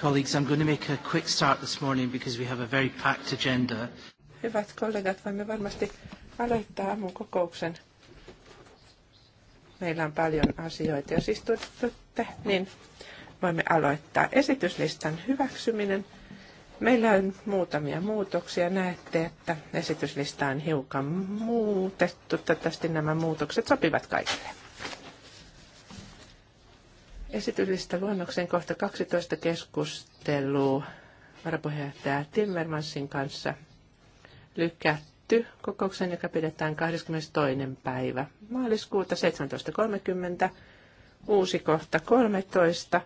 Colleagues, I'm going to make a quick start this morning because we have a very packed agenda. Hyvät kollegat, voimme varmasti aloittaa aamun kokouksen. Meillä on paljon asioita. Jos istutte, niin voimme aloittaa esityslistan hyväksyminen. Meillä on muutamia muutoksia. Näette, että esityslista on hiukan muutettu. Toivottavasti nämä muutokset sopivat kaikille. Esityslista luonnoksen kohta 12 keskustelua varapuheenjohtaja Timmermansin kanssa lykätty kokouksen, joka pidetään 22. päivä maaliskuuta 17.30. Uusi kohta 13.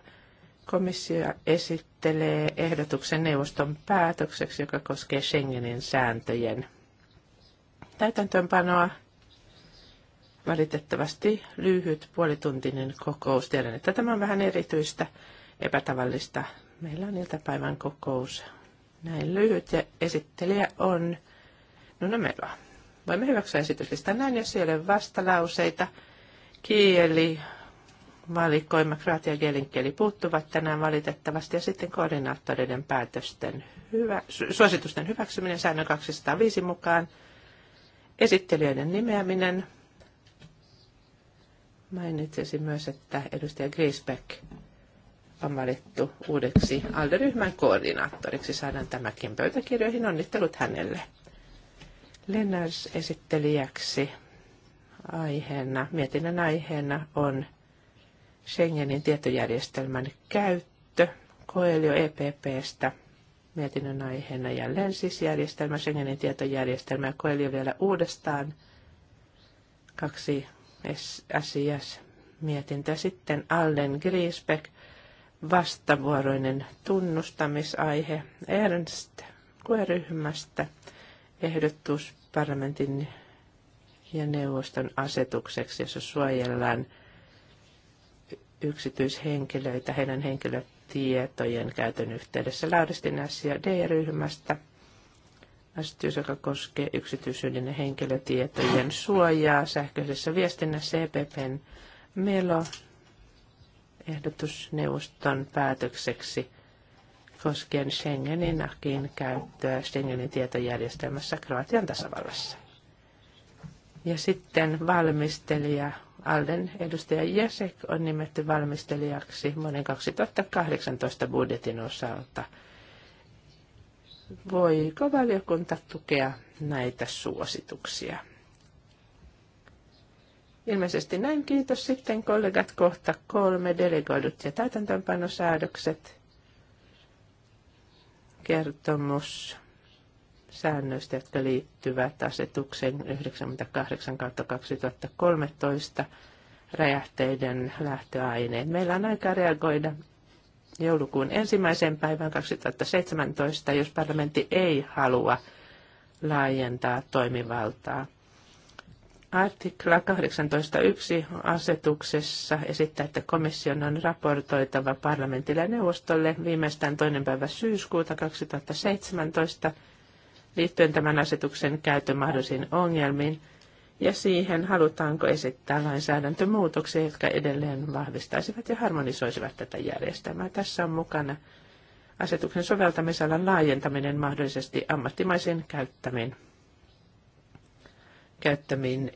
Komissio esittelee ehdotuksen neuvoston päätökseksi, joka koskee Schengenin sääntöjen täytäntöönpanoa Valitettavasti lyhyt puolituntinen kokous. Tiedän, että tämä on vähän erityistä, epätavallista. Meillä on iltapäivän kokous näin lyhyt ja esittelijä on Nuna Melva. Voimme hyväksyä esityslistan näin, jos ei ole vastalauseita. Kieli, valikoima, kroatia ja kielinkieli puuttuvat tänään valitettavasti ja sitten koordinaattoreiden päätösten hyvä, suositusten hyväksyminen säännön 205 mukaan, esittelijöiden nimeäminen, Mainitsisin myös, että edustaja Griesbeck on valittu uudeksi ALDE-ryhmän koordinaattoriksi. Saadaan tämäkin pöytäkirjoihin. Onnittelut hänelle. Lennars esittelijäksi aiheena, mietinnän aiheena on Schengenin tietojärjestelmän käyttö. Koelio EPPstä mietinnön aiheena jälleen siis järjestelmä, Schengenin tietojärjestelmä ja Koelio vielä uudestaan. Kaksi asiassa mietintä. Sitten Allen Griesbeck, vastavuoroinen tunnustamisaihe Ernst ryhmästä ehdotus parlamentin ja neuvoston asetukseksi, jossa suojellaan yksityishenkilöitä heidän henkilötietojen käytön yhteydessä. Laudistin asia D-ryhmästä Asetus, joka koskee yksityisyyden ja henkilötietojen suojaa sähköisessä viestinnässä EPPn Melo ehdotusneuvoston päätökseksi koskien Schengenin akin käyttöä Schengenin tietojärjestelmässä Kroatian tasavallassa. Ja sitten valmistelija Alden edustaja Jesek on nimetty valmistelijaksi vuoden 2018 budjetin osalta – voiko valiokunta tukea näitä suosituksia. Ilmeisesti näin. Kiitos sitten kollegat. Kohta kolme delegoidut ja täytäntöönpanosäädökset. Kertomus säännöistä, jotka liittyvät asetukseen 98 2013 räjähteiden lähtöaineet. Meillä on aika reagoida joulukuun ensimmäiseen päivään 2017, jos parlamentti ei halua laajentaa toimivaltaa. Artikla 18.1 asetuksessa esittää, että komission on raportoitava parlamentille ja neuvostolle viimeistään toinen päivä syyskuuta 2017 liittyen tämän asetuksen käytön mahdollisiin ongelmiin – ja siihen halutaanko esittää lainsäädäntömuutoksia, jotka edelleen vahvistaisivat ja harmonisoisivat tätä järjestelmää. Tässä on mukana asetuksen soveltamisalan laajentaminen mahdollisesti ammattimaisen käyttämiin, käyttämiin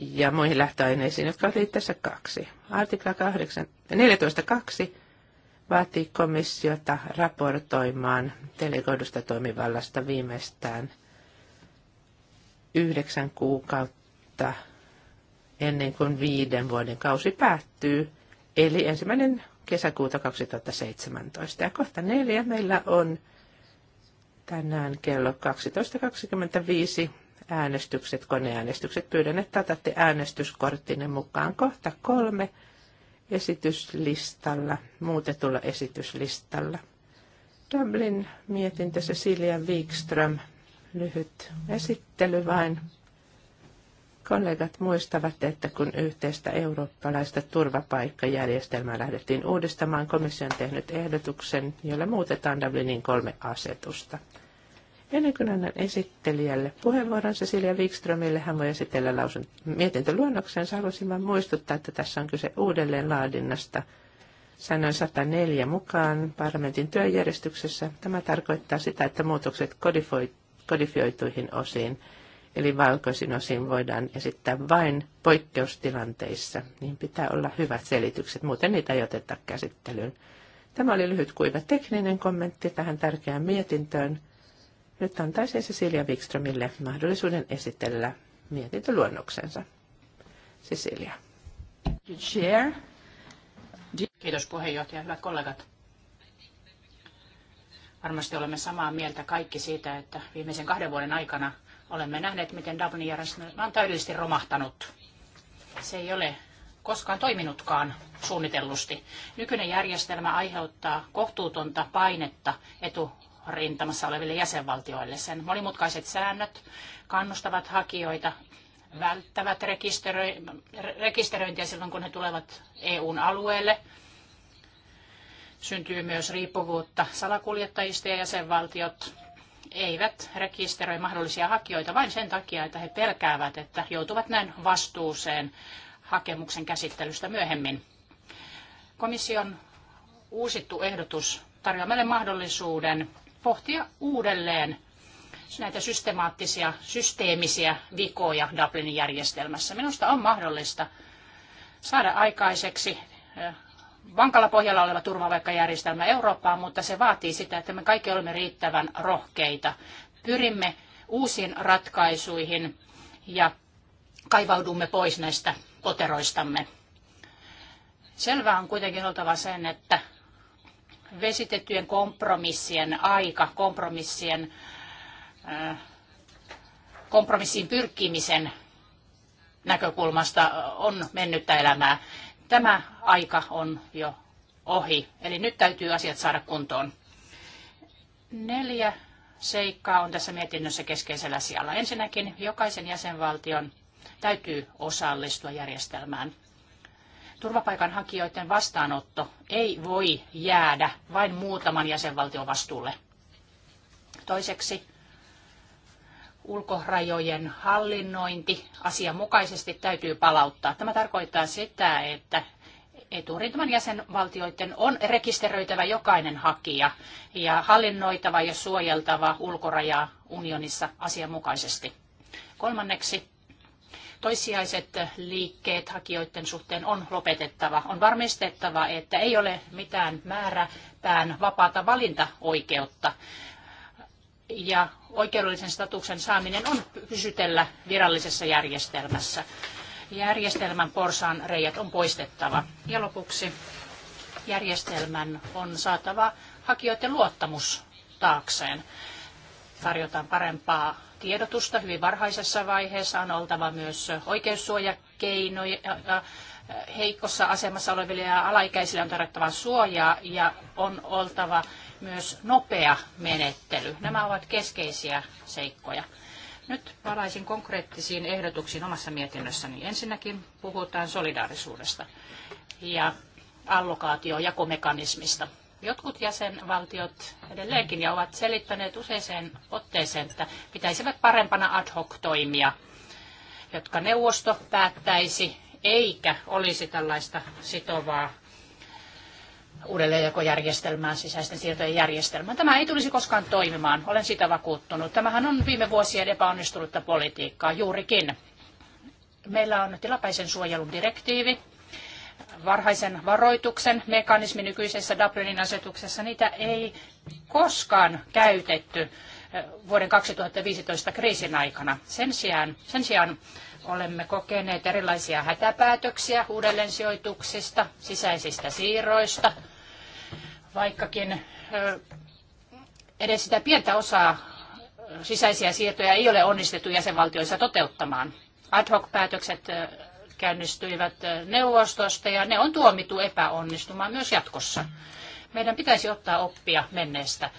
ja muihin lähtöaineisiin, jotka ovat liitteessä kaksi. Artikla 14.2 vaatii komissiota raportoimaan delegoidusta toimivallasta viimeistään yhdeksän kuukautta että ennen kuin viiden vuoden kausi päättyy, eli ensimmäinen kesäkuuta 2017. Ja kohta neljä meillä on tänään kello 12.25 äänestykset, koneäänestykset. Pyydän, että otatte äänestyskorttinne mukaan kohta kolme esityslistalla, muutetulla esityslistalla. Dublin mietintö Cecilia Wikström, lyhyt esittely vain. Kollegat muistavat, että kun yhteistä eurooppalaista turvapaikkajärjestelmää lähdettiin uudistamaan, komissio on tehnyt ehdotuksen, jolla muutetaan Dublinin kolme asetusta. Ennen kuin annan esittelijälle puheenvuoron Cecilia Wikströmille, hän voi esitellä lausun mietintöluonnoksensa. Haluaisin vain muistuttaa, että tässä on kyse uudelleen laadinnasta säännön 104 mukaan parlamentin työjärjestyksessä. Tämä tarkoittaa sitä, että muutokset kodifioituihin osiin – Eli valkoisin osin voidaan esittää vain poikkeustilanteissa, niin pitää olla hyvät selitykset, muuten niitä ei oteta käsittelyyn. Tämä oli lyhyt kuiva tekninen kommentti tähän tärkeään mietintöön. Nyt antaisin Cecilia Wikströmille mahdollisuuden esitellä mietintöluonnoksensa. Cecilia. Kiitos puheenjohtaja, hyvät kollegat. Varmasti olemme samaa mieltä kaikki siitä, että viimeisen kahden vuoden aikana – Olemme nähneet, miten Dublinin järjestelmä on täydellisesti romahtanut. Se ei ole koskaan toiminutkaan suunnitellusti. Nykyinen järjestelmä aiheuttaa kohtuutonta painetta eturintamassa oleville jäsenvaltioille. Sen monimutkaiset säännöt kannustavat hakijoita välttävät rekisteröintiä silloin, kun he tulevat EUn alueelle. Syntyy myös riippuvuutta salakuljettajista ja jäsenvaltiot eivät rekisteröi mahdollisia hakijoita vain sen takia, että he pelkäävät, että joutuvat näin vastuuseen hakemuksen käsittelystä myöhemmin. Komission uusittu ehdotus tarjoaa meille mahdollisuuden pohtia uudelleen näitä systemaattisia, systeemisiä vikoja Dublinin järjestelmässä. Minusta on mahdollista saada aikaiseksi vankalla pohjalla oleva turvapaikkajärjestelmä Eurooppaan, mutta se vaatii sitä, että me kaikki olemme riittävän rohkeita. Pyrimme uusiin ratkaisuihin ja kaivaudumme pois näistä poteroistamme. Selvää on kuitenkin oltava sen, että vesitettyjen kompromissien aika, kompromissien, äh, kompromissiin pyrkimisen näkökulmasta on mennyttä elämää tämä aika on jo ohi. Eli nyt täytyy asiat saada kuntoon. Neljä seikkaa on tässä mietinnössä keskeisellä sijalla. Ensinnäkin jokaisen jäsenvaltion täytyy osallistua järjestelmään. Turvapaikanhakijoiden vastaanotto ei voi jäädä vain muutaman jäsenvaltion vastuulle. Toiseksi ulkorajojen hallinnointi asianmukaisesti täytyy palauttaa. Tämä tarkoittaa sitä, että eturintaman jäsenvaltioiden on rekisteröitävä jokainen hakija ja hallinnoitava ja suojeltava ulkorajaa unionissa asianmukaisesti. Kolmanneksi, toissijaiset liikkeet hakijoiden suhteen on lopetettava. On varmistettava, että ei ole mitään määräpään vapaata valintaoikeutta ja oikeudellisen statuksen saaminen on pysytellä virallisessa järjestelmässä. Järjestelmän porsaan reijät on poistettava. Ja lopuksi järjestelmän on saatava hakijoiden luottamus taakseen. Tarjotaan parempaa tiedotusta hyvin varhaisessa vaiheessa. On oltava myös oikeussuojakeinoja. Heikossa asemassa oleville ja alaikäisille on tarjottava suojaa ja on oltava myös nopea menettely. Nämä ovat keskeisiä seikkoja. Nyt palaisin konkreettisiin ehdotuksiin omassa mietinnössäni. Ensinnäkin puhutaan solidaarisuudesta ja allokaatiojakomekanismista. Jotkut jäsenvaltiot edelleenkin ja ovat selittäneet useiseen otteeseen, että pitäisivät parempana ad hoc toimia, jotka neuvosto päättäisi, eikä olisi tällaista sitovaa uudelleenjakojärjestelmään, sisäisten siirtojen järjestelmään. Tämä ei tulisi koskaan toimimaan, olen sitä vakuuttunut. Tämähän on viime vuosien epäonnistunutta politiikkaa juurikin. Meillä on tilapäisen suojelun direktiivi, varhaisen varoituksen mekanismi nykyisessä Dublinin asetuksessa, niitä ei koskaan käytetty eh, vuoden 2015 kriisin aikana. Sen sijaan, sen sijaan olemme kokeneet erilaisia hätäpäätöksiä uudelleensijoituksista, sisäisistä siirroista, vaikkakin edes sitä pientä osaa sisäisiä siirtoja ei ole onnistettu jäsenvaltioissa toteuttamaan. Ad hoc-päätökset käynnistyivät neuvostosta ja ne on tuomittu epäonnistumaan myös jatkossa. Meidän pitäisi ottaa oppia menneestä.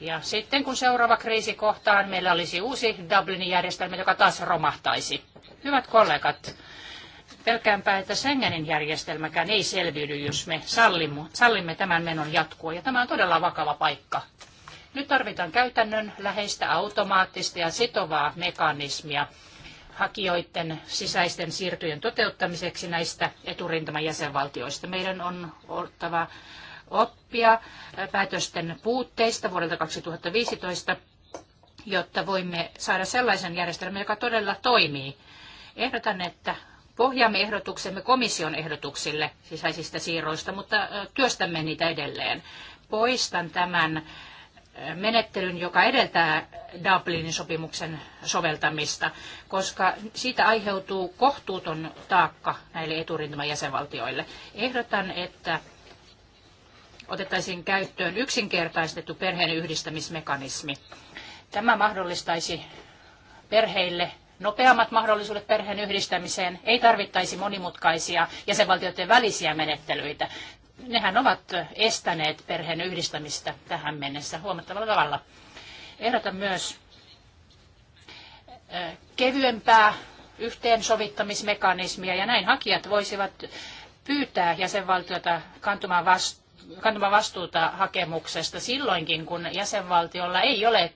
Ja sitten kun seuraava kriisi kohtaan, meillä olisi uusi Dublinin järjestelmä, joka taas romahtaisi. Hyvät kollegat, Pelkäänpä, että Schengenin järjestelmäkään ei selviydy, jos me sallimme tämän menon jatkua. Ja tämä on todella vakava paikka. Nyt tarvitaan käytännön läheistä automaattista ja sitovaa mekanismia hakijoiden sisäisten siirtojen toteuttamiseksi näistä eturintaman jäsenvaltioista. Meidän on oltava oppia päätösten puutteista vuodelta 2015, jotta voimme saada sellaisen järjestelmän, joka todella toimii. Ehdotan, että pohjaamme ehdotuksemme komission ehdotuksille sisäisistä siirroista, mutta työstämme niitä edelleen. Poistan tämän menettelyn, joka edeltää Dublinin sopimuksen soveltamista, koska siitä aiheutuu kohtuuton taakka näille eturintaman jäsenvaltioille. Ehdotan, että otettaisiin käyttöön yksinkertaistettu perheen yhdistämismekanismi. Tämä mahdollistaisi perheille nopeammat mahdollisuudet perheen yhdistämiseen, ei tarvittaisi monimutkaisia jäsenvaltioiden välisiä menettelyitä. Nehän ovat estäneet perheen yhdistämistä tähän mennessä huomattavalla tavalla. Ehdotan myös kevyempää yhteensovittamismekanismia ja näin hakijat voisivat pyytää jäsenvaltiota kantamaan vastuuta kantamaan vastuuta hakemuksesta silloinkin, kun jäsenvaltiolla ei ole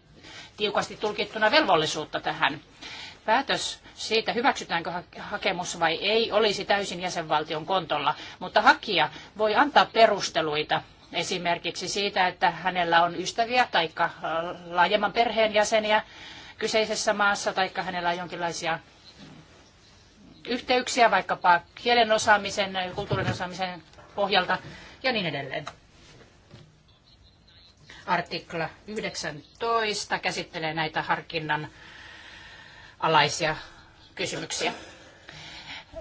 tiukasti tulkittuna velvollisuutta tähän. Päätös siitä, hyväksytäänkö hakemus vai ei, olisi täysin jäsenvaltion kontolla, mutta hakija voi antaa perusteluita esimerkiksi siitä, että hänellä on ystäviä tai laajemman perheen jäseniä kyseisessä maassa tai hänellä on jonkinlaisia yhteyksiä vaikkapa kielen osaamisen, kulttuurin osaamisen pohjalta ja niin edelleen. Artikla 19 käsittelee näitä harkinnan alaisia kysymyksiä.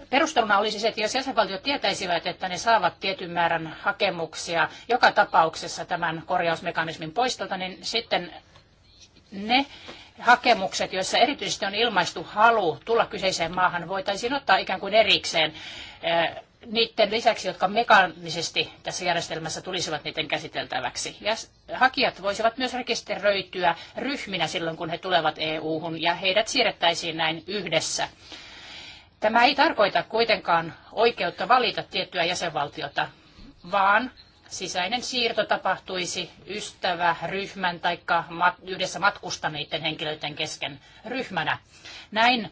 Perusteluna olisi se, että jos jäsenvaltiot tietäisivät, että ne saavat tietyn määrän hakemuksia joka tapauksessa tämän korjausmekanismin poistolta, niin sitten ne hakemukset, joissa erityisesti on ilmaistu halu tulla kyseiseen maahan, voitaisiin ottaa ikään kuin erikseen eh, niiden lisäksi, jotka mekaanisesti tässä järjestelmässä tulisivat niiden käsiteltäväksi. Ja hakijat voisivat myös rekisteröityä ryhminä silloin, kun he tulevat EU-hun ja heidät siirrettäisiin näin yhdessä. Tämä ei tarkoita kuitenkaan oikeutta valita tiettyä jäsenvaltiota, vaan sisäinen siirto tapahtuisi ryhmän tai yhdessä matkustaneiden henkilöiden kesken ryhmänä. Näin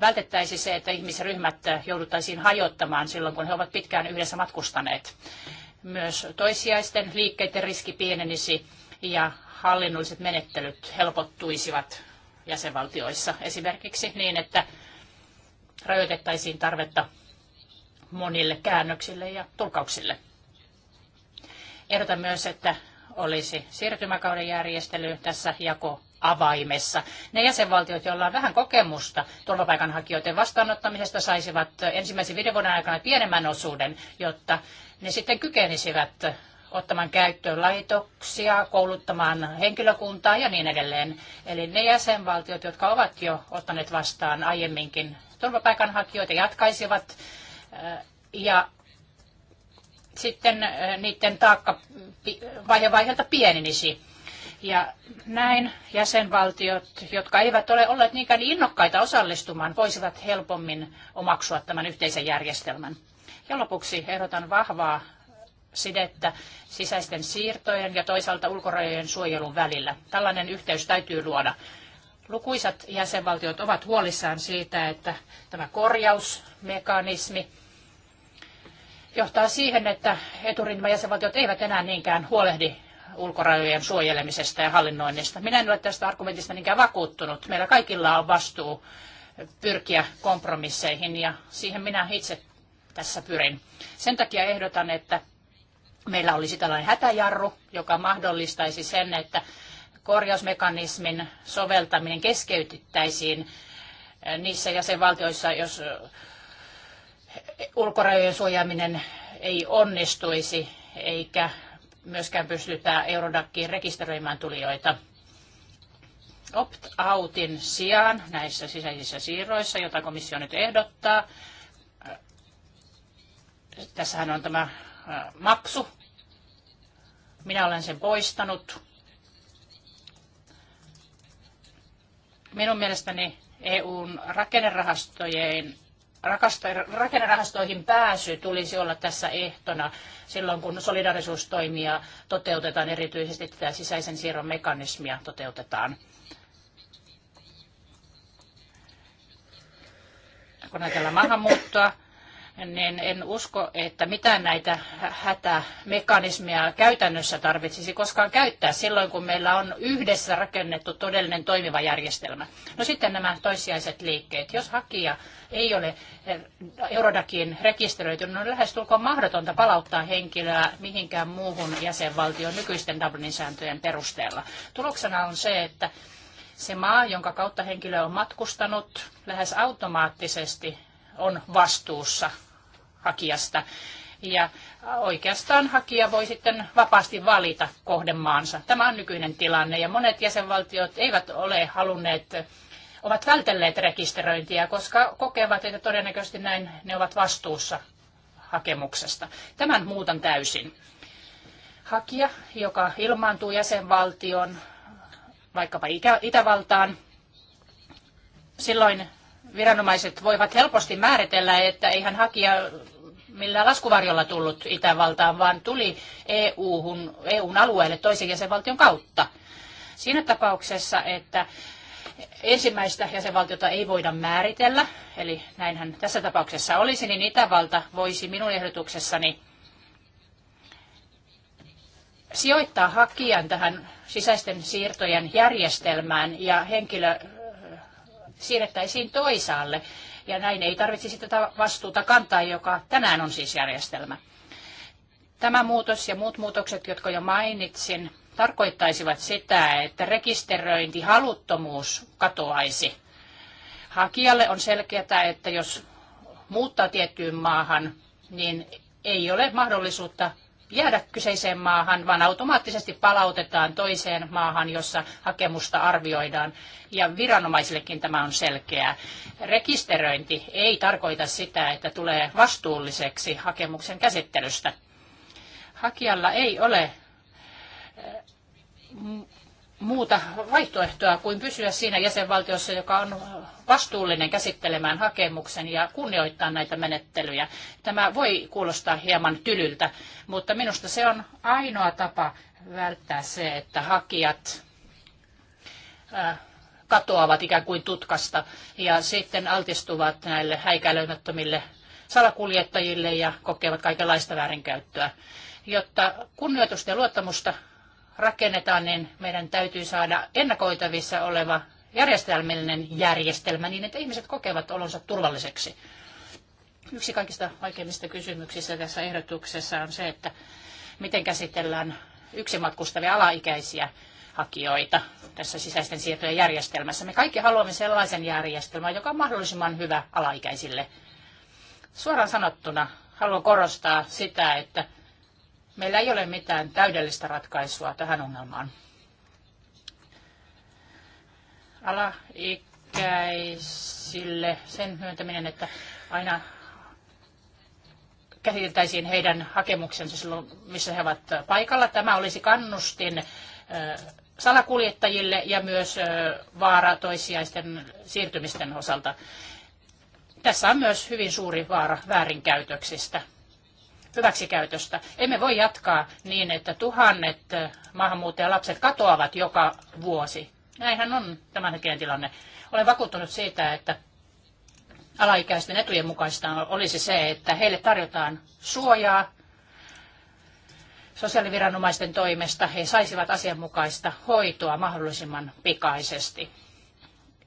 vältettäisi se, että ihmisryhmät jouduttaisiin hajottamaan silloin, kun he ovat pitkään yhdessä matkustaneet. Myös toissijaisten liikkeiden riski pienenisi ja hallinnolliset menettelyt helpottuisivat jäsenvaltioissa esimerkiksi niin, että rajoitettaisiin tarvetta monille käännöksille ja tulkauksille. Ehdotan myös, että olisi siirtymäkauden järjestely. Tässä jako avaimessa. Ne jäsenvaltiot, joilla on vähän kokemusta turvapaikanhakijoiden vastaanottamisesta, saisivat ensimmäisen viiden vuoden aikana pienemmän osuuden, jotta ne sitten kykenisivät ottamaan käyttöön laitoksia, kouluttamaan henkilökuntaa ja niin edelleen. Eli ne jäsenvaltiot, jotka ovat jo ottaneet vastaan aiemminkin turvapaikanhakijoita, jatkaisivat eh, ja sitten eh, niiden taakka vaihe vaiheelta pienenisi. Ja näin jäsenvaltiot, jotka eivät ole olleet niinkään innokkaita osallistumaan, voisivat helpommin omaksua tämän yhteisen järjestelmän. Ja lopuksi ehdotan vahvaa sidettä sisäisten siirtojen ja toisaalta ulkorajojen suojelun välillä. Tällainen yhteys täytyy luoda. Lukuisat jäsenvaltiot ovat huolissaan siitä, että tämä korjausmekanismi johtaa siihen, että eturintamajäsenvaltiot eivät enää niinkään huolehdi ulkorajojen suojelemisesta ja hallinnoinnista. Minä en ole tästä argumentista niinkään vakuuttunut. Meillä kaikilla on vastuu pyrkiä kompromisseihin ja siihen minä itse tässä pyrin. Sen takia ehdotan, että meillä olisi tällainen hätäjarru, joka mahdollistaisi sen, että korjausmekanismin soveltaminen keskeytettäisiin niissä jäsenvaltioissa, jos ulkorajojen suojaaminen ei onnistuisi eikä myöskään pystytä Eurodakkiin rekisteröimään tulijoita. Opt-outin sijaan näissä sisäisissä siirroissa, jota komissio nyt ehdottaa, tässähän on tämä maksu. Minä olen sen poistanut. Minun mielestäni EUn rakennerahastojen rakennerahastoihin pääsy tulisi olla tässä ehtona silloin, kun solidarisuustoimia toteutetaan, erityisesti tätä sisäisen siirron mekanismia toteutetaan. Kun ajatellaan maahanmuuttoa, niin en usko, että mitään näitä hätämekanismia käytännössä tarvitsisi koskaan käyttää silloin, kun meillä on yhdessä rakennettu todellinen toimiva järjestelmä. No sitten nämä toissijaiset liikkeet. Jos hakija ei ole eh, Eurodakin rekisteröitynyt, niin on lähestulkoon mahdotonta palauttaa henkilöä mihinkään muuhun jäsenvaltioon nykyisten Dublinin sääntöjen perusteella. Tuloksena on se, että se maa, jonka kautta henkilö on matkustanut, lähes automaattisesti on vastuussa hakijasta. Ja oikeastaan hakija voi sitten vapaasti valita kohdemaansa. Tämä on nykyinen tilanne ja monet jäsenvaltiot eivät ole halunneet ovat vältelleet rekisteröintiä, koska kokevat, että todennäköisesti näin ne ovat vastuussa hakemuksesta. Tämän muutan täysin. Hakija, joka ilmaantuu jäsenvaltion, vaikkapa Itävaltaan, silloin viranomaiset voivat helposti määritellä, että eihän hakija millään laskuvarjolla tullut Itävaltaan, vaan tuli EU-hun, EUn alueelle toisen jäsenvaltion kautta. Siinä tapauksessa, että ensimmäistä jäsenvaltiota ei voida määritellä, eli näinhän tässä tapauksessa olisi, niin Itävalta voisi minun ehdotuksessani sijoittaa hakijan tähän sisäisten siirtojen järjestelmään ja henkilö siirrettäisiin toisaalle. Ja näin ei tarvitsisi tätä vastuuta kantaa, joka tänään on siis järjestelmä. Tämä muutos ja muut muutokset, jotka jo mainitsin, tarkoittaisivat sitä, että rekisteröinti haluttomuus katoaisi. Hakijalle on selkeää, että jos muuttaa tiettyyn maahan, niin ei ole mahdollisuutta jäädä kyseiseen maahan, vaan automaattisesti palautetaan toiseen maahan, jossa hakemusta arvioidaan. Ja viranomaisillekin tämä on selkeää. Rekisteröinti ei tarkoita sitä, että tulee vastuulliseksi hakemuksen käsittelystä. Hakijalla ei ole muuta vaihtoehtoa kuin pysyä siinä jäsenvaltiossa, joka on vastuullinen käsittelemään hakemuksen ja kunnioittaa näitä menettelyjä. Tämä voi kuulostaa hieman tylyltä, mutta minusta se on ainoa tapa välttää se, että hakijat katoavat ikään kuin tutkasta ja sitten altistuvat näille häikäilemättömille salakuljettajille ja kokevat kaikenlaista väärinkäyttöä. Jotta kunnioitusta ja luottamusta rakennetaan, niin meidän täytyy saada ennakoitavissa oleva järjestelmällinen järjestelmä niin, että ihmiset kokevat olonsa turvalliseksi. Yksi kaikista vaikeimmista kysymyksistä tässä ehdotuksessa on se, että miten käsitellään yksimatkustavia alaikäisiä hakijoita tässä sisäisten siirtojen järjestelmässä. Me kaikki haluamme sellaisen järjestelmän, joka on mahdollisimman hyvä alaikäisille. Suoraan sanottuna haluan korostaa sitä, että Meillä ei ole mitään täydellistä ratkaisua tähän ongelmaan. Alaikäisille sen myöntäminen, että aina käsiteltäisiin heidän hakemuksensa silloin, missä he ovat paikalla. Tämä olisi kannustin salakuljettajille ja myös vaara toissijaisten siirtymisten osalta. Tässä on myös hyvin suuri vaara väärinkäytöksistä hyväksikäytöstä. Emme voi jatkaa niin, että tuhannet eh, maahanmuuttajalapset katoavat joka vuosi. Näinhän on tämänhetkinen tilanne. Olen vakuuttunut siitä, että alaikäisten etujen mukaista olisi se, että heille tarjotaan suojaa sosiaaliviranomaisten toimesta. He saisivat asianmukaista hoitoa mahdollisimman pikaisesti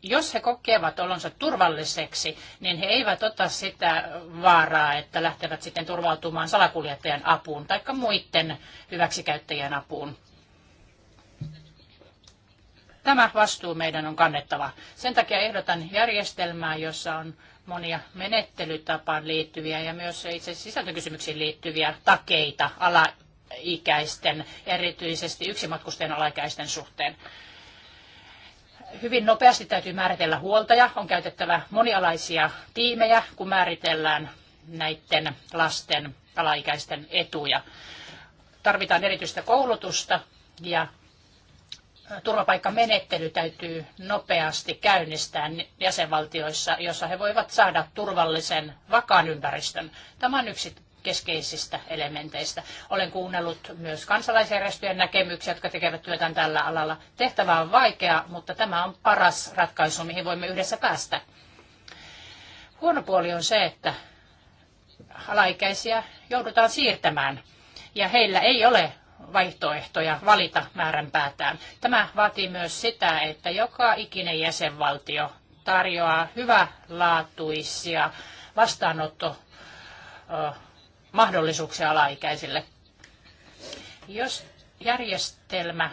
jos he kokevat olonsa turvalliseksi, niin he eivät ota sitä vaaraa, että lähtevät sitten turvautumaan salakuljettajan apuun tai muiden hyväksikäyttäjien apuun. Tämä vastuu meidän on kannettava. Sen takia ehdotan järjestelmää, jossa on monia menettelytapaan liittyviä ja myös itse sisältökysymyksiin liittyviä takeita alaikäisten, erityisesti yksimatkustajan alaikäisten suhteen hyvin nopeasti täytyy määritellä huoltaja. On käytettävä monialaisia tiimejä, kun määritellään näiden lasten alaikäisten etuja. Tarvitaan erityistä koulutusta ja turvapaikkamenettely täytyy nopeasti käynnistää jäsenvaltioissa, jossa he voivat saada turvallisen, vakaan ympäristön. Tämä on yksi keskeisistä elementeistä. Olen kuunnellut myös kansalaisjärjestöjen näkemyksiä, jotka tekevät työtään tällä alalla. Tehtävä on vaikea, mutta tämä on paras ratkaisu, mihin voimme yhdessä päästä. Huono puoli on se, että alaikäisiä joudutaan siirtämään ja heillä ei ole vaihtoehtoja valita määränpäätään. Tämä vaatii myös sitä, että joka ikinen jäsenvaltio tarjoaa hyvälaatuisia vastaanotto mahdollisuuksia alaikäisille. Jos järjestelmä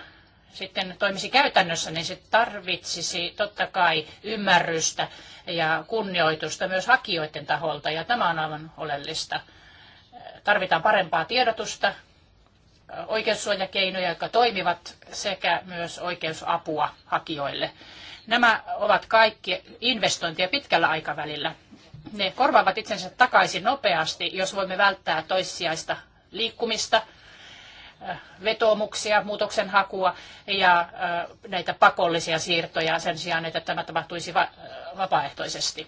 sitten toimisi käytännössä, niin se tarvitsisi totta kai ymmärrystä ja kunnioitusta myös hakijoiden taholta, ja tämä on aivan oleellista. Tarvitaan parempaa tiedotusta, oikeussuojakeinoja, jotka toimivat, sekä myös oikeusapua hakijoille. Nämä ovat kaikki investointia pitkällä aikavälillä ne korvaavat itsensä takaisin nopeasti, jos voimme välttää toissijaista liikkumista, äh, vetoomuksia, muutoksenhakua ja äh, näitä pakollisia siirtoja sen sijaan, että tämä tapahtuisi vapaaehtoisesti.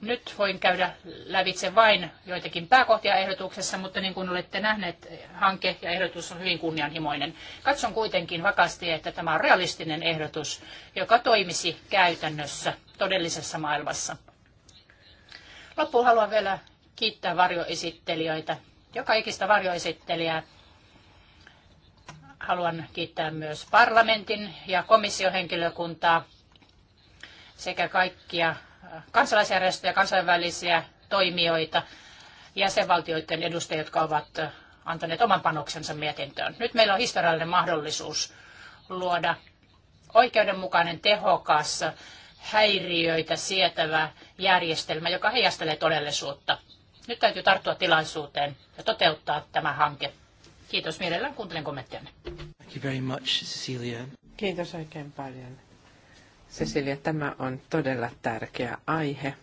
Nyt voin käydä lävitse vain joitakin pääkohtia ehdotuksessa, mutta niin kuin olette nähneet, hanke ja ehdotus on hyvin kunnianhimoinen. Katson kuitenkin vakaasti, että tämä on realistinen ehdotus, joka toimisi käytännössä todellisessa maailmassa. Loppuun haluan vielä kiittää varjoesittelijöitä, joka ikistä varjoesittelijää. Haluan kiittää myös parlamentin ja komissiohenkilökuntaa sekä kaikkia kansalaisjärjestöjä, kansainvälisiä toimijoita, jäsenvaltioiden edustajia, jotka ovat antaneet oman panoksensa mietintöön. Nyt meillä on historiallinen mahdollisuus luoda oikeudenmukainen, tehokas häiriöitä sietävä järjestelmä, joka heijastelee todellisuutta. Nyt täytyy tarttua tilaisuuteen ja toteuttaa tämä hanke. Kiitos mielellään, kuuntelen kommenttianne. Thank you very much, Cecilia. Kiitos oikein paljon. Cecilia, tämä on todella tärkeä aihe.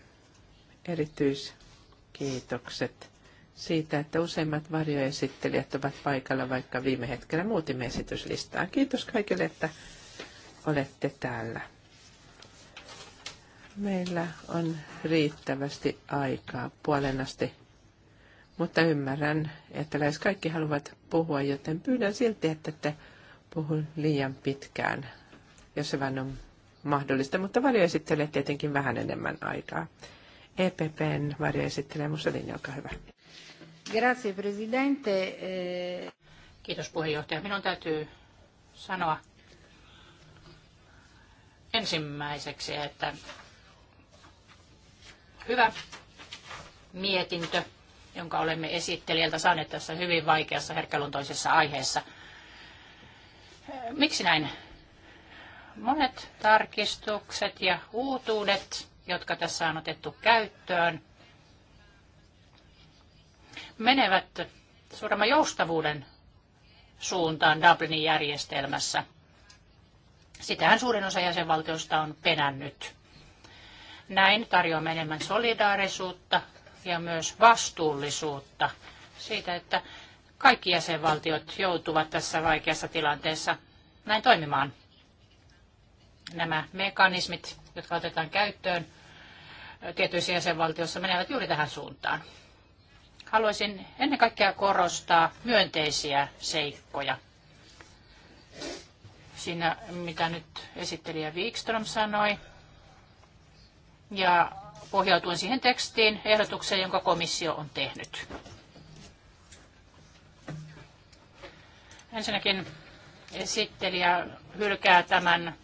Erityiskiitokset siitä, että useimmat varjoesittelijät ovat paikalla, vaikka viime hetkellä muutimme esityslistaa. Kiitos kaikille, että olette täällä. Meillä on riittävästi aikaa puolen asti, mutta ymmärrän, että lähes kaikki haluavat puhua, joten pyydän silti, että te puhun liian pitkään, jos se vain on mahdollista, mutta varjoesittelee tietenkin vähän enemmän aikaa. EPPn varjoesittelee Mussolini, olkaa hyvä. Grazie, presidente. Kiitos puheenjohtaja. Minun täytyy sanoa ensimmäiseksi, että hyvä mietintö, jonka olemme esittelijältä saaneet tässä hyvin vaikeassa herkkäluntoisessa aiheessa. Miksi näin? Monet tarkistukset ja uutuudet, jotka tässä on otettu käyttöön, menevät suuremman joustavuuden suuntaan Dublinin järjestelmässä. Sitähän suurin osa jäsenvaltioista on penännyt. Näin tarjoamme enemmän solidaarisuutta ja myös vastuullisuutta siitä, että kaikki jäsenvaltiot joutuvat tässä vaikeassa tilanteessa näin toimimaan. Nämä mekanismit, jotka otetaan käyttöön tietyissä jäsenvaltioissa, menevät juuri tähän suuntaan. Haluaisin ennen kaikkea korostaa myönteisiä seikkoja. Siinä, mitä nyt esittelijä Wikström sanoi, ja pohjautuen siihen tekstiin ehdotukseen, jonka komissio on tehnyt. Ensinnäkin esittelijä hylkää tämän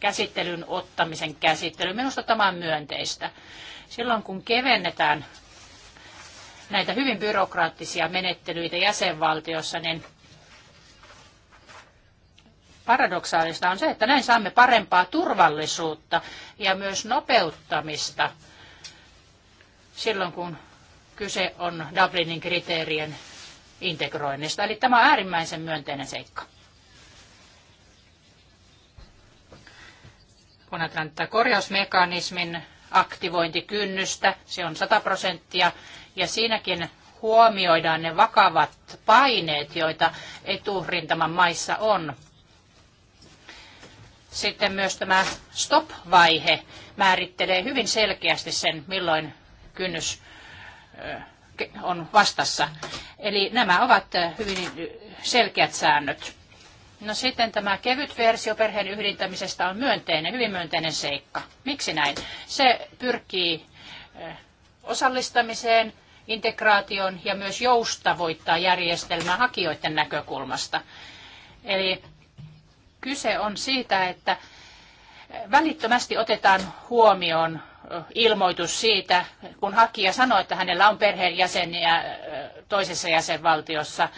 käsittelyn ottamisen käsittely. Minusta tämä on myönteistä. Silloin kun kevennetään näitä hyvin byrokraattisia menettelyitä jäsenvaltiossa, niin Paradoksaalista on se, että näin saamme parempaa turvallisuutta ja myös nopeuttamista silloin, kun kyse on Dublinin kriteerien integroinnista. Eli tämä on äärimmäisen myönteinen seikka. Kun ajatellaan tätä korjausmekanismin aktivointikynnystä, se on 100 prosenttia, ja siinäkin huomioidaan ne vakavat paineet, joita eturintaman maissa on sitten myös tämä stop-vaihe määrittelee hyvin selkeästi sen, milloin kynnys on vastassa. Eli nämä ovat hyvin selkeät säännöt. No sitten tämä kevyt versio perheen yhdintämisestä on myönteinen, hyvin myönteinen seikka. Miksi näin? Se pyrkii osallistamiseen, integraation ja myös joustavoittaa järjestelmää hakijoiden näkökulmasta. Eli Kyse on siitä, että välittömästi otetaan huomioon ilmoitus siitä, kun hakija sanoo, että hänellä on perheenjäseniä toisessa jäsenvaltiossa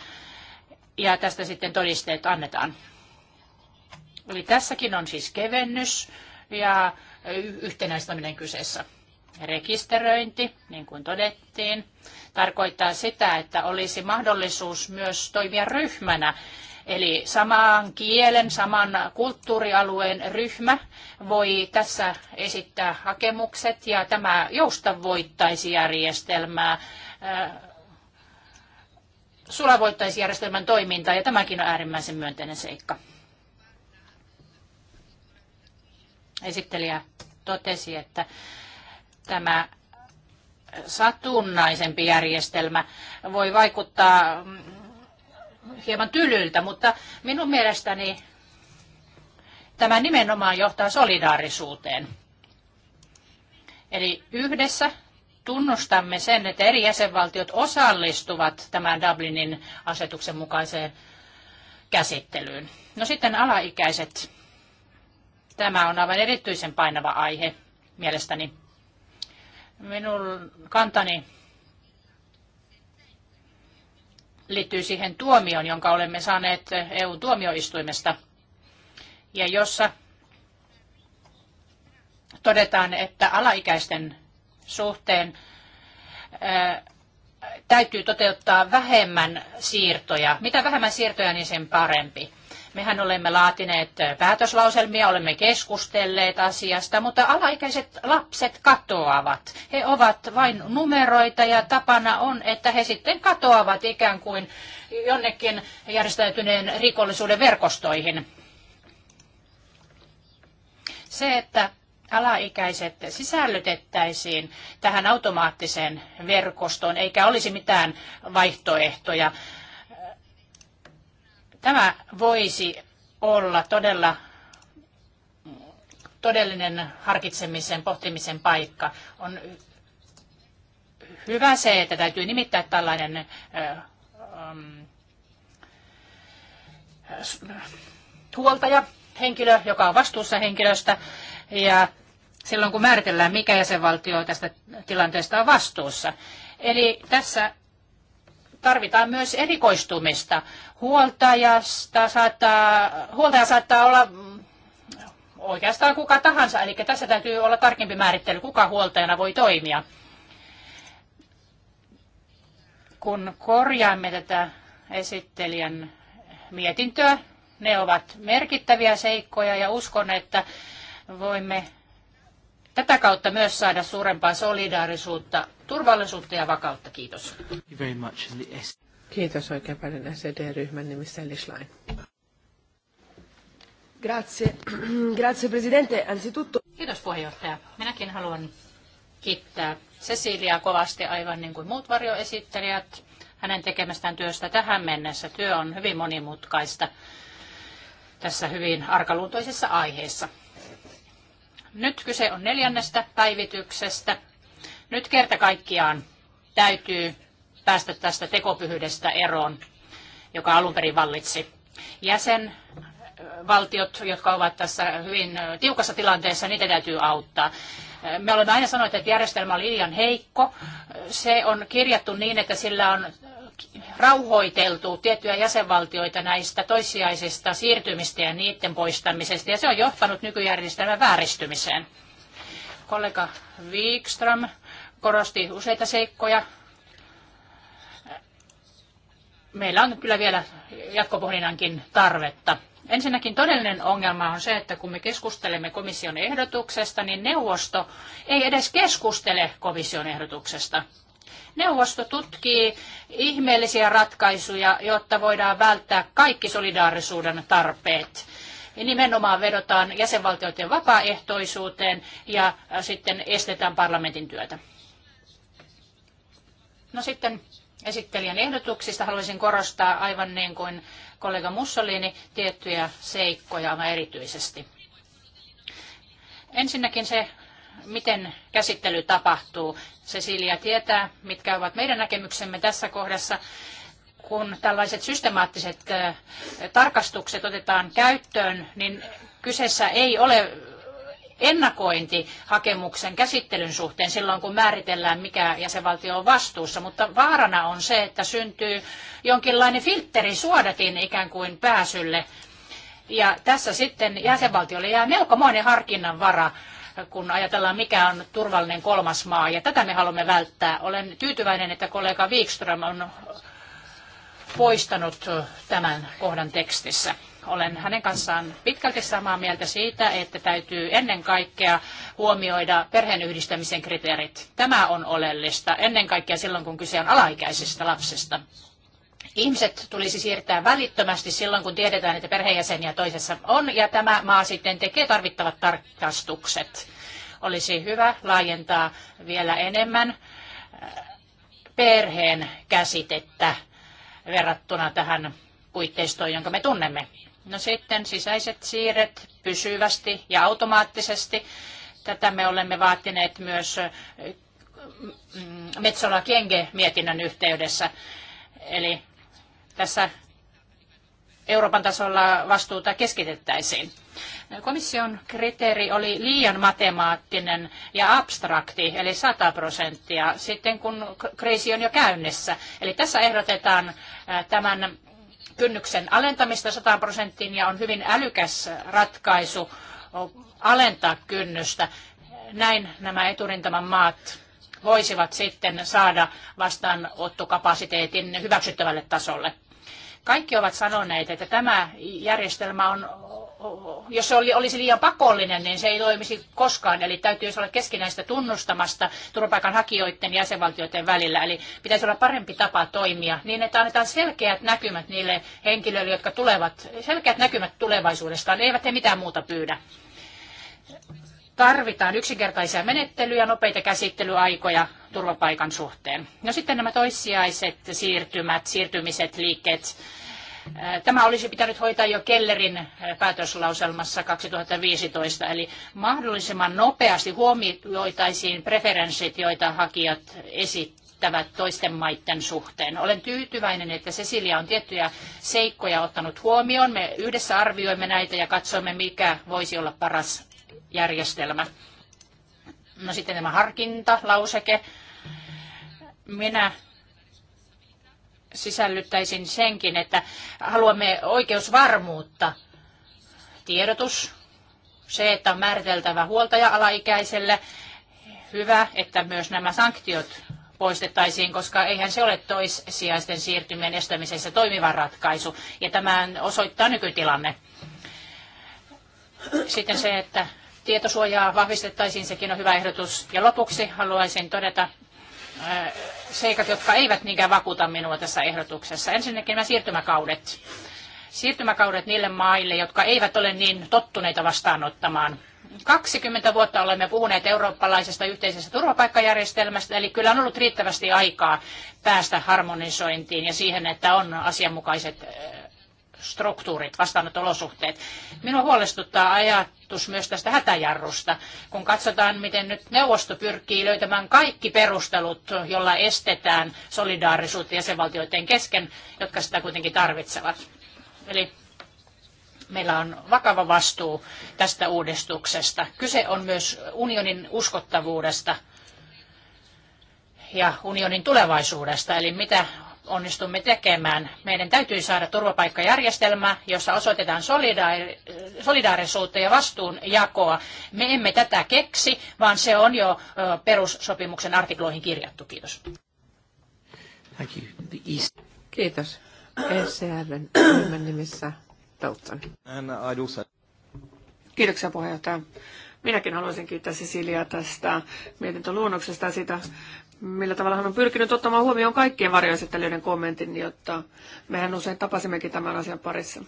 ja tästä sitten todisteet annetaan. Eli tässäkin on siis kevennys ja yhtenäistäminen kyseessä. Rekisteröinti, niin kuin todettiin, tarkoittaa sitä, että olisi mahdollisuus myös toimia ryhmänä Eli saman kielen, saman kulttuurialueen ryhmä voi tässä esittää hakemukset ja tämä joustavoittaisi järjestelmää, äh, sulavoittaisi järjestelmän toimintaa ja tämäkin on äärimmäisen myönteinen seikka. Esittelijä totesi, että tämä satunnaisempi järjestelmä voi vaikuttaa mm, hieman tylyltä, mutta minun mielestäni tämä nimenomaan johtaa solidaarisuuteen. Eli yhdessä tunnustamme sen, että eri jäsenvaltiot osallistuvat tämän Dublinin asetuksen mukaiseen käsittelyyn. No sitten alaikäiset. Tämä on aivan erityisen painava aihe mielestäni. Minun kantani liittyy siihen tuomioon, jonka olemme saaneet EU-tuomioistuimesta, ja jossa todetaan, että alaikäisten suhteen täytyy toteuttaa vähemmän siirtoja. Mitä vähemmän siirtoja, niin sen parempi. Mehän olemme laatineet päätöslauselmia, olemme keskustelleet asiasta, mutta alaikäiset lapset katoavat. He ovat vain numeroita ja tapana on, että he sitten katoavat ikään kuin jonnekin järjestäytyneen rikollisuuden verkostoihin. Se, että alaikäiset sisällytettäisiin tähän automaattiseen verkostoon, eikä olisi mitään vaihtoehtoja. Tämä voisi olla todella todellinen harkitsemisen, pohtimisen paikka. On hyvä se, että täytyy nimittää tällainen huoltaja, ähm, henkilö, joka on vastuussa henkilöstä. Ja silloin kun määritellään, mikä jäsenvaltio tästä tilanteesta on vastuussa. Eli tässä tarvitaan myös erikoistumista. Huoltajasta saattaa, huoltaja saattaa olla oikeastaan kuka tahansa, eli tässä täytyy olla tarkempi määrittely, kuka huoltajana voi toimia. Kun korjaamme tätä esittelijän mietintöä, ne ovat merkittäviä seikkoja ja uskon, että voimme tätä kautta myös saada suurempaa solidaarisuutta turvallisuutta ja vakautta. Kiitos. Kiitos oikein paljon SED-ryhmän nimissä Elislain. Grazie. Grazie Presidente. Anzitutto... Kiitos puheenjohtaja. Minäkin haluan kiittää Cecilia kovasti aivan niin kuin muut varjoesittelijät hänen tekemästään työstä tähän mennessä. Työ on hyvin monimutkaista tässä hyvin arkaluontoisessa aiheessa. Nyt kyse on neljännestä päivityksestä nyt kerta kaikkiaan täytyy päästä tästä tekopyhyydestä eroon, joka alun perin vallitsi. Jäsen äh, valtiot, jotka ovat tässä hyvin äh, tiukassa tilanteessa, niitä täytyy auttaa. Äh, me olemme aina sanoneet, että järjestelmä on liian heikko. Se on kirjattu niin, että sillä on rauhoiteltu tiettyjä jäsenvaltioita näistä toissijaisista siirtymistä ja niiden poistamisesta, ja se on johtanut nykyjärjestelmän vääristymiseen. Kollega Wikström korosti useita seikkoja. Meillä on kyllä vielä jatkopohdinnankin tarvetta. Ensinnäkin todellinen ongelma on se, että kun me keskustelemme komission ehdotuksesta, niin neuvosto ei edes keskustele komission ehdotuksesta. Neuvosto tutkii ihmeellisiä ratkaisuja, jotta voidaan välttää kaikki solidaarisuuden tarpeet. Ja nimenomaan vedotaan jäsenvaltioiden vapaaehtoisuuteen ja sitten estetään parlamentin työtä. No sitten esittelijän ehdotuksista haluaisin korostaa aivan niin kuin kollega Mussolini tiettyjä seikkoja aivan erityisesti. Ensinnäkin se, miten käsittely tapahtuu. Cecilia tietää, mitkä ovat meidän näkemyksemme tässä kohdassa kun tällaiset systemaattiset tarkastukset otetaan käyttöön, niin kyseessä ei ole ennakointi hakemuksen käsittelyn suhteen silloin, kun määritellään, mikä jäsenvaltio on vastuussa, mutta vaarana on se, että syntyy jonkinlainen filtteri suodatin ikään kuin pääsylle. Ja tässä sitten jäsenvaltiolle jää melkomoinen harkinnan vara kun ajatellaan, mikä on turvallinen kolmas maa, ja tätä me haluamme välttää. Olen tyytyväinen, että kollega Wikström on poistanut tämän kohdan tekstissä. Olen hänen kanssaan pitkälti samaa mieltä siitä, että täytyy ennen kaikkea huomioida perheenyhdistämisen kriteerit. Tämä on oleellista, ennen kaikkea silloin, kun kyse on alaikäisistä lapsista. Ihmiset tulisi siirtää välittömästi silloin, kun tiedetään, että perheenjäseniä toisessa on, ja tämä maa sitten tekee tarvittavat tarkastukset. Olisi hyvä laajentaa vielä enemmän äh, perheen käsitettä verrattuna tähän puitteistoon, jonka me tunnemme. No sitten sisäiset siirret pysyvästi ja automaattisesti. Tätä me olemme vaatineet myös mm, Metsola Kenge-mietinnön yhteydessä. Eli tässä Euroopan tasolla vastuuta keskitettäisiin. Komission kriteeri oli liian matemaattinen ja abstrakti, eli 100 prosenttia, sitten kun kriisi on jo käynnissä. Eli tässä ehdotetaan tämän kynnyksen alentamista 100 prosenttiin ja on hyvin älykäs ratkaisu alentaa kynnystä. Näin nämä eturintaman maat voisivat sitten saada vastaanottokapasiteetin hyväksyttävälle tasolle. Kaikki ovat sanoneet, että tämä järjestelmä on jos se olisi liian pakollinen, niin se ei toimisi koskaan. Eli täytyy olla keskinäistä tunnustamasta turvapaikanhakijoiden ja jäsenvaltioiden välillä. Eli pitäisi olla parempi tapa toimia niin, että annetaan selkeät näkymät niille henkilöille, jotka tulevat, selkeät näkymät tulevaisuudestaan. Eivät he mitään muuta pyydä. Tarvitaan yksinkertaisia menettelyjä, nopeita käsittelyaikoja turvapaikan suhteen. No sitten nämä toissijaiset siirtymät, siirtymiset, liikkeet Äh, tämä olisi pitänyt hoitaa jo Kellerin äh, päätöslauselmassa 2015, eli mahdollisimman nopeasti huomioitaisiin preferenssit, joita hakijat esittävät toisten maiden suhteen. Olen tyytyväinen, että Cecilia on tiettyjä seikkoja ottanut huomioon. Me yhdessä arvioimme näitä ja katsoimme, mikä voisi olla paras järjestelmä. No sitten tämä harkinta, lauseke. Minä sisällyttäisin senkin, että haluamme oikeusvarmuutta. Tiedotus, se, että on määriteltävä huoltaja alaikäiselle, hyvä, että myös nämä sanktiot poistettaisiin, koska eihän se ole toissijaisten siirtymien estämisessä toimiva ratkaisu. Ja tämän osoittaa nykytilanne. Sitten se, että tietosuojaa vahvistettaisiin, sekin on hyvä ehdotus. Ja lopuksi haluaisin todeta seikat, jotka eivät niinkään vakuuta minua tässä ehdotuksessa. Ensinnäkin nämä siirtymäkaudet. Siirtymäkaudet niille maille, jotka eivät ole niin tottuneita vastaanottamaan 20 vuotta olemme puhuneet eurooppalaisesta yhteisestä turvapaikkajärjestelmästä, eli kyllä on ollut riittävästi aikaa päästä harmonisointiin ja siihen, että on asianmukaiset struktuurit, vastaanotolosuhteet. Minua huolestuttaa ajatus myös tästä hätäjarrusta, kun katsotaan, miten nyt neuvosto pyrkii löytämään kaikki perustelut, jolla estetään solidaarisuutta jäsenvaltioiden kesken, jotka sitä kuitenkin tarvitsevat. Eli meillä on vakava vastuu tästä uudistuksesta. Kyse on myös unionin uskottavuudesta ja unionin tulevaisuudesta, eli mitä onnistumme tekemään. Meidän täytyy saada turvapaikkajärjestelmä, jossa osoitetaan solidaarisuutta ja vastuunjakoa. Me emme tätä keksi, vaan se on jo perussopimuksen artikloihin kirjattu. Kiitos. Thank you. The East. Kiitos. ECRn ryhmän nimissä Dalton. Kiitoksia puheenjohtaja. Minäkin haluaisin kiittää Cecilia tästä mietintöluonnoksesta ja siitä millä tavalla hän on pyrkinyt ottamaan huomioon kaikkien varjoesittelijöiden kommentin, jotta mehän usein tapasimmekin tämän asian parissa.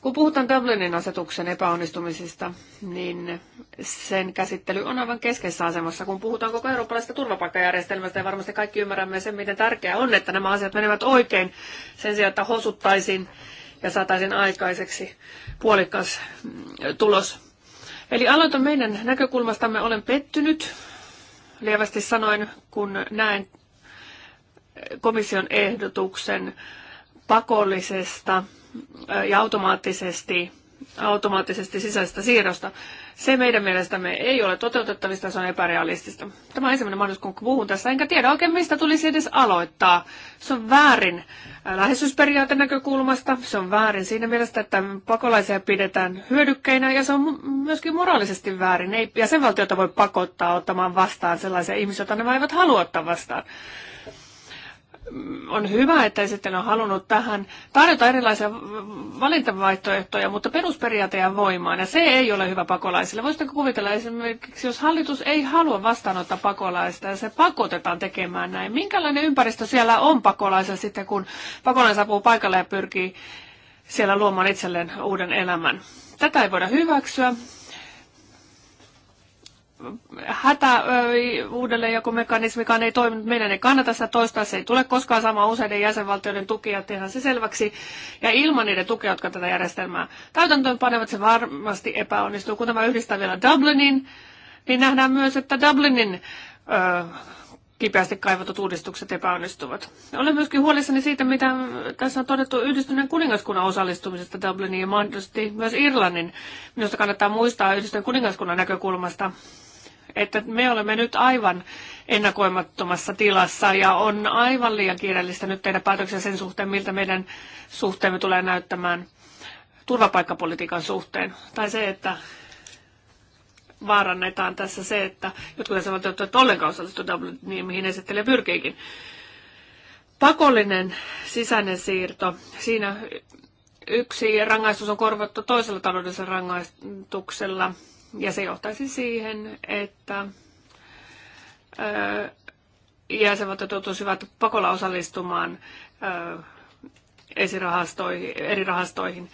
Kun puhutaan Dublinin asetuksen epäonnistumisista, niin sen käsittely on aivan keskeisessä asemassa. Kun puhutaan koko eurooppalaisesta turvapaikkajärjestelmästä, ja varmasti kaikki ymmärrämme sen, miten tärkeää on, että nämä asiat menevät oikein sen sijaan, että hosuttaisiin ja saataisiin aikaiseksi puolikas mm, tulos. Eli aloitan meidän näkökulmastamme. Olen pettynyt lievästi sanoen, kun näen komission ehdotuksen pakollisesta ja automaattisesti, automaattisesti sisäisestä siirrosta. Se meidän mielestämme ei ole toteutettavista, se on epärealistista. Tämä on ensimmäinen mahdollisuus, kun puhun tässä, enkä tiedä oikein mistä tulisi edes aloittaa. Se on väärin lähestysperiaatteen näkökulmasta, se on väärin siinä mielessä, että pakolaisia pidetään hyödykkeinä ja se on myöskin moraalisesti väärin. Ei jäsenvaltiota voi pakottaa ottamaan vastaan sellaisia ihmisiä, joita nämä eivät halua ottaa vastaan on hyvä, että sitten on halunnut tähän tarjota erilaisia valintavaihtoehtoja, mutta perusperiaate jää voimaan, ja se ei ole hyvä pakolaisille. Voisitteko kuvitella esimerkiksi, jos hallitus ei halua vastaanottaa pakolaista, ja se pakotetaan tekemään näin, minkälainen ympäristö siellä on pakolaisella sitten, kun pakolainen saapuu paikalle ja pyrkii siellä luomaan itselleen uuden elämän? Tätä ei voida hyväksyä hätä uudelleen, joku uudelleenjakomekanismikaan ei toiminut. Meidän ei kannata sitä toistaa, se ei tule koskaan saamaan useiden jäsenvaltioiden tukia, tehdään se selväksi. Ja ilman niiden tukia, jotka tätä järjestelmää täytäntöön panevat, se varmasti epäonnistuu. Kun tämä yhdistää vielä Dublinin, niin nähdään myös, että Dublinin ö, kipeästi kaivatut uudistukset epäonnistuvat. Olen myöskin huolissani siitä, mitä tässä on todettu yhdistyneen kuningaskunnan osallistumisesta Dubliniin ja mahdollisesti myös Irlannin. Minusta kannattaa muistaa yhdistyneen kuningaskunnan näkökulmasta että me olemme nyt aivan ennakoimattomassa tilassa ja on aivan liian kiireellistä nyt tehdä päätöksiä sen suhteen, miltä meidän suhteemme tulee näyttämään turvapaikkapolitiikan suhteen. Tai se, että vaarannetaan tässä se, että jotkut jäsenvaltiot ovat ollenkaan osallistu niin mihin esittelijä pyrkiikin. Pakollinen sisäinen siirto. Siinä yksi rangaistus on korvattu toisella taloudellisella rangaistuksella. Ja se johtaisi siihen, että jäsenvaltiot joutuisivat pakolla osallistumaan esirahastoihin, eri rahastoihin.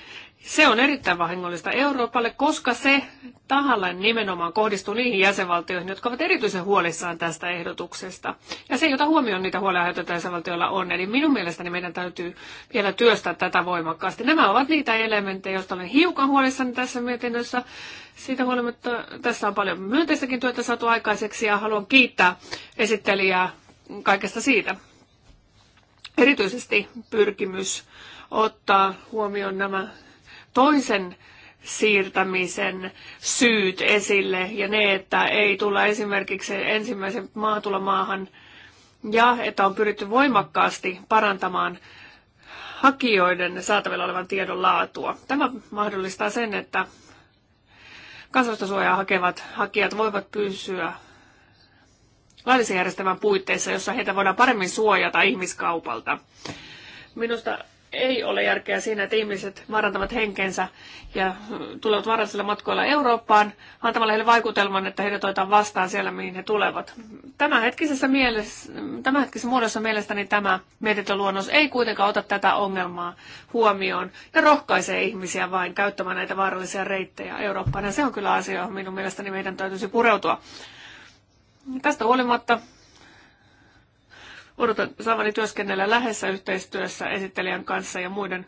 Se on erittäin vahingollista Euroopalle, koska se tahalla nimenomaan kohdistuu niihin jäsenvaltioihin, jotka ovat erityisen huolissaan tästä ehdotuksesta. Ja se jota huomioon niitä huolia, joita jäsenvaltioilla on. Eli minun mielestäni meidän täytyy vielä työstää tätä voimakkaasti. Nämä ovat niitä elementtejä, joista olen hiukan huolissani tässä mietinnössä. Siitä huolimatta tässä on paljon myönteistäkin työtä saatu aikaiseksi ja haluan kiittää esittelijää kaikesta siitä. Erityisesti pyrkimys ottaa huomioon nämä toisen siirtämisen syyt esille ja ne, että ei tulla esimerkiksi ensimmäisen maatulomaahan ja että on pyritty voimakkaasti parantamaan hakijoiden saatavilla olevan tiedon laatua. Tämä mahdollistaa sen, että kansallista suojaa hakevat hakijat voivat pysyä laillisen järjestelmän puitteissa, jossa heitä voidaan paremmin suojata ihmiskaupalta. Minusta ei ole järkeä siinä, että ihmiset vaarantavat henkensä ja tulevat vaarallisilla matkoilla Eurooppaan, antamalla heille vaikutelman, että heidät otetaan vastaan siellä, mihin he tulevat. Tämänhetkisessä, mielessä, tämänhetkisessä muodossa mielestäni tämä mietintöluonnos ei kuitenkaan ota tätä ongelmaa huomioon ja rohkaisee ihmisiä vain käyttämään näitä vaarallisia reittejä Eurooppaan. Ja se on kyllä asia, johon minun mielestäni meidän täytyisi pureutua. Tästä huolimatta Odotan saavani työskennellä läheisessä yhteistyössä esittelijän kanssa ja muiden,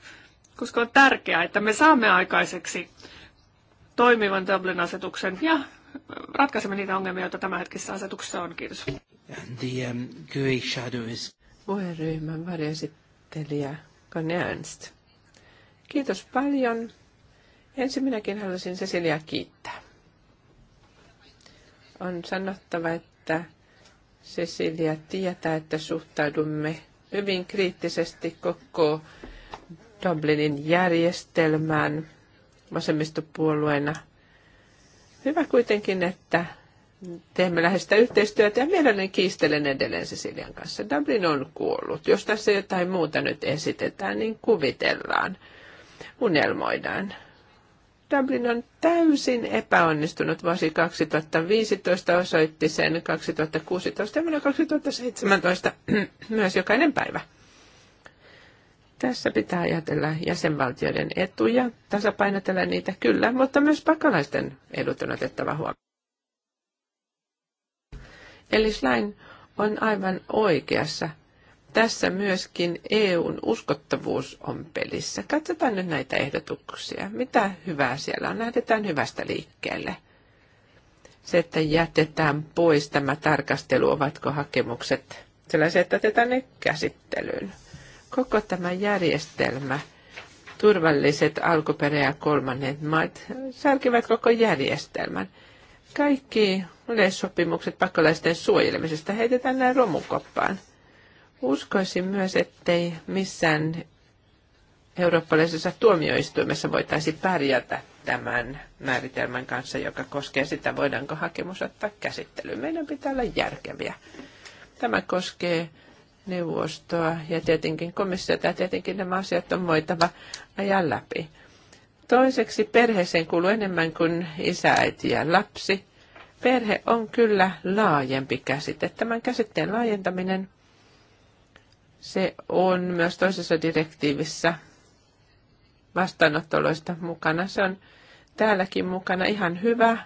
koska on tärkeää, että me saamme aikaiseksi toimivan Dublin-asetuksen ja ratkaisemme niitä ongelmia, joita tämänhetkisessä asetuksessa on. Kiitos. The, um, GUI shadow is... Puheryhmän varjoesittelijä Conne Ernst. Kiitos paljon. Ensin minäkin haluaisin Cecilia kiittää. On sanottava, että Cecilia tietää, että suhtaudumme hyvin kriittisesti koko Dublinin järjestelmään vasemmistopuolueena. Hyvä kuitenkin, että teemme läheistä yhteistyötä ja mielelläni kiistelen edelleen Cecilian kanssa. Dublin on kuollut. Jos tässä jotain muuta nyt esitetään, niin kuvitellaan, unelmoidaan. Dublin on täysin epäonnistunut. Vuosi 2015 osoitti sen, 2016 ja vuonna 2017 myös jokainen päivä. Tässä pitää ajatella jäsenvaltioiden etuja, tasapainotella niitä kyllä, mutta myös pakolaisten edut on otettava huomioon. Eli Schlein on aivan oikeassa – tässä myöskin EUn uskottavuus on pelissä. Katsotaan nyt näitä ehdotuksia. Mitä hyvää siellä on? Lähdetään hyvästä liikkeelle. Se, että jätetään pois tämä tarkastelu, ovatko hakemukset sellaisia, että jätetään ne käsittelyyn. Koko tämä järjestelmä, turvalliset alkuperä- ja kolmannet maat, särkivät koko järjestelmän. Kaikki yleissopimukset pakolaisten suojelemisesta heitetään näin romukoppaan – Uskoisin myös, ettei missään eurooppalaisessa tuomioistuimessa voitaisi pärjätä tämän määritelmän kanssa, joka koskee sitä, voidaanko hakemus ottaa käsittelyyn. Meidän pitää olla järkeviä. Tämä koskee neuvostoa ja tietenkin komissiota ja tietenkin nämä asiat on voitava ajaa läpi. Toiseksi perheeseen kuuluu enemmän kuin isä, äiti ja lapsi. Perhe on kyllä laajempi käsite. Tämän käsitteen laajentaminen – se on myös toisessa direktiivissä vastaanottoloista mukana. Se on täälläkin mukana ihan hyvä.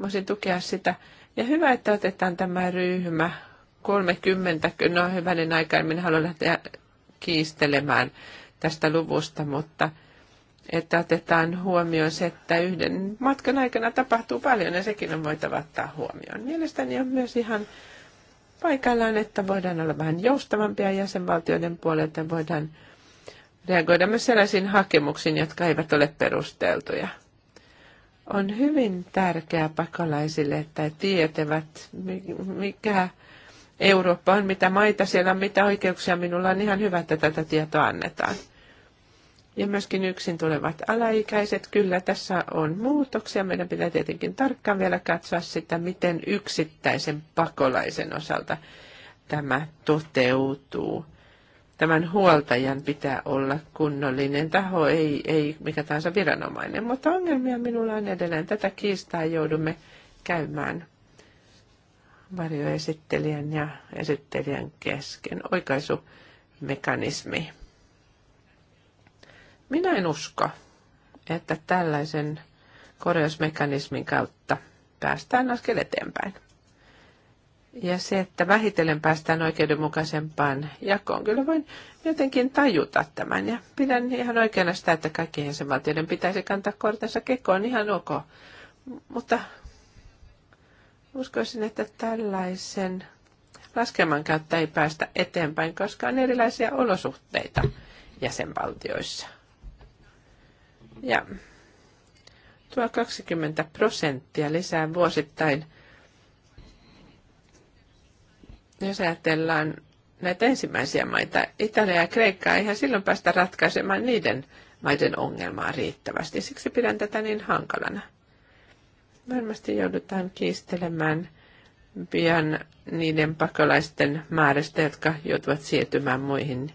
Voisin tukea sitä. Ja hyvä, että otetaan tämä ryhmä 30, no hyvänen aika, en minä halua lähteä kiistelemään tästä luvusta, mutta että otetaan huomioon se, että yhden matkan aikana tapahtuu paljon ja sekin on voitava ottaa huomioon. Mielestäni on myös ihan paikallaan, että voidaan olla vähän joustavampia jäsenvaltioiden puolelta, voidaan reagoida myös sellaisiin hakemuksiin, jotka eivät ole perusteltuja. On hyvin tärkeää pakolaisille, että tietävät, mikä Eurooppa on, mitä maita siellä on, mitä oikeuksia minulla on. Ihan hyvä, että tätä tietoa annetaan ja myöskin yksin tulevat alaikäiset. Kyllä tässä on muutoksia. Meidän pitää tietenkin tarkkaan vielä katsoa sitä, miten yksittäisen pakolaisen osalta tämä toteutuu. Tämän huoltajan pitää olla kunnollinen taho, ei, ei mikä tahansa viranomainen, mutta ongelmia minulla on edelleen. Tätä kiistaa joudumme käymään varjoesittelijän ja esittelijän kesken. Oikaisumekanismi minä en usko, että tällaisen korjausmekanismin kautta päästään askel eteenpäin. Ja se, että vähitellen päästään oikeudenmukaisempaan jakoon, kyllä voin jotenkin tajuta tämän. Ja pidän ihan oikeana sitä, että kaikkien jäsenvaltioiden pitäisi kantaa kortensa kekoon ihan ok. Mutta uskoisin, että tällaisen laskelman kautta ei päästä eteenpäin, koska on erilaisia olosuhteita jäsenvaltioissa. Ja tuo 20 prosenttia lisää vuosittain. Jos ajatellaan näitä ensimmäisiä maita, Italia ja Kreikka, eihän silloin päästä ratkaisemaan niiden maiden ongelmaa riittävästi. Siksi pidän tätä niin hankalana. Varmasti joudutaan kiistelemään pian niiden pakolaisten määrästä, jotka joutuvat siirtymään muihin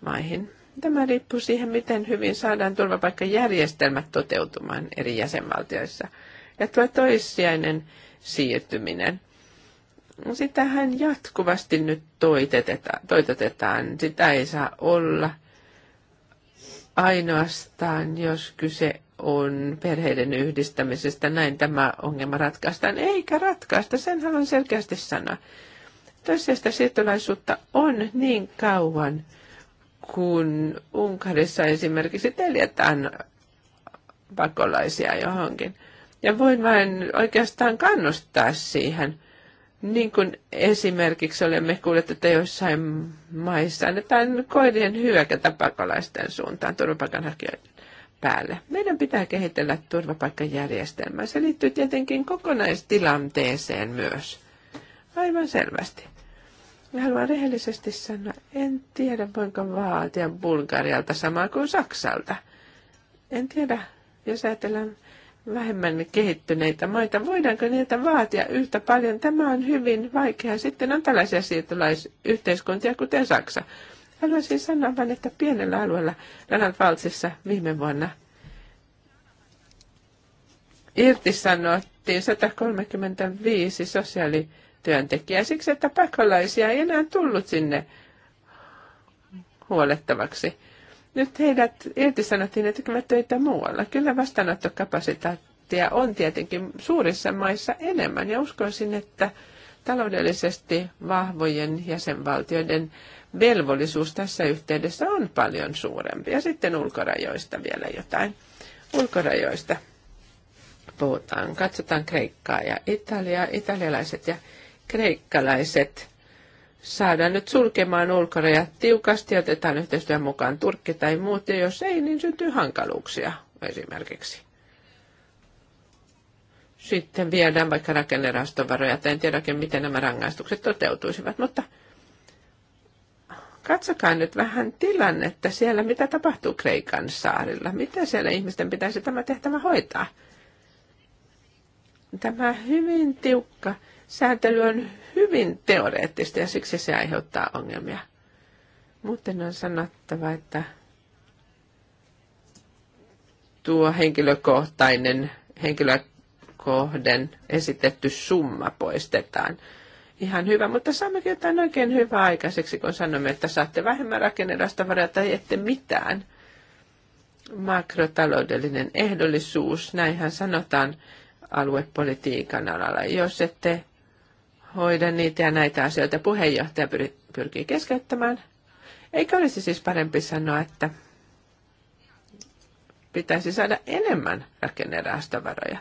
maihin. Tämä riippuu siihen, miten hyvin saadaan turvapaikkajärjestelmät toteutumaan eri jäsenvaltioissa. Ja tuo toissijainen siirtyminen, sitähän jatkuvasti nyt toitotetaan. Sitä ei saa olla ainoastaan, jos kyse on perheiden yhdistämisestä. Näin tämä ongelma ratkaistaan. Eikä ratkaista, sen haluan selkeästi sanoa. Toisesta siirtolaisuutta on niin kauan, kun Unkarissa esimerkiksi teljetään pakolaisia johonkin. Ja voin vain oikeastaan kannustaa siihen, niin kuin esimerkiksi olemme kuulleet, että joissain maissa annetaan koirien hyökätä pakolaisten suuntaan turvapaikanhakijoiden päälle. Meidän pitää kehitellä turvapaikkajärjestelmää. Se liittyy tietenkin kokonaistilanteeseen myös. Aivan selvästi. Ja haluan rehellisesti sanoa, en tiedä voinko vaatia Bulgarialta samaa kuin Saksalta. En tiedä, jos ajatellaan vähemmän kehittyneitä maita, voidaanko niiltä vaatia yhtä paljon? Tämä on hyvin vaikeaa. Sitten on tällaisia siirtolaisyhteiskuntia, kuten Saksa. Haluaisin sanoa vain, että pienellä alueella Rannanvaltsissa viime vuonna irtisanottiin 135 sosiaali- työntekijä siksi, että pakolaisia ei enää tullut sinne huolettavaksi. Nyt heidät irtisanottiin ja tekevät töitä muualla. Kyllä vastaanottokapasiteettia on tietenkin suurissa maissa enemmän ja uskoisin, että taloudellisesti vahvojen jäsenvaltioiden velvollisuus tässä yhteydessä on paljon suurempi. Ja sitten ulkorajoista vielä jotain. Ulkorajoista puhutaan. Katsotaan Kreikkaa ja Italiaa, italialaiset ja kreikkalaiset saadaan nyt sulkemaan ulkorajat tiukasti ja otetaan yhteistyön mukaan Turkki tai muut, ja jos ei, niin syntyy hankaluuksia esimerkiksi. Sitten viedään vaikka rakennerastovaroja, tai en tiedäkin, miten nämä rangaistukset toteutuisivat, mutta katsokaa nyt vähän tilannetta siellä, mitä tapahtuu Kreikan saarilla. mitä siellä ihmisten pitäisi tämä tehtävä hoitaa? Tämä hyvin tiukka sääntely on hyvin teoreettista ja siksi se aiheuttaa ongelmia. Muuten on sanottava, että tuo henkilökohtainen, henkilökohden esitetty summa poistetaan. Ihan hyvä, mutta saammekin jotain oikein hyvää aikaiseksi, kun sanomme, että saatte vähemmän rakennerasta varaa tai ette mitään. Makrotaloudellinen ehdollisuus, näinhän sanotaan aluepolitiikan alalla. Jos ette hoida niitä ja näitä asioita. Puheenjohtaja pyrkii keskeyttämään. Eikö olisi siis parempi sanoa, että pitäisi saada enemmän rakennerahastovaroja?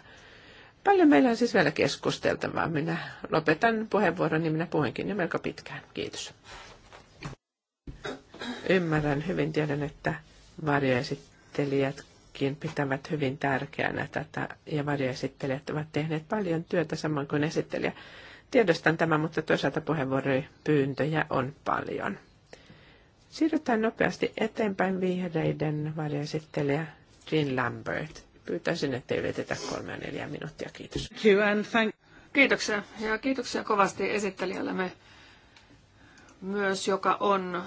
Paljon meillä on siis vielä keskusteltavaa. Minä lopetan puheenvuoron, niin minä puhuinkin jo melko pitkään. Kiitos. Ymmärrän hyvin, tiedän, että varjoesittelijät pitävät hyvin tärkeänä tätä, ja varjoesittelijät ovat tehneet paljon työtä saman kuin esittelijä. Tiedostan tämän, mutta toisaalta puheenvuoropyyntöjä on paljon. Siirrytään nopeasti eteenpäin vihreiden varjoesittelijä Jean Lambert. Pyytäisin, ettei ylitetä kolmea neljä minuuttia. Kiitos. Kiitoksia ja kiitoksia kovasti esittelijällemme myös, joka on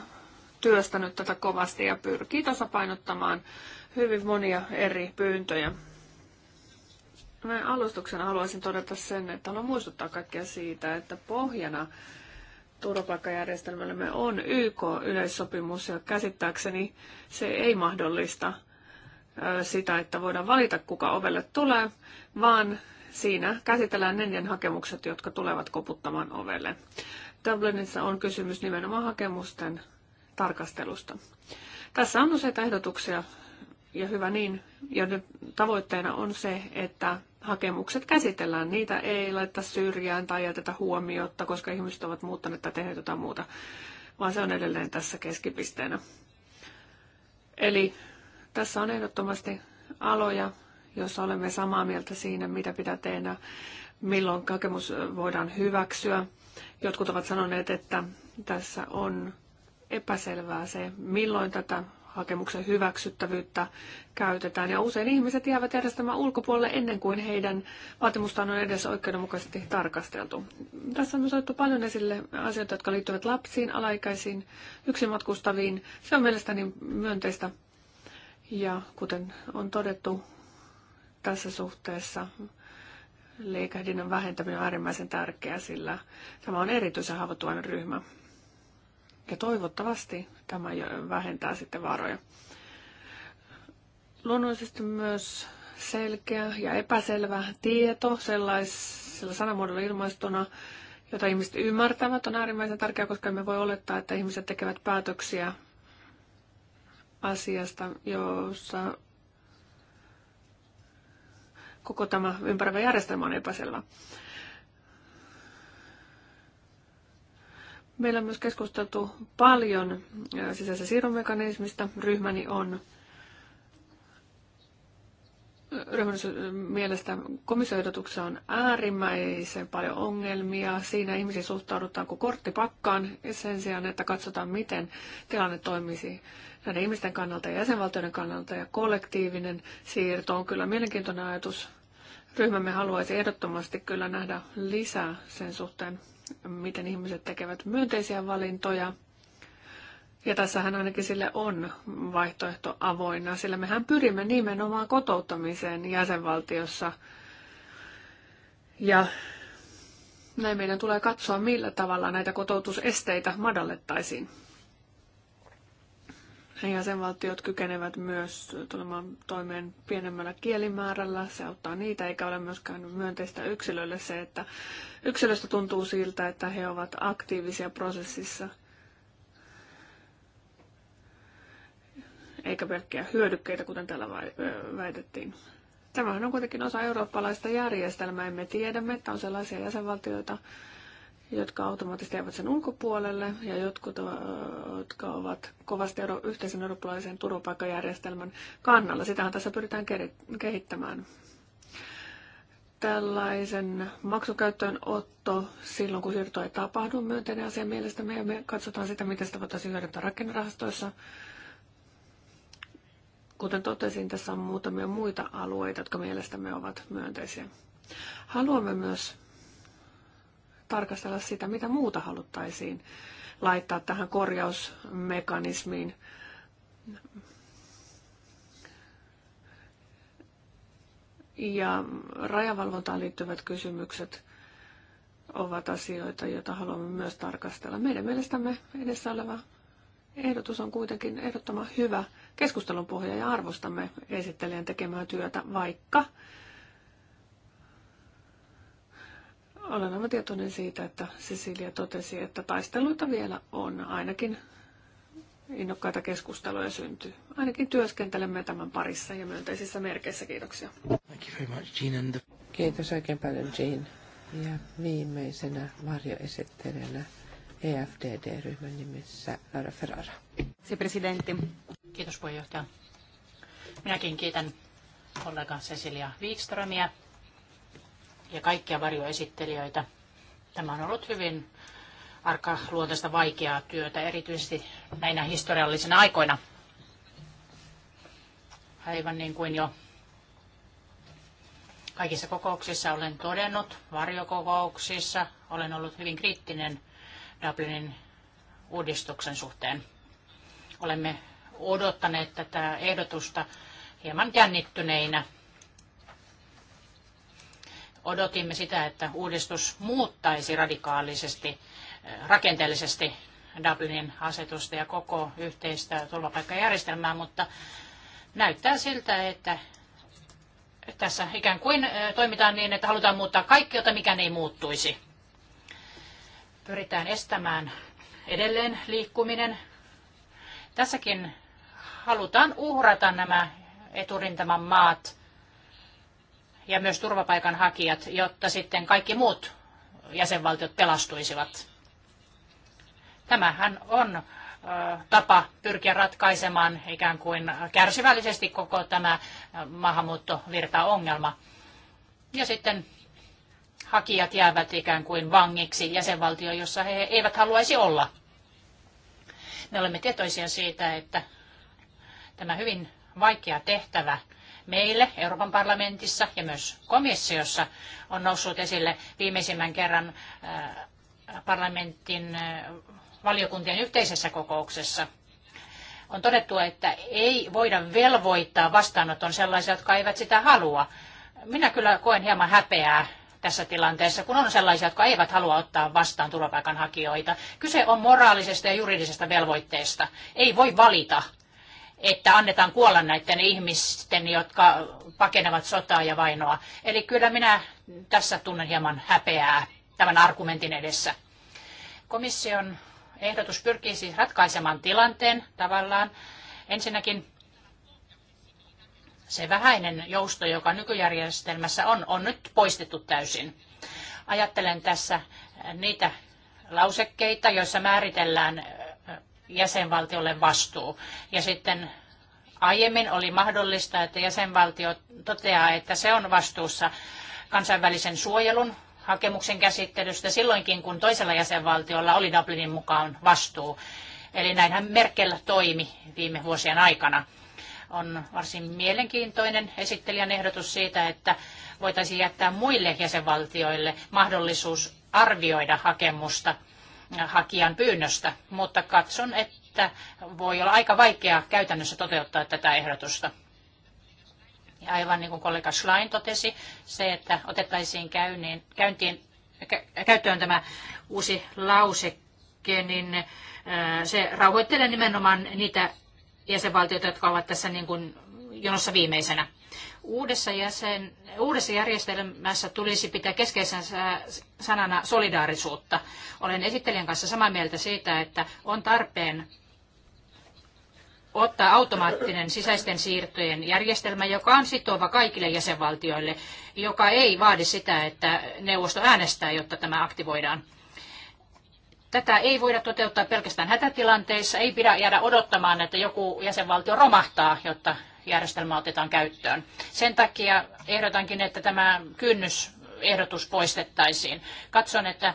työstänyt tätä kovasti ja pyrkii tasapainottamaan hyvin monia eri pyyntöjä. Näin alustuksena haluaisin todeta sen, että haluan muistuttaa kaikkia siitä, että pohjana turvapaikkajärjestelmällemme on YK-yleissopimus ja käsittääkseni se ei mahdollista sitä, että voidaan valita, kuka ovelle tulee, vaan siinä käsitellään neljän hakemukset, jotka tulevat koputtamaan ovelle. Dublinissa on kysymys nimenomaan hakemusten tarkastelusta. Tässä on useita ehdotuksia ja hyvä niin, joiden tavoitteena on se, että hakemukset käsitellään. Niitä ei laittaa syrjään tai jätetä huomiota, koska ihmiset ovat muuttaneet tai tehneet jotain muuta, vaan se on edelleen tässä keskipisteenä. Eli tässä on ehdottomasti aloja, joissa olemme samaa mieltä siinä, mitä pitää tehdä, milloin hakemus voidaan hyväksyä. Jotkut ovat sanoneet, että tässä on epäselvää se, milloin tätä hakemuksen hyväksyttävyyttä käytetään. Ja usein ihmiset jäävät järjestelmän ulkopuolelle ennen kuin heidän vaatimustaan on edes oikeudenmukaisesti tarkasteltu. Tässä on myös otettu paljon esille asioita, jotka liittyvät lapsiin, alaikäisiin, yksin matkustaviin. Se on mielestäni myönteistä. Ja kuten on todettu tässä suhteessa, liikahdinnän vähentäminen on äärimmäisen tärkeää, sillä tämä on erityisen haavoittuvainen ryhmä. Ja toivottavasti tämä vähentää sitten varoja. Luonnollisesti myös selkeä ja epäselvä tieto sellaisella sanamuodolla ilmaistuna, jota ihmiset ymmärtävät, on äärimmäisen tärkeää, koska me voi olettaa, että ihmiset tekevät päätöksiä asiasta, jossa koko tämä ympäröivä järjestelmä on epäselvä. Meillä on myös keskusteltu paljon sisäisen siirron mekanismista. Ryhmäni on ryhmän mielestä komissioehdotuksessa on äärimmäisen paljon ongelmia. Siinä ihmisiä suhtaudutaan kuin korttipakkaan sen sijaan, että katsotaan, miten tilanne toimisi näiden ihmisten kannalta ja jäsenvaltioiden kannalta. Ja kollektiivinen siirto on kyllä mielenkiintoinen ajatus. Ryhmämme haluaisi ehdottomasti kyllä nähdä lisää sen suhteen miten ihmiset tekevät myönteisiä valintoja. Ja tässähän ainakin sille on vaihtoehto avoinna, sillä mehän pyrimme nimenomaan kotouttamiseen jäsenvaltiossa. Ja näin meidän tulee katsoa, millä tavalla näitä kotoutusesteitä madallettaisiin jäsenvaltiot kykenevät myös tulemaan toimeen pienemmällä kielimäärällä. Se auttaa niitä, eikä ole myöskään myönteistä yksilölle se, että yksilöstä tuntuu siltä, että he ovat aktiivisia prosessissa, eikä pelkkiä hyödykkeitä, kuten täällä väitettiin. Tämähän on kuitenkin osa eurooppalaista järjestelmää. Emme tiedä, että on sellaisia jäsenvaltioita, jotka automaattisesti jäävät sen ulkopuolelle ja jotkut, jotka ovat kovasti euro, yhteisen eurooppalaisen turvapaikkajärjestelmän kannalla. Sitähän tässä pyritään kehittämään. Tällaisen maksukäyttöön otto silloin, kun siirto ei tapahdu, myönteinen asia mielestämme ja me katsotaan sitä, miten sitä voitaisiin hyödyntää rakennerahastoissa. Kuten totesin, tässä on muutamia muita alueita, jotka mielestämme ovat myönteisiä. Haluamme myös tarkastella sitä, mitä muuta haluttaisiin laittaa tähän korjausmekanismiin. Ja rajavalvontaan liittyvät kysymykset ovat asioita, joita haluamme myös tarkastella. Meidän mielestämme edessä oleva ehdotus on kuitenkin ehdottoman hyvä keskustelun pohja ja arvostamme esittelijän tekemää työtä, vaikka Olen aivan tietoinen siitä, että Cecilia totesi, että taisteluita vielä on. Ainakin innokkaita keskusteluja syntyy. Ainakin työskentelemme tämän parissa ja myönteisissä merkeissä. Kiitoksia. Thank you very much, Jean. Kiitos oikein paljon, Jean. Ja viimeisenä varjoesittelijänä EFDD-ryhmän nimissä Laura Ferrara. Se presidentti. Kiitos puheenjohtaja. Minäkin kiitän kollega Cecilia Wikströmiä ja kaikkia varjoesittelijöitä. Tämä on ollut hyvin arka vaikeaa työtä, erityisesti näinä historiallisina aikoina. Aivan niin kuin jo kaikissa kokouksissa olen todennut, varjokokouksissa olen ollut hyvin kriittinen Dublinin uudistuksen suhteen. Olemme odottaneet tätä ehdotusta hieman jännittyneinä odotimme sitä, että uudistus muuttaisi radikaalisesti, eh, rakenteellisesti Dublinin asetusta ja koko yhteistä turvapaikkajärjestelmää, mutta näyttää siltä, että tässä ikään kuin eh, toimitaan niin, että halutaan muuttaa kaikki, jota mikään ei muuttuisi. Pyritään estämään edelleen liikkuminen. Tässäkin halutaan uhrata nämä eturintaman maat ja myös turvapaikanhakijat, jotta sitten kaikki muut jäsenvaltiot pelastuisivat. Tämähän on tapa pyrkiä ratkaisemaan ikään kuin kärsivällisesti koko tämä maahanmuuttovirtaongelma. Ja sitten hakijat jäävät ikään kuin vangiksi jäsenvaltio, jossa he eivät haluaisi olla. Me olemme tietoisia siitä, että tämä hyvin vaikea tehtävä – meille Euroopan parlamentissa ja myös komissiossa on noussut esille viimeisimmän kerran äh, parlamentin äh, valiokuntien yhteisessä kokouksessa. On todettu, että ei voida velvoittaa vastaanoton sellaisia, jotka eivät sitä halua. Minä kyllä koen hieman häpeää tässä tilanteessa, kun on sellaisia, jotka eivät halua ottaa vastaan turvapaikanhakijoita. Kyse on moraalisesta ja juridisesta velvoitteesta. Ei voi valita että annetaan kuolla näiden ihmisten, jotka pakenevat sotaa ja vainoa. Eli kyllä minä tässä tunnen hieman häpeää tämän argumentin edessä. Komission ehdotus pyrkii siis ratkaisemaan tilanteen tavallaan. Ensinnäkin se vähäinen jousto, joka nykyjärjestelmässä on, on nyt poistettu täysin. Ajattelen tässä niitä lausekkeita, joissa määritellään jäsenvaltiolle vastuu. Ja sitten aiemmin oli mahdollista, että jäsenvaltio toteaa, että se on vastuussa kansainvälisen suojelun hakemuksen käsittelystä silloinkin, kun toisella jäsenvaltiolla oli Dublinin mukaan vastuu. Eli näinhän Merkel toimi viime vuosien aikana. On varsin mielenkiintoinen esittelijän ehdotus siitä, että voitaisiin jättää muille jäsenvaltioille mahdollisuus arvioida hakemusta hakijan pyynnöstä, mutta katson, että voi olla aika vaikea käytännössä toteuttaa tätä ehdotusta. Ja aivan niin kuin kollega Schlein totesi, se, että otettaisiin käyntiin, käyntiin, käyttöön tämä uusi lauseke, niin äh, se rauhoittelee nimenomaan niitä jäsenvaltioita, jotka ovat tässä niin kuin jonossa viimeisenä. Uudessa, jäsen, uudessa järjestelmässä tulisi pitää keskeisenä sanana solidaarisuutta. Olen esittelijän kanssa samaa mieltä siitä, että on tarpeen ottaa automaattinen sisäisten siirtojen järjestelmä, joka on sitova kaikille jäsenvaltioille, joka ei vaadi sitä, että neuvosto äänestää, jotta tämä aktivoidaan. Tätä ei voida toteuttaa pelkästään hätätilanteissa, ei pidä jäädä odottamaan, että joku jäsenvaltio romahtaa, jotta järjestelmä otetaan käyttöön. Sen takia ehdotankin, että tämä kynnysehdotus poistettaisiin. Katson, että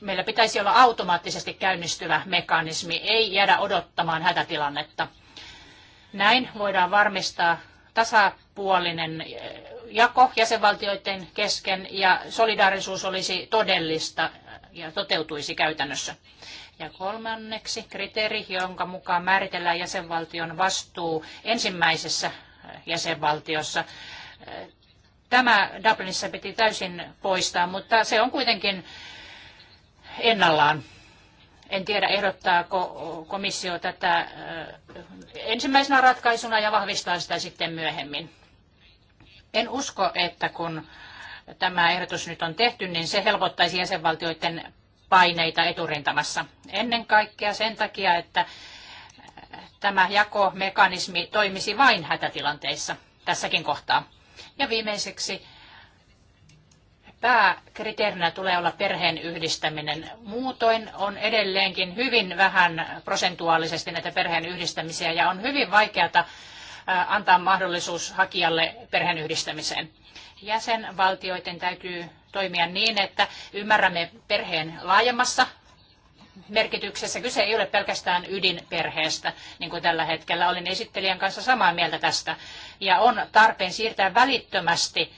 meillä pitäisi olla automaattisesti käynnistyvä mekanismi, ei jäädä odottamaan hätätilannetta. Näin voidaan varmistaa tasapuolinen eh, jako jäsenvaltioiden kesken ja solidaarisuus olisi todellista ja toteutuisi käytännössä. Ja kolmanneksi kriteeri, jonka mukaan määritellään jäsenvaltion vastuu ensimmäisessä jäsenvaltiossa. Tämä Dublinissa piti täysin poistaa, mutta se on kuitenkin ennallaan. En tiedä, ehdottaako komissio tätä ensimmäisenä ratkaisuna ja vahvistaa sitä sitten myöhemmin. En usko, että kun tämä ehdotus nyt on tehty, niin se helpottaisi jäsenvaltioiden paineita eturintamassa. Ennen kaikkea sen takia, että äh, tämä jakomekanismi toimisi vain hätätilanteissa tässäkin kohtaa. Ja viimeiseksi pääkriteerinä tulee olla perheen yhdistäminen. Muutoin on edelleenkin hyvin vähän prosentuaalisesti näitä perheen yhdistämisiä ja on hyvin vaikeata äh, antaa mahdollisuus hakijalle perheen yhdistämiseen. Jäsenvaltioiden täytyy toimia niin, että ymmärrämme perheen laajemmassa merkityksessä. Kyse ei ole pelkästään ydinperheestä, niin kuin tällä hetkellä. Olin esittelijän kanssa samaa mieltä tästä. Ja on tarpeen siirtää välittömästi,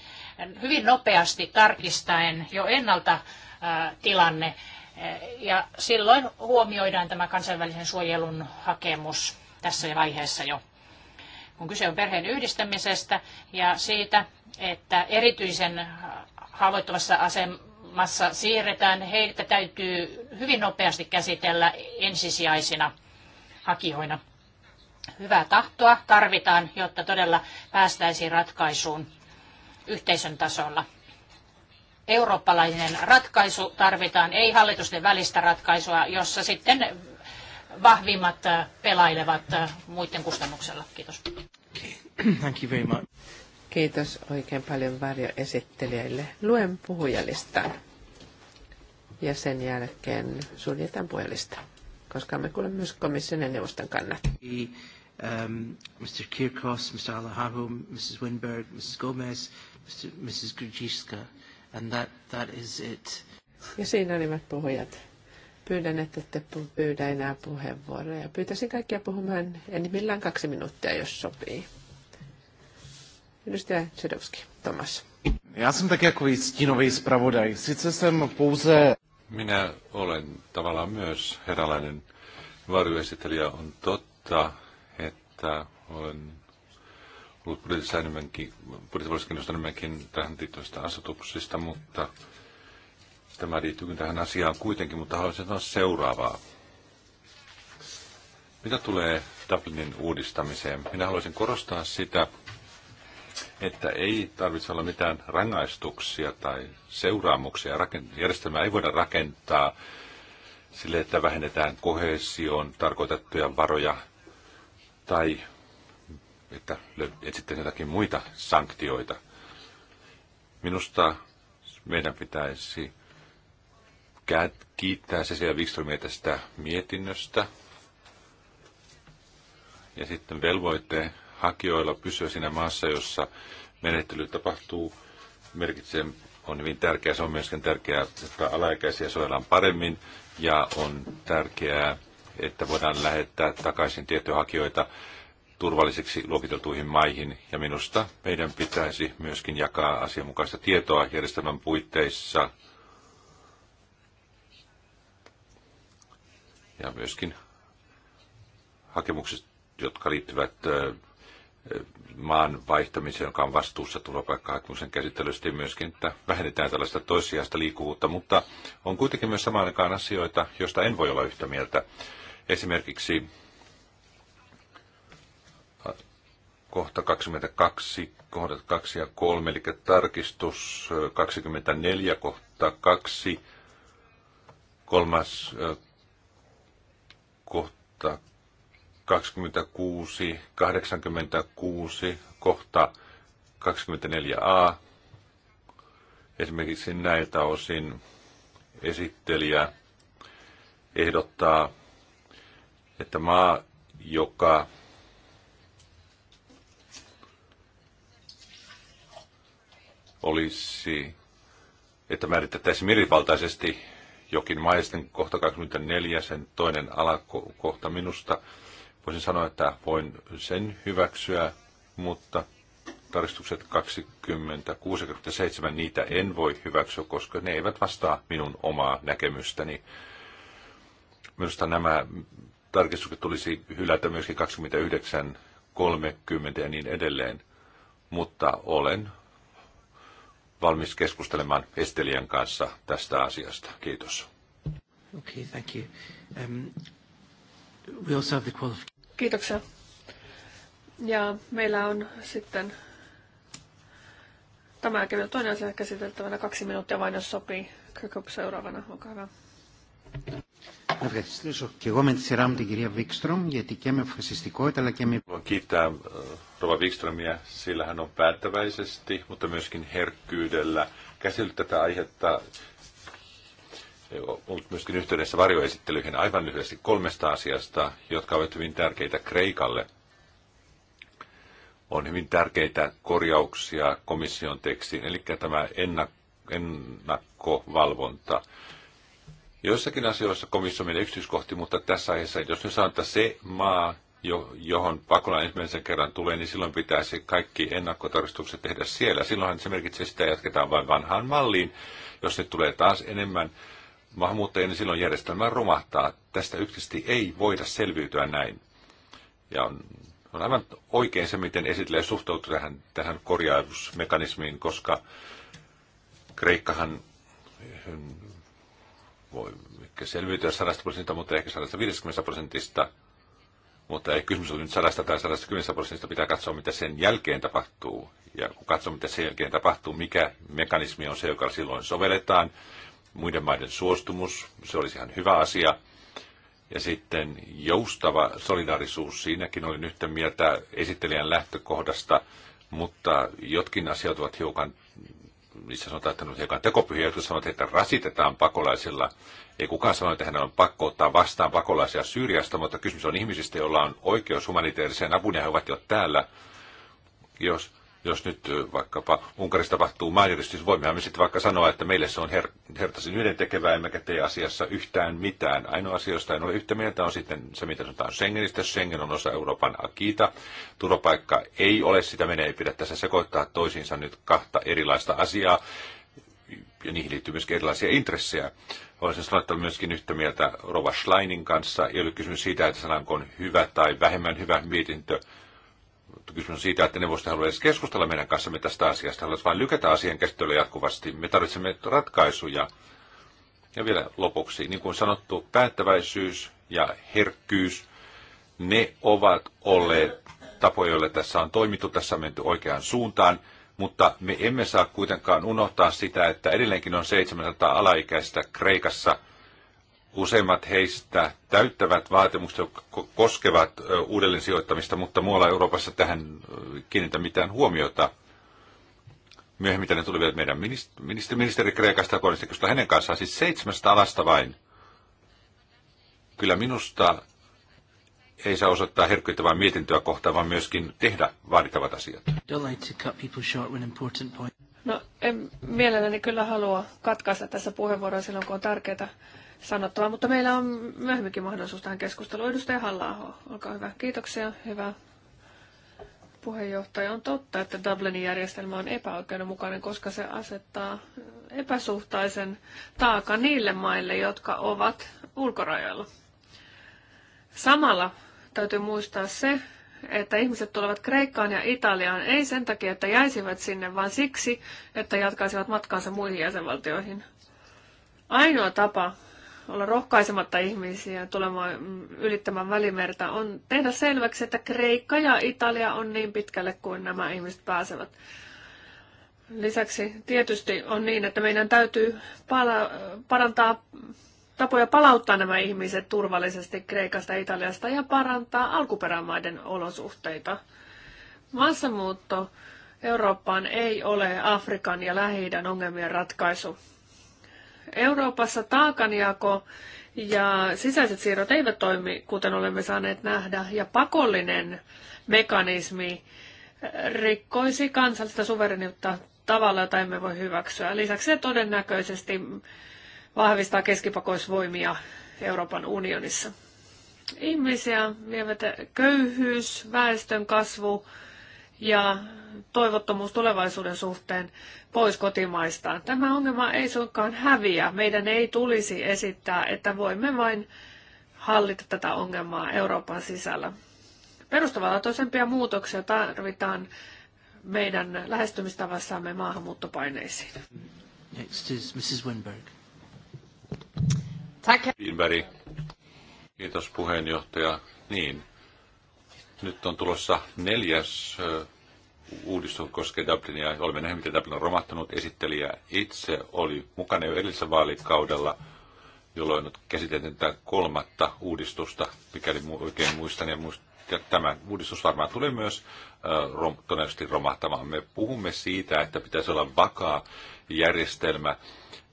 hyvin nopeasti tarkistaen jo ennalta tilanne. Ja silloin huomioidaan tämä kansainvälisen suojelun hakemus tässä vaiheessa jo. Kun kyse on perheen yhdistämisestä ja siitä, että erityisen haavoittuvassa asemassa siirretään, heitä täytyy hyvin nopeasti käsitellä ensisijaisina hakijoina. Hyvää tahtoa tarvitaan, jotta todella päästäisiin ratkaisuun yhteisön tasolla. Eurooppalainen ratkaisu tarvitaan, ei hallitusten välistä ratkaisua, jossa sitten vahvimmat äh, pelailevat äh, muiden kustannuksella. Kiitos. Thank you very much. Kiitos oikein paljon varjoesittelijöille. Luen puhujalistan ja sen jälkeen suljetaan puhujalista, koska me kuulemme myös komission ja neuvoston kannat. Um, Mr. Kirkos, Mr. Alahaho, Mrs. Winberg, Mrs. Gomez, Mrs. Grudziska, and that, that is it. Ja siinä olivat puhujat. Pyydän, että te pyydä enää puheenvuoroja. Pyytäisin kaikkia puhumaan enimmillään kaksi minuuttia, jos sopii. Edustaja Sedowski, Tomas. Já jsem tak jako stínový zpravodaj. Sice jsem pouze... Minä olen tavallaan myös heralainen varjoesittelijä. On totta, että olen ollut budjettivalmiskennosta enemmänkin tähän liittyvistä asetuksista, mutta tämä liittyy tähän asiaan kuitenkin, mutta haluaisin sanoa seuraavaa. Mitä tulee Dublinin uudistamiseen? Minä haluaisin korostaa sitä, että ei tarvitse olla mitään rangaistuksia tai seuraamuksia. Järjestelmää ei voida rakentaa sille, että vähennetään kohesioon tarkoitettuja varoja tai että etsitte jotakin muita sanktioita. Minusta meidän pitäisi kiittää Cecilia Wikströmiä tästä mietinnöstä. Ja sitten velvoitte hakijoilla pysyä siinä maassa, jossa menettely tapahtuu, merkitsee, on hyvin tärkeää. Se on myöskin tärkeää, että alaikäisiä suojellaan paremmin ja on tärkeää, että voidaan lähettää takaisin tiettyjä hakijoita turvallisiksi luokiteltuihin maihin. Ja minusta meidän pitäisi myöskin jakaa asianmukaista tietoa järjestelmän puitteissa ja myöskin hakemukset, jotka liittyvät maan vaihtamiseen, joka on vastuussa turvapaikkahakemuksen käsittelystä ja myöskin, että vähennetään tällaista toissijaista liikkuvuutta, mutta on kuitenkin myös samaan aikaan asioita, joista en voi olla yhtä mieltä. Esimerkiksi äh, kohta 22, kohdat 2 ja 3, eli tarkistus 24, äh, kohta 2, kolmas äh, kohta 26, 86, kohta 24a. Esimerkiksi näiltä osin esittelijä ehdottaa, että maa, joka olisi, että määritettäisiin mielivaltaisesti jokin maisten kohta 24, sen toinen alakohta minusta Voisin sanoa, että voin sen hyväksyä, mutta tarkistukset 20, 67, niitä en voi hyväksyä, koska ne eivät vastaa minun omaa näkemystäni. Minusta nämä tarkistukset tulisi hylätä myöskin 29, 30 ja niin edelleen, mutta olen valmis keskustelemaan Estelian kanssa tästä asiasta. Kiitos. Okay, thank you. Um, We also have the Kiitoksia. Ja meillä on sitten tämä jälkeen toinen asia käsiteltävänä kaksi minuuttia vain, jos sopii. Kirkup seuraavana, olkaa hyvä. ευχαριστήσω και εγώ με τη σειρά μου την κυρία γιατί και με αποφασιστικότητα αλλά και με... Haluan kiittää Rova Wikströmiä, sillä hän on päättäväisesti, mutta myöskin herkkyydellä käsitellyt tätä aihetta ollut myöskin yhteydessä varjoesittelyihin aivan lyhyesti kolmesta asiasta, jotka ovat hyvin tärkeitä Kreikalle. On hyvin tärkeitä korjauksia komission tekstiin, eli tämä ennakkovalvonta. Joissakin asioissa komissio menee yksityiskohti, mutta tässä aiheessa, jos nyt sanotaan, että se maa, johon pakolainen ensimmäisen kerran tulee, niin silloin pitäisi kaikki ennakkotarkistukset tehdä siellä. Silloinhan se merkitsee sitä, että jatketaan vain vanhaan malliin. Jos se tulee taas enemmän maahanmuuttajien niin silloin järjestelmä romahtaa. Tästä yksisesti ei voida selviytyä näin. Ja on, on aivan oikein se, miten esitelee suhtautuu tähän, tähän korjausmekanismiin, koska Kreikkahan eh, voi ehkä selviytyä 100 prosentista, mutta ehkä 150 prosentista. Mutta ei kysymys ole nyt 100 tai 110 prosentista, pitää katsoa, mitä sen jälkeen tapahtuu. Ja kun katsoo, mitä sen jälkeen tapahtuu, mikä mekanismi on se, joka silloin sovelletaan, muiden maiden suostumus, se olisi ihan hyvä asia. Ja sitten joustava solidaarisuus, siinäkin olin yhtä mieltä esittelijän lähtökohdasta, mutta jotkin asiat ovat hiukan, missä sanotaan, että ne ovat hiukan tekopyhiä, jotka sanovat, että rasitetaan pakolaisilla. Ei kukaan sano, että hänen on pakko ottaa vastaan pakolaisia Syyriasta, mutta kysymys on ihmisistä, joilla on oikeus humanitaariseen apuun ja he ovat jo täällä. Jos jos nyt vaikkapa Unkarissa tapahtuu mainitustys, voimmehan me sitten vaikka sanoa, että meille se on her- hertasin yhden tekevää, emmekä tee asiassa yhtään mitään. Ainoa asia, josta en ole yhtä mieltä, on sitten se, mitä sanotaan Schengenistä. Schengen on osa Euroopan akiita. Turvapaikka ei ole sitä, menee ei pidä tässä sekoittaa toisiinsa nyt kahta erilaista asiaa ja niihin liittyy myöskin erilaisia intressejä. Olisin sanonut, että myöskin yhtä mieltä Rova Schleinin kanssa. Ei ole kysymys siitä, että sanonko on hyvä tai vähemmän hyvä mietintö kysymys on siitä, että neuvosto haluaa edes keskustella meidän kanssamme tästä asiasta, haluaisi vain lykätä asian käsittelyä jatkuvasti. Me tarvitsemme ratkaisuja. Ja vielä lopuksi, niin kuin sanottu, päättäväisyys ja herkkyys, ne ovat olleet tapoja, joille tässä on toimittu, tässä on menty oikeaan suuntaan, mutta me emme saa kuitenkaan unohtaa sitä, että edelleenkin on 700 alaikäistä Kreikassa – Useimmat heistä täyttävät vaatimukset, jotka koskevat uudelleen sijoittamista, mutta muualla Euroopassa tähän kiinnitä mitään huomiota. Myöhemmin tänne tuli vielä meidän ministeri, ministeri Kreikasta ja hänen kanssaan, siis seitsemästä alasta vain. Kyllä minusta ei saa osoittaa herkkyyttä mietintöä kohtaan, vaan myöskin tehdä vaadittavat asiat. No, en mielelläni kyllä halua katkaista tässä puheenvuoroa silloin, kun on tärkeää sanottavaa, mutta meillä on myöhemminkin mahdollisuus tähän keskusteluun. Edustaja halla olkaa hyvä. Kiitoksia, hyvä puheenjohtaja. On totta, että Dublinin järjestelmä on epäoikeudenmukainen, koska se asettaa epäsuhtaisen taakan niille maille, jotka ovat ulkorajoilla. Samalla täytyy muistaa se, että ihmiset tulevat Kreikkaan ja Italiaan ei sen takia, että jäisivät sinne, vaan siksi, että jatkaisivat matkaansa muihin jäsenvaltioihin. Ainoa tapa olla rohkaisematta ihmisiä tulemaan mm, ylittämään välimerta, on tehdä selväksi, että Kreikka ja Italia on niin pitkälle kuin nämä ihmiset pääsevät. Lisäksi tietysti on niin, että meidän täytyy pala- parantaa tapoja palauttaa nämä ihmiset turvallisesti Kreikasta ja Italiasta ja parantaa alkuperämaiden olosuhteita. Maassamuutto Eurooppaan ei ole Afrikan ja lähi ongelmien ratkaisu. Euroopassa taakanjako ja sisäiset siirrot eivät toimi, kuten olemme saaneet nähdä, ja pakollinen mekanismi rikkoisi kansallista suvereniutta tavalla, jota emme voi hyväksyä. Lisäksi se todennäköisesti vahvistaa keskipakoisvoimia Euroopan unionissa. Ihmisiä vievät köyhyys, väestön kasvu ja toivottomuus tulevaisuuden suhteen pois kotimaistaan. Tämä ongelma ei suinkaan häviä. Meidän ei tulisi esittää, että voimme vain hallita tätä ongelmaa Euroopan sisällä. Perustavanlaatuisempia muutoksia tarvitaan meidän lähestymistavassamme maahanmuuttopaineisiin. Next is Mrs. Winberg. Tack. Winberg. Kiitos puheenjohtaja. Niin, nyt on tulossa neljäs uudistus koskee Dublinia. Olemme nähneet, miten Dublin on romahtanut. Esittelijä itse oli mukana jo edellisellä vaalikaudella, jolloin käsiteltiin tätä kolmatta uudistusta, mikäli oikein muistan. Ja muist- ja tämä uudistus varmaan tulee myös rom, todennäköisesti romahtamaan. Me puhumme siitä, että pitäisi olla vakaa järjestelmä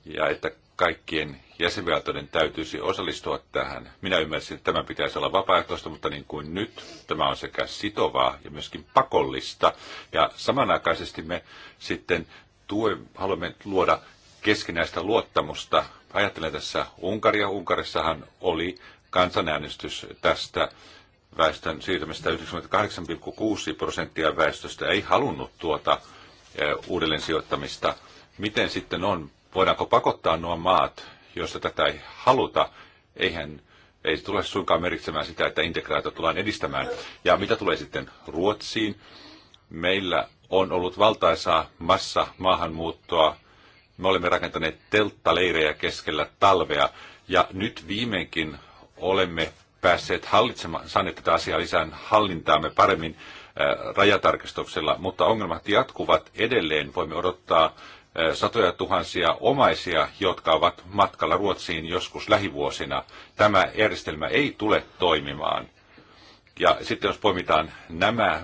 ja että kaikkien jäsenvaltioiden täytyisi osallistua tähän. Minä ymmärsin, että tämä pitäisi olla vapaaehtoista, mutta niin kuin nyt tämä on sekä sitovaa ja myöskin pakollista. Ja samanaikaisesti me sitten tue, haluamme luoda keskinäistä luottamusta. Ajattelen tässä Unkaria. Unkarissahan oli kansanäänestys tästä väestön siirtämistä 98,6 prosenttia väestöstä ei halunnut tuota eh, uudelleen sijoittamista. Miten sitten on Voidaanko pakottaa nuo maat, joissa tätä ei haluta? Eihän ei tule suinkaan merkitsemään sitä, että integraatio tullaan edistämään. Ja mitä tulee sitten Ruotsiin? Meillä on ollut valtaisaa massa maahanmuuttoa. Me olemme rakentaneet telttaleirejä keskellä talvea ja nyt viimeinkin olemme päässeet hallitsemaan, saaneet tätä asiaa lisään hallintaamme paremmin rajatarkastuksella, mutta ongelmat jatkuvat edelleen. Voimme odottaa satoja tuhansia omaisia, jotka ovat matkalla Ruotsiin joskus lähivuosina. Tämä järjestelmä ei tule toimimaan. Ja sitten jos poimitaan nämä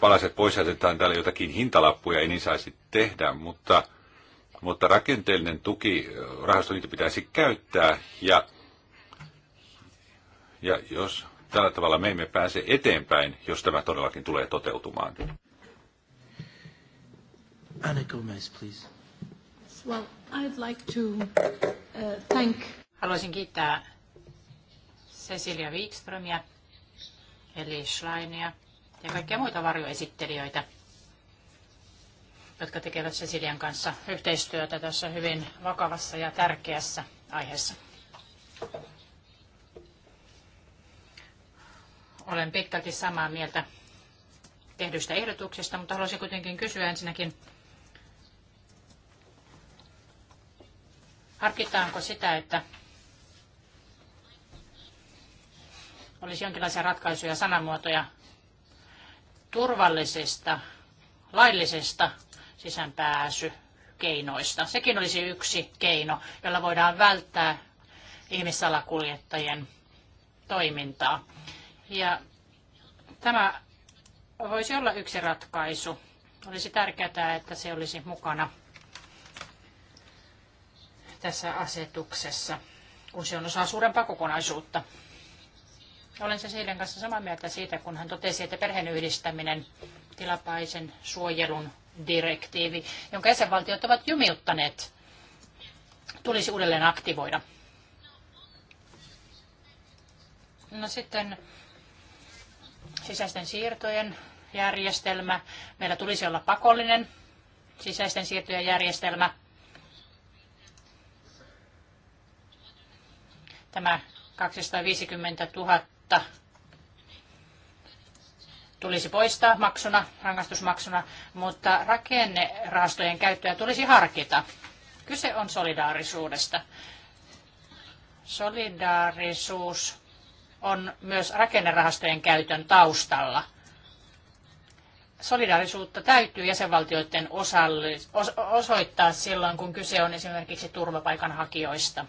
palaset pois ja asetetaan täällä jotakin hintalappuja, ei niin saisi tehdä, mutta, mutta rakenteellinen tuki rahastoliitto pitäisi käyttää ja, ja jos tällä tavalla me emme pääse eteenpäin, jos tämä todellakin tulee toteutumaan. Anna Gomez, please. Well, I'd like to uh, thank... Haluaisin kiittää Cecilia Wikströmiä, eli Schleinia ja kaikkia muita varjoesittelijöitä, jotka tekevät Cecilian kanssa yhteistyötä tässä hyvin vakavassa ja tärkeässä aiheessa. Olen pitkälti samaa mieltä tehdyistä ehdotuksista, mutta haluaisin kuitenkin kysyä ensinnäkin, Harkitaanko sitä, että olisi jonkinlaisia ratkaisuja, sanamuotoja turvallisista, laillisista sisäänpääsykeinoista. Sekin olisi yksi keino, jolla voidaan välttää ihmissalakuljettajien toimintaa. Ja tämä voisi olla yksi ratkaisu. Olisi tärkeää, että se olisi mukana tässä asetuksessa, kun se on osa suurempaa kokonaisuutta. Olen Cecilian siis kanssa samaa mieltä siitä, kun hän totesi, että perheenyhdistäminen, tilapäisen suojelun direktiivi, jonka jäsenvaltiot ovat jumiuttaneet, tulisi uudelleen aktivoida. No sitten sisäisten siirtojen järjestelmä. Meillä tulisi olla pakollinen sisäisten siirtojen järjestelmä. Tämä 250 000 tulisi poistaa maksuna, rangaistusmaksuna, mutta rakennerahastojen käyttöä tulisi harkita. Kyse on solidaarisuudesta. Solidaarisuus on myös rakennerahastojen käytön taustalla. Solidaarisuutta täytyy jäsenvaltioiden osoittaa silloin, kun kyse on esimerkiksi turvapaikanhakijoista.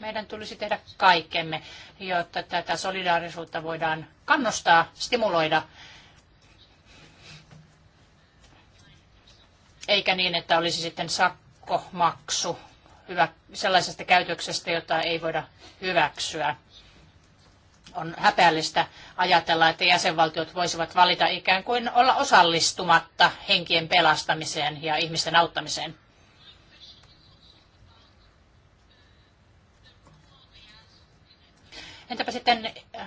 Meidän tulisi tehdä kaikkemme, jotta tätä solidaarisuutta voidaan kannustaa, stimuloida. Eikä niin, että olisi sitten sakkomaksu hyvä, sellaisesta käytöksestä, jota ei voida hyväksyä. On häpeällistä ajatella, että jäsenvaltiot voisivat valita ikään kuin olla osallistumatta henkien pelastamiseen ja ihmisten auttamiseen. Entäpä sitten äh,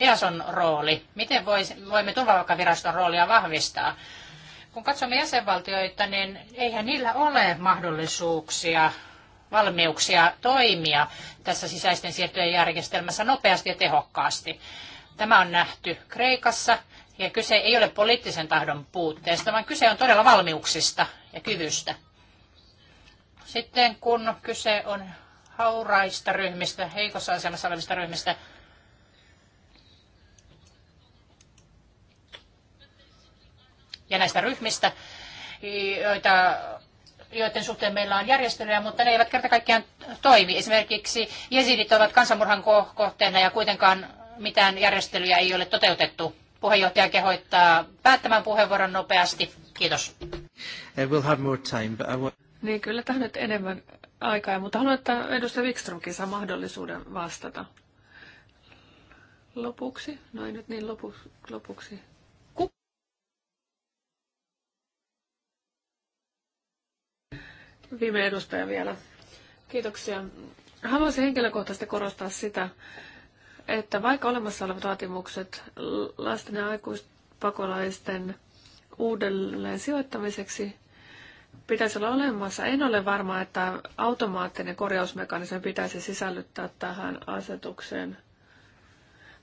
EASON rooli? Miten voimme turvapaikkaviraston roolia vahvistaa? Kun katsomme jäsenvaltioita, niin eihän niillä ole mahdollisuuksia, valmiuksia toimia tässä sisäisten siirtojen järjestelmässä nopeasti ja tehokkaasti. Tämä on nähty Kreikassa ja kyse ei ole poliittisen tahdon puutteesta, vaan kyse on todella valmiuksista ja kyvystä. Sitten kun kyse on hauraista ryhmistä, heikossa asemassa olevista ryhmistä. Ja näistä ryhmistä, joita, joiden suhteen meillä on järjestelyjä, mutta ne eivät kerta kaikkiaan toimi. Esimerkiksi jesidit ovat kansanmurhan kohteena ja kuitenkaan mitään järjestelyjä ei ole toteutettu. Puheenjohtaja kehoittaa päättämään puheenvuoron nopeasti. Kiitos. Uh, we'll have more time, but I want... Niin, kyllä tähän nyt enemmän aikaa, mutta haluan, että edustaja Wikströmkin saa mahdollisuuden vastata. Lopuksi, no ei nyt niin lopu, lopuksi. Ku- Viime edustaja vielä. Kiitoksia. Haluaisin henkilökohtaisesti korostaa sitä, että vaikka olemassa olevat vaatimukset lasten ja aikuispakolaisten uudelleen sijoittamiseksi pitäisi olla olemassa. En ole varma, että automaattinen korjausmekanismi pitäisi sisällyttää tähän asetukseen.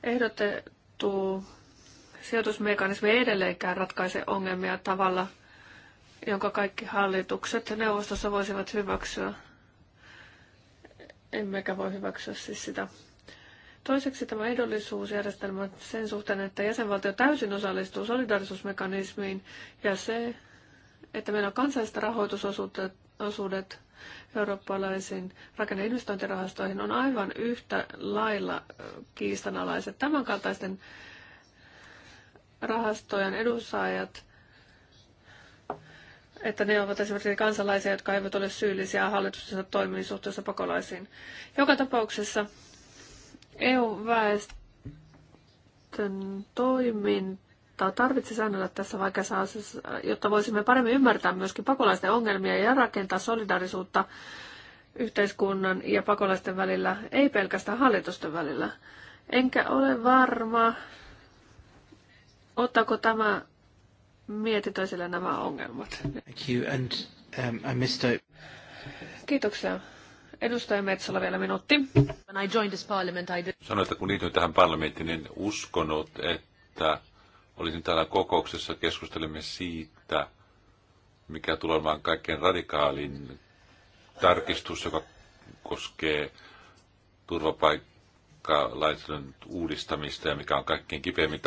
Ehdotettu sijoitusmekanismi ei edelleenkään ratkaise ongelmia tavalla, jonka kaikki hallitukset neuvostossa voisivat hyväksyä. Emmekä voi hyväksyä siis sitä. Toiseksi tämä ehdollisuusjärjestelmä sen suhteen, että jäsenvaltio täysin osallistuu solidarisuusmekanismiin ja se että meillä on kansalliset rahoitusosuudet eurooppalaisiin rakenneinvestointirahastoihin on aivan yhtä lailla kiistanalaiset. Tämänkaltaisten rahastojen edunsaajat, että ne ovat esimerkiksi kansalaisia, jotka eivät ole syyllisiä hallituksensa toimiin suhteessa pakolaisiin. Joka tapauksessa EU-väestön toiminta auttaa tarvitse säännellä tässä vaikeassa asiassa, jotta voisimme paremmin ymmärtää myöskin pakolaisten ongelmia ja rakentaa solidaarisuutta yhteiskunnan ja pakolaisten välillä, ei pelkästään hallitusten välillä. Enkä ole varma, ottaako tämä mietintö nämä ongelmat. Thank you. And, um, I missed out. Kiitoksia. Edustaja Metsola vielä minuutti. When I joined this parliament, I did... Sanoin, että kun liityin tähän parlamenttiin, niin en uskonut, että Olisin täällä kokouksessa, keskustelemme siitä, mikä tulee olemaan kaikkein radikaalin tarkistus, joka koskee turvapaikkalaisen uudistamista ja mikä on kaikkein kipeimmin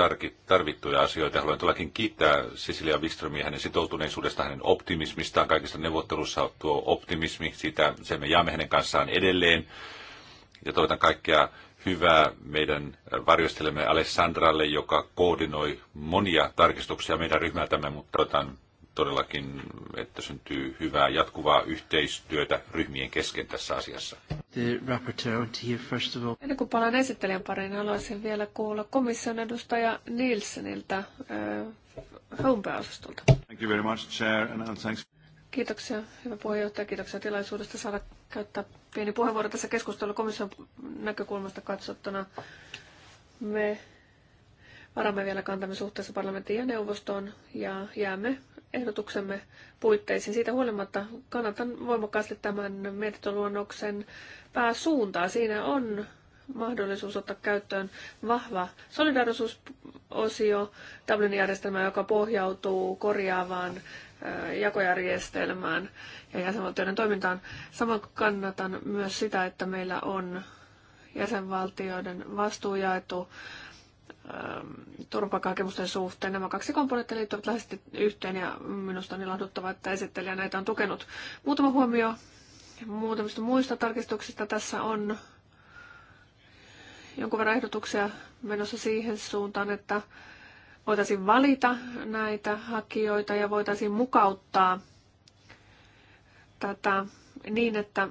tarvittuja asioita. Haluan todellakin kiittää Cecilia Wistromia hänen sitoutuneisuudesta, hänen optimismistaan. Kaikista neuvottelussa tuo optimismi, sitä se me jaamme hänen kanssaan edelleen. Ja toivotan kaikkea hyvää meidän varjostelemme Alessandralle, joka koordinoi monia tarkistuksia meidän ryhmältämme, mutta otan todellakin, että syntyy hyvää jatkuvaa yhteistyötä ryhmien kesken tässä asiassa. Ennen kuin palaan esittelijän pariin, haluaisin vielä kuulla komission edustaja Nielseniltä home Thank you very much, Chair, and thanks. Kiitoksia, hyvä puheenjohtaja. Kiitoksia tilaisuudesta saada käyttää pieni puheenvuoro tässä keskustelussa komission näkökulmasta katsottuna. Me varamme vielä kantamme suhteessa parlamentin ja neuvostoon ja jäämme ehdotuksemme puitteisiin. Siitä huolimatta kannatan voimakkaasti tämän mietintöluonnoksen pääsuuntaa. Siinä on mahdollisuus ottaa käyttöön vahva solidarisuusosio Dublin järjestelmä, joka pohjautuu korjaavaan jakojärjestelmään ja jäsenvaltioiden toimintaan. Samoin kannatan myös sitä, että meillä on jäsenvaltioiden vastuu jaettu ähm, turvapaikkahakemusten suhteen. Nämä kaksi komponenttia liittyvät lähes yhteen ja minusta on ilahduttavaa, niin että esittelijä näitä on tukenut. Muutama huomio muutamista muista tarkistuksista. Tässä on jonkun verran ehdotuksia menossa siihen suuntaan, että voitaisiin valita näitä hakijoita ja voitaisiin mukauttaa tätä niin, että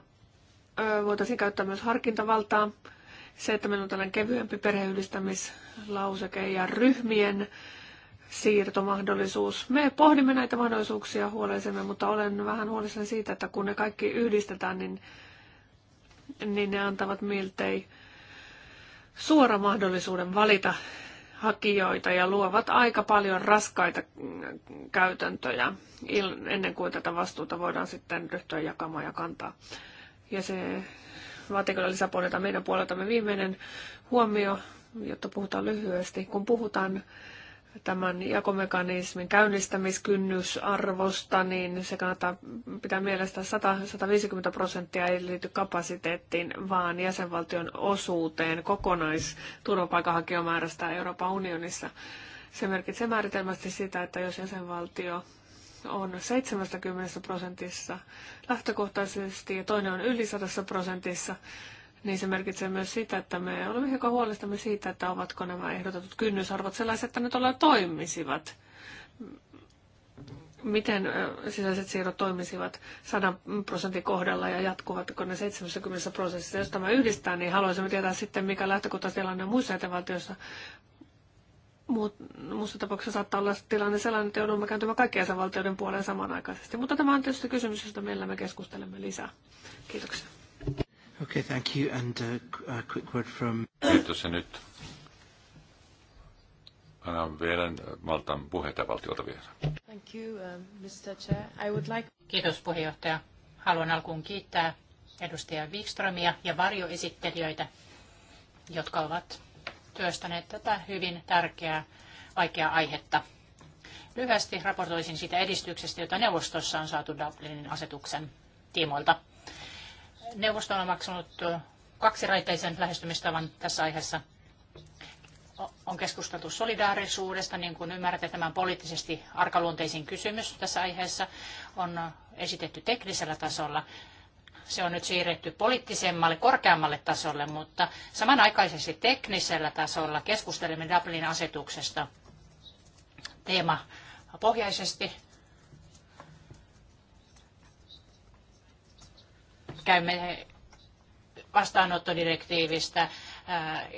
voitaisiin käyttää myös harkintavaltaa. Se, että meillä on tällainen kevyempi perheyhdistämislauseke ja ryhmien siirtomahdollisuus. Me pohdimme näitä mahdollisuuksia huolellisemmin, mutta olen vähän huolissani siitä, että kun ne kaikki yhdistetään, niin, niin ne antavat miltei suora mahdollisuuden valita hakijoita ja luovat aika paljon raskaita käytäntöjä ennen kuin tätä vastuuta voidaan sitten ryhtyä jakamaan ja kantaa. Ja se vaatii kyllä lisäpuolelta meidän puoleltamme viimeinen huomio, jotta puhutaan lyhyesti. Kun puhutaan tämän jakomekanismin käynnistämiskynnysarvosta, niin se kannattaa pitää mielessä 100-150 prosenttia ei liity kapasiteettiin, vaan jäsenvaltion osuuteen kokonaisturvapaikanhakijamäärästä Euroopan unionissa. Se merkitsee määritelmästi sitä, että jos jäsenvaltio on 70 prosentissa lähtökohtaisesti ja toinen on yli 100 prosentissa, niin se merkitsee myös sitä, että me olemme hiukan huolestamme siitä, että ovatko nämä ehdotetut kynnysarvot sellaiset, että ne todella toimisivat. Miten sisäiset siirrot toimisivat 100 prosentin kohdalla ja jatkuvatko ne 70 prosentissa? Jos tämä yhdistää, niin haluaisimme tietää sitten, mikä lähtökohtatilanne on muissa jäsenvaltioissa. Muussa tapauksessa saattaa olla tilanne sellainen, että joudumme kääntymään kaikkien jäsenvaltioiden puoleen samanaikaisesti. Mutta tämä on tietysti kysymys, josta meillä me keskustelemme lisää. Kiitoksia. Okay, thank you. a uh, uh, quick word from... Kiitos ja nyt annan vielä äh, Maltan puheenjohtajalta vielä. Thank you, uh, Mr. Chair. I would like... Kiitos puheenjohtaja. Haluan alkuun kiittää edustaja Wikströmiä ja varjoesittelijöitä, jotka ovat työstäneet tätä hyvin tärkeää, vaikeaa aihetta. Lyhyesti raportoisin siitä edistyksestä, jota neuvostossa on saatu Dublinin asetuksen tiimoilta neuvosto on omaksunut kaksiraiteisen lähestymistavan tässä aiheessa. On keskusteltu solidaarisuudesta, niin kuin ymmärrätte, tämä on poliittisesti arkaluonteisin kysymys tässä aiheessa. On esitetty teknisellä tasolla. Se on nyt siirretty poliittisemmalle, korkeammalle tasolle, mutta samanaikaisesti teknisellä tasolla keskustelemme Dublin asetuksesta teema pohjaisesti käymme vastaanottodirektiivistä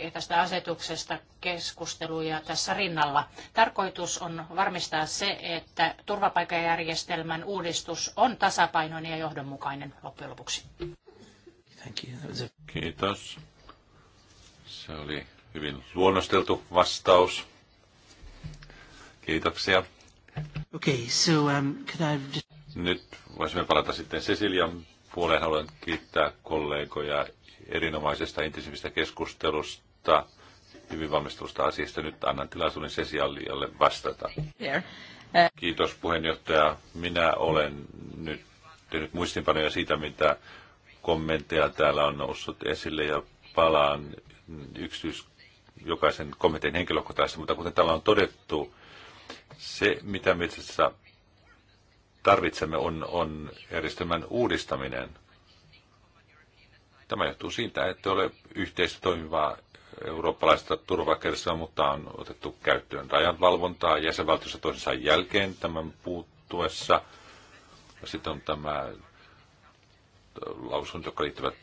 ja tästä asetuksesta keskusteluja tässä rinnalla. Tarkoitus on varmistaa se, että turvapaikkajärjestelmän uudistus on tasapainoinen ja johdonmukainen loppujen lopuksi. Kiitos. Se oli hyvin luonnosteltu vastaus. Kiitoksia. Okay, so, um, I... Nyt voisimme palata sitten Cecilian puoleen haluan kiittää kollegoja erinomaisesta intensiivisestä keskustelusta, hyvin valmistelusta asiasta. Nyt annan tilaisuuden Sesiallialle vastata. Kiitos puheenjohtaja. Minä olen nyt tehnyt muistinpanoja siitä, mitä kommentteja täällä on noussut esille ja palaan yksityis jokaisen kommentin henkilökohtaisesti, mutta kuten täällä on todettu, se mitä metsässä tarvitsemme, on, on järjestelmän uudistaminen. Tämä johtuu siitä, että ole yhteistä toimivaa eurooppalaista turvakersaa, mutta on otettu käyttöön rajanvalvontaa jäsenvaltiossa toisensa jälkeen tämän puuttuessa. Sitten on tämä lausunto, joka liittyvät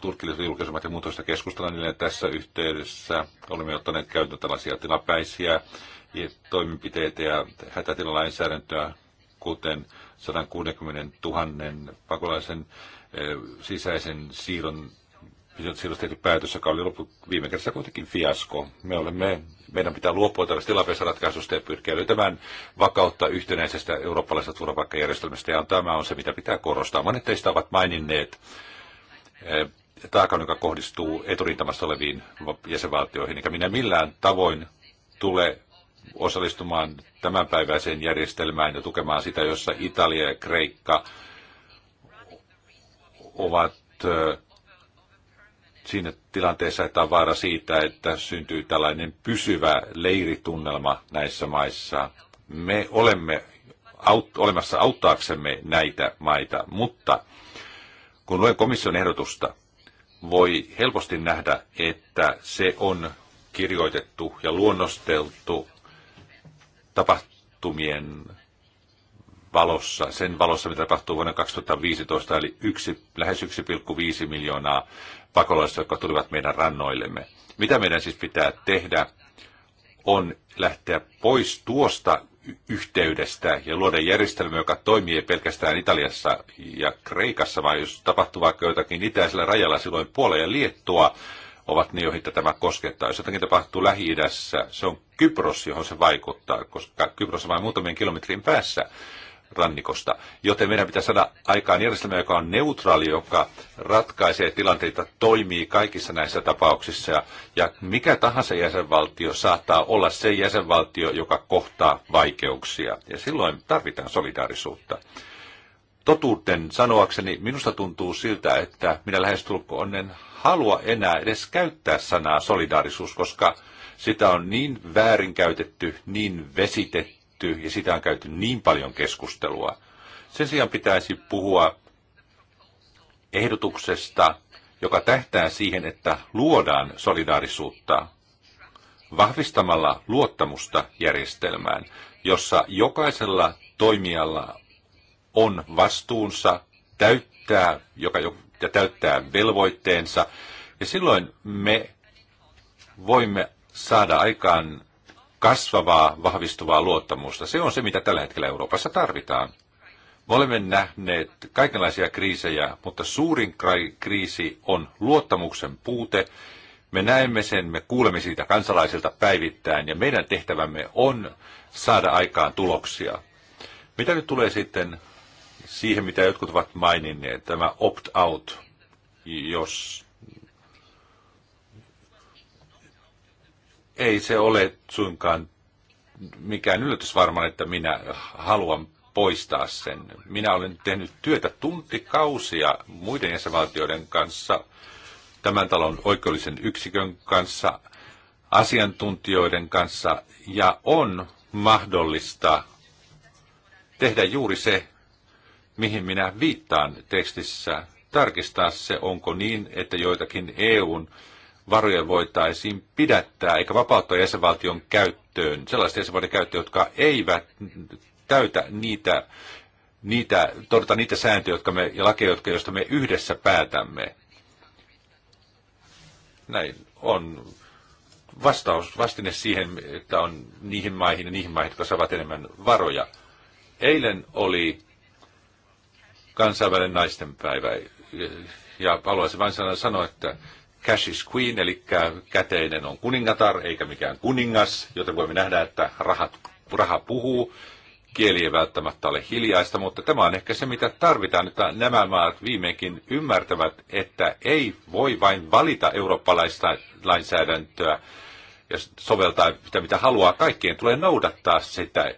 turkilaiset julkaisemat ja muutoista keskustella niille tässä yhteydessä. Olemme ottaneet käyttöön tällaisia tilapäisiä toimenpiteitä ja hätätilalainsäädäntöä kuten 160 000 pakolaisen eh, sisäisen siirron silloin tehty päätös, joka oli loppu viime kerrassa kuitenkin fiasko. Me olemme, meidän pitää luopua tällaista tilapäisestä ratkaisusta ja pyrkiä löytämään vakautta yhtenäisestä eurooppalaisesta turvapaikkajärjestelmästä. Ja tämä on se, mitä pitää korostaa. Monet teistä ovat maininneet eh, taakan, joka kohdistuu eturintamassa oleviin jäsenvaltioihin, eikä minä millään tavoin tule osallistumaan tämänpäiväiseen järjestelmään ja tukemaan sitä, jossa Italia ja Kreikka ovat siinä tilanteessa, että on vaara siitä, että syntyy tällainen pysyvä leiritunnelma näissä maissa. Me olemme aut- olemassa auttaaksemme näitä maita, mutta kun luen komission ehdotusta, voi helposti nähdä, että se on kirjoitettu ja luonnosteltu tapahtumien valossa, sen valossa, mitä tapahtuu vuonna 2015, eli yksi, lähes 1,5 miljoonaa pakolaista, jotka tulivat meidän rannoillemme. Mitä meidän siis pitää tehdä, on lähteä pois tuosta yhteydestä ja luoda järjestelmä, joka toimii pelkästään Italiassa ja Kreikassa, vaan jos tapahtuu vaikka jotakin itäisellä rajalla, silloin Puola ja Liettua ovat ne, joihin tämä koskettaa. Jos jotakin tapahtuu Lähi-idässä, se on Kypros, johon se vaikuttaa, koska Kypros on vain muutamien kilometrin päässä rannikosta. Joten meidän pitää saada aikaan järjestelmä, joka on neutraali, joka ratkaisee tilanteita, toimii kaikissa näissä tapauksissa. Ja mikä tahansa jäsenvaltio saattaa olla se jäsenvaltio, joka kohtaa vaikeuksia. Ja silloin tarvitaan solidaarisuutta. Totuuden sanoakseni, minusta tuntuu siltä, että minä lähestulkoon halua enää edes käyttää sanaa solidaarisuus, koska sitä on niin väärinkäytetty, niin vesitetty ja sitä on käyty niin paljon keskustelua. Sen sijaan pitäisi puhua ehdotuksesta, joka tähtää siihen, että luodaan solidaarisuutta vahvistamalla luottamusta järjestelmään, jossa jokaisella toimijalla on vastuunsa täyttää, joka ja täyttää velvoitteensa. Ja silloin me voimme saada aikaan kasvavaa, vahvistuvaa luottamusta. Se on se, mitä tällä hetkellä Euroopassa tarvitaan. Me olemme nähneet kaikenlaisia kriisejä, mutta suurin kriisi on luottamuksen puute. Me näemme sen, me kuulemme siitä kansalaisilta päivittäin ja meidän tehtävämme on saada aikaan tuloksia. Mitä nyt tulee sitten siihen, mitä jotkut ovat maininneet, tämä opt-out, jos ei se ole suinkaan mikään yllätys varmaan, että minä haluan poistaa sen. Minä olen tehnyt työtä tuntikausia muiden jäsenvaltioiden kanssa, tämän talon oikeudellisen yksikön kanssa, asiantuntijoiden kanssa, ja on mahdollista tehdä juuri se, mihin minä viittaan tekstissä, tarkistaa se, onko niin, että joitakin EUn varoja voitaisiin pidättää eikä vapauttaa jäsenvaltion käyttöön, sellaista jäsenvaltion käyttöön, jotka eivät täytä niitä, niitä, todeta niitä sääntöjä jotka me, ja lakeja, jotka, joista me yhdessä päätämme. Näin on vastaus, vastine siihen, että on niihin maihin ja niihin maihin, jotka saavat enemmän varoja. Eilen oli kansainvälinen naistenpäivä. Ja haluaisin vain sanoa, että cash is queen, eli käteinen on kuningatar eikä mikään kuningas, joten voimme nähdä, että rahat, raha puhuu. Kieli ei välttämättä ole hiljaista, mutta tämä on ehkä se, mitä tarvitaan, että nämä maat viimeinkin ymmärtävät, että ei voi vain valita eurooppalaista lainsäädäntöä ja soveltaa sitä, mitä haluaa. Kaikkien tulee noudattaa sitä.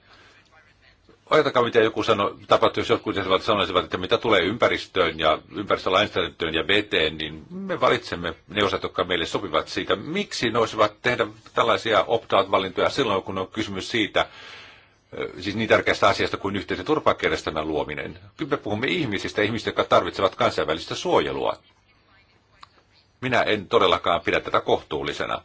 Ajatakaa, mitä joku sanoi, tapahtui, jos joku jäsenvaltiot sanoisivat, että mitä tulee ympäristöön ja ympäristölainsäädäntöön ja veteen, niin me valitsemme ne osat, jotka meille sopivat siitä. Miksi noisivat tehdä tällaisia opt-out-valintoja silloin, kun on kysymys siitä, eh, siis niin tärkeästä asiasta kuin yhteisen turvapaikkajärjestelmän luominen. Kyllä me puhumme ihmisistä, ihmisistä, jotka tarvitsevat kansainvälistä suojelua. Minä en todellakaan pidä tätä kohtuullisena.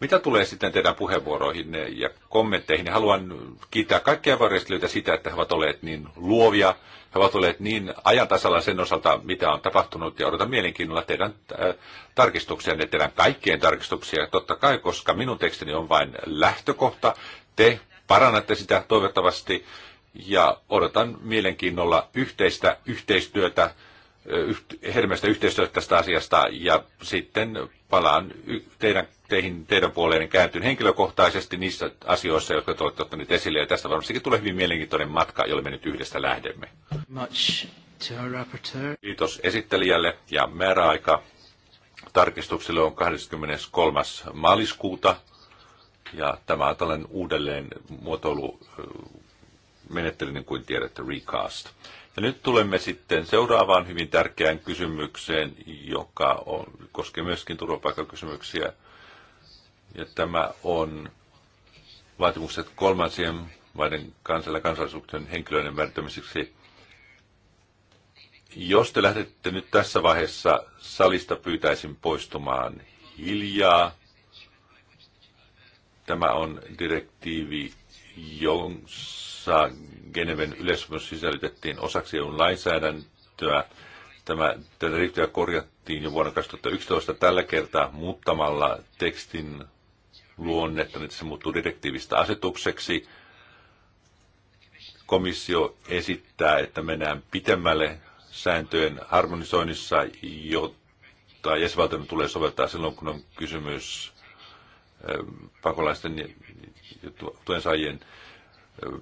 Mitä tulee sitten teidän puheenvuoroihin ja kommentteihin, niin haluan kiittää kaikkia varjostelijoita sitä, että he ovat olleet niin luovia, he ovat olleet niin ajantasalla sen osalta, mitä on tapahtunut, ja odotan mielenkiinnolla teidän tarkistuksia, äh, tarkistuksianne, teidän kaikkien tarkistuksia, totta kai, koska minun tekstini on vain lähtökohta, te parannatte sitä toivottavasti, ja odotan mielenkiinnolla yhteistä yhteistyötä, äh, hermestä yhteistyötä tästä asiasta ja sitten palaan teidän teihin, teidän puoleen kääntyn henkilökohtaisesti niissä asioissa, jotka te olette ottaneet esille. Ja tästä varmastikin tulee hyvin mielenkiintoinen matka, jolle me nyt yhdessä lähdemme. Much Kiitos esittelijälle ja määräaika tarkistuksille on 23. maaliskuuta. Ja tämä on tällainen uudelleen muotoilu menettely, niin kuin tiedätte, recast. Ja nyt tulemme sitten seuraavaan hyvin tärkeään kysymykseen, joka on, koskee myöskin turvapaikkakysymyksiä. Ja tämä on vaatimukset kolmansien maiden kansalla kansallisuuksien henkilöiden määrittämiseksi. Jos te lähdette nyt tässä vaiheessa salista pyytäisin poistumaan hiljaa. Tämä on direktiivi, jossa Geneven yleissopimus sisällytettiin osaksi EUn lainsäädäntöä. Tämä, direktiivi korjattiin jo vuonna 2011 tällä kertaa muuttamalla tekstin luonnetta, nyt niin se muuttuu direktiivistä asetukseksi. Komissio esittää, että mennään pitemmälle sääntöjen harmonisoinnissa, jotta jäsenvaltioiden tulee soveltaa silloin, kun on kysymys ähm, pakolaisten ja tuensaajien äh,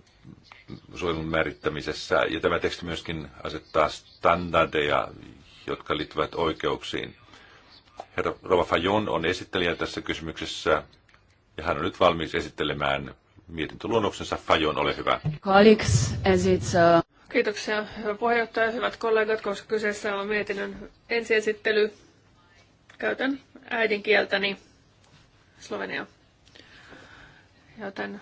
suojelun määrittämisessä. Ja tämä teksti myöskin asettaa standardeja, jotka liittyvät oikeuksiin. Herra Rova Fajon on esittelijä tässä kysymyksessä ja hän on nyt valmis esittelemään mietintöluonnoksensa. Fajon, ole hyvä. Uh, Kiitoksia, hyvä puheenjohtaja, hyvät kollegat, koska kyseessä on mietinnön ensiesittely. Käytän äidinkieltäni Slovenia. Joten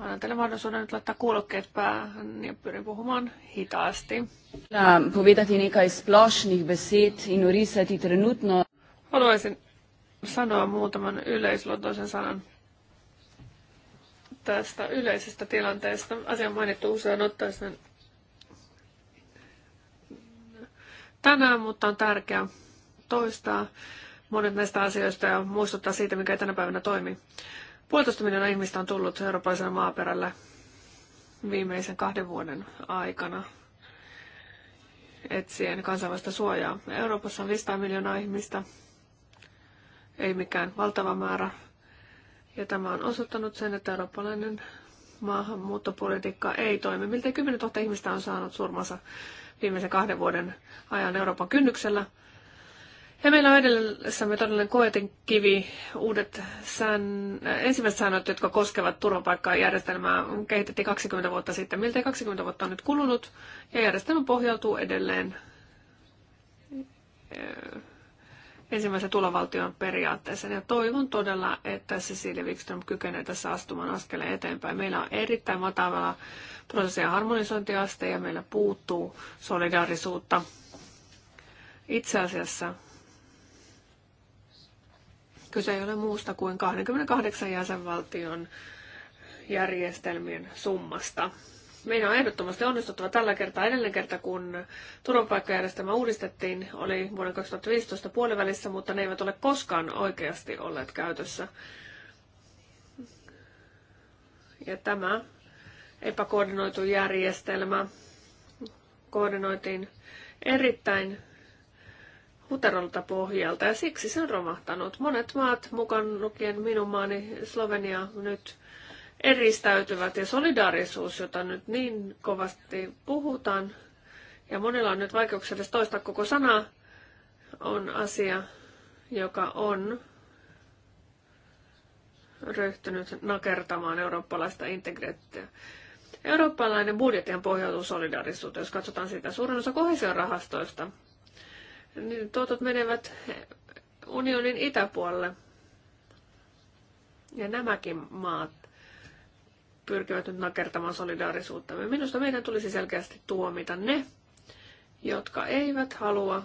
annan teille mahdollisuuden nyt laittaa kuulokkeet päähän ja pyrin puhumaan hitaasti. Haluaisin sanoa muutaman yleisluontoisen sanan tästä yleisestä tilanteesta. Asia on mainittu usein ottaisen tänään, mutta on tärkeää toistaa monet näistä asioista ja muistuttaa siitä, mikä ei tänä päivänä toimii. Puolitoista miljoonaa ihmistä on tullut eurooppalaisella maaperällä viimeisen kahden vuoden aikana etsien kansainvälistä suojaa. Euroopassa on 500 miljoonaa ihmistä, ei mikään valtava määrä. Ja tämä on osoittanut sen, että eurooppalainen maahanmuuttopolitiikka ei toimi. Miltei 10 000 ihmistä on saanut surmansa viimeisen kahden vuoden ajan Euroopan kynnyksellä. Ja meillä on edellisessämme todellinen koetin kivi, uudet sään, ensimmäiset säännöt, jotka koskevat turvapaikkajärjestelmää, kehitettiin 20 vuotta sitten. Miltei 20 vuotta on nyt kulunut ja järjestelmä pohjautuu edelleen ensimmäisen tulovaltion periaatteeseen. Ja toivon todella, että Cecilia Wikström kykenee tässä astumaan askeleen eteenpäin. Meillä on erittäin matala prosessi- ja harmonisointiaste ja meillä puuttuu solidaarisuutta. Itse asiassa kyse ei ole muusta kuin 28 jäsenvaltion järjestelmien summasta. Meidän on ehdottomasti onnistuttava tällä kertaa. Edellinen kerta, kun turvapaikkajärjestelmä uudistettiin, oli vuoden 2015 puolivälissä, mutta ne eivät ole koskaan oikeasti olleet käytössä. Ja tämä epäkoordinoitu järjestelmä koordinoitiin erittäin huterolta pohjalta ja siksi se on romahtanut. Monet maat, mukaan lukien minun maani Slovenia nyt, eristäytyvät ja solidaarisuus, jota nyt niin kovasti puhutaan, ja monilla on nyt vaikeuksia edes toistaa koko sanaa, on asia, joka on ryhtynyt nakertamaan eurooppalaista integreettiä. Eurooppalainen budjetti pohjautuu solidaarisuuteen, jos katsotaan sitä. Suurin osa kohesiorahastoista, niin tuotot menevät unionin itäpuolelle. Ja nämäkin maat pyrkivät nyt nakertamaan solidaarisuuttamme. Minusta meidän tulisi selkeästi tuomita ne, jotka eivät halua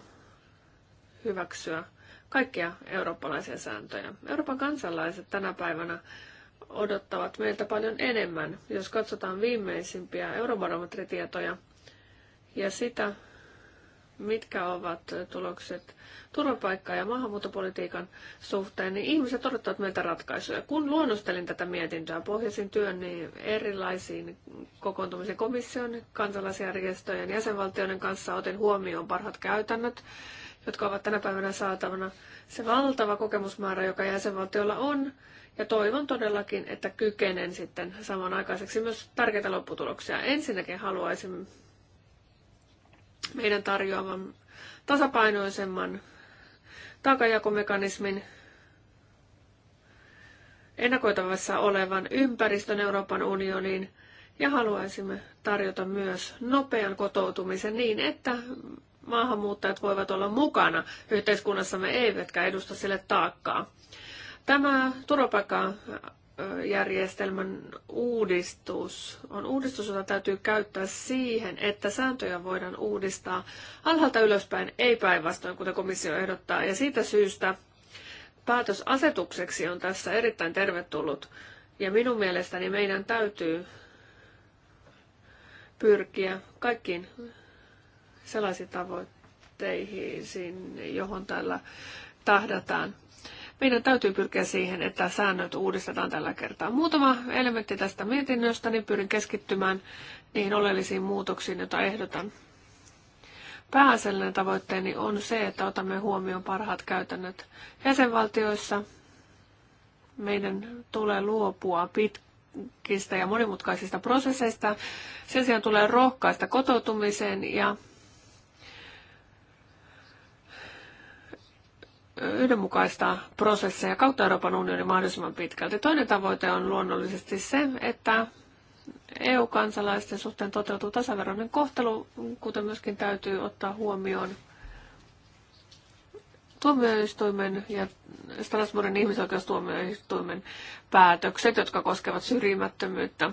hyväksyä kaikkia eurooppalaisia sääntöjä. Euroopan kansalaiset tänä päivänä odottavat meiltä paljon enemmän. Jos katsotaan viimeisimpiä eurobarometritietoja ja sitä, mitkä ovat tulokset turvapaikka- ja maahanmuuttopolitiikan suhteen, niin ihmiset odottavat meiltä ratkaisuja. Kun luonnostelin tätä mietintöä, pohjasin työn niin erilaisiin kokoontumisen komission, kansalaisjärjestöjen, jäsenvaltioiden kanssa, otin huomioon parhaat käytännöt, jotka ovat tänä päivänä saatavana. Se valtava kokemusmäärä, joka jäsenvaltiolla on, ja toivon todellakin, että kykenen sitten samanaikaiseksi myös tärkeitä lopputuloksia. Ensinnäkin haluaisin meidän tarjoavan tasapainoisemman taakajakomekanismin ennakoitavassa olevan ympäristön Euroopan unioniin ja haluaisimme tarjota myös nopean kotoutumisen niin, että maahanmuuttajat voivat olla mukana yhteiskunnassamme eivätkä edusta sille taakkaa. Tämä turvapaikka järjestelmän uudistus on uudistus, jota täytyy käyttää siihen, että sääntöjä voidaan uudistaa alhaalta ylöspäin, ei päinvastoin, kuten komissio ehdottaa. Ja siitä syystä päätös asetukseksi on tässä erittäin tervetullut. Ja minun mielestäni meidän täytyy pyrkiä kaikkiin sellaisiin tavoitteisiin, johon tällä tähdätään. Meidän täytyy pyrkiä siihen, että säännöt uudistetaan tällä kertaa. Muutama elementti tästä mietinnöstä, niin pyrin keskittymään niihin oleellisiin muutoksiin, joita ehdotan. Pääasiallinen tavoitteeni on se, että otamme huomioon parhaat käytännöt jäsenvaltioissa. Meidän tulee luopua pitkistä ja monimutkaisista prosesseista. Sen sijaan tulee rohkaista kotoutumiseen ja yhdenmukaistaa prosesseja kautta Euroopan unionin mahdollisimman pitkälti. Toinen tavoite on luonnollisesti se, että EU-kansalaisten suhteen toteutuu tasaveroinen kohtelu, kuten myöskin täytyy ottaa huomioon tuomioistuimen ja Strasbourgin ihmisoikeustuomioistuimen päätökset, jotka koskevat syrjimättömyyttä.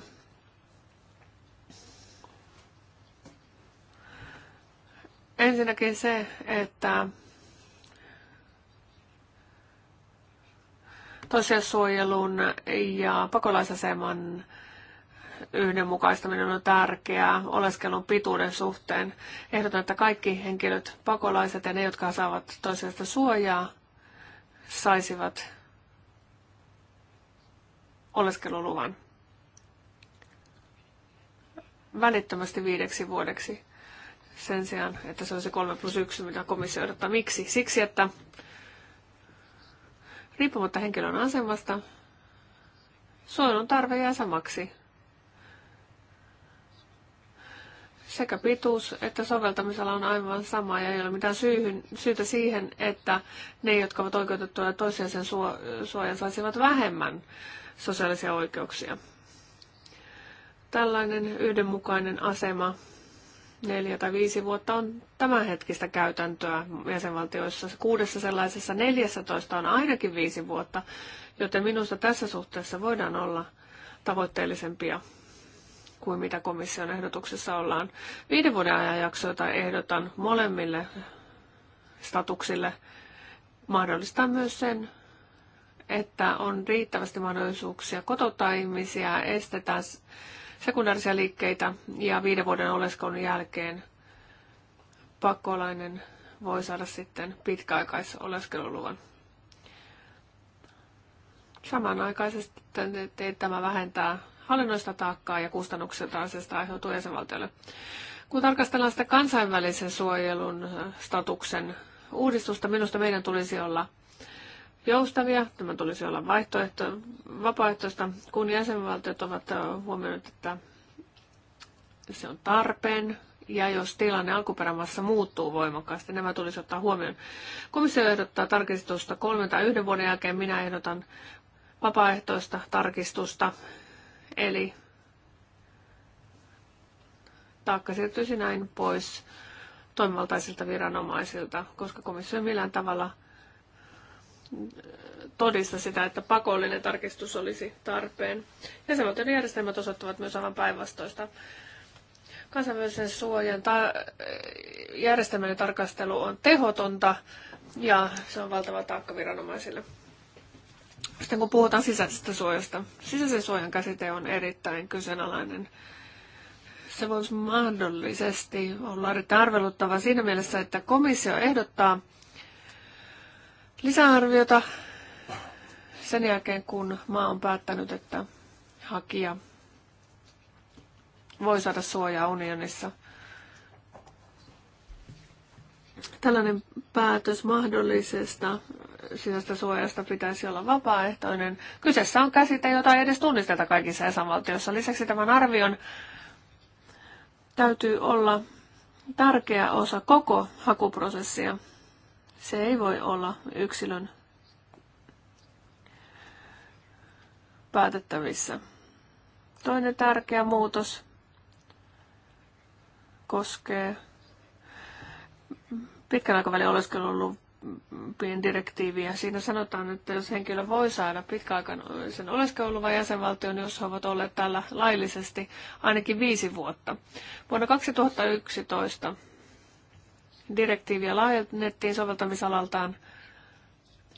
Ensinnäkin se, että suojelun ja pakolaisaseman yhdenmukaistaminen on tärkeää oleskelun pituuden suhteen. Ehdotan, että kaikki henkilöt, pakolaiset ja ne, jotka saavat toisesta suojaa, saisivat oleskeluluvan välittömästi viideksi vuodeksi sen sijaan, että se olisi 3 plus 1, mitä komissio odottaa. Miksi? Siksi, että riippumatta henkilön asemasta, suojelun tarve jää samaksi. Sekä pituus että soveltamisala on aivan sama ja ei ole mitään syyhyn, syytä siihen, että ne, jotka ovat oikeutettuja suo, suojan, saisivat vähemmän sosiaalisia oikeuksia. Tällainen yhdenmukainen asema neljä tai viisi vuotta on tämänhetkistä käytäntöä jäsenvaltioissa. Kuudessa sellaisessa 14 on ainakin viisi vuotta, joten minusta tässä suhteessa voidaan olla tavoitteellisempia kuin mitä komission ehdotuksessa ollaan. Viiden vuoden ajanjaksoita ehdotan molemmille statuksille mahdollistaa myös sen, että on riittävästi mahdollisuuksia kotouttaa ihmisiä, estetään sekundaarisia liikkeitä ja viiden vuoden oleskon jälkeen pakkolainen voi saada sitten pitkäaikaisoleskeluluvan. Samanaikaisesti tämä vähentää hallinnoista taakkaa ja kustannuksilta asiasta aiheutuu jäsenvaltiolle. Kun tarkastellaan sitä kansainvälisen suojelun statuksen uudistusta, minusta meidän tulisi olla joustavia. Tämä tulisi olla vaihtoehto, vapaaehtoista, kun jäsenvaltiot ovat äh, huomioineet, että se on tarpeen. Ja jos tilanne alkuperämaassa muuttuu voimakkaasti, nämä tulisi ottaa huomioon. Komissio ehdottaa tarkistusta kolmen tai yhden vuoden jälkeen. Minä ehdotan vapaaehtoista tarkistusta. Eli taakka siirtyisi näin pois toimivaltaisilta viranomaisilta, koska komissio ei millään tavalla – todista sitä, että pakollinen tarkistus olisi tarpeen. Jäsenvaltioiden järjestelmät osoittavat myös aivan päinvastoista. Kansainvälisen suojan ta- järjestelmän tarkastelu on tehotonta ja se on valtava taakka viranomaisille. Sitten kun puhutaan sisäisestä suojasta, sisäisen suojan käsite on erittäin kyseenalainen. Se voisi mahdollisesti olla erittäin arveluttava siinä mielessä, että komissio ehdottaa lisäarviota sen jälkeen, kun maa on päättänyt, että hakija voi saada suojaa unionissa. Tällainen päätös mahdollisesta sisäistä suojasta pitäisi olla vapaaehtoinen. Kyseessä on käsite, jota ei edes tunnisteta kaikissa jäsenvaltioissa. Lisäksi tämän arvion täytyy olla tärkeä osa koko hakuprosessia. Se ei voi olla yksilön päätettävissä. Toinen tärkeä muutos koskee pitkän aikavälin oleskelulupien direktiiviä. Siinä sanotaan, että jos henkilö voi saada pitkäaikaisen oleskeluluvan jäsenvaltion, jos he ovat olleet täällä laillisesti ainakin viisi vuotta. Vuonna 2011 direktiiviä laajennettiin soveltamisalaltaan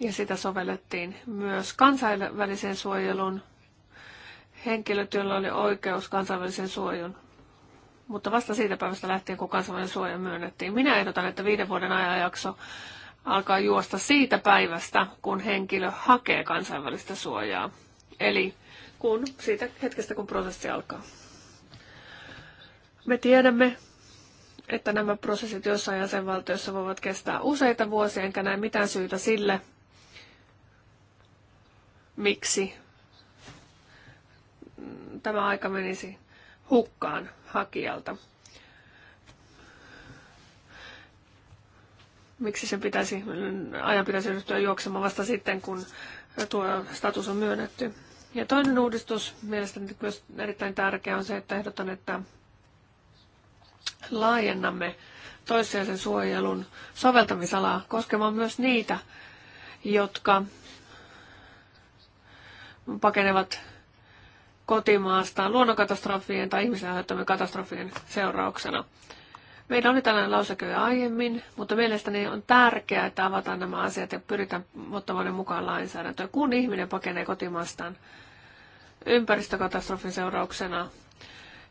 ja sitä sovellettiin myös kansainvälisen suojelun henkilöt, joilla oli oikeus kansainvälisen suojun, Mutta vasta siitä päivästä lähtien, kun kansainvälinen suoja myönnettiin. Minä ehdotan, että viiden vuoden ajanjakso alkaa juosta siitä päivästä, kun henkilö hakee kansainvälistä suojaa. Eli kun, siitä hetkestä, kun prosessi alkaa. Me tiedämme, että nämä prosessit jossain jäsenvaltiossa voivat kestää useita vuosia, enkä näe mitään syytä sille, miksi tämä aika menisi hukkaan hakijalta. Miksi sen pitäisi, ajan pitäisi ryhtyä juoksemaan vasta sitten, kun tuo status on myönnetty. Ja toinen uudistus, mielestäni myös erittäin tärkeä, on se, että ehdotan, että laajennamme toissijaisen suojelun soveltamisalaa koskemaan myös niitä, jotka pakenevat kotimaastaan luonnonkatastrofien tai ihmisen aiheuttamien katastrofien seurauksena. Meillä oli tällainen lauseke jo aiemmin, mutta mielestäni on tärkeää, että avataan nämä asiat ja pyritään ottamaan ne mukaan lainsäädäntöön. Kun ihminen pakenee kotimaastaan ympäristökatastrofin seurauksena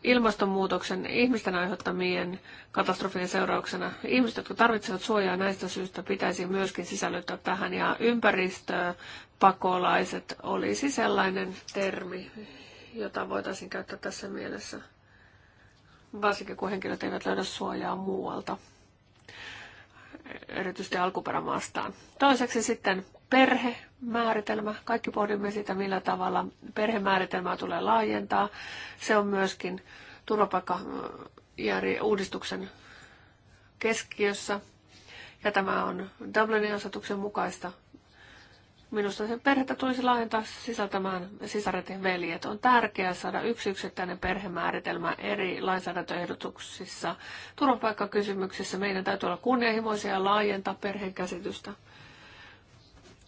ilmastonmuutoksen ihmisten aiheuttamien katastrofien seurauksena. Ihmiset, jotka tarvitsevat suojaa näistä syistä, pitäisi myöskin sisällyttää tähän. Ja ympäristöpakolaiset olisi sellainen termi, jota voitaisiin käyttää tässä mielessä, varsinkin kun henkilöt eivät löydä suojaa muualta, erityisesti alkuperämaastaan. Toiseksi sitten perhe, määritelmä. Kaikki pohdimme sitä, millä tavalla perhemääritelmää tulee laajentaa. Se on myöskin uudistuksen keskiössä. Ja tämä on Dublinin asetuksen mukaista. Minusta sen perhettä tulisi laajentaa sisältämään sisaret ja veljet. On tärkeää saada yksi yksittäinen perhemääritelmä eri lainsäädäntöehdotuksissa. Turvapaikkakysymyksissä meidän täytyy olla kunnianhimoisia ja laajentaa perheen käsitystä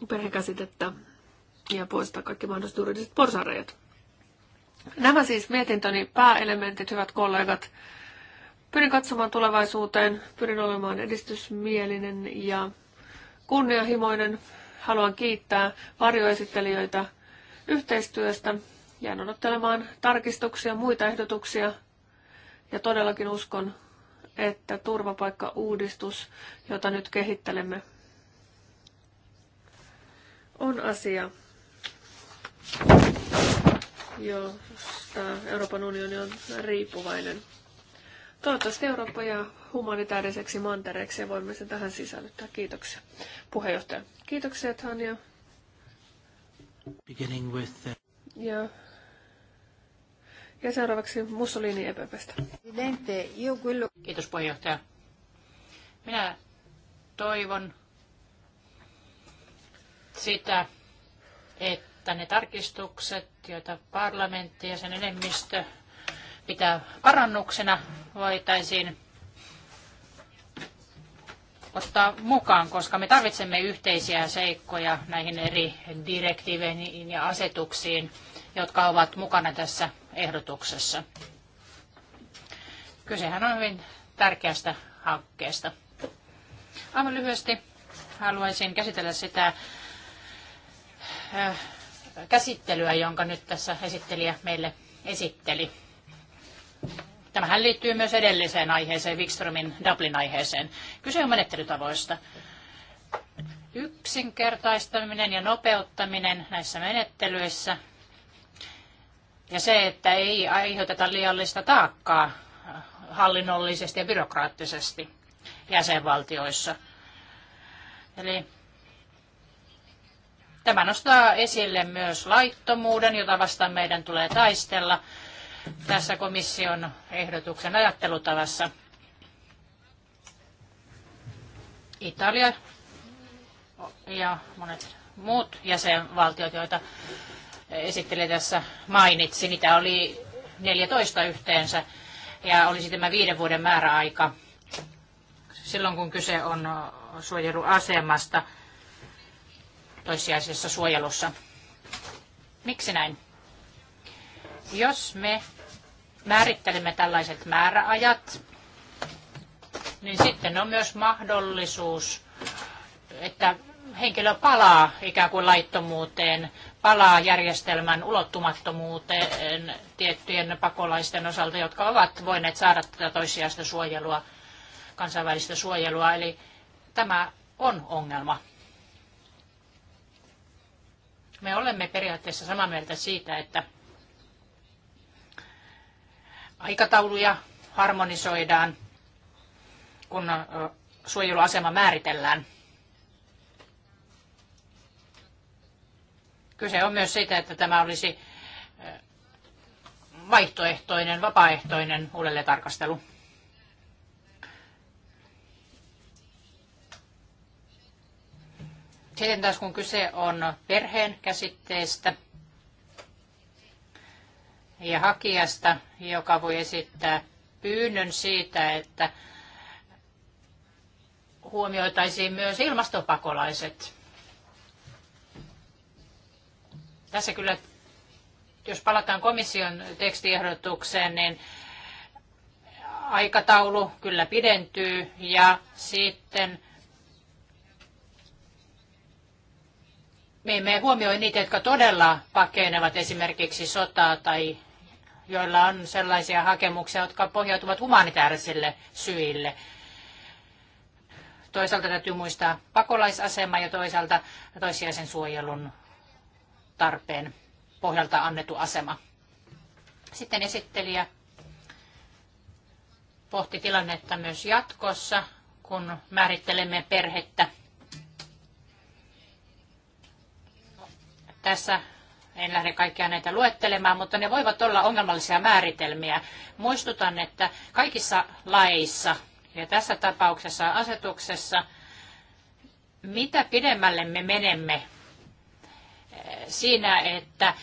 perhekäsitettä ja poistaa kaikki mahdolliset juridiset porsareijat. Nämä siis mietintöni pääelementit, hyvät kollegat. Pyrin katsomaan tulevaisuuteen, pyrin olemaan edistysmielinen ja kunnianhimoinen. Haluan kiittää varjoesittelijöitä yhteistyöstä. Jään odottelemaan tarkistuksia, muita ehdotuksia ja todellakin uskon, että turvapaikka-uudistus, jota nyt kehittelemme, on asia, josta Euroopan unioni on riippuvainen. Toivottavasti Eurooppa ja humanitaariseksi mantereeksi ja voimme sen tähän sisällyttää. Kiitoksia. Puheenjohtaja. Kiitoksia Tanja. Beginning with the... ja. ja seuraavaksi Mussolini EPPstä. Kiitos puheenjohtaja. Minä toivon, sitä, että ne tarkistukset, joita parlamentti ja sen enemmistö pitää parannuksena, voitaisiin ottaa mukaan, koska me tarvitsemme yhteisiä seikkoja näihin eri direktiiveihin ja asetuksiin, jotka ovat mukana tässä ehdotuksessa. Kysehän on hyvin tärkeästä hankkeesta. Aivan lyhyesti haluaisin käsitellä sitä käsittelyä, jonka nyt tässä esittelijä meille esitteli. Tämähän liittyy myös edelliseen aiheeseen, Wikströmin Dublin-aiheeseen. Kyse on menettelytavoista. Yksinkertaistaminen ja nopeuttaminen näissä menettelyissä ja se, että ei aiheuteta liiallista taakkaa hallinnollisesti ja byrokraattisesti jäsenvaltioissa. Eli Tämä nostaa esille myös laittomuuden, jota vastaan meidän tulee taistella tässä komission ehdotuksen ajattelutavassa. Italia ja monet muut jäsenvaltiot, joita esitteli tässä mainitsi, niitä oli 14 yhteensä ja olisi tämä viiden vuoden määräaika silloin, kun kyse on suojeluasemasta toissijaisessa suojelussa. Miksi näin? Jos me määrittelemme tällaiset määräajat, niin sitten on myös mahdollisuus, että henkilö palaa ikään kuin laittomuuteen, palaa järjestelmän ulottumattomuuteen tiettyjen pakolaisten osalta, jotka ovat voineet saada tätä toissijaista suojelua, kansainvälistä suojelua. Eli tämä on ongelma. Me olemme periaatteessa samaa mieltä siitä, että aikatauluja harmonisoidaan, kun suojeluasema määritellään. Kyse on myös siitä, että tämä olisi vaihtoehtoinen, vapaaehtoinen uudelleen tarkastelu. Sitten taas kun kyse on perheen käsitteestä ja hakijasta, joka voi esittää pyynnön siitä, että huomioitaisiin myös ilmastopakolaiset. Tässä kyllä, jos palataan komission tekstiehdotukseen, niin aikataulu kyllä pidentyy ja sitten me emme huomioi niitä, jotka todella pakenevat esimerkiksi sotaa tai joilla on sellaisia hakemuksia, jotka pohjautuvat humanitaarisille syille. Toisaalta täytyy muistaa pakolaisasema ja toisaalta toissijaisen suojelun tarpeen pohjalta annettu asema. Sitten esittelijä pohti tilannetta myös jatkossa, kun määrittelemme perhettä – tässä en lähde kaikkia näitä luettelemaan, mutta ne voivat olla ongelmallisia määritelmiä. Muistutan, että kaikissa laeissa ja tässä tapauksessa asetuksessa, mitä pidemmälle me menemme eh, siinä, että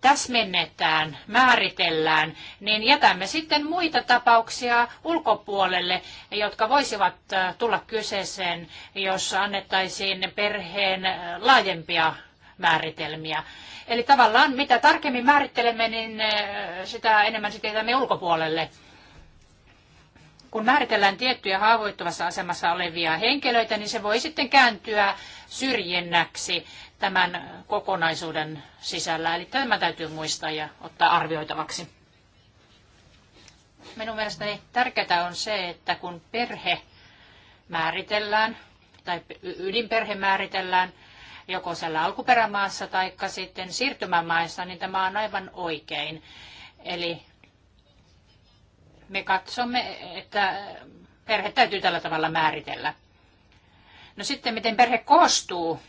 täsmennetään, määritellään, niin jätämme sitten muita tapauksia ulkopuolelle, jotka voisivat eh, tulla kyseeseen, jos annettaisiin perheen eh, laajempia määritelmiä. Eli tavallaan mitä tarkemmin määrittelemme, niin eh, sitä enemmän sitä jätämme ulkopuolelle. Kun määritellään tiettyjä haavoittuvassa asemassa olevia henkilöitä, niin se voi sitten kääntyä syrjinnäksi tämän kokonaisuuden sisällä. Eli tämä täytyy muistaa ja ottaa arvioitavaksi. Minun mielestäni tärkeää on se, että kun perhe määritellään tai ydinperhe määritellään, joko siellä alkuperämaassa tai sitten siirtymämaissa, niin tämä on aivan oikein. Eli me katsomme, että perhe täytyy tällä tavalla määritellä. No sitten, miten perhe koostuu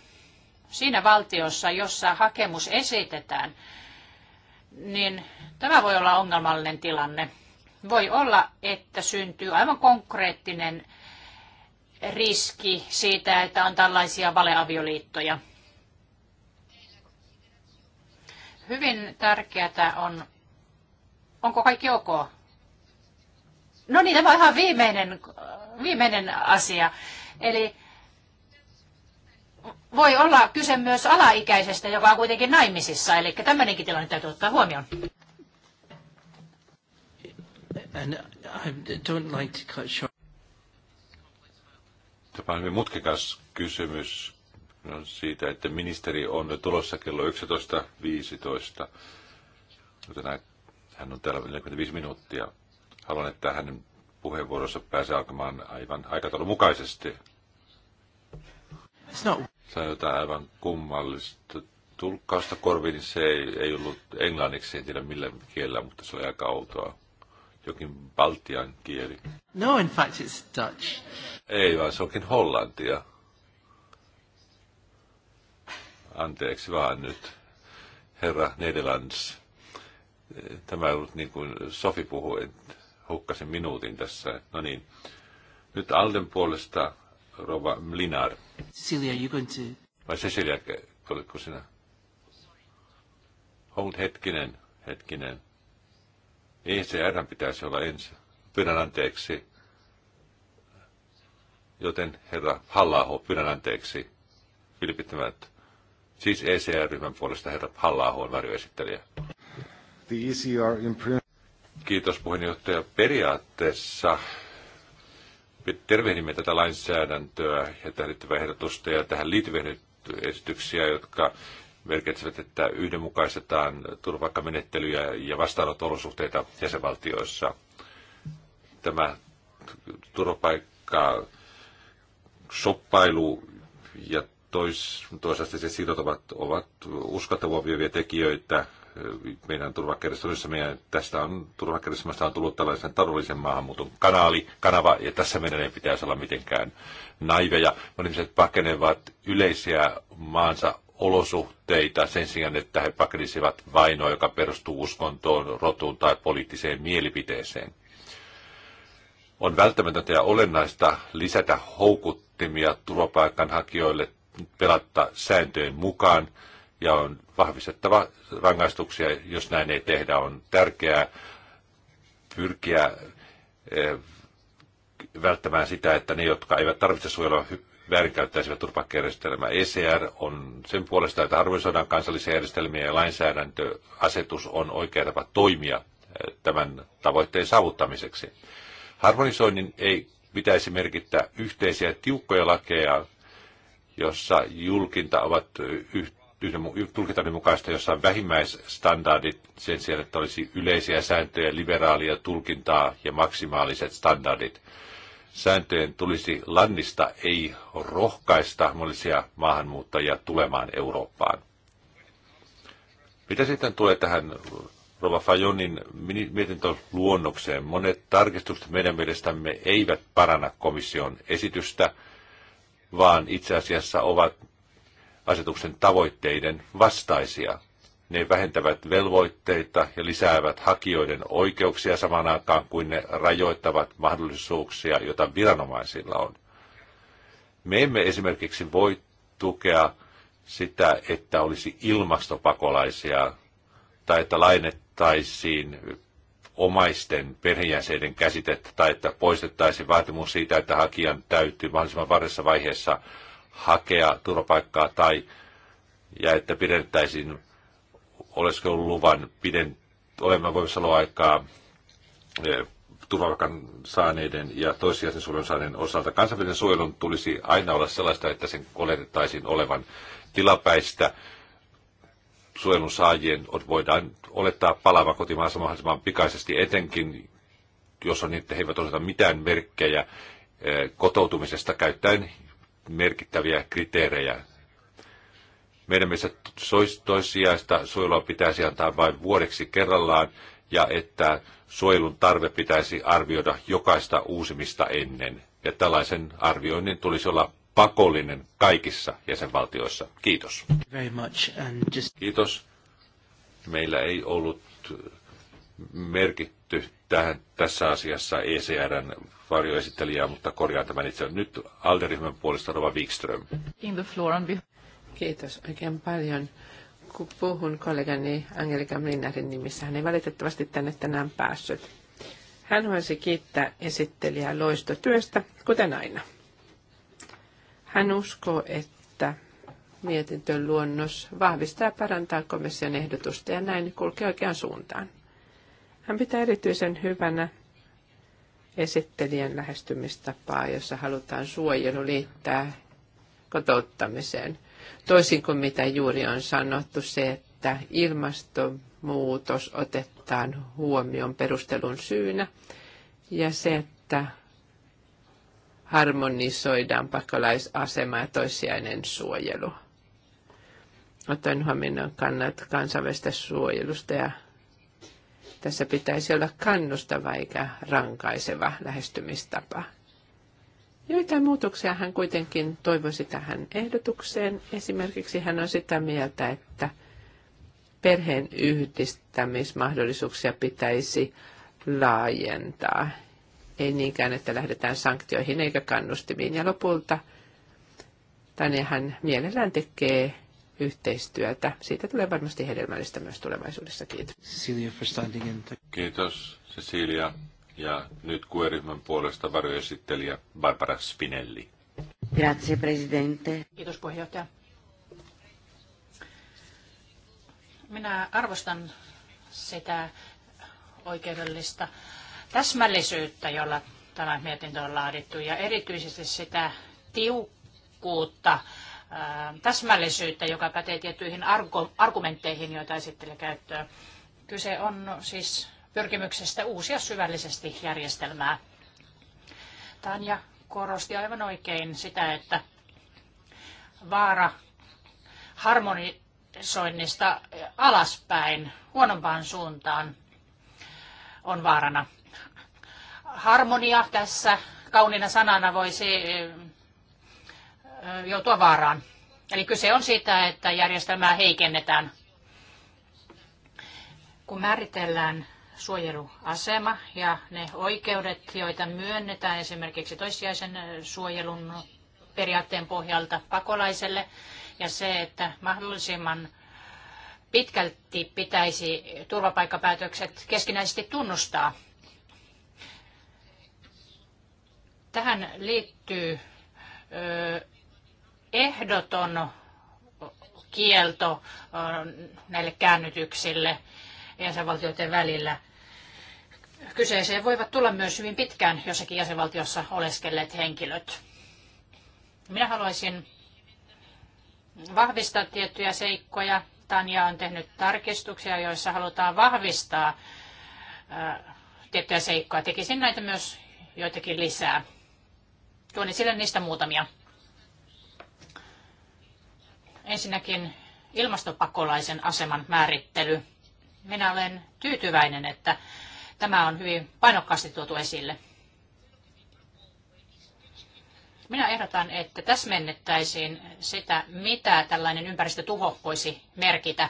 siinä valtiossa, jossa hakemus esitetään, niin tämä voi olla ongelmallinen tilanne. Voi olla, että syntyy aivan konkreettinen riski siitä, että on tällaisia valeavioliittoja. Hyvin tärkeää on, onko kaikki ok? No niin, tämä on ihan viimeinen, viimeinen asia. Eli voi olla kyse myös alaikäisestä, joka on kuitenkin naimisissa, eli tämmöinenkin tilanne täytyy ottaa huomioon. And I don't like to cut short. Tämä on hyvin mutkikas kysymys on siitä, että ministeri on tulossa kello 11.15, joten hän on täällä 45 minuuttia. Haluan, että hänen puheenvuorossa pääsee alkamaan aivan aikataulun mukaisesti. No. on jotain aivan kummallista tulkkausta korviin, niin se ei, ei ollut englanniksi, en tiedä millä kielellä, mutta se oli aika outoa jokin baltian kieli. No, in fact it's Dutch. Ei vaan, se onkin hollantia. Anteeksi vaan nyt, herra Nederlands. Tämä on ollut niin kuin Sofi puhui, hukkasin minuutin tässä. No niin, nyt Alden puolesta Rova Mlinar. Cecilia, you going to... Vai Cecilia, oletko sinä? Hold hetkinen, hetkinen. ECR pitäisi olla ensin Pyydän anteeksi. Joten herra Hallaho, pyydän anteeksi. Vilpittömät. Siis ECR-ryhmän puolesta herra Hallaho on varjoesittelijä. The ECR Kiitos puheenjohtaja. Periaatteessa tervehdimme tätä lainsäädäntöä ja tähän liittyvää ehdotusta ja tähän liittyviä esityksiä, jotka merkitsevät, että yhdenmukaistetaan turvapaikkamenettelyjä ja vastaanotolosuhteita jäsenvaltioissa. Tämä turvapaikka soppailu ja tois, toisaalta se siirrot ovat, ovat uskottavuovia tekijöitä meidän turvakerrastussamme. Tästä on turvakerrastumasta on tullut tällaisen taloudellisen maahanmuuton kanaali, kanava, ja tässä meidän ei pitäisi olla mitenkään naiveja. Monet ihmiset pakenevat yleisiä maansa olosuhteita sen sijaan, että he pakenisivat vainoa, joka perustuu uskontoon, rotuun tai poliittiseen mielipiteeseen. On välttämätöntä ja olennaista lisätä houkuttimia turvapaikanhakijoille pelatta sääntöjen mukaan ja on vahvistettava rangaistuksia, jos näin ei tehdä. On tärkeää pyrkiä eh, välttämään sitä, että ne, jotka eivät tarvitse suojella väärinkäyttäisivät turvapaikajärjestelmää. ECR on sen puolesta, että harmonisoidaan kansallisia järjestelmiä ja lainsäädäntöasetus on oikea tapa toimia eh, tämän tavoitteen saavuttamiseksi. Harmonisoinnin ei pitäisi merkittää yhteisiä tiukkoja lakeja, jossa julkinta ovat tulkintamme mukaista, jossa on vähimmäisstandardit sen sijaan, että olisi yleisiä sääntöjä, liberaalia tulkintaa ja maksimaaliset standardit sääntöjen tulisi lannista, ei rohkaista mahdollisia maahanmuuttajia tulemaan Eurooppaan. Mitä sitten tulee tähän Rova Fajonin mietintöluonnokseen? Monet tarkistukset meidän mielestämme eivät paranna komission esitystä, vaan itse asiassa ovat asetuksen tavoitteiden vastaisia. Ne vähentävät velvoitteita ja lisäävät hakijoiden oikeuksia samaan aikaan kuin ne rajoittavat mahdollisuuksia, joita viranomaisilla on. Me emme esimerkiksi voi tukea sitä, että olisi ilmastopakolaisia tai että lainettaisiin omaisten perheenjäsenen käsitettä tai että poistettaisiin vaatimus siitä, että hakijan täytyy mahdollisimman varressa vaiheessa hakea turvapaikkaa tai ja että pidettäisiin oleskeluluvan piden, olemaan voimassa aikaa eh, turvapaikan saaneiden ja toissijaisen suojelun saaneiden osalta. Kansainvälisen suojelun tulisi aina olla sellaista, että sen oletettaisiin olevan tilapäistä. Suojelun saajien voidaan olettaa palaava kotimaansa mahdollisimman pikaisesti, etenkin jos on niin, että he eivät osata mitään merkkejä eh, kotoutumisesta käyttäen merkittäviä kriteerejä. Meidän mielestä toissijaista suojelua pitäisi antaa vain vuodeksi kerrallaan ja että suojelun tarve pitäisi arvioida jokaista uusimista ennen. Ja tällaisen arvioinnin tulisi olla pakollinen kaikissa jäsenvaltioissa. Kiitos. Very much and just... Kiitos. Meillä ei ollut merkitty tähän, tässä asiassa ECRn varjoesittelijää, mutta korjaan tämän itse. Nyt Alderyhmän puolesta Rova Wikström. Kiitos oikein paljon. Kun puhun kollegani Angelika Mlinnarin nimissä, hän ei valitettavasti tänne tänään päässyt. Hän haluaisi kiittää esittelijää loistotyöstä, kuten aina. Hän uskoo, että mietintön luonnos vahvistaa ja parantaa komission ehdotusta ja näin kulkee oikeaan suuntaan. Hän pitää erityisen hyvänä esittelijän lähestymistapaa, jossa halutaan suojelu liittää kotouttamiseen toisin kuin mitä juuri on sanottu, se, että ilmastonmuutos otetaan huomioon perustelun syynä ja se, että harmonisoidaan pakolaisasema ja toissijainen suojelu. Otan huomioon kannat kansainvälistä suojelusta ja tässä pitäisi olla kannustava eikä rankaiseva lähestymistapa. Joitain muutoksia hän kuitenkin toivoisi tähän ehdotukseen. Esimerkiksi hän on sitä mieltä, että perheen yhdistämismahdollisuuksia pitäisi laajentaa. Ei niinkään, että lähdetään sanktioihin eikä kannustimiin. Ja lopulta tänne hän mielellään tekee yhteistyötä. Siitä tulee varmasti hedelmällistä myös tulevaisuudessa. Kiitos. Kiitos Cecilia ja nyt QE-ryhmän puolesta varjoesittelijä Barbara Spinelli. Grazie, presidente. Kiitos puheenjohtaja. Minä arvostan sitä oikeudellista täsmällisyyttä, jolla tämä mietintö on laadittu, ja erityisesti sitä tiukkuutta, täsmällisyyttä, joka pätee tiettyihin argumentteihin, joita esittelee käyttöön. Kyse on siis pyrkimyksestä uusia syvällisesti järjestelmää. Tanja korosti aivan oikein sitä, että vaara harmonisoinnista alaspäin, huonompaan suuntaan on vaarana. Harmonia tässä kauniina sanana voisi joutua vaaraan. Eli kyse on siitä, että järjestelmää heikennetään. Kun määritellään suojeluasema ja ne oikeudet, joita myönnetään esimerkiksi toissijaisen suojelun periaatteen pohjalta pakolaiselle ja se, että mahdollisimman pitkälti pitäisi turvapaikkapäätökset keskinäisesti tunnustaa. Tähän liittyy ehdoton kielto näille käännytyksille jäsenvaltioiden välillä. Kyseeseen voivat tulla myös hyvin pitkään jossakin jäsenvaltiossa oleskelleet henkilöt. Minä haluaisin vahvistaa tiettyjä seikkoja. Tanja on tehnyt tarkistuksia, joissa halutaan vahvistaa tiettyjä seikkoja. Tekisin näitä myös joitakin lisää. Tuon esille niistä muutamia. Ensinnäkin ilmastopakolaisen aseman määrittely. Minä olen tyytyväinen, että tämä on hyvin painokkaasti tuotu esille. Minä ehdotan, että täsmennettäisiin sitä, mitä tällainen ympäristötuho voisi merkitä.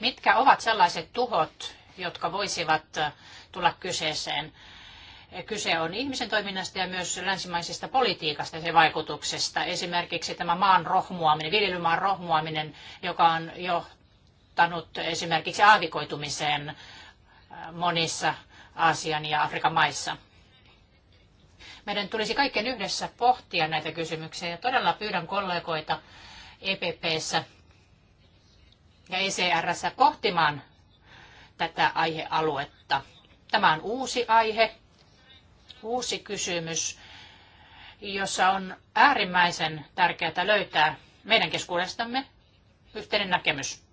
Mitkä ovat sellaiset tuhot, jotka voisivat tulla kyseeseen? Kyse on ihmisen toiminnasta ja myös länsimaisesta politiikasta ja sen vaikutuksesta. Esimerkiksi tämä maan rohmuaminen, viljelymaan rohmuaminen, joka on jo vaikuttanut esimerkiksi aavikoitumiseen äh, monissa Aasian ja Afrikan maissa. Meidän tulisi kaikkien yhdessä pohtia näitä kysymyksiä ja todella pyydän kollegoita EPPssä ja ECRssä pohtimaan tätä aihealuetta. Tämä on uusi aihe, uusi kysymys, jossa on äärimmäisen tärkeää löytää meidän keskuudestamme yhteinen näkemys.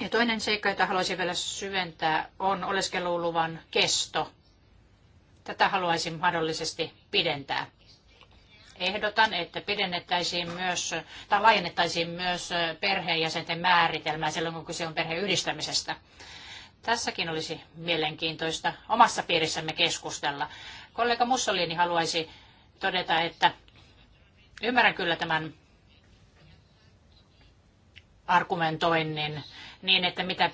Ja toinen seikka, jota haluaisin vielä syventää, on oleskeluluvan kesto. Tätä haluaisin mahdollisesti pidentää. Ehdotan, että pidennettäisiin myös, tai laajennettaisiin myös perheenjäsenten määritelmää silloin, kun kyse on perheyhdistämisestä. Tässäkin olisi mielenkiintoista omassa piirissämme keskustella. Kollega Mussolini haluaisi todeta, että ymmärrän kyllä tämän argumentoinnin niin, että mitä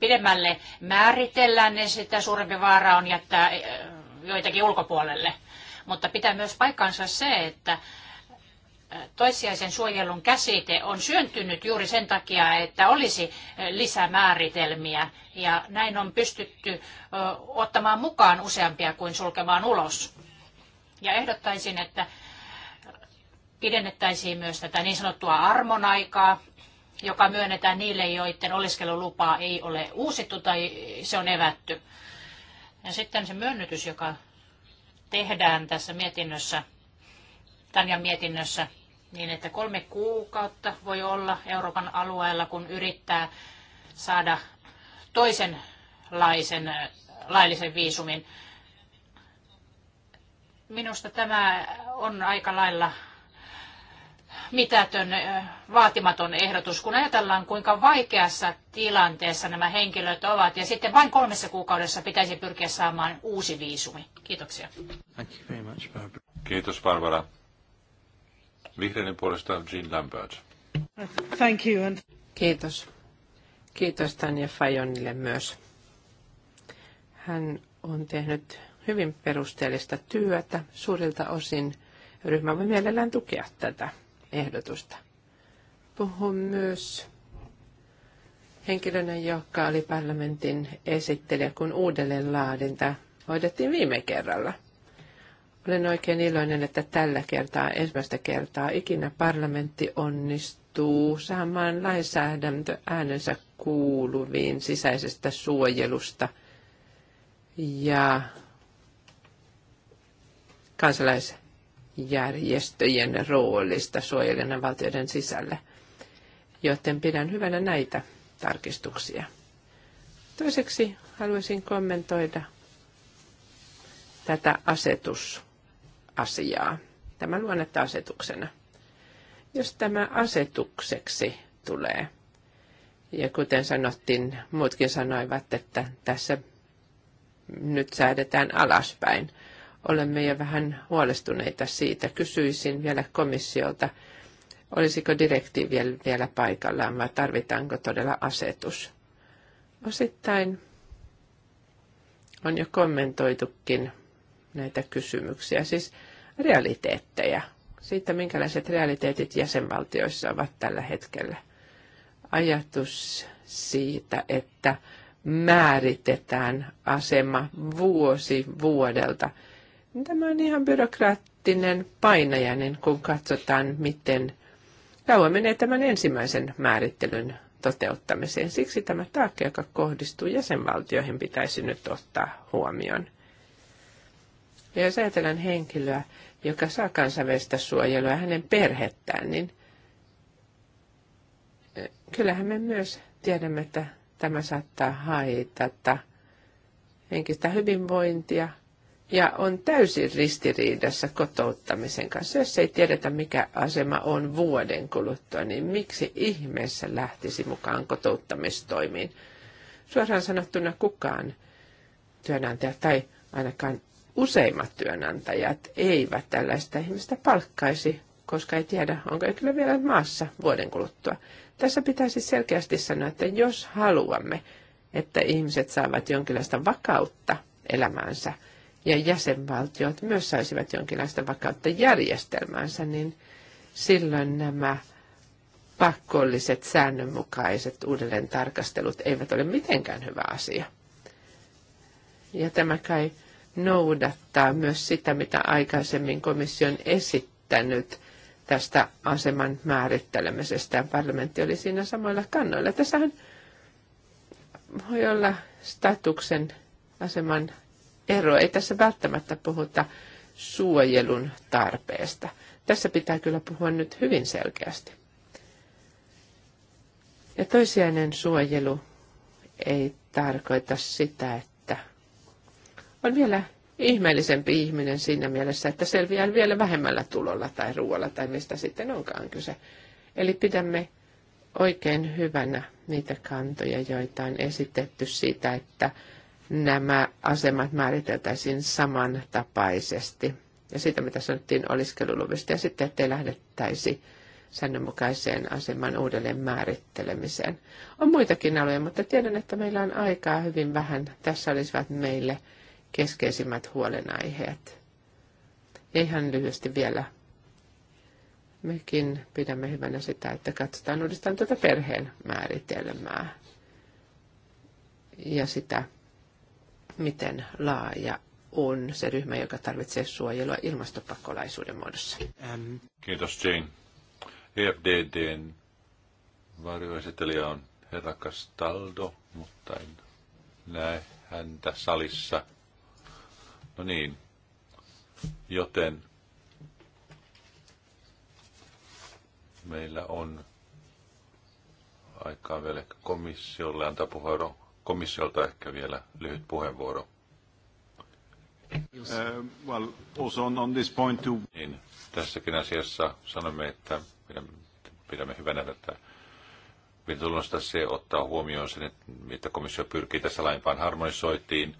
pidemmälle määritellään, niin sitä suurempi vaara on jättää eh, joitakin ulkopuolelle. Mutta pitää myös paikkansa se, että eh, toissijaisen suojelun käsite on syntynyt juuri sen takia, että olisi eh, lisämääritelmiä ja näin on pystytty ottamaan mukaan useampia kuin sulkemaan ulos. Ja ehdottaisin, että pidennettäisiin myös tätä niin sanottua armonaikaa, joka myönnetään niille, joiden oleskelulupaa ei ole uusittu tai se on evätty. Ja sitten se myönnytys, joka tehdään tässä mietinnössä, Tanjan mietinnössä, niin että kolme kuukautta voi olla Euroopan alueella, kun yrittää saada toisenlaisen äh, laillisen viisumin. Minusta tämä on aika lailla mitätön, vaatimaton ehdotus, kun ajatellaan, kuinka vaikeassa tilanteessa nämä henkilöt ovat. Ja sitten vain kolmessa kuukaudessa pitäisi pyrkiä saamaan uusi viisumi. Kiitoksia. Thank you very much, Barbara. Kiitos, Barbara. Vihreiden puolesta Jean Lambert. Thank you and... Kiitos. Kiitos Tanja Fajonille myös. Hän on tehnyt hyvin perusteellista työtä. Suurilta osin ryhmä voi mielellään tukea tätä ehdotusta. Puhun myös henkilönä, joka oli parlamentin esittelijä, kun uudelleen laadinta hoidettiin viime kerralla. Olen oikein iloinen, että tällä kertaa, ensimmäistä kertaa, ikinä parlamentti onnistuu saamaan lainsäädäntö äänensä kuuluviin sisäisestä suojelusta ja kansalaisen järjestöjen roolista suojelijana valtioiden sisällä. Joten pidän hyvänä näitä tarkistuksia. Toiseksi haluaisin kommentoida tätä asetusasiaa. Tämä luonnetta asetuksena. Jos tämä asetukseksi tulee, ja kuten sanottiin, muutkin sanoivat, että tässä nyt säädetään alaspäin – olemme jo vähän huolestuneita siitä. Kysyisin vielä komissiolta, olisiko direktiivi vielä paikallaan vai tarvitaanko todella asetus? Osittain on jo kommentoitukin näitä kysymyksiä, siis realiteetteja, siitä minkälaiset realiteetit jäsenvaltioissa ovat tällä hetkellä. Ajatus siitä, että määritetään asema vuosi vuodelta – Tämä on ihan byrokraattinen painajainen, kun katsotaan, miten kauan menee tämän ensimmäisen määrittelyn toteuttamiseen. Siksi tämä taakka, joka kohdistuu jäsenvaltioihin, pitäisi nyt ottaa huomioon. Ja jos ajatellaan henkilöä, joka saa kansainvälistä suojelua hänen perhettään, niin eh, kyllähän me myös tiedämme, että tämä saattaa haitata henkistä hyvinvointia – ja on täysin ristiriidassa kotouttamisen kanssa. Jos ei tiedetä, mikä asema on vuoden kuluttua, niin miksi ihmeessä lähtisi mukaan kotouttamistoimiin? Suoraan sanottuna kukaan työnantaja tai ainakaan useimmat työnantajat eivät tällaista ihmistä palkkaisi, koska ei tiedä, onko kyllä vielä maassa vuoden kuluttua. Tässä pitäisi selkeästi sanoa, että jos haluamme, että ihmiset saavat jonkinlaista vakautta elämäänsä – ja jäsenvaltiot myös saisivat jonkinlaista vakautta järjestelmäänsä, niin silloin nämä pakolliset säännönmukaiset uudelleen tarkastelut eivät ole mitenkään hyvä asia. Ja tämä kai noudattaa myös sitä, mitä aikaisemmin komission esittänyt tästä aseman määrittelemisestä. Ja parlamentti oli siinä samoilla kannoilla. Tässähän voi olla statuksen aseman ero. Ei tässä välttämättä puhuta suojelun tarpeesta. Tässä pitää kyllä puhua nyt hyvin selkeästi. Ja toisiainen suojelu ei tarkoita sitä, että on vielä ihmeellisempi ihminen siinä mielessä, että selviää vielä vähemmällä tulolla tai ruoalla tai mistä sitten onkaan kyse. Eli pidämme oikein hyvänä niitä kantoja, joita on esitetty siitä, että nämä asemat määriteltäisiin samantapaisesti. Ja siitä, mitä sanottiin oliskeluluvista, ja sitten, ettei lähdettäisi säännönmukaiseen aseman uudelleen määrittelemiseen. On muitakin aloja, mutta tiedän, että meillä on aikaa hyvin vähän. Tässä olisivat meille keskeisimmät huolenaiheet. Ja ihan lyhyesti vielä. Mekin pidämme hyvänä sitä, että katsotaan uudestaan tuota perheen määritelmää ja sitä, miten laaja on se ryhmä, joka tarvitsee suojelua ilmastopakolaisuuden muodossa. Ähm. Kiitos Jane. EFDDn varjoesittelijä on herra Castaldo, mutta en näe häntä salissa. No niin, joten meillä on aikaa vielä komissiolle antaa puheenvuoro komissiolta ehkä vielä lyhyt puheenvuoro. Uh, well, also on, on this point too. Niin, tässäkin asiassa sanomme, että pidämme, pidämme hyvänä tätä Vintulosta se ottaa huomioon sen, että komissio pyrkii tässä lainpaan harmonisoitiin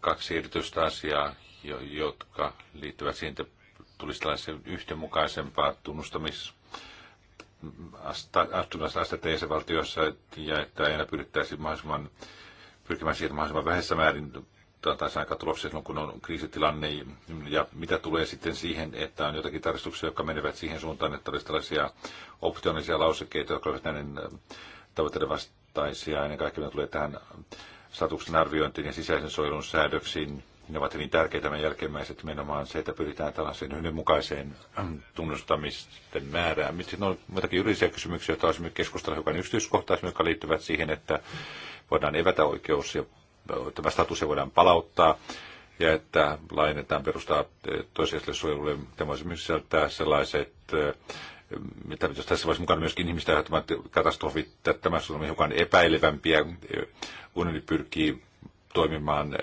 kaksi erityistä asiaa, jotka liittyvät siihen, että tulisi tällaisen yhdenmukaisempaa tunnustamis astumassa astetta valtioissa ja että aina pyrittäisiin mahdollisimman, pyrkimään siihen mahdollisimman vähässä määrin saataisiin aika tuloksia silloin, kun on kriisitilanne. Ja mitä tulee sitten siihen, että on jotakin tarkistuksia, jotka menevät siihen suuntaan, että olisi tällaisia optionaalisia lausekkeita, jotka ovat näiden äh, tavoitteiden vastaisia. Ennen kaikkea tulee tähän statuksen arviointiin ja sisäisen suojelun säädöksiin, ne ovat hyvin tärkeitä meidän jälkimmäiset menomaan se, että pyritään tällaiseen yhdenmukaiseen tunnustamisten määrään. Sitten on muitakin juridisia kysymyksiä, joita olisimme keskustella hiukan yksityiskohtaisemmin, jotka liittyvät siihen, että voidaan evätä oikeus ja tämä status voidaan palauttaa ja että laajennetaan perustaa eh, toisiaiselle suojelulle. Tämä voisi myös sisältää sellaiset eh, mitä jos tässä voisi mukana myöskin ihmistä aiheuttamat katastrofit, tämä on hiukan epäilevämpiä. Eh, Unioni pyrkii toimimaan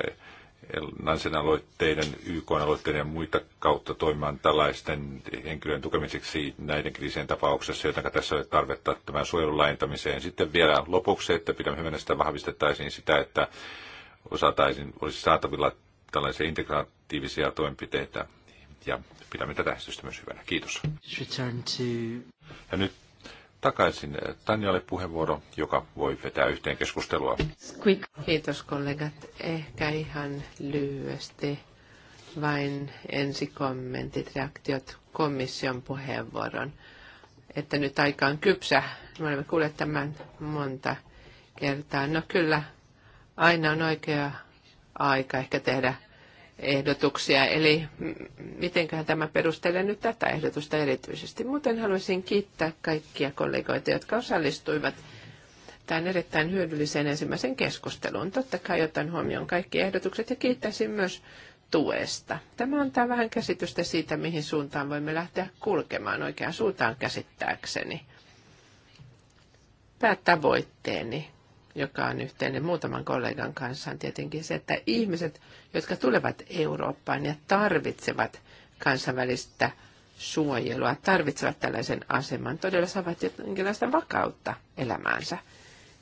naisen aloitteiden, YK-aloitteiden ja muita kautta toimimaan tällaisten henkilöiden tukemiseksi näiden kriisien tapauksessa, joten tässä oli tarvetta tämän suojelun laajentamiseen. Sitten vielä lopuksi, että pidämme hyvänä sitä vahvistettaisiin sitä, että osataisiin, olisi saatavilla tällaisia integratiivisia toimenpiteitä ja pidämme tätä esitystä myös hyvänä. Kiitos. Ja nyt takaisin Tanjalle puheenvuoro, joka voi vetää yhteen keskustelua. Kiitos kollegat. Ehkä ihan lyhyesti vain ensikommentit, reaktiot komission puheenvuoron. Että nyt aika on kypsä. Me olemme kuulleet tämän monta kertaa. No kyllä, aina on oikea aika ehkä tehdä ehdotuksia, eli mitenköhän tämä perustelee nyt tätä ehdotusta erityisesti. Muuten haluaisin kiittää kaikkia kollegoita, jotka osallistuivat tähän erittäin hyödylliseen ensimmäisen keskusteluun. Totta kai otan huomioon kaikki ehdotukset ja kiittäisin myös tuesta. Tämä antaa vähän käsitystä siitä, mihin suuntaan voimme lähteä kulkemaan oikeaan suuntaan käsittääkseni. Päätavoitteeni, joka on yhteinen muutaman kollegan kanssa, on tietenkin se, että ihmiset, jotka tulevat Eurooppaan ja tarvitsevat kansainvälistä suojelua, tarvitsevat tällaisen aseman, todella saavat jonkinlaista vakautta elämäänsä.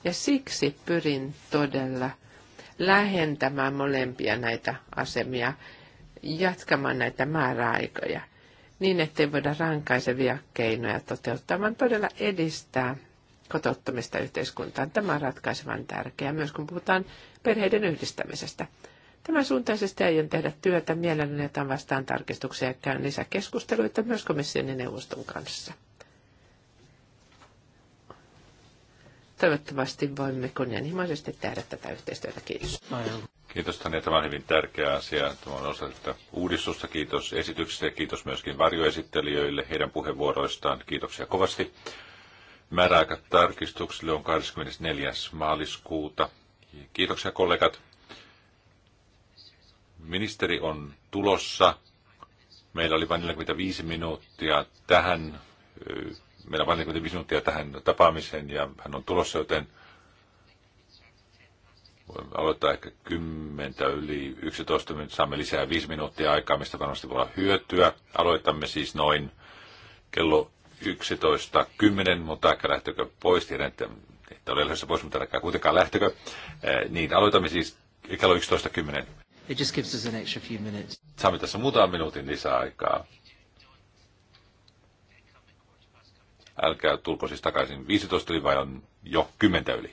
Ja siksi pyrin todella lähentämään molempia näitä asemia, jatkamaan näitä määräaikoja, niin ettei voida rankaisevia keinoja toteuttaa, vaan todella edistää kotouttamista yhteiskuntaan. Tämä on ratkaisevan tärkeää myös, kun puhutaan perheiden yhdistämisestä. Tämän suuntaisesti aion tehdä työtä mielelläni otan vastaan tarkistuksia ja käyn lisäkeskusteluita myös komission ja neuvoston kanssa. Toivottavasti voimme kunnianhimoisesti tehdä tätä yhteistyötä. Kiitos. Kiitos Tania. tämä on hyvin tärkeä asia. Tämä on osa tätä uudistusta. Kiitos esityksestä ja kiitos myöskin varjoesittelijöille heidän puheenvuoroistaan. Kiitoksia kovasti. Määräaikat tarkistuksille on 24. maaliskuuta. Kiitoksia kollegat. Ministeri on tulossa. Meillä oli vain 45 minuuttia tähän. Meillä on vain 45 minuuttia tähän tapaamiseen ja hän on tulossa, joten voimme aloittaa ehkä 10 yli 11 minuuttia. Saamme lisää 5 minuuttia aikaa, mistä varmasti voi olla hyötyä. Aloitamme siis noin kello 11.10, mutta älkää lähtökö pois. Tiedän, että, että oli lähdössä pois, mutta älkää kuitenkaan lähtökö. Eh, niin, aloitamme siis kello 11.10. It just gives us an extra few minutes. Saamme tässä muutaman minuutin lisäaikaa. Älkää tulko siis takaisin 15 yli vai on jo 10 yli.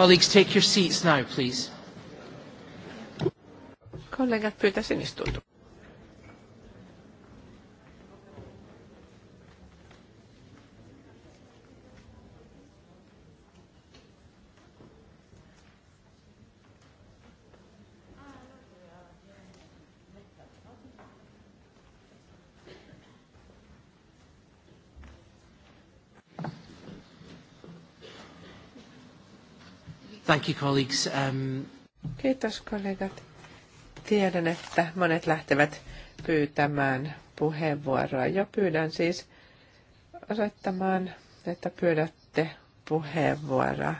Colleagues, take your seats now, please. Kollegat, pyytäisin istuutua. Thank you, colleagues. Um... Kiitos kollegat. Tiedän, että monet lähtevät pyytämään puheenvuoroa ja pyydän siis osoittamaan, että pyydätte puheenvuoroa.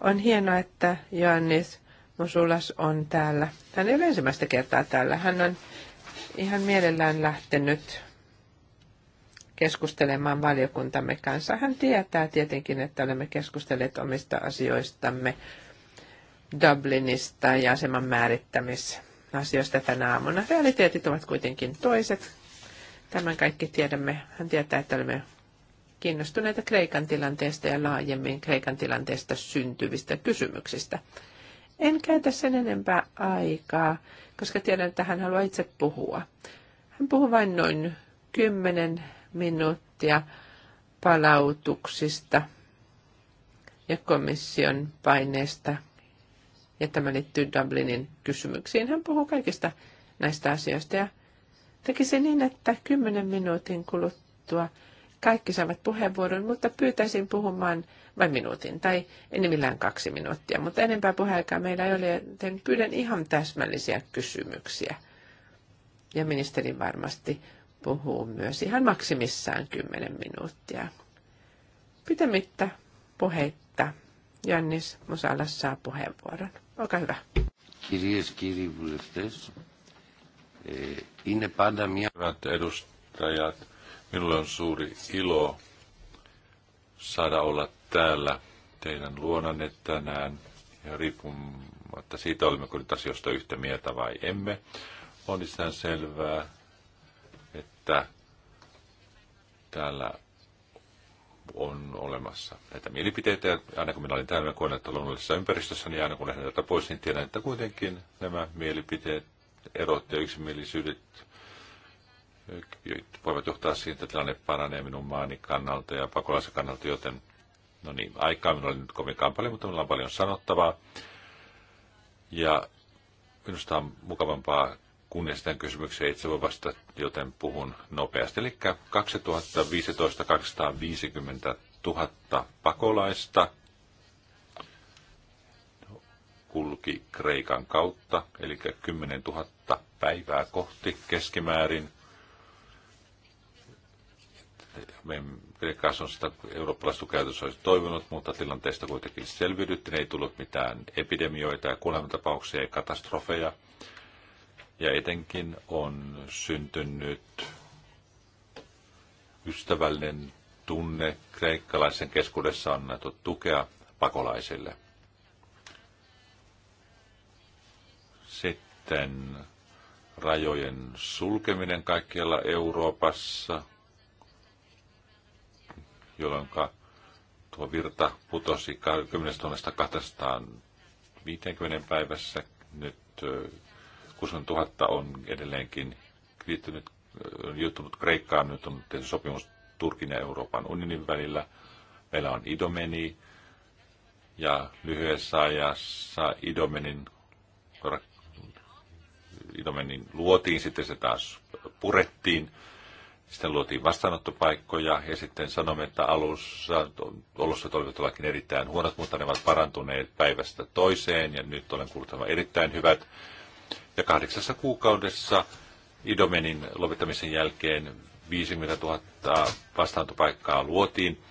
On hienoa, että Joannis Musulas on täällä. Hän ei ole ensimmäistä kertaa täällä. Hän on ihan mielellään lähtenyt keskustelemaan valiokuntamme kanssa. Hän tietää tietenkin, että olemme keskustelleet omista asioistamme Dublinista ja aseman määrittämisasioista tänä aamuna. Realiteetit ovat kuitenkin toiset. Tämän kaikki tiedämme. Hän tietää, että olemme kiinnostuneita Kreikan tilanteesta ja laajemmin Kreikan tilanteesta syntyvistä kysymyksistä. En käytä sen enempää aikaa, koska tiedän, että hän haluaa itse puhua. Hän puhuu vain noin 10 minuuttia palautuksista ja komission paineesta. Ja tämä liittyy Dublinin kysymyksiin. Hän puhuu kaikista näistä asioista ja teki se niin, että kymmenen minuutin kuluttua kaikki saavat puheenvuoron, mutta pyytäisin puhumaan vain minuutin tai enimmillään kaksi minuuttia. Mutta enempää puheaikaa meillä ei ole, joten pyydän ihan täsmällisiä kysymyksiä. Ja ministeri varmasti puhuu myös ihan maksimissaan 10 minuuttia. Pitämättä puheitta Jannis Musala saa puheenvuoron. Olkaa hyvä. Kirjes, kirjivuudestes. Inne ε, Hyvät edustajat, minulle on suuri ilo saada olla täällä teidän luonanne tänään. Ja riippumatta siitä, olemmeko nyt asioista yhtä mieltä vai emme, on itseään selvää, että täällä on olemassa näitä mielipiteitä. Ja aina kun minä olin täällä luonnollisessa ympäristössä, niin aina kun lähden tätä pois, niin tiedän, että kuitenkin nämä mielipiteet, erot ja yksimielisyydet voivat johtaa siihen, että tilanne paranee minun maani kannalta ja pakolaisen kannalta, joten no niin, aikaa minulla oli nyt kovinkaan paljon, mutta minulla on paljon sanottavaa. Ja minusta on mukavampaa Kunnes esitän kysymyksiä, itse voi vastata, joten puhun nopeasti. Eli 2015 250 000 pakolaista kulki Kreikan kautta, eli 10 000 päivää kohti keskimäärin. Kreikassa on sitä eurooppalaista käytössä olisi toivonut, mutta tilanteesta kuitenkin selviydyttiin. Ei tullut mitään epidemioita ja kuolemantapauksia ja katastrofeja ja etenkin on syntynyt ystävällinen tunne kreikkalaisen keskuudessa annettu tukea pakolaisille. Sitten rajojen sulkeminen kaikkialla Euroopassa, jolloin tuo virta putosi 10 250 päivässä. Nyt 60 000 on edelleenkin liittynyt, on Kreikkaan, nyt on tehty sopimus Turkin ja Euroopan unionin välillä. Meillä on Idomeni ja lyhyessä ajassa Idomenin, Idomenin luotiin, sitten se taas purettiin. Sitten luotiin vastaanottopaikkoja ja sitten sanomme, että alussa olosuhteet olivat ollakin erittäin huonot, mutta ne ovat parantuneet päivästä toiseen ja nyt olen kuullut erittäin hyvät ja kahdeksassa kuukaudessa Idomenin lopettamisen jälkeen 50 000 vastaanottopaikkaa luotiin.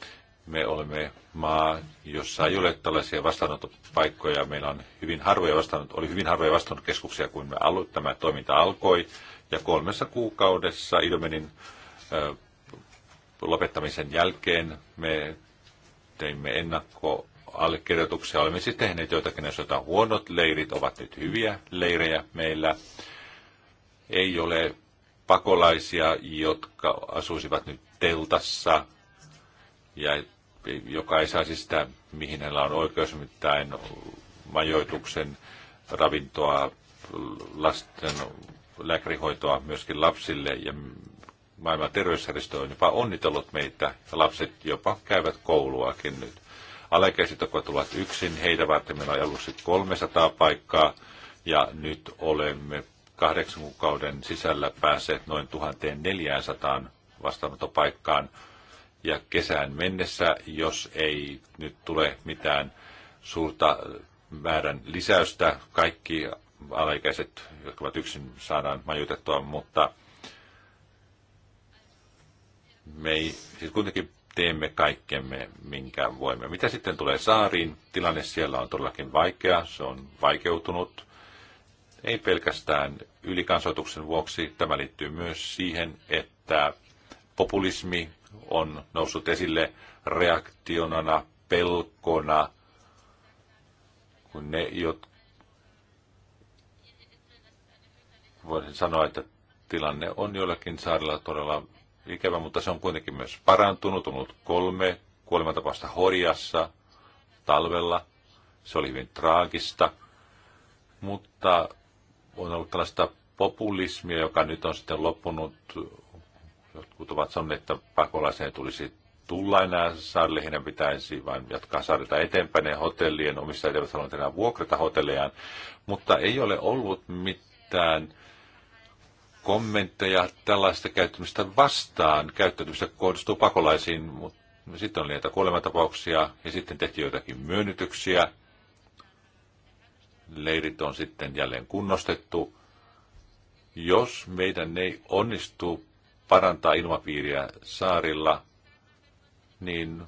Me olemme maa, jossa ei ole tällaisia vastaanottopaikkoja. Meillä on hyvin harvoja vastaanot, oli hyvin harvoja vastaanottokeskuksia, kun me alu, tämä toiminta alkoi. Ja kolmessa kuukaudessa Idomenin ö, lopettamisen jälkeen me teimme ennakko allekirjoituksia. Olemme siis tehneet joitakin asioita. Huonot leirit ovat nyt hyviä leirejä meillä. Ei ole pakolaisia, jotka asuisivat nyt teltassa ja joka ei saisi siis sitä, mihin heillä on oikeus, mitään majoituksen, ravintoa, lasten lääkärihoitoa myöskin lapsille ja maailman terveysjärjestö on jopa onnitellut meitä ja lapset jopa käyvät kouluakin nyt. Alaikäiset, jotka tulevat yksin, heitä varten meillä on aluksi 300 paikkaa ja nyt olemme kahdeksan kuukauden sisällä päässeet noin 1400 vastaanottopaikkaan. Ja kesään mennessä, jos ei nyt tule mitään suurta määrän lisäystä, kaikki alaikäiset, jotka ovat yksin, saadaan majoitettua, mutta me ei, siis kuitenkin teemme kaikkemme, minkä voimme. Mitä sitten tulee saariin? Tilanne siellä on todellakin vaikea, se on vaikeutunut. Ei pelkästään ylikansoituksen vuoksi, tämä liittyy myös siihen, että populismi on noussut esille reaktionana, pelkona, kun ne, jotka voisin sanoa, että tilanne on joillakin saarilla todella ikävä, mutta se on kuitenkin myös parantunut. On ollut kolme kuolematapausta Horjassa talvella. Se oli hyvin traagista, mutta on ollut tällaista populismia, joka nyt on sitten loppunut. Jotkut ovat sanoneet, että pakolaiseen tulisi tulla enää saarille, heidän pitäisi vain jatkaa saarilta eteenpäin ja hotellien omistajat eivät halua enää vuokrata hotellejaan, mutta ei ole ollut mitään kommentteja tällaista käyttämistä vastaan. Käyttäytymistä kohdistuu pakolaisiin, mutta sitten oli näitä kuolematapauksia ja sitten tehtiin joitakin myönnytyksiä. Leirit on sitten jälleen kunnostettu. Jos meidän ei onnistu parantaa ilmapiiriä saarilla, niin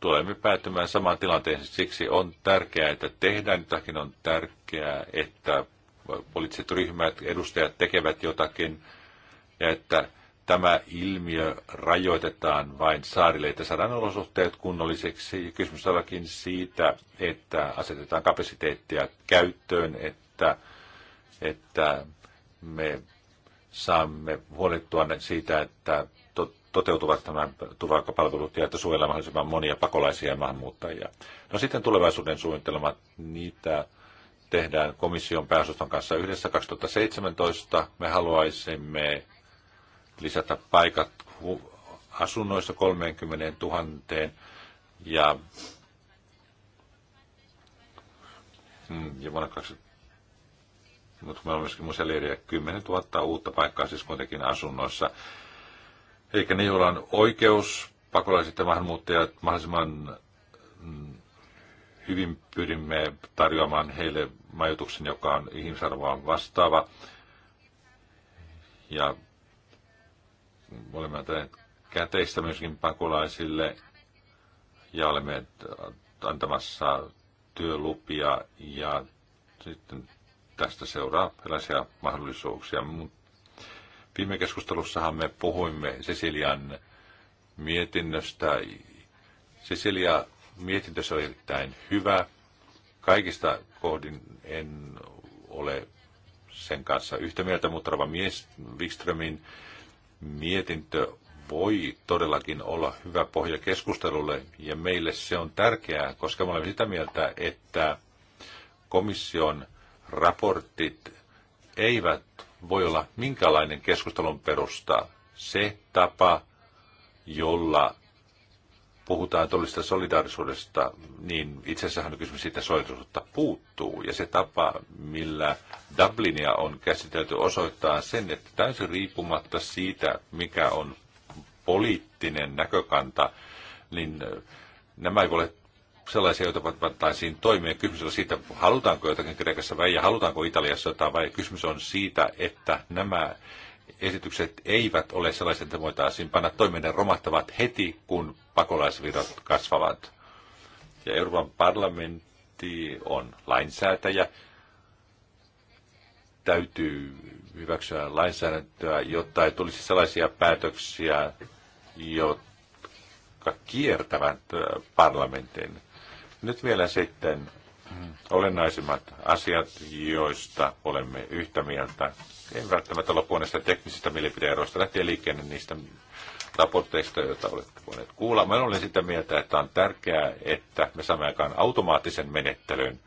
tulemme päätymään samaan tilanteeseen. Siksi on tärkeää, että tehdään jotakin, on tärkeää, että poliittiset ryhmät, edustajat tekevät jotakin, ja että tämä ilmiö rajoitetaan vain saarille, että saadaan olosuhteet kunnolliseksi. Kysymys onkin siitä, että asetetaan kapasiteettia käyttöön, että, että me saamme huolehtua siitä, että toteutuvat nämä tuvakkapalvelut ja että suojellaan mahdollisimman monia pakolaisia ja maahanmuuttajia. No sitten tulevaisuuden suunnitelmat, niitä tehdään komission pääosaston kanssa yhdessä 2017. Me haluaisimme lisätä paikat asunnoissa 30 000 ja, hmm, ja vuonna 2000, mutta meillä on myöskin museoleirejä 10 000 uutta paikkaa siis kuitenkin asunnoissa. Eikä ne, joilla on oikeus, pakolaiset ja maahanmuuttajat mahdollisimman hmm, hyvin pyrimme tarjoamaan heille majoituksen, joka on ihmisarvoa vastaava. Ja olemme antaneet käteistä myöskin pakolaisille ja olemme antamassa työlupia ja sitten tästä seuraa erilaisia mahdollisuuksia. Viime keskustelussahan me puhuimme Cecilian mietinnöstä. Cecilia mietintö se on erittäin hyvä. Kaikista kohdin en ole sen kanssa yhtä mieltä, mutta Rava Mies Wikströmin mietintö voi todellakin olla hyvä pohja keskustelulle, ja meille se on tärkeää, koska me olemme sitä mieltä, että komission raportit eivät voi olla minkälainen keskustelun perusta. Se tapa, jolla puhutaan todellisesta solidaarisuudesta, niin itse asiassa on kysymys siitä, että solidaarisuutta puuttuu. Ja se tapa, millä Dublinia on käsitelty, osoittaa sen, että täysin riippumatta siitä, mikä on poliittinen näkökanta, niin äh, nämä ei ole sellaisia, joita pantaisiin toimeen. Kysymys on siitä, halutaanko jotakin Kreikassa vai ja halutaanko Italiassa jotain vai kysymys on siitä, että nämä esitykset eivät ole sellaisia, että voitaisiin panna toiminnan romahtavat heti, kun pakolaisvirrat kasvavat. Ja Euroopan parlamentti on lainsäätäjä. Täytyy hyväksyä lainsäädäntöä, jotta ei tulisi sellaisia päätöksiä, jotka kiertävät parlamentin. Nyt vielä sitten olennaisimmat asiat, joista olemme yhtä mieltä, ei välttämättä loppuun näistä teknisistä mielipideeroista lähtien liikenne niistä raporteista, joita olette voineet kuulla. Mä olen sitä mieltä, että on tärkeää, että me saamme aikaan automaattisen menettelyn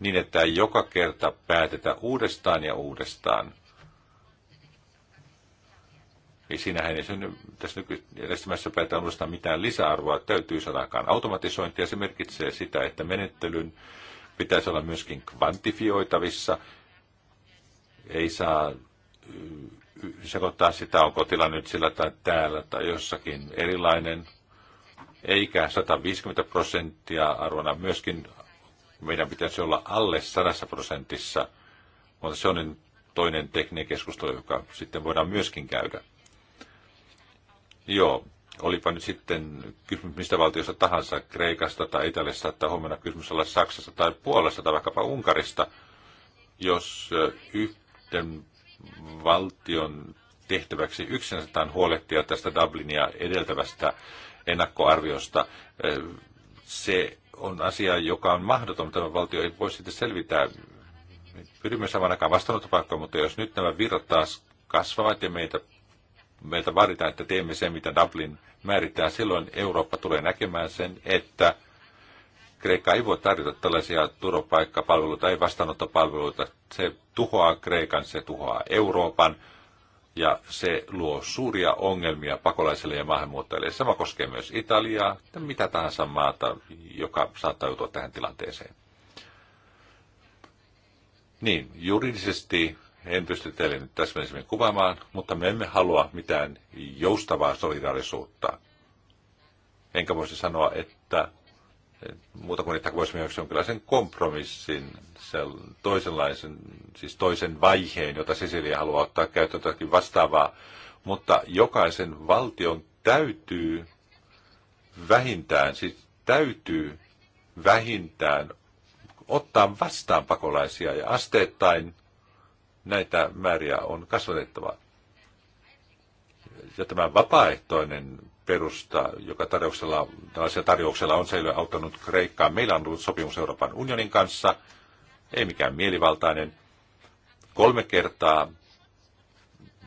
niin, että joka kerta päätetään uudestaan ja uudestaan ei niin siinähän ei synny tässä nykyjärjestelmässä päätä uudestaan mitään lisäarvoa. Täytyy sanakaan Automatisointi, ja Se merkitsee sitä, että menettelyn pitäisi olla myöskin kvantifioitavissa. Ei saa sekoittaa sitä, onko tilanne nyt sillä tai täällä tai jossakin erilainen. Eikä 150 prosenttia arvona myöskin meidän pitäisi olla alle 100 prosentissa, mutta se on toinen tekninen keskustelu, joka sitten voidaan myöskin käydä. Joo, olipa nyt sitten kysymys mistä valtiosta tahansa, Kreikasta tai Italiasta, tai huomenna kysymys olla Saksasta tai Puolassa tai vaikkapa Unkarista, jos yhden valtion tehtäväksi yksin huolehtia tästä Dublinia edeltävästä ennakkoarviosta, se on asia, joka on mahdoton. Tämä valtio ei voi sitten selvitä. pyrimme samaan aikaan mutta jos nyt nämä virrat taas kasvavat ja meitä meiltä vaaditaan, että teemme sen, mitä Dublin määrittää. Silloin Eurooppa tulee näkemään sen, että Kreikka ei voi tarjota tällaisia turvapaikkapalveluita, ei vastaanottopalveluita. Se tuhoaa Kreikan, se tuhoaa Euroopan ja se luo suuria ongelmia pakolaisille ja maahanmuuttajille. Sama koskee myös Italiaa ja mitä tahansa maata, joka saattaa joutua tähän tilanteeseen. Niin, juridisesti en pysty teille nyt täsmällisemmin kuvaamaan, mutta me emme halua mitään joustavaa solidaarisuutta. Enkä voisi sanoa, että muuta kuin että voisimme myös jonkinlaisen kompromissin, toisenlaisen, siis toisen vaiheen, jota Sisilia haluaa ottaa käyttöön jotakin vastaavaa, mutta jokaisen valtion täytyy vähintään, siis täytyy vähintään ottaa vastaan pakolaisia ja asteittain näitä määriä on kasvatettava. Ja tämä vapaaehtoinen perusta, joka tarjouksella, tällaisella tarjouksella on selvä auttanut Kreikkaa. Meillä on ollut sopimus Euroopan unionin kanssa, ei mikään mielivaltainen. Kolme kertaa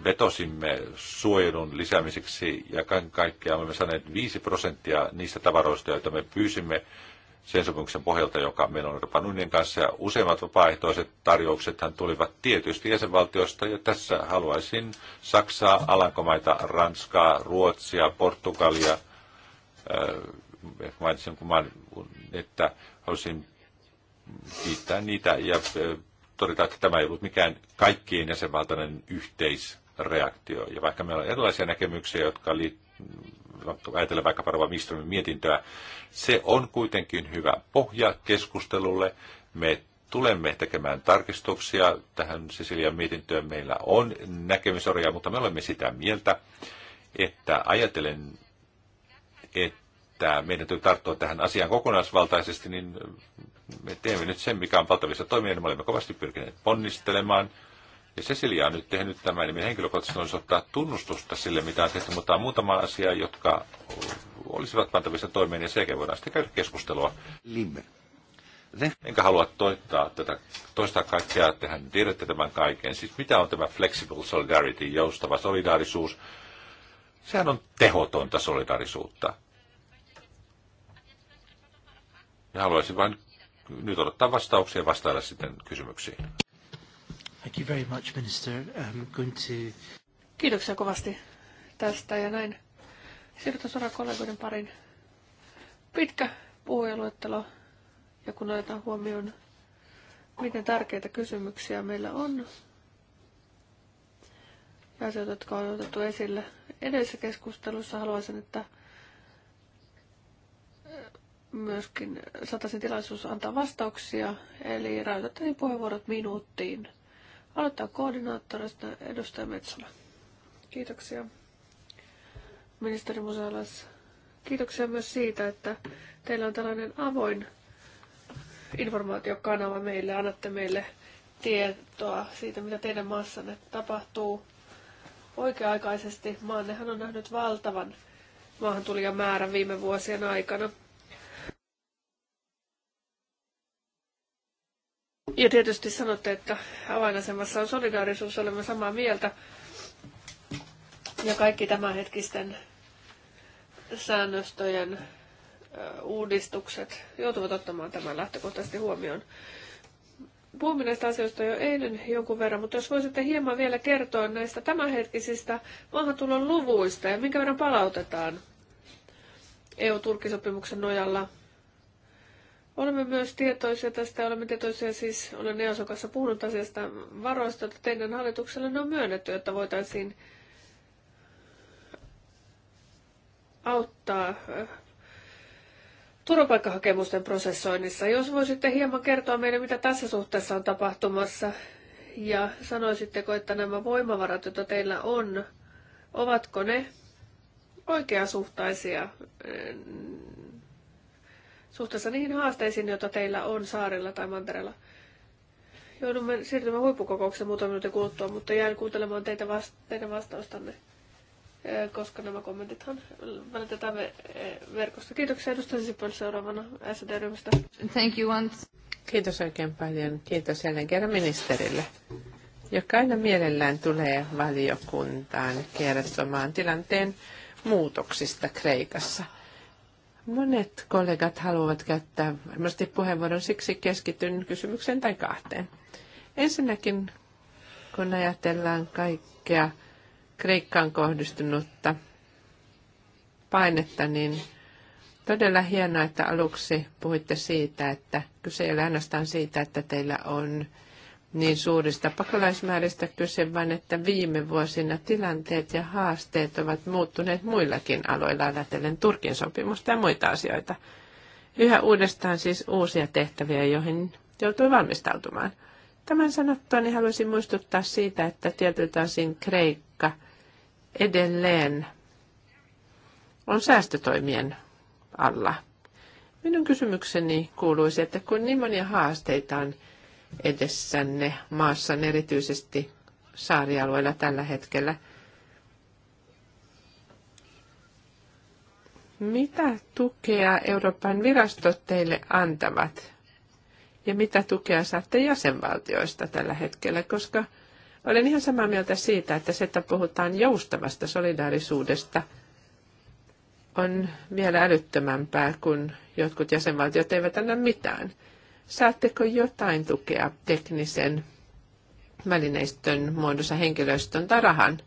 vetosimme suojelun lisäämiseksi ja kaiken kaikkiaan olemme saaneet 5 prosenttia niistä tavaroista, joita me pyysimme sen sopimuksen pohjalta, joka meillä on Euroopan unionin kanssa. Ja useimmat vapaaehtoiset tarjouksethan tulivat tietysti jäsenvaltioista, ja tässä haluaisin Saksaa, Alankomaita, Ranskaa, Ruotsia, Portugalia, äh, ehkä mainitsin, kun mainin, että halusin kiittää niitä ja äh, todeta, että tämä ei ollut mikään kaikkien jäsenvaltainen yhteisreaktio. Ja vaikka meillä on erilaisia näkemyksiä, jotka liittyvät ajatellen vaikka Rova Miströmin mietintöä, se on kuitenkin hyvä pohja keskustelulle. Me tulemme tekemään tarkistuksia tähän Sisilian mietintöön. Meillä on näkemysoria, mutta me olemme sitä mieltä, että ajatellen, että meidän täytyy tarttua tähän asiaan kokonaisvaltaisesti, niin me teemme nyt sen, mikä on valtavissa toimia. Me olemme kovasti pyrkineet ponnistelemaan – ja Cecilia on nyt tehnyt tämän, niin, minä henkilökohtaisesti olisi ottaa tunnustusta sille, mitä on tehty, mutta on muutama asia, jotka olisivat pantavissa toimeen, ja sekä voidaan sitten käydä keskustelua. Limme. Enkä halua toittaa tätä, toistaa kaikkea, hän tiedätte tämän kaiken. Siis mitä on tämä flexible solidarity, joustava solidaarisuus? Sehän on tehotonta solidaarisuutta. Ja haluaisin vain nyt odottaa vastauksia ja vastailla sitten kysymyksiin. Thank you very much, Minister. I'm um, going to... Kiitoksia kovasti tästä ja näin. Siirrytään suoraan kollegoiden parin. Pitkä puhujaluettelo ja kun otetaan huomioon, miten tärkeitä kysymyksiä meillä on ja asioita, jotka on otettu esille. Edellisessä keskustelussa haluaisin, että eh, myöskin saataisiin tilaisuus antaa vastauksia, eli rajoitettaisiin puheenvuorot minuuttiin. Aloittaa koordinaattorista edustaja Metsola. Kiitoksia. Ministeri Musalas, kiitoksia myös siitä, että teillä on tällainen avoin informaatiokanava meille. Annatte meille tietoa siitä, mitä teidän maassanne tapahtuu oikea-aikaisesti. Maannehan on nähnyt valtavan maahantulijamäärän viime vuosien aikana. Ja tietysti sanotte, että avainasemassa on solidaarisuus, olemme samaa mieltä. Ja kaikki tämänhetkisten säännöstöjen uudistukset joutuvat ottamaan tämän lähtökohtaisesti huomioon. Puhumme näistä asioista jo eilen jonkun verran, mutta jos voisitte hieman vielä kertoa näistä tämänhetkisistä maahantulon luvuista ja minkä verran palautetaan EU-Turkisopimuksen nojalla Olemme myös tietoisia tästä, olemme tietoisia siis, olen EOSO kanssa puhunut asiasta varoista, että teidän hallitukselle ne on myönnetty, että voitaisiin auttaa äh, turvapaikkahakemusten prosessoinnissa. Jos voisitte hieman kertoa meille, mitä tässä suhteessa on tapahtumassa, ja sanoisitteko, että nämä voimavarat, joita teillä on, ovatko ne oikeasuhtaisia suhteessa niihin haasteisiin, joita teillä on saarella tai mantereella. Joudumme siirtymään huippukokoukseen muutaman minuutin kuluttua, mutta jään kuuntelemaan teitä vasta- teidän vastaustanne, e, koska nämä kommentithan välitetään e, verkosta. Kiitoksia edustaja Sipol seuraavana SD-ryhmästä. Thank you once. Kiitos oikein paljon. Kiitos jälleen kerran ministerille joka aina mielellään tulee valiokuntaan kertomaan tilanteen muutoksista Kreikassa. Monet no kollegat haluavat käyttää varmasti puheenvuoron, siksi keskityn kysymykseen tai kahteen. Ensinnäkin, kun ajatellaan kaikkea Kreikkaan kohdistunutta painetta, niin todella hienoa, että aluksi puhuitte siitä, että kyse ei ole ainoastaan siitä, että teillä on niin suurista pakolaismääristä kyse, vaan että viime vuosina tilanteet ja haasteet ovat muuttuneet muillakin aloilla ajatellen Turkin sopimusta ja muita asioita. Yhä uudestaan siis uusia tehtäviä, joihin joutui valmistautumaan. Tämän sanottua niin haluaisin muistuttaa siitä, että tietyltä osin Kreikka edelleen on säästötoimien alla. Minun kysymykseni kuuluisi, että kun niin monia haasteita on edessänne maassa, erityisesti saarialueilla tällä hetkellä. Mitä tukea Euroopan virastot teille antavat? Ja mitä tukea saatte jäsenvaltioista tällä hetkellä? Koska olen ihan samaa mieltä siitä, että se, että puhutaan joustavasta solidaarisuudesta, on vielä älyttömämpää, kun jotkut jäsenvaltiot eivät anna mitään. Saatteko jotain tukea teknisen välineistön muodossa henkilöstön tai rahan?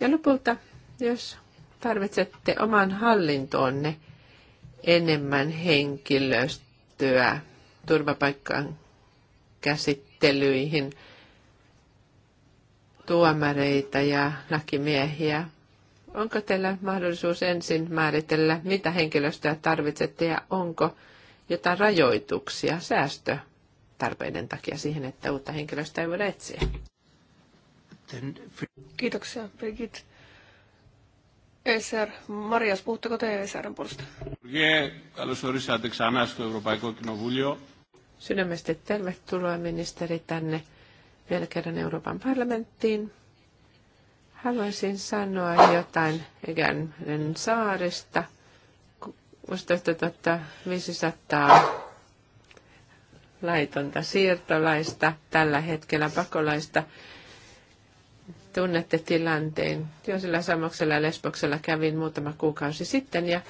Ja lopulta, jos tarvitsette oman hallintoonne enemmän henkilöstöä turvapaikkaan käsittelyihin, tuomareita ja lakimiehiä, onko teillä mahdollisuus ensin määritellä, mitä henkilöstöä tarvitsette ja onko jotain rajoituksia säästötarpeiden takia siihen, että uutta henkilöstöä ei voida etsiä? Kiitoksia, Brigit. ESR, Marias, puhutteko te ESRn puolesta? Υπουργέ, tervetuloa ministeri tänne vielä kerran Euroopan parlamenttiin. Haluaisin sanoa jotain Egänen saarista – 16 500 laitonta siirtolaista, tällä hetkellä pakolaista. Tunnette tilanteen. Työsellä Samoksella Lesboksella kävin muutama kuukausi sitten ja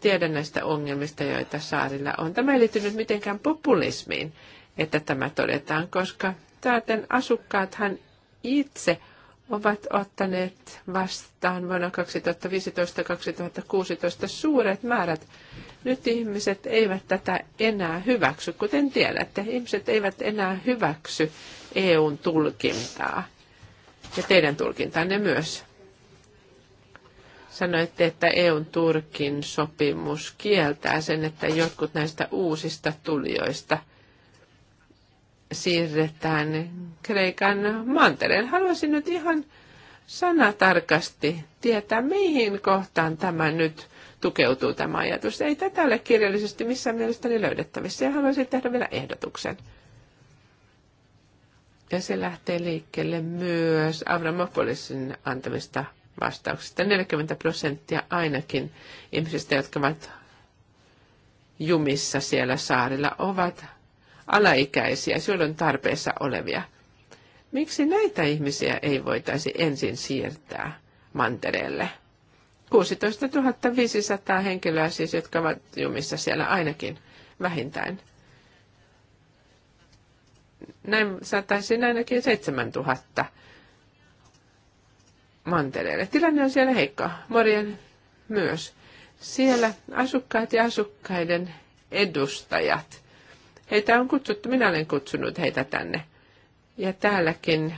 tiedän näistä ongelmista, joita saarilla on. Tämä ei liity nyt mitenkään populismiin, että tämä todetaan, koska täten asukkaathan itse – ovat ottaneet vastaan vuonna 2015-2016 suuret määrät. Nyt ihmiset eivät tätä enää hyväksy, kuten tiedätte. Ihmiset eivät enää hyväksy EUn tulkintaa ja teidän tulkintanne myös. Sanoitte, että EUn Turkin sopimus kieltää sen, että jotkut näistä uusista tulijoista – siirretään Kreikan mantereen. Haluaisin nyt ihan sanatarkasti tietää, mihin kohtaan tämä nyt tukeutuu tämä ajatus. Ei tätä ole kirjallisesti missään mielestäni löydettävissä ja haluaisin tehdä vielä ehdotuksen. Ja se lähtee liikkeelle myös Avramopolisin antamista vastauksista. 40 prosenttia ainakin ihmisistä, jotka ovat jumissa siellä saarilla, ovat alaikäisiä, silloin tarpeessa olevia. Miksi näitä ihmisiä ei voitaisi ensin siirtää mantereelle? 16 500 henkilöä siis, jotka ovat jumissa siellä ainakin vähintään. Näin saataisiin ainakin 7000 mantereelle. Tilanne on siellä heikko. Morjen myös. Siellä asukkaat ja asukkaiden edustajat Heitä on kutsuttu, minä olen kutsunut heitä tänne. Ja täälläkin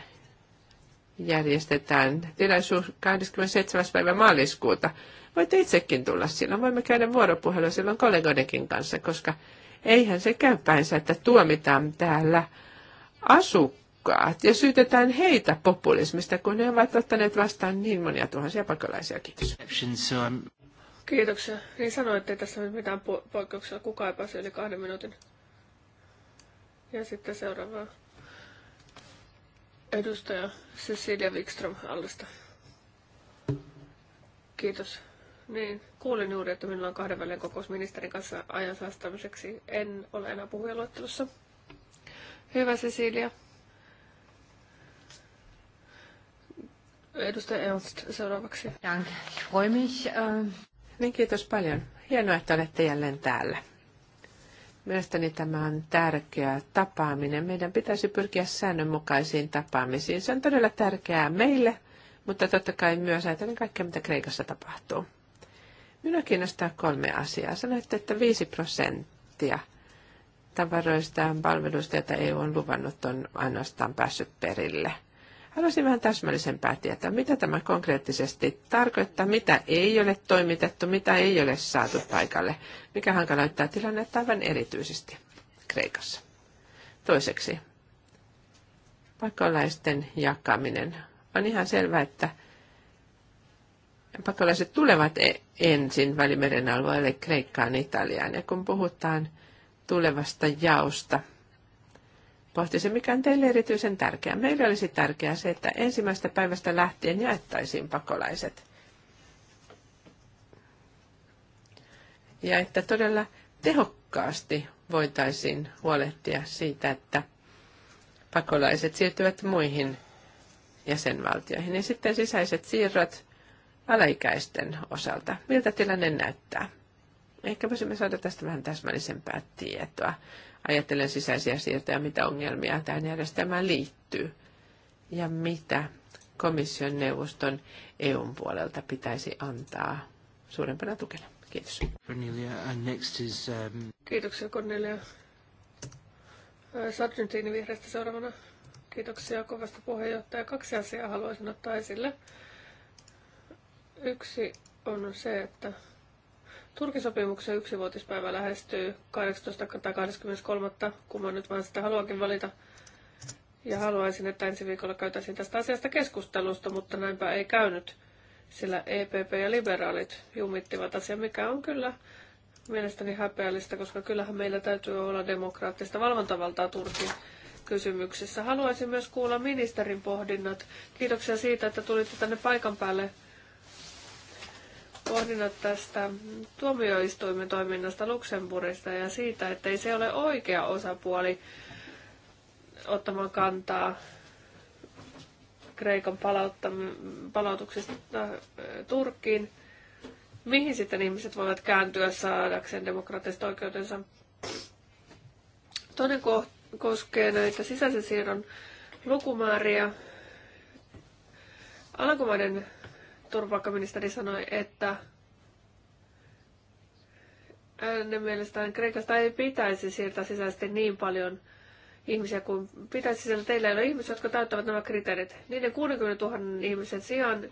järjestetään tilaisuus 27. päivä maaliskuuta. Voitte itsekin tulla silloin. Voimme käydä vuoropuhelua silloin kollegoidenkin kanssa, koska eihän se käy päinsä, että tuomitaan täällä asukkaat ja syytetään heitä populismista, kun he ovat ottaneet vastaan niin monia tuhansia pakolaisia. Kiitos. Kiitoksia. Niin sanoitte, että tässä on mitään po- poikkeuksia. kukaan ei pääse yli kahden minuutin. Ja sitten seuraava edustaja Cecilia Wikström Allista. Kiitos. Niin, kuulin juuri, että minulla on kahdenvälinen kokous ministerin kanssa ajan saastamiseksi. En ole enää puhujaluettelussa. Hyvä Cecilia. Edustaja Ernst seuraavaksi. Danke. freue mich. Äh, niin, kiitos paljon. Hienoa, että olette jälleen täällä. Mielestäni tämä on tärkeä tapaaminen. Meidän pitäisi pyrkiä säännönmukaisiin tapaamisiin. Se on todella tärkeää meille, mutta totta kai myös ajatellen kaikkea, mitä Kreikassa tapahtuu. Minua kiinnostaa kolme asiaa. Sanoitte, että 5 prosenttia tavaroista ja palveluista, joita EU on luvannut, on ainoastaan päässyt perille – Haluaisin vähän täsmällisempää tietää, mitä tämä konkreettisesti tarkoittaa, mitä ei ole toimitettu, mitä ei ole saatu paikalle, mikä hankaloittaa tilannetta aivan erityisesti Kreikassa. Toiseksi, pakolaisten jakaminen. On ihan selvää, että pakolaiset tulevat e- ensin Välimeren alueelle Kreikkaan, Italiaan. Ja kun puhutaan tulevasta jaosta, se, mikä on teille erityisen tärkeää. Meille olisi tärkeää se, että ensimmäistä päivästä lähtien jaettaisiin pakolaiset. Ja että todella tehokkaasti voitaisiin huolehtia siitä, että pakolaiset siirtyvät muihin jäsenvaltioihin. Ja sitten sisäiset siirrot alaikäisten osalta. Miltä tilanne näyttää? Ehkä voisimme saada tästä vähän täsmällisempää tietoa ajattelen sisäisiä siirtoja, mitä ongelmia tähän järjestelmään liittyy ja mitä komission neuvoston EUn puolelta pitäisi antaa suurempana tukena. Kiitos. Cornelia, and next is, um... Kiitoksia Cornelia. Äh, Sargentini vihreästä seuraavana. Kiitoksia kovasta puheenjohtaja. Kaksi asiaa haluaisin ottaa esille. Yksi on se, että Turkisopimuksen yksivuotispäivä lähestyy 18.23. kun mä nyt vaan sitä haluankin valita. Ja haluaisin, että ensi viikolla käytäisiin tästä asiasta keskustelusta, mutta näinpä ei käynyt, sillä EPP ja liberaalit jumittivat asia, mikä on kyllä mielestäni häpeällistä, koska kyllähän meillä täytyy olla demokraattista valvontavaltaa Turkin kysymyksissä. Haluaisin myös kuulla ministerin pohdinnat. Kiitoksia siitä, että tulitte tänne paikan päälle pohdinnat tästä tuomioistuimen toiminnasta Luxemburgista ja siitä, että ei se ole oikea osapuoli ottamaan kantaa Kreikan palautuksesta äh, Turkkiin. Mihin sitten ihmiset voivat kääntyä saadakseen demokraattiset oikeutensa? Toinen koskee näitä sisäisen siirron lukumääriä. Alankomaiden turvapaikkaministeri sanoi, että hänen mielestään Kreikasta ei pitäisi siirtää sisäisesti niin paljon ihmisiä kuin pitäisi, sillä teillä ei ole ihmisiä, jotka täyttävät nämä kriteerit. Niiden 60 000 ihmisen sijaan,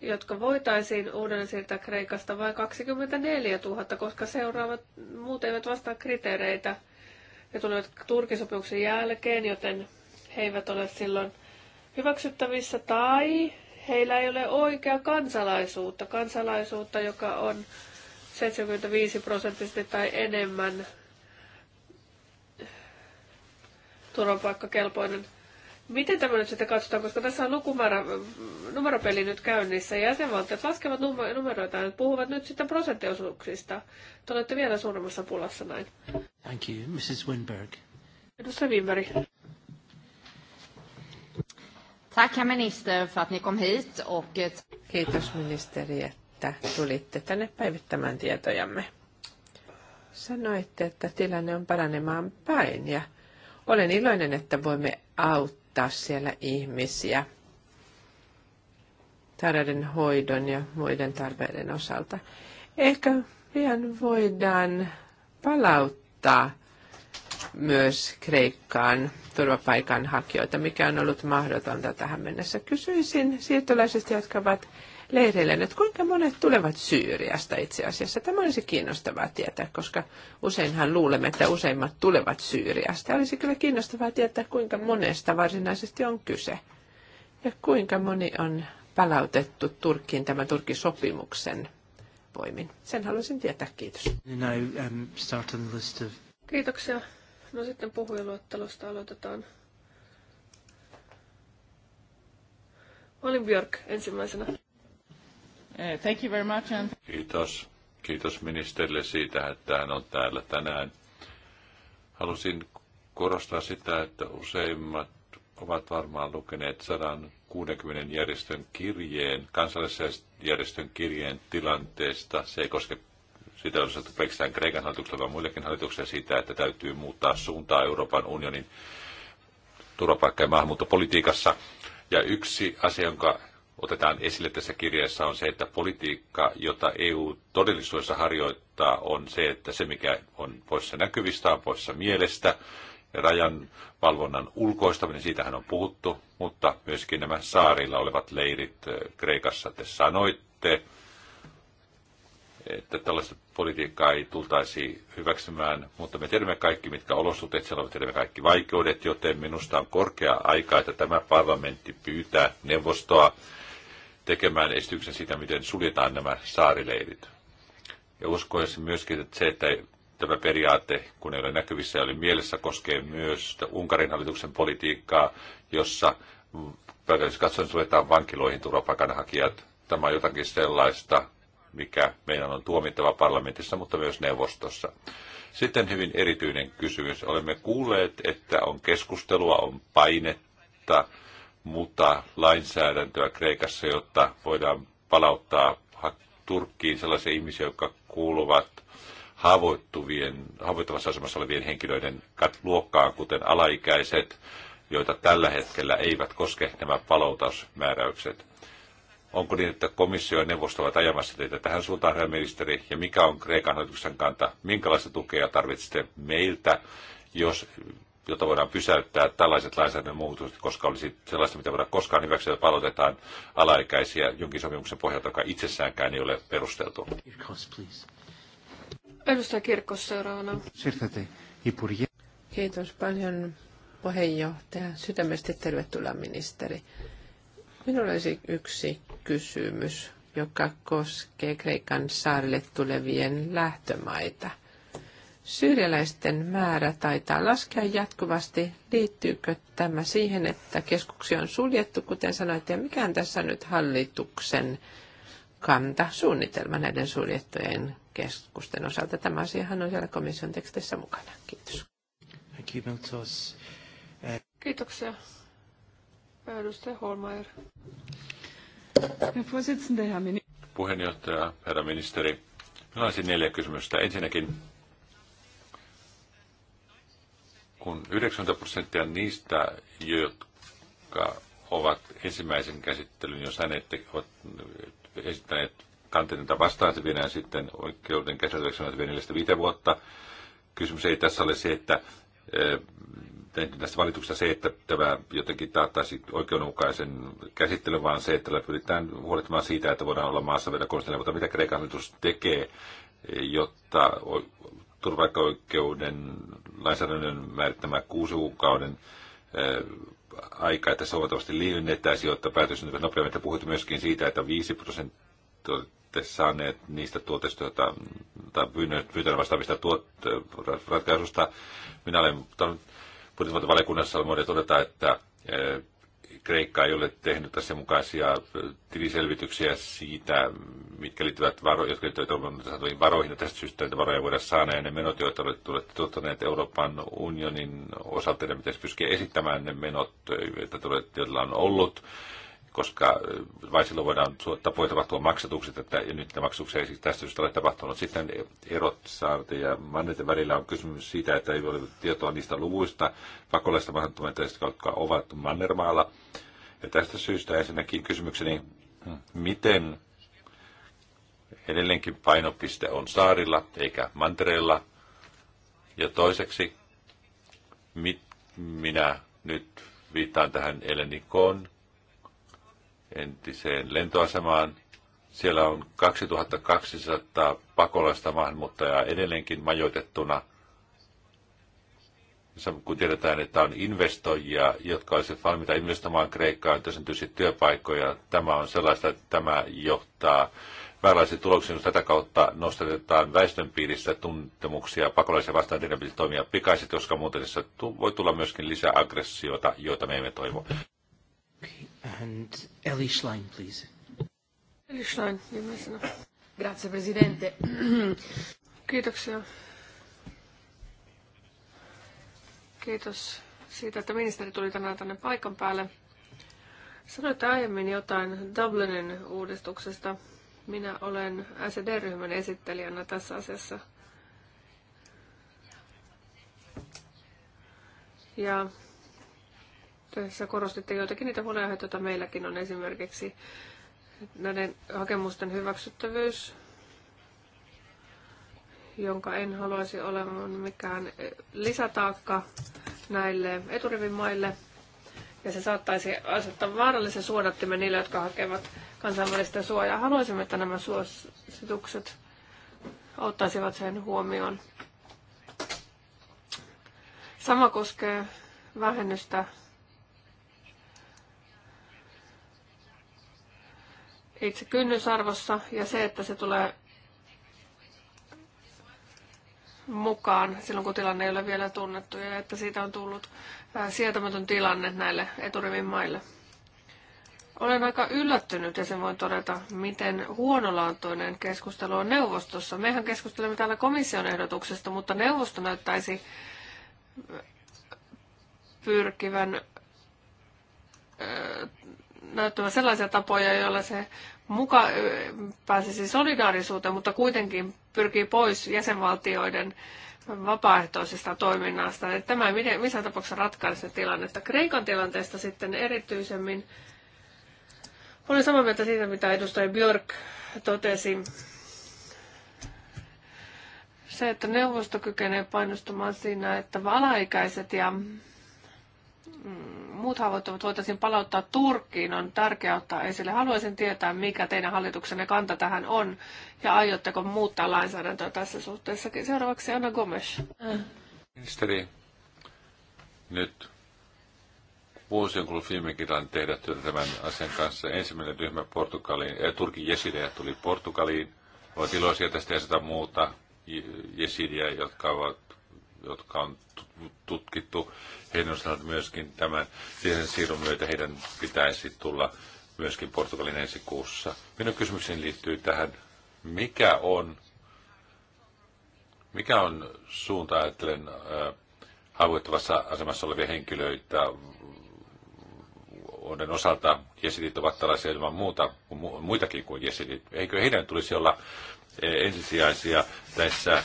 jotka voitaisiin uudelleen siirtää Kreikasta, vain 24 000, koska seuraavat muut eivät vastaa kriteereitä. Ne tulevat Turkisopimuksen jälkeen, joten he eivät ole silloin hyväksyttävissä tai heillä ei ole oikea kansalaisuutta, kansalaisuutta, joka on 75 prosenttisesti tai enemmän turvapaikkakelpoinen. Miten tämä nyt sitten katsotaan, koska tässä on lukumäärä, numeropeli nyt käynnissä. Jäsenvaltiot laskevat numeroita ja puhuvat nyt sitten prosenttiosuuksista. Te olette vielä suuremmassa pulassa näin. Thank you, Mrs. Winberg. Edustaja Winberg. Tack herr minister för att ni kom hit och... Eh, Kiitos ministeri, että tulitte tänne päivittämään tietojamme. Sanoitte, että tilanne on paranemaan päin ja olen iloinen, että voimme auttaa siellä ihmisiä tarveiden hoidon ja muiden tarpeiden osalta. Ehkä pian voidaan palauttaa myös Kreikkaan turvapaikanhakijoita, mikä on ollut mahdotonta tähän mennessä. Kysyisin siirtolaisista, jotka ovat leireillä että kuinka monet tulevat Syyriasta itse asiassa. Tämä olisi kiinnostavaa tietää, koska useinhan luulemme, että useimmat tulevat Syyriasta. Olisi kyllä kiinnostavaa tietää, kuinka monesta varsinaisesti on kyse ja kuinka moni on palautettu Turkkiin tämän Turkisopimuksen voimin. Sen haluaisin tietää. Kiitos. Um, Kiitoksia. No sitten puhujaluettelosta aloitetaan. Olin Björk ensimmäisenä. Eh, thank you very much. And... Kiitos. Kiitos ministerille siitä, että hän on täällä tänään. Halusin korostaa sitä, että useimmat ovat varmaan lukeneet 160 järjestön kirjeen, kansallisen järjestön kirjeen tilanteesta. Se ei koske siitä on sanottu pelkästään Kreikan hallituksella, vaan muillekin hallituksille siitä, että täytyy muuttaa suuntaa Euroopan unionin turvapaikka- ja maahanmuuttopolitiikassa. Ja yksi asia, jonka otetaan esille tässä kirjassa, on se, että politiikka, jota EU todellisuudessa harjoittaa, on se, että se, mikä on poissa näkyvistä, on poissa mielestä. Ja rajan valvonnan ulkoistaminen, siitähän on puhuttu, mutta myöskin nämä saarilla olevat leirit eh, Kreikassa te sanoitte, että tällaista politiikkaa ei tultaisi hyväksymään, mutta me tiedämme kaikki, mitkä olosuhteet siellä on, me tiedämme kaikki vaikeudet, joten minusta on korkea aika, että tämä parlamentti pyytää neuvostoa tekemään esityksen siitä, miten suljetaan nämä saarileirit. Ja uskoisin myöskin, että se, että tämä periaate, kun ei ole näkyvissä ja oli mielessä, koskee myös Unkarin hallituksen politiikkaa, jossa päätöksessä katsoen suljetaan vankiloihin turvapaikanhakijat. Tämä on jotakin sellaista, mikä meidän on tuomittava parlamentissa, mutta myös neuvostossa. Sitten hyvin erityinen kysymys. Olemme kuulleet, että on keskustelua, on painetta mutta lainsäädäntöä Kreikassa, jotta voidaan palauttaa Turkkiin sellaisia ihmisiä, jotka kuuluvat haavoittuvien, haavoittuvassa asemassa olevien henkilöiden luokkaan, kuten alaikäiset, joita tällä hetkellä eivät koske nämä palautusmääräykset. Onko niin, että komissio ja neuvosto ovat ajamassa teitä tähän suuntaan, herra ministeri, ja mikä on Kreikan hallituksen kanta? Minkälaista tukea tarvitsette meiltä, jos, jota voidaan pysäyttää tällaiset lainsäädännön muutokset, koska olisi sellaista, mitä voidaan koskaan hyväksyä, että palautetaan alaikäisiä jonkin sopimuksen pohjalta, joka itsessäänkään ei ole perusteltu? please. Edustaja Kirkos seuraavana. Kiitos paljon puheenjohtaja. Sydämestä tervetuloa ministeri. Minulla olisi yksi kysymys, joka koskee Kreikan saarille tulevien lähtömaita. Syyrialaisten määrä taitaa laskea jatkuvasti. Liittyykö tämä siihen, että keskuksia on suljettu, kuten sanoit, ja mikä on tässä nyt hallituksen kanta, suunnitelma näiden suljettujen keskusten osalta? Tämä asiahan on siellä komission tekstissä mukana. Kiitos. Eh, Kiitoksia. Edustaja Holmeier. Puheenjohtaja, herra ministeri. Minulla olisi neljä kysymystä. Ensinnäkin, kun 90 prosenttia niistä, jotka ovat ensimmäisen käsittelyn jo saaneet, ovat esittäneet kanteita vastaan, se viedään sitten oikeuden käsiteltäväksi 4-5 vuotta. Kysymys ei tässä ole se, että tehty tästä valituksesta se, että tämä jotenkin taattaisi oikeudenmukaisen käsittelyn, vaan se, että pyritään huolehtimaan siitä, että voidaan olla maassa vielä konstantilla, mutta mitä Kreikan hallitus tekee, jotta turvaikkaoikeuden lainsäädännön määrittämä kuusi kuukauden aika, että se huomattavasti liivennettäisiin, jotta päätös on nopeammin. että puhuitte myöskin siitä, että 5 prosenttia olette saaneet niistä tuotteista, joita, tai pyytäneet vastaavista tuot, ratkaisusta. Minä olen budjettivaliokunnassa voidaan todeta, että e, Kreikka ei ole tehnyt mukaisia e, tiliselvityksiä siitä, mitkä liittyvät varo, jotka liittyvät saatuihin varoihin, ja tästä syystä että varoja voidaan saada, ja ne menot, joita olette tuottaneet Euroopan unionin osalta, ne pitäisi pyrkiä esittämään ne menot, e, joita, joilla on ollut koska vain silloin voidaan voi tapahtua maksatukset, että nyt ne maksatuksia ei siis tästä syystä ole tapahtunut. Sitten erot saarten ja manneten välillä on kysymys siitä, että ei ole tietoa niistä luvuista pakolaista maahantumentajista, jotka ovat mannermaalla. Ja tästä syystä ensinnäkin kysymykseni, miten edelleenkin painopiste on saarilla eikä mantereilla. Ja toiseksi, mit, minä nyt viittaan tähän Elenikoon, entiseen lentoasemaan. Siellä on 2200 pakolaista maahanmuuttajaa edelleenkin majoitettuna. Kun tiedetään, että on investoijia, jotka olisivat valmiita investoimaan Kreikkaan, että syntyisi työpaikkoja, tämä on sellaista, että tämä johtaa vääränlaisiin tuloksiin, tätä kautta nostetaan väestön piirissä tuntemuksia pakolaisia vastaan, teidän pitäisi toimia Pikaisesti koska muuten tässä voi tulla myöskin lisää aggressiota, joita me emme toivo and Ellie Schlein, please. Ellie Schlein, viimeisenä. Grazie, presidente. Kiitoksia. Kiitos siitä, että ministeri tuli tänään tänne paikan päälle. Sanoitte aiemmin jotain Dublinin uudistuksesta. Minä olen SED-ryhmän esittelijänä tässä asiassa. Ja tässä korostitte joitakin niitä huolenaiheita, joita meilläkin on esimerkiksi näiden hakemusten hyväksyttävyys, jonka en haluaisi olevan mikään lisätaakka näille eturivin maille. Ja se saattaisi asettaa vaarallisen suodattimen niille, jotka hakevat kansainvälistä suojaa. Haluaisimme, että nämä suositukset ottaisivat sen huomioon. Sama koskee vähennystä itse kynnysarvossa ja se, että se tulee mukaan silloin, kun tilanne ei ole vielä tunnettu ja että siitä on tullut sietämätön tilanne näille eturivin maille. Olen aika yllättynyt ja sen voin todeta, miten huonolaatuinen keskustelu on neuvostossa. Mehän keskustelemme täällä komission ehdotuksesta, mutta neuvosto näyttäisi pyrkivän näyttämään sellaisia tapoja, joilla se muka pääsisi solidaarisuuteen, mutta kuitenkin pyrkii pois jäsenvaltioiden vapaaehtoisesta toiminnasta. Että tämä ei missään tapauksessa ratkaise tilannetta. Kreikan tilanteesta sitten erityisemmin olen samaa mieltä siitä, mitä edustaja Björk totesi. Se, että neuvosto kykenee painostamaan siinä, että alaikäiset ja mm, muut haavoittuvat voitaisiin palauttaa Turkkiin, on tärkeää ottaa esille. Haluaisin tietää, mikä teidän hallituksenne kanta tähän on ja aiotteko muuttaa lainsäädäntöä tässä suhteessa. Seuraavaksi Anna Gomes. Ministeri, nyt vuosi on kulunut viime kerran tehdä työtä tämän asian kanssa. Ensimmäinen ryhmä Portugaliin, äh, eh, Turkin jesidejä tuli Portugaliin. Ovat iloisia tästä ja sitä muuta jesidejä, jotka, ovat, jotka on tutkittu heidän osaltaan myöskin tämän sisäisen siirron myötä heidän pitäisi tulla myöskin Portugalin ensi kuussa. Minun kysymykseni liittyy tähän, mikä on, mikä on suunta ajattelen haavoittuvassa asemassa olevia henkilöitä oden osalta jesidit ovat tällaisia ilman muuta, muitakin kuin jesidit. Eikö heidän tulisi olla ensisijaisia tässä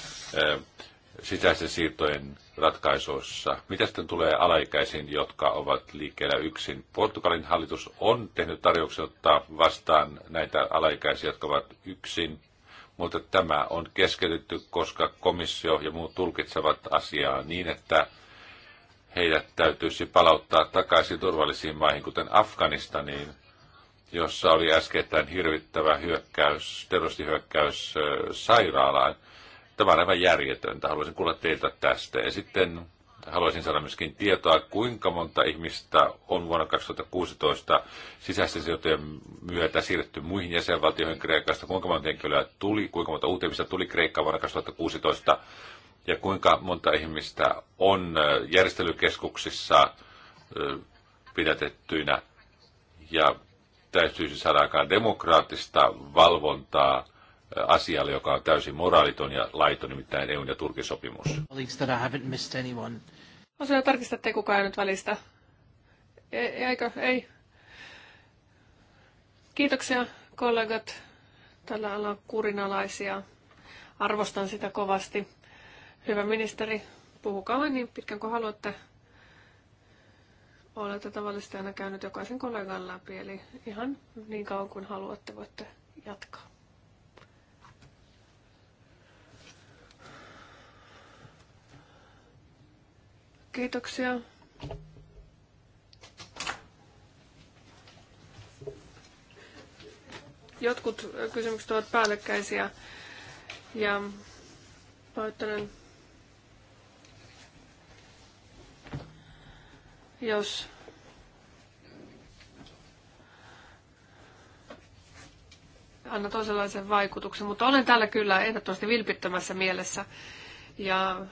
sisäisen siirtojen ratkaisuissa. Mitä sitten tulee alaikäisiin, jotka ovat liikkeellä yksin? Portugalin hallitus on tehnyt tarjouksen ottaa vastaan näitä alaikäisiä, jotka ovat yksin, mutta tämä on keskeytetty, koska komissio ja muut tulkitsevat asiaa niin, että heidät täytyisi palauttaa takaisin turvallisiin maihin, kuten Afganistaniin, jossa oli äskettäin hirvittävä hyökkäys, terroristihyökkäys sairaalaan – Tämä on aivan järjetöntä. Haluaisin kuulla teiltä tästä. Ja sitten haluaisin saada myöskin tietoa, kuinka monta ihmistä on vuonna 2016 sisäisten sijoitujen myötä siirretty muihin jäsenvaltioihin Kreikasta, kuinka monta henkilöä tuli, kuinka monta uutta ihmistä tuli Kreikkaan vuonna 2016 ja kuinka monta ihmistä on järjestelykeskuksissa pidätettyinä ja täytyisi saada aikaan demokraattista valvontaa – asialle, joka on täysin moraaliton ja laiton, nimittäin EUn ja Turkin sopimus. No sinä tarkistatte, kuka ei nyt välistä. Ei, e, eikö? Ei. Kiitoksia kollegat. Tällä alalla kurinalaisia. Arvostan sitä kovasti. Hyvä ministeri, puhukaa niin pitkän kuin haluatte. Olette tavallisesti aina käynyt jokaisen kollegan läpi, eli ihan niin kauan kuin haluatte voitte jatkaa. Kiitoksia. Jotkut kysymykset ovat päällekkäisiä ja pahoittelen, jos anna toisenlaisen vaikutuksen, mutta olen täällä kyllä ehdottomasti vilpittömässä mielessä ja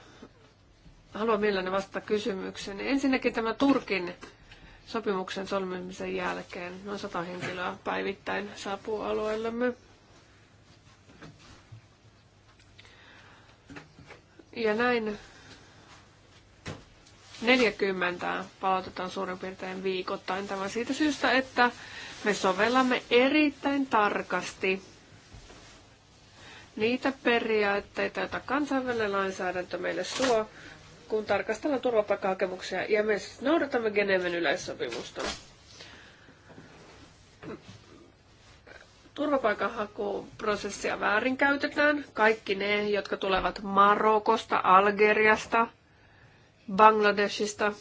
haluan mielelläni vastata kysymykseen. Ensinnäkin tämä Turkin sopimuksen solmimisen jälkeen noin sata henkilöä päivittäin saapuu alueellemme. Ja näin 40 palautetaan suurin piirtein viikoittain. Tämä siitä syystä, että me sovellamme erittäin tarkasti niitä periaatteita, joita kansainvälinen lainsäädäntö meille suo kun tarkastellaan turvapaikkahakemuksia ja me noudatamme Geneven yleissopimusta. Turvapaikanhakuprosessia väärinkäytetään. Kaikki ne, jotka tulevat Marokosta, Algeriasta, Bangladeshista.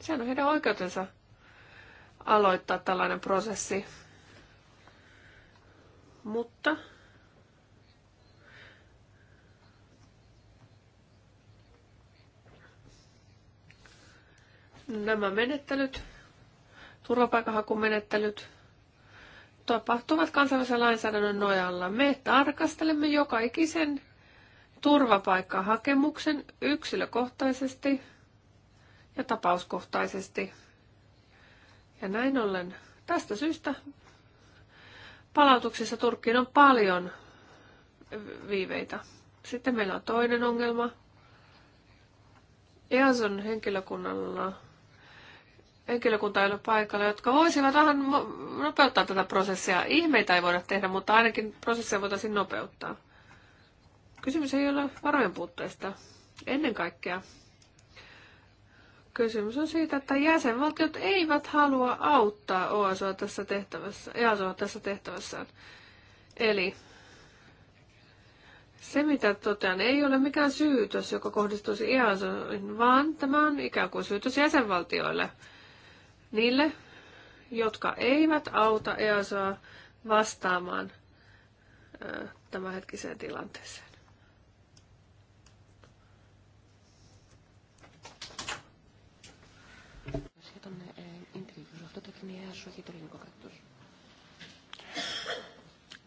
Sehän on heidän oikeutensa aloittaa tällainen prosessi. Mutta nämä menettelyt, turvapaikanhakumenettelyt, tapahtuvat kansainvälisen lainsäädännön nojalla. Me tarkastelemme joka ikisen turvapaikkahakemuksen yksilökohtaisesti ja tapauskohtaisesti. Ja näin ollen tästä syystä palautuksissa Turkkiin on paljon viiveitä. Sitten meillä on toinen ongelma. EASON henkilökunnalla henkilökunta ei ole paikalla, jotka voisivat vähän nopeuttaa tätä prosessia. Ihmeitä ei voida tehdä, mutta ainakin prosessia voitaisiin nopeuttaa. Kysymys ei ole varojen puutteesta. Ennen kaikkea kysymys on siitä, että jäsenvaltiot eivät halua auttaa OSOa tässä tehtävässä, EASOa tässä tehtävässään. Eli se, mitä totean, ei ole mikään syytös, joka kohdistuisi EASOin, vaan tämä on ikään kuin syytös jäsenvaltioille – niille, jotka eivät auta EASOa vastaamaan tämänhetkiseen tilanteeseen.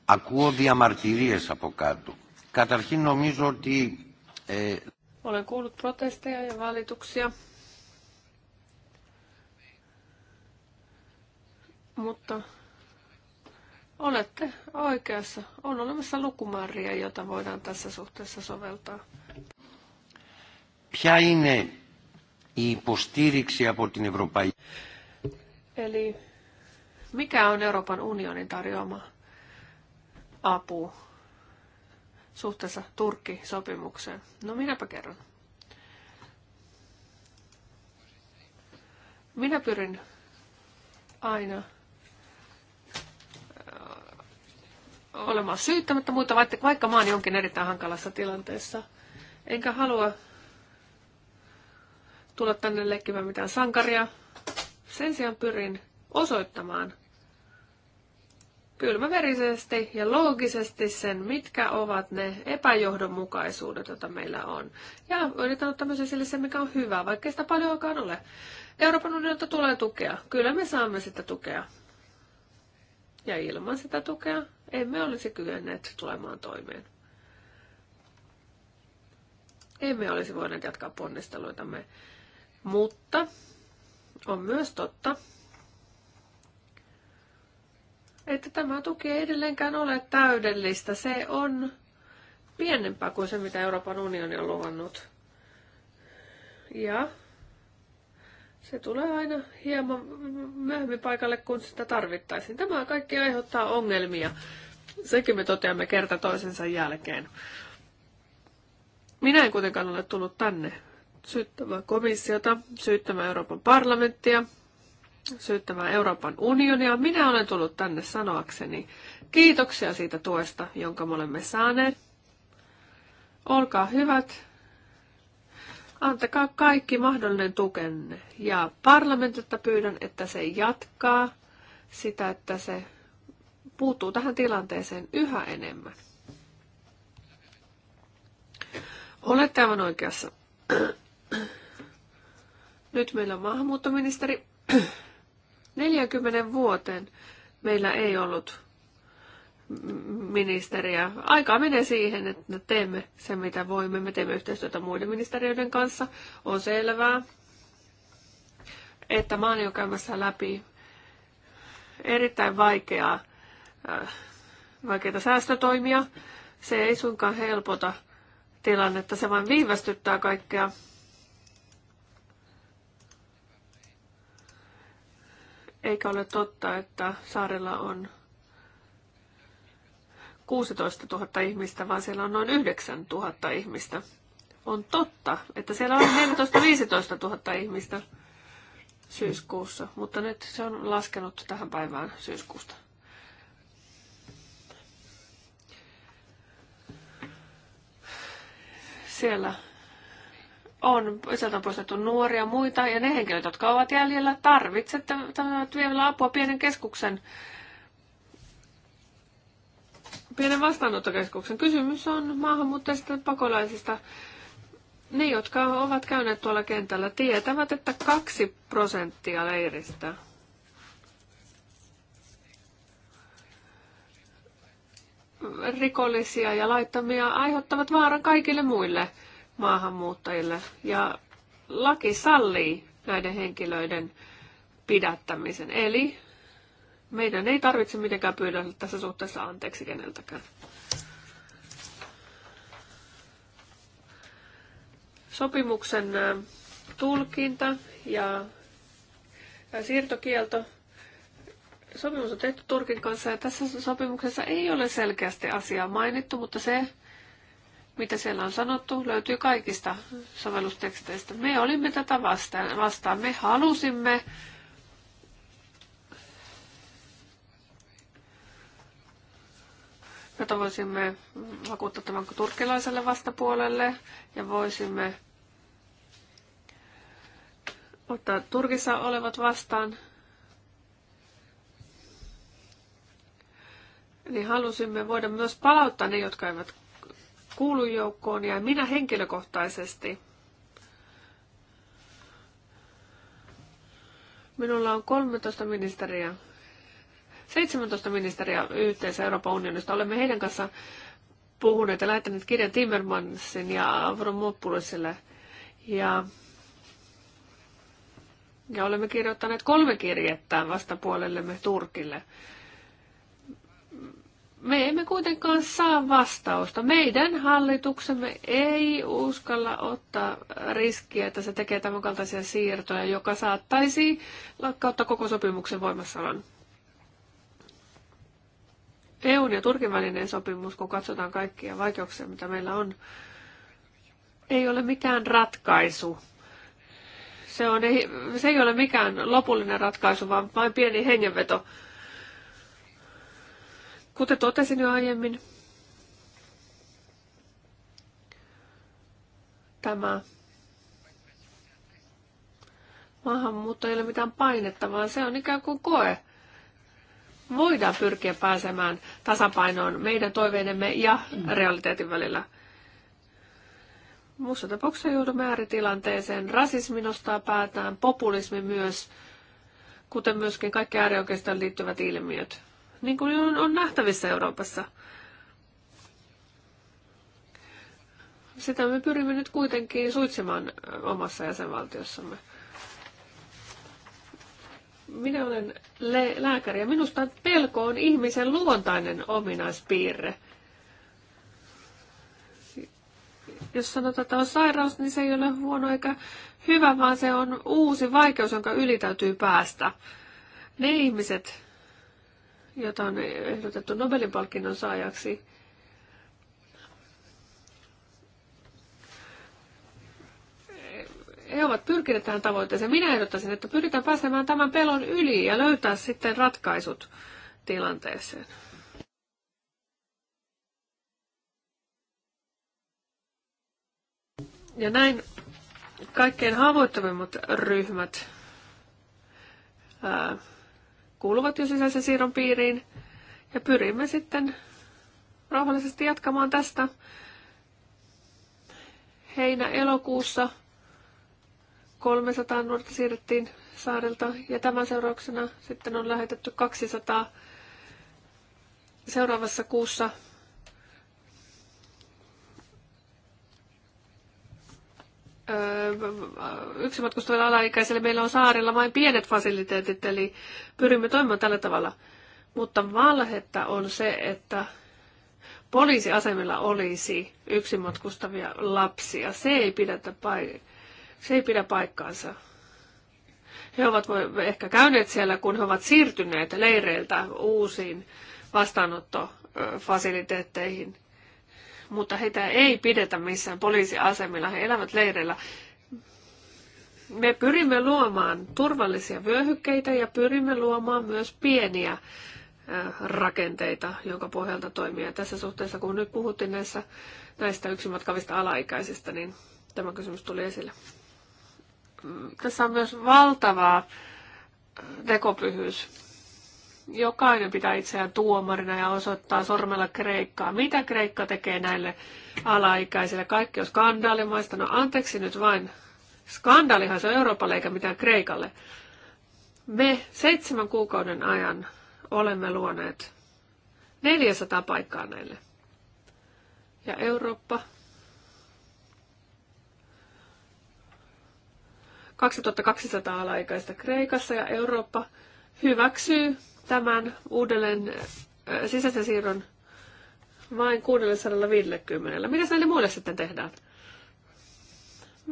Ακούω διαμαρτυρίες από κάτω. Καταρχήν νομίζω ότι... Ε... Olen kuullut protesteja ja valituksia. Mutta olette oikeassa. On olemassa lukumääriä, joita voidaan tässä suhteessa soveltaa. Ποια είναι η υποστήριξη από την Ευρωπαϊκή. Eli mikä on Euroopan unionin tarjoama apu suhteessa Turkki-sopimukseen? No minäpä kerron. Minä pyrin aina olemaan syyttämättä muita, vaikka mä oon jonkin erittäin hankalassa tilanteessa. Enkä halua tulla tänne leikkimään mitään sankaria. Sen sijaan pyrin osoittamaan kylmäverisesti ja loogisesti sen, mitkä ovat ne epäjohdonmukaisuudet, joita meillä on. Ja yritän ottaa myös esille se, mikä on hyvä, vaikka sitä paljonkaan ole. Euroopan unionilta tulee tukea. Kyllä me saamme sitä tukea. Ja ilman sitä tukea emme olisi kyenneet tulemaan toimeen. Emme olisi voineet jatkaa ponnisteluitamme, mutta on myös totta, että tämä tuki ei edelleenkään ole täydellistä. Se on pienempää kuin se, mitä Euroopan unioni on luvannut. Ja se tulee aina hieman myöhemmin paikalle, kun sitä tarvittaisiin. Tämä kaikki aiheuttaa ongelmia. Sekin me toteamme kerta toisensa jälkeen. Minä en kuitenkaan ole tullut tänne syyttämään komissiota, syyttämään Euroopan parlamenttia, syyttämään Euroopan unionia. Minä olen tullut tänne sanoakseni kiitoksia siitä tuesta, jonka me olemme saaneet. Olkaa hyvät, antakaa kaikki mahdollinen tukenne. Ja parlamentilta pyydän, että se jatkaa sitä, että se puuttuu tähän tilanteeseen yhä enemmän. Olette aivan oikeassa. Nyt meillä on maahanmuuttoministeri. 40 vuoteen meillä ei ollut ministeriä. Aikaa menee siihen, että teemme se, mitä voimme. Me teemme yhteistyötä muiden ministeriöiden kanssa. On selvää, että mä oon jo käymässä läpi erittäin vaikeaa, äh, vaikeita säästötoimia. Se ei suinkaan helpota tilannetta, se vain viivästyttää kaikkea. Eikä ole totta, että saarella on 16 000 ihmistä, vaan siellä on noin 9 000 ihmistä. On totta, että siellä on 14-15 000 ihmistä syyskuussa, mutta nyt se on laskenut tähän päivään syyskuusta. Siellä on, sieltä on poistettu nuoria muita ja ne henkilöt, jotka ovat jäljellä, tarvitsevat vielä apua pienen keskuksen pienen vastaanottokeskuksen. Kysymys on maahanmuuttajista pakolaisista. Ne, jotka ovat käyneet tuolla kentällä, tietävät, että kaksi prosenttia leiristä rikollisia ja laittomia aiheuttavat vaaran kaikille muille maahanmuuttajille. Ja laki sallii näiden henkilöiden pidättämisen. Eli meidän ei tarvitse mitenkään pyydellä tässä suhteessa anteeksi keneltäkään. Sopimuksen tulkinta ja siirtokielto. Sopimus on tehty Turkin kanssa ja tässä sopimuksessa ei ole selkeästi asiaa mainittu, mutta se, mitä siellä on sanottu, löytyy kaikista sovellusteksteistä. Me olimme tätä vastaan. vastaan. Me halusimme jota voisimme vakuuttaa tämän turkkilaiselle vastapuolelle ja voisimme ottaa Turkissa olevat vastaan. Niin halusimme voida myös palauttaa ne, jotka eivät kuulu joukkoon ja minä henkilökohtaisesti. Minulla on 13 ministeriä 17 ministeriä yhteensä Euroopan unionista. Olemme heidän kanssa puhuneet ja lähettäneet kirjan Timmermansin ja Avromopoulosille. Ja, ja olemme kirjoittaneet kolme kirjettä vastapuolellemme Turkille. Me emme kuitenkaan saa vastausta. Meidän hallituksemme ei uskalla ottaa riskiä, että se tekee tämän kaltaisia siirtoja, joka saattaisi lakkauttaa koko sopimuksen voimassaolon. EUn ja Turkin välinen sopimus, kun katsotaan kaikkia vaikeuksia, mitä meillä on, ei ole mikään ratkaisu. Se, on, ei, se ei ole mikään lopullinen ratkaisu, vaan vain pieni hengenveto. Kuten totesin jo aiemmin, tämä maahanmuutto ei ole mitään painetta, vaan se on ikään kuin koe voidaan pyrkiä pääsemään tasapainoon meidän toiveidemme ja realiteetin välillä. Muussa tapauksessa joudumme ääritilanteeseen. Rasismi nostaa päätään, populismi myös, kuten myöskin kaikki äärioikeistoon liittyvät ilmiöt, niin kuin on, on nähtävissä Euroopassa. Sitä me pyrimme nyt kuitenkin suitsimaan omassa jäsenvaltiossamme minä olen lääkäri ja minusta pelko on ihmisen luontainen ominaispiirre. Jos sanotaan, että on sairaus, niin se ei ole huono eikä hyvä, vaan se on uusi vaikeus, jonka yli täytyy päästä. Ne ihmiset, joita on ehdotettu Nobelin palkinnon saajaksi, he ovat pyrkineet tähän tavoitteeseen. Minä ehdottaisin, että pyritään pääsemään tämän pelon yli ja löytää sitten ratkaisut tilanteeseen. Ja näin kaikkein haavoittavimmat ryhmät ää, kuuluvat jo sisäisen siirron piiriin. Ja pyrimme sitten rauhallisesti jatkamaan tästä heinä-elokuussa 300 nuorta siirrettiin saarelta ja tämän seurauksena sitten on lähetetty 200 seuraavassa kuussa öö, yksin matkustaville alaikäisille meillä on saarilla vain pienet fasiliteetit, eli pyrimme toimimaan tällä tavalla. Mutta valhetta on se, että poliisiasemilla olisi yksin matkustavia lapsia. Se ei pidä, se ei pidä paikkaansa. He ovat ehkä käyneet siellä, kun he ovat siirtyneet leireiltä uusiin vastaanottofasiliteetteihin. Mutta heitä ei pidetä missään poliisiasemilla, he elävät leireillä. Me pyrimme luomaan turvallisia vyöhykkeitä ja pyrimme luomaan myös pieniä äh, rakenteita, jonka pohjalta toimia. Tässä suhteessa, kun nyt puhuttiin näistä yksin matkavista alaikäisistä, niin tämä kysymys tuli esille tässä on myös valtava äh, tekopyhyys. Jokainen pitää itseään tuomarina ja osoittaa sormella Kreikkaa. Mitä Kreikka tekee näille alaikäisille? Kaikki on skandaalimaista. No anteeksi nyt vain. Skandaalihan se on Euroopalle eikä mitään Kreikalle. Me seitsemän kuukauden ajan olemme luoneet 400 paikkaa näille. Ja Eurooppa 2200 alaikäistä Kreikassa ja Eurooppa hyväksyy tämän uudelleen äh, sisäisen siirron vain 650. Mitä näille muille sitten tehdään?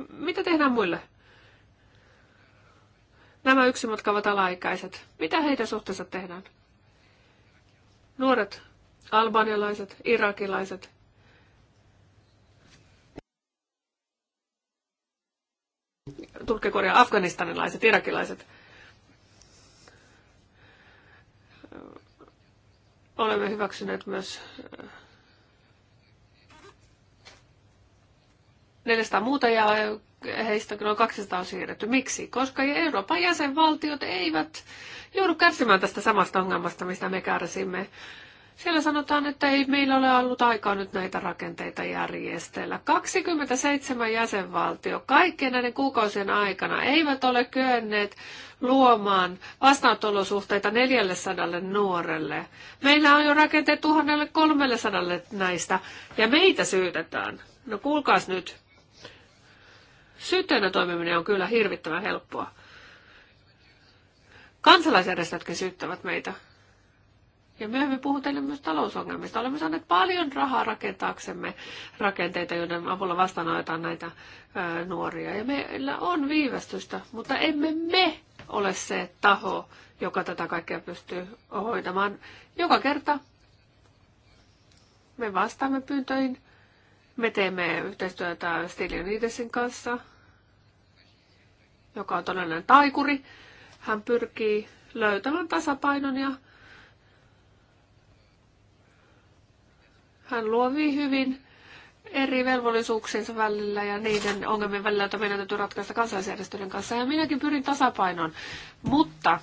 Mitä tehdään muille? Nämä yksin, alaikäiset. Mitä heidän suhteensa tehdään? Nuoret albanialaiset, irakilaiset, korjaa afganistanilaiset, irakilaiset. Olemme hyväksyneet myös 400 äh, muuta ja heistä noin 200 on siirretty. Miksi? Koska Euroopan jäsenvaltiot eivät joudu kärsimään tästä samasta ongelmasta, mistä me kärsimme. Siellä sanotaan, että ei meillä ole ollut aikaa nyt näitä rakenteita järjestellä. 27 jäsenvaltio kaikkien näiden kuukausien aikana eivät ole kyenneet luomaan vastaanotolosuhteita 400 nuorelle. Meillä on jo rakenteet 1300 näistä ja meitä syytetään. No kuulkaas nyt. Syyttäjänä toimiminen on kyllä hirvittävän helppoa. Kansalaisjärjestötkin syyttävät meitä. Ja myöhemmin puhun teille myös talousongelmista. Olemme saaneet paljon rahaa rakentaaksemme rakenteita, joiden avulla vastaanotetaan näitä ää, nuoria. Ja meillä on viivästystä, mutta emme me ole se taho, joka tätä kaikkea pystyy hoitamaan. Joka kerta me vastaamme pyyntöihin. Me teemme yhteistyötä Stylianidesin kanssa, joka on todellinen taikuri. Hän pyrkii löytämään tasapainon ja Hän luovii hyvin eri velvollisuuksiensa välillä ja niiden ongelmien välillä, joita meidän täytyy ratkaista kansalaisjärjestöjen kanssa. Ja minäkin pyrin tasapainoon. Mutta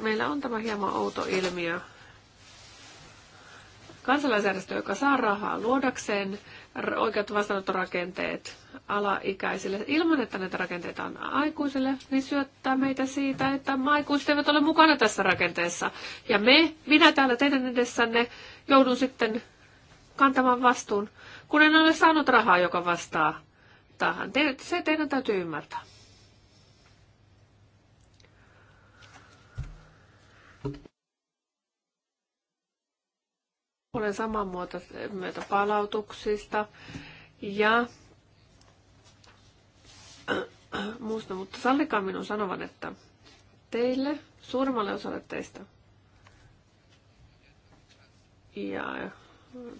meillä on tämä hieman outo ilmiö. Kansalaisjärjestö, joka saa rahaa luodakseen oikeat vastaanottorakenteet alaikäisille ilman, että näitä rakenteita on aikuisille, niin syöttää meitä siitä, että aikuiset eivät ole mukana tässä rakenteessa. Ja me, minä täällä teidän edessänne, joudun sitten kantamaan vastuun, kun en ole saanut rahaa, joka vastaa Tähän Te, se teidän täytyy ymmärtää. Olen saman muuta myötä palautuksista ja äh, muusta, mutta sallikaa minun sanovan, että teille, suurimmalle osalle teistä ja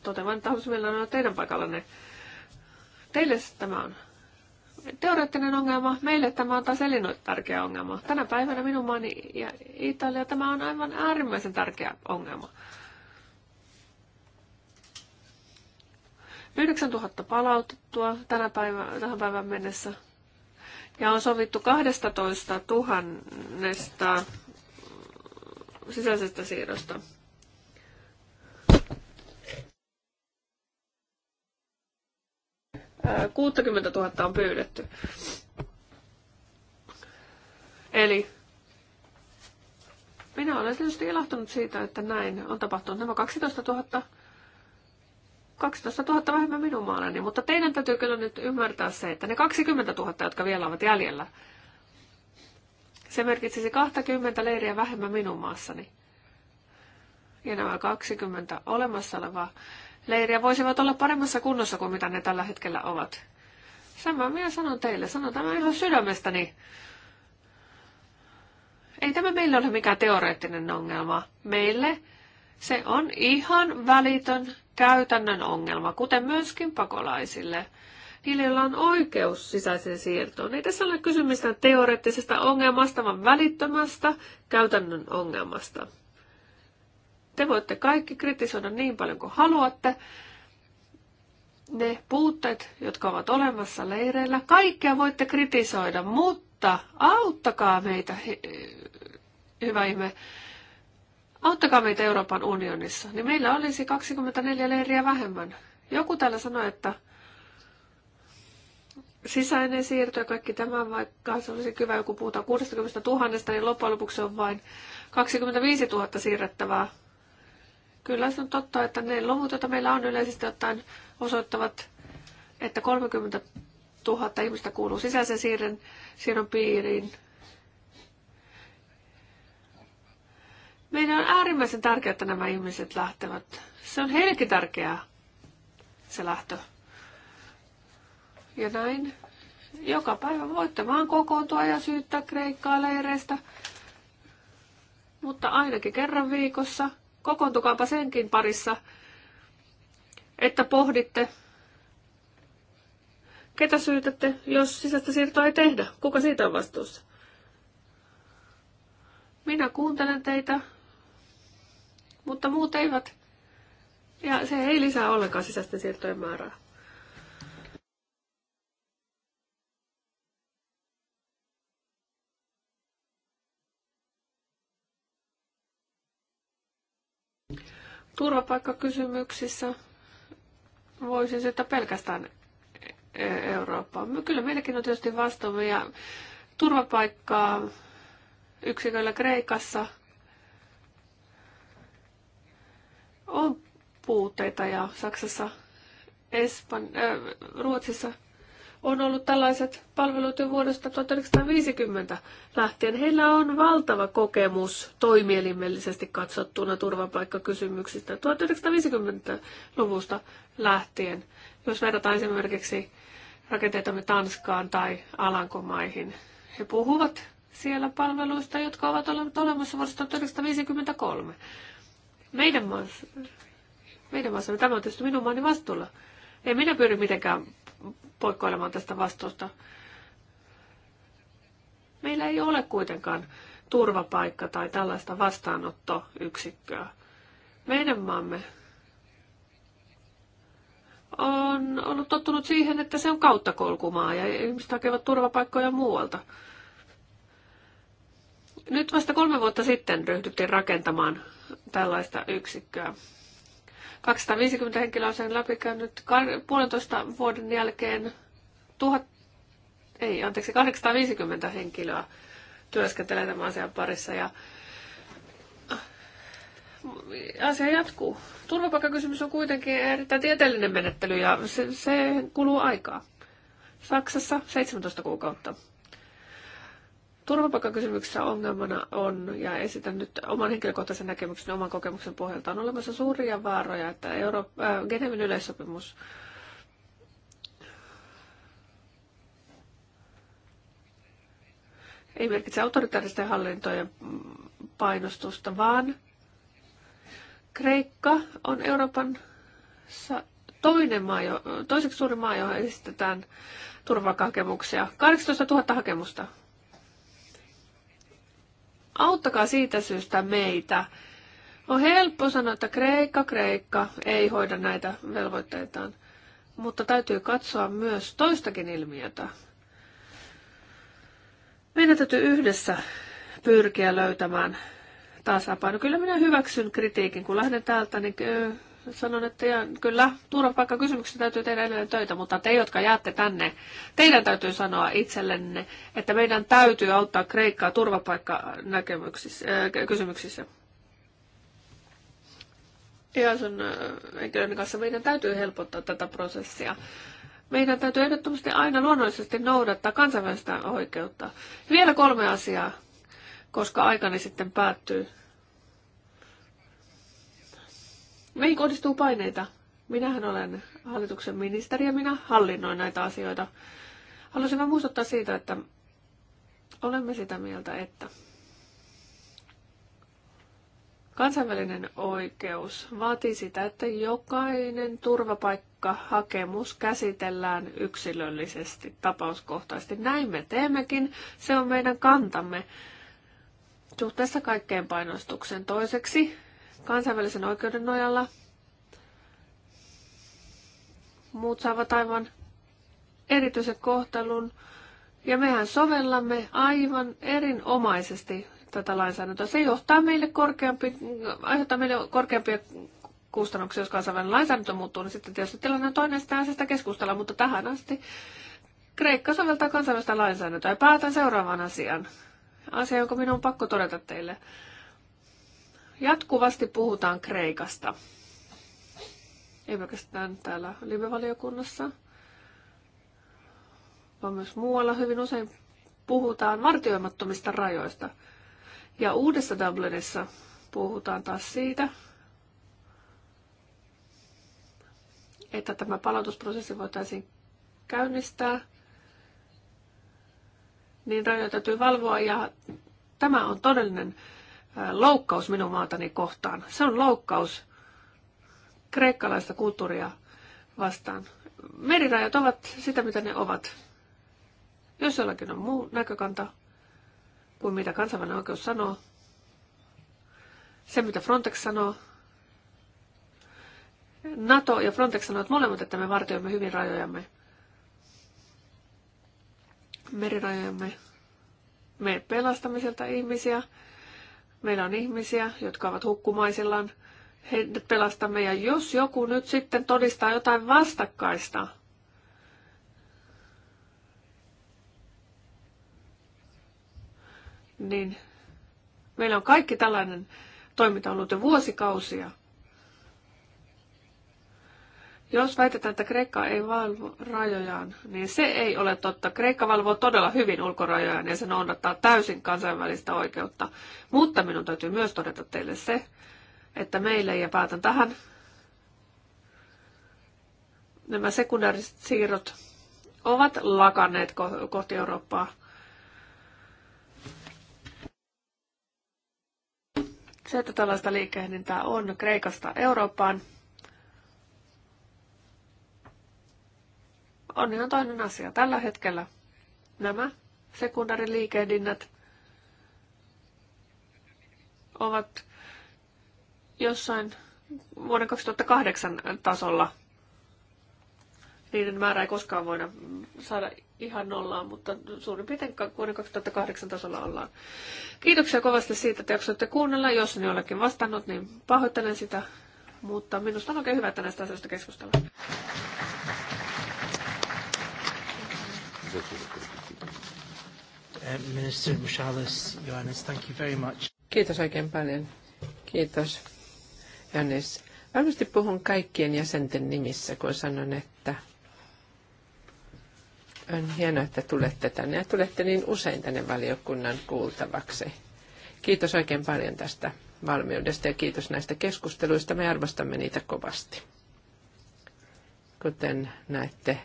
totean, että meillä on teidän paikallanne. Teille tämä on teoreettinen ongelma, meille tämä on taas tärkeä ongelma. Tänä päivänä minun maani ja Italia tämä on aivan äärimmäisen tärkeä ongelma. 9000 palautettua tänä päivä, tähän päivän mennessä. Ja on sovittu 12 000 sisäisestä siirrosta. 60 000 on pyydetty. Eli minä olen tietysti ilahtunut siitä, että näin on tapahtunut. Nämä 12 000, 12 000 vähemmän minun maallani, mutta teidän täytyy kyllä nyt ymmärtää se, että ne 20 000, jotka vielä ovat jäljellä, se merkitsisi 20 leiriä vähemmän minun maassani. Ja nämä 20 olemassa olevaa leiriä voisivat olla paremmassa kunnossa kuin mitä ne tällä hetkellä ovat. Sama minä sanon teille, sanon tämä ihan sydämestäni. Ei tämä meille ole mikään teoreettinen ongelma. Meille se on ihan välitön käytännön ongelma, kuten myöskin pakolaisille. Niillä, on oikeus sisäiseen siirtoon. Ei tässä ole kysymys teoreettisesta ongelmasta, vaan välittömästä käytännön ongelmasta. Te voitte kaikki kritisoida niin paljon kuin haluatte. Ne puutteet, jotka ovat olemassa leireillä, kaikkea voitte kritisoida, mutta auttakaa meitä, hyvä ihme, auttakaa meitä Euroopan unionissa, niin meillä olisi 24 leiriä vähemmän. Joku täällä sanoi, että sisäinen siirto ja kaikki tämä, vaikka se olisi hyvä, joku puhutaan 60 000, niin loppujen lopuksi on vain 25 000 siirrettävää Kyllä se on totta, että ne luvut, joita meillä on yleisesti ottaen, osoittavat, että 30 000 ihmistä kuuluu sisäisen siirren, siirron piiriin. Meidän on äärimmäisen tärkeää, että nämä ihmiset lähtevät. Se on heillekin tärkeää, se lähtö. Ja näin. Joka päivä voitte vaan kokoontua ja syyttää Kreikkaa leireistä. Mutta ainakin kerran viikossa kokoontukaapa senkin parissa, että pohditte, ketä syytätte, jos sisäistä siirtoa ei tehdä. Kuka siitä on vastuussa? Minä kuuntelen teitä, mutta muut eivät. Ja se ei lisää ollenkaan sisäisten siirtojen määrää. turvapaikkakysymyksissä voisin syyttää pelkästään e- Eurooppaa. Kyllä meilläkin on tietysti vastuumme ja turvapaikkaa yksiköillä Kreikassa on puutteita ja Saksassa, Espan- äh, Ruotsissa – on ollut tällaiset palvelut jo vuodesta 1950 lähtien. Heillä on valtava kokemus toimielimellisesti katsottuna turvapaikkakysymyksistä 1950-luvusta lähtien, jos verrataan esimerkiksi rakenteitamme Tanskaan tai Alankomaihin. He puhuvat siellä palveluista, jotka ovat olleet olemassa vuodesta 1953. Meidän maassa, meidän maassa, tämä on tietysti minun maani vastuulla. Ei minä pyri mitenkään poikkoilemaan tästä vastuusta. Meillä ei ole kuitenkaan turvapaikka tai tällaista vastaanottoyksikköä. Meidän maamme on ollut tottunut siihen, että se on kolkumaa ja ihmiset hakevat turvapaikkoja muualta. Nyt vasta kolme vuotta sitten ryhdyttiin rakentamaan tällaista yksikköä. 250 henkilöä on sen läpikäynyt puolentoista vuoden jälkeen tuhat, ei anteeksi, 850 henkilöä työskentelee tämän asian parissa ja asia jatkuu. Turvapaikkakysymys on kuitenkin erittäin tieteellinen menettely ja se, se kuluu aikaa. Saksassa 17 kuukautta. Turvapaikkakysymyksessä ongelmana on, ja esitän nyt oman henkilökohtaisen näkemyksen oman kokemuksen pohjalta, on olemassa suuria vaaroja, että Euro- äh, Geneven yleissopimus ei merkitse autoritaaristen hallintojen painostusta, vaan Kreikka on Euroopan toinen maa, toiseksi suuri maa, johon esitetään turvapaikkahakemuksia. 18 000 hakemusta Auttakaa siitä syystä meitä. On helppo sanoa, että Kreikka, Kreikka ei hoida näitä velvoitteitaan, mutta täytyy katsoa myös toistakin ilmiötä. Meidän täytyy yhdessä pyrkiä löytämään tasapaino. Kyllä minä hyväksyn kritiikin, kun lähden täältä, niin sanon, että jään, kyllä turvapaikkakysymyksessä täytyy tehdä edelleen töitä, mutta te, jotka jäätte tänne, teidän täytyy sanoa itsellenne, että meidän täytyy auttaa Kreikkaa turvapaikkanäkemyksissä. Äh, sun äh, henkilön kanssa meidän täytyy helpottaa tätä prosessia. Meidän täytyy ehdottomasti aina luonnollisesti noudattaa kansainvälistä oikeutta. Vielä kolme asiaa, koska aikani sitten päättyy. Meihin kohdistuu paineita. Minähän olen hallituksen ministeri ja minä hallinnoin näitä asioita. Haluaisin vain muistuttaa siitä, että olemme sitä mieltä, että Kansainvälinen oikeus vaatii sitä, että jokainen turvapaikkahakemus käsitellään yksilöllisesti, tapauskohtaisesti. Näin me teemmekin, se on meidän kantamme suhteessa kaikkeen painostuksen. Toiseksi kansainvälisen oikeuden nojalla. Muut saavat aivan erityisen kohtelun ja mehän sovellamme aivan erinomaisesti tätä lainsäädäntöä. Se johtaa meille korkeampi, aiheuttaa meille korkeampia kustannuksia, jos kansainvälinen lainsäädäntö muuttuu, niin sitten tietysti tilanne on toinen, sitä asiasta keskustella, mutta tähän asti Kreikka soveltaa kansainvälistä lainsäädäntöä. Ja päätän seuraavan asian. Asia, jonka minun on pakko todeta teille. Jatkuvasti puhutaan Kreikasta. Ei pelkästään täällä live-valiokunnassa, vaan myös muualla hyvin usein puhutaan vartioimattomista rajoista. Ja uudessa Dublinissa puhutaan taas siitä, että tämä palautusprosessi voitaisiin käynnistää, niin rajoja täytyy valvoa ja tämä on todellinen loukkaus minun maatani kohtaan. Se on loukkaus kreikkalaista kulttuuria vastaan. Merirajat ovat sitä, mitä ne ovat. Jos jollakin on muu näkökanta kuin mitä kansainvälinen oikeus sanoo, se mitä Frontex sanoo, NATO ja Frontex sanovat molemmat, että me vartioimme hyvin rajojamme, merirajojamme. Me pelastamme sieltä ihmisiä, Meillä on ihmisiä, jotka ovat hukkumaisillaan. Heidät pelastamme. Ja jos joku nyt sitten todistaa jotain vastakkaista, niin meillä on kaikki tällainen toiminta ollut jo vuosikausia – jos väitetään, että Kreikka ei valvo rajojaan, niin se ei ole totta. Kreikka valvoo todella hyvin ulkorajojaan ja se noudattaa täysin kansainvälistä oikeutta. Mutta minun täytyy myös todeta teille se, että meille, ja päätän tähän, nämä sekundaariset siirrot ovat lakanneet kohti Eurooppaa. Se, että tällaista liikehdintää on Kreikasta Eurooppaan, on ihan toinen asia. Tällä hetkellä nämä sekundaariliikehdinnät ovat jossain vuoden 2008 tasolla. Niiden määrä ei koskaan voida saada ihan nollaan, mutta suurin piirtein vuoden 2008 tasolla ollaan. Kiitoksia kovasti siitä, että jaksoitte kuunnella. Jos on olekin vastannut, niin pahoittelen sitä. Mutta minusta on oikein hyvä, että näistä asioista keskustellaan. Minister Mushalis, Johannes, thank you very much. Kiitos oikein paljon. Kiitos, Johannes. Varmasti puhun kaikkien jäsenten nimissä, kun sanon, että on hienoa, että tulette tänne ja tulette niin usein tänne valiokunnan kuultavaksi. Kiitos oikein paljon tästä valmiudesta ja kiitos näistä keskusteluista. Me arvostamme niitä kovasti. Kuten näette,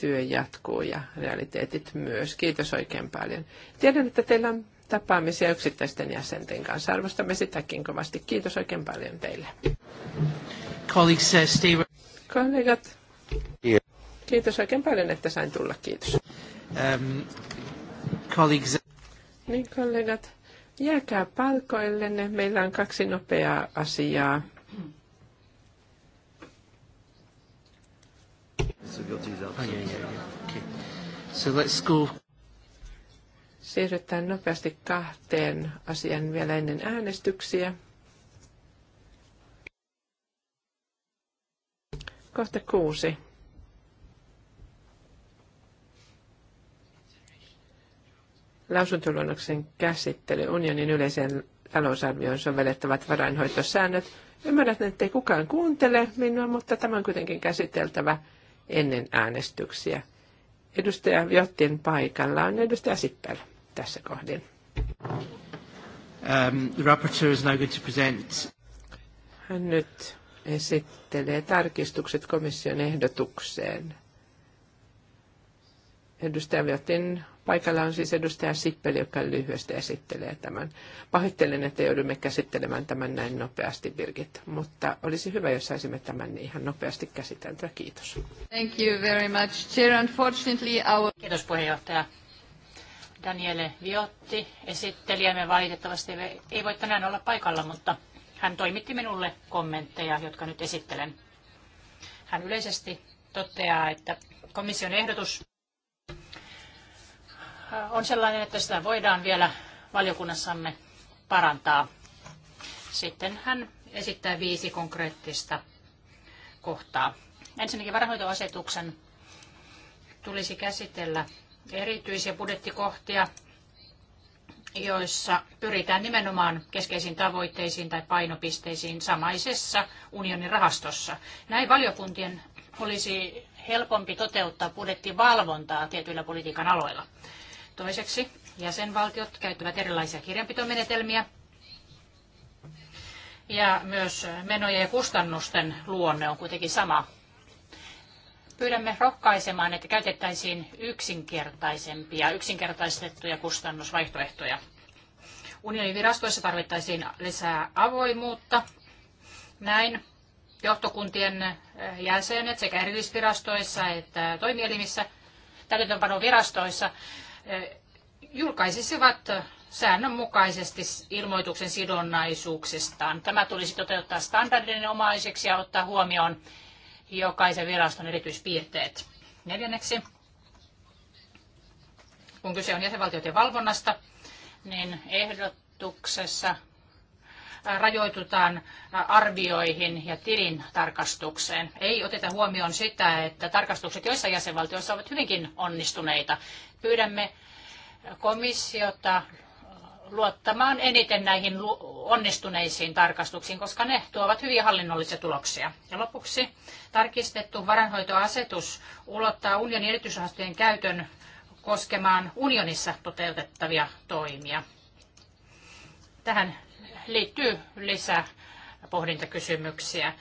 työ jatkuu ja realiteetit myös. Kiitos oikein paljon. Tiedän, että teillä on tapaamisia yksittäisten jäsenten kanssa. Arvostamme sitäkin kovasti. Kiitos oikein paljon teille. Uh, kollegat, kiitos oikein paljon, että sain tulla. Kiitos. Um, uh- niin kollegat, jääkää palkoillenne. Meillä on kaksi nopeaa asiaa. of your tea's out. Oh, yeah, yeah, yeah. Okay. So let's go. Siirrytään nopeasti kahteen asian vielä ennen äänestyksiä. Kohta kuusi. Lausuntoluonnoksen käsittely unionin yleiseen talousarvioon sovellettavat varainhoitosäännöt. Ymmärrän, että ei kukaan kuuntele minua, mutta tämä on kuitenkin käsiteltävä ennen äänestyksiä. Edustaja Jottin paikalla on edustaja Sippel tässä kohdin. Um, the rapporteur is now going to present. Hän nyt esittelee tarkistukset komission ehdotukseen Edustaja Viotin paikalla on siis edustaja Sippeli, joka lyhyesti esittelee tämän. Pahoittelen, että joudumme käsittelemään tämän näin nopeasti, Birgit, mutta olisi hyvä, jos saisimme tämän niin ihan nopeasti käsiteltyä. Kiitos. Thank you very much, Chair. Unfortunately, our... Kiitos puheenjohtaja. Daniele Viotti, esittelijämme valitettavasti ei voi tänään olla paikalla, mutta hän toimitti minulle kommentteja, jotka nyt esittelen. Hän yleisesti toteaa, että komission ehdotus Äh, on sellainen, että sitä voidaan vielä valiokunnassamme parantaa. Sitten hän esittää viisi konkreettista kohtaa. Ensinnäkin varahoitoasetuksen tulisi käsitellä erityisiä budjettikohtia, joissa pyritään nimenomaan keskeisiin tavoitteisiin tai painopisteisiin samaisessa unionin rahastossa. Näin valiokuntien olisi helpompi toteuttaa budjettivalvontaa tietyillä politiikan aloilla. Toiseksi jäsenvaltiot käyttävät erilaisia kirjanpitomenetelmiä ja myös menojen ja kustannusten luonne on kuitenkin sama. Pyydämme rohkaisemaan, että käytettäisiin yksinkertaisempia, yksinkertaistettuja kustannusvaihtoehtoja. Unionin virastoissa tarvittaisiin lisää avoimuutta. Näin johtokuntien jäsenet sekä erillisvirastoissa että toimielimissä täytäntöönpanovirastoissa virastoissa julkaisisivat säännönmukaisesti ilmoituksen sidonnaisuuksistaan. Tämä tulisi toteuttaa standardinomaiseksi ja ottaa huomioon jokaisen viraston erityispiirteet. Neljänneksi, kun kyse on jäsenvaltioiden valvonnasta, niin ehdotuksessa rajoitutaan arvioihin ja tilin tarkastukseen. Ei oteta huomioon sitä, että tarkastukset joissa jäsenvaltioissa ovat hyvinkin onnistuneita. Pyydämme komissiota luottamaan eniten näihin onnistuneisiin tarkastuksiin, koska ne tuovat hyviä hallinnollisia tuloksia. Ja lopuksi tarkistettu varanhoitoasetus ulottaa unionin erityisrahastojen käytön koskemaan unionissa toteutettavia toimia. Tähän liittyy lisää pohdintakysymyksiä.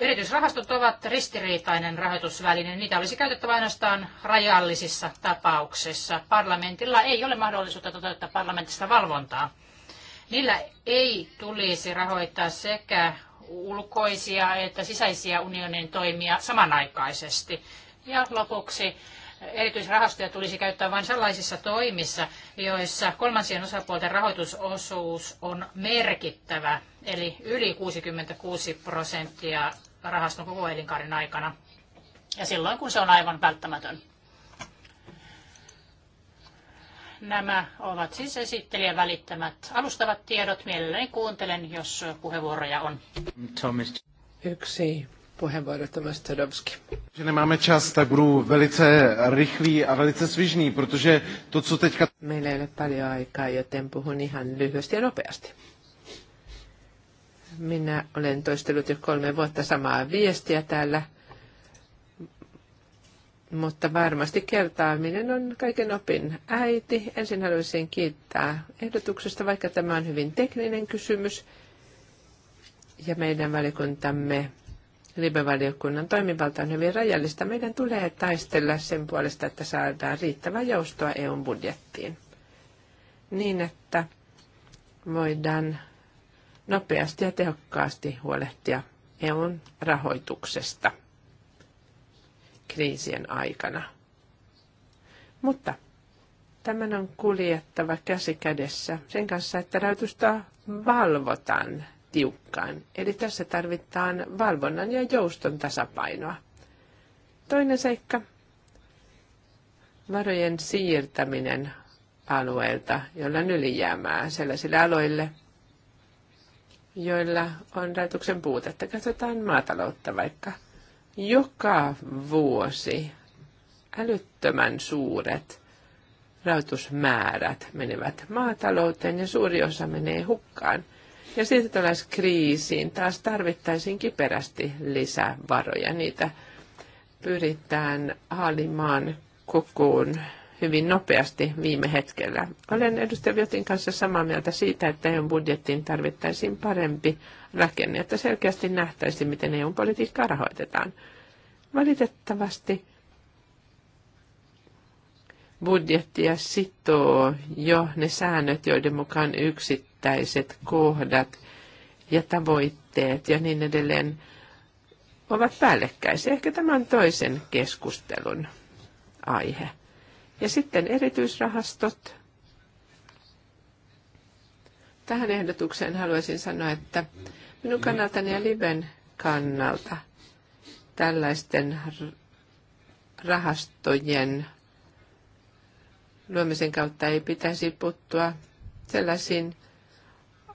Yritysrahastot ovat ristiriitainen rahoitusväline. Niitä olisi käytettävä ainoastaan rajallisissa tapauksissa. Parlamentilla ei ole mahdollisuutta toteuttaa parlamentista valvontaa. Niillä ei tulisi rahoittaa sekä ulkoisia että sisäisiä unionin toimia samanaikaisesti. Ja lopuksi erityisrahastoja tulisi käyttää vain sellaisissa toimissa, joissa kolmansien osapuolten rahoitusosuus on merkittävä, eli yli 66 prosenttia rahaston koko elinkaaren aikana, ja silloin kun se on aivan välttämätön. Nämä ovat siis esittelijän välittämät alustavat tiedot. Mielelläni kuuntelen, jos puheenvuoroja on. Thomas. Yksi puheenvuoro Tomas Že nemáme čas, tak budu velice rychlý a velice svižný, protože to, co teďka... Meillä ei ole paljon aikaa, joten puhun ihan lyhyesti ja nopeasti. Minä olen toistellut jo kolme vuotta samaa viestiä täällä, mutta varmasti kertaaminen on kaiken opin äiti. Ensin haluaisin kiittää ehdotuksesta, vaikka tämä on hyvin tekninen kysymys ja meidän valikuntamme Libevaliokunnan toimivalta on hyvin rajallista. Meidän tulee taistella sen puolesta, että saadaan riittävää joustoa EUn budjettiin. Niin, että voidaan nopeasti ja tehokkaasti huolehtia EUn rahoituksesta kriisien aikana. Mutta tämän on kuljettava käsi kädessä sen kanssa, että rahoitusta valvotaan tiukkaan. Eli tässä tarvitaan valvonnan ja jouston tasapainoa. Toinen seikka, varojen siirtäminen alueelta, jolla on ylijäämää sellaisille aloille, joilla on rahoituksen puutetta. Katsotaan maataloutta vaikka. Joka vuosi älyttömän suuret rahoitusmäärät menevät maatalouteen ja suuri osa menee hukkaan – ja kriisiin. taas tarvittaisiin kiperästi lisää varoja. Niitä pyritään haalimaan kokoon hyvin nopeasti viime hetkellä. Olen edustaja Viotin kanssa samaa mieltä siitä, että EUn budjettiin tarvittaisiin parempi rakenne, että selkeästi nähtäisiin, miten EUn politiikkaa rahoitetaan. Valitettavasti budjettia sitoo jo ne säännöt, joiden mukaan yksi yksittäiset kohdat ja tavoitteet ja niin edelleen ovat päällekkäisiä. Ehkä tämä on toisen keskustelun aihe. Ja sitten erityisrahastot. Tähän ehdotukseen haluaisin sanoa, että minun kannaltani ja Liven kannalta tällaisten rahastojen luomisen kautta ei pitäisi puuttua sellaisiin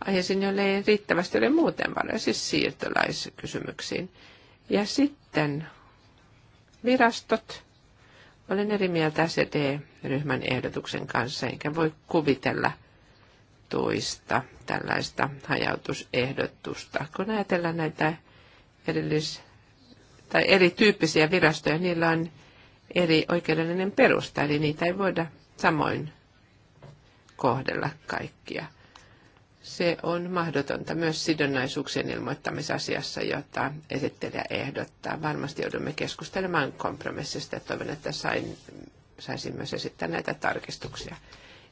aiheisiin, joille ei riittävästi ole muuten varoja, siis siirtolaiskysymyksiin. Ja sitten virastot. Olen eri mieltä SED-ryhmän ehdotuksen kanssa, enkä voi kuvitella toista tällaista hajautusehdotusta. Kun ajatellaan näitä erillis- tai erityyppisiä virastoja, niillä on eri oikeudellinen perusta, eli niitä ei voida samoin kohdella kaikkia se on mahdotonta myös sidonnaisuuksien ilmoittamisasiassa, jota esittelijä ehdottaa. Varmasti joudumme keskustelemaan kompromissista ja toivon, että sain, saisin myös esittää näitä tarkistuksia.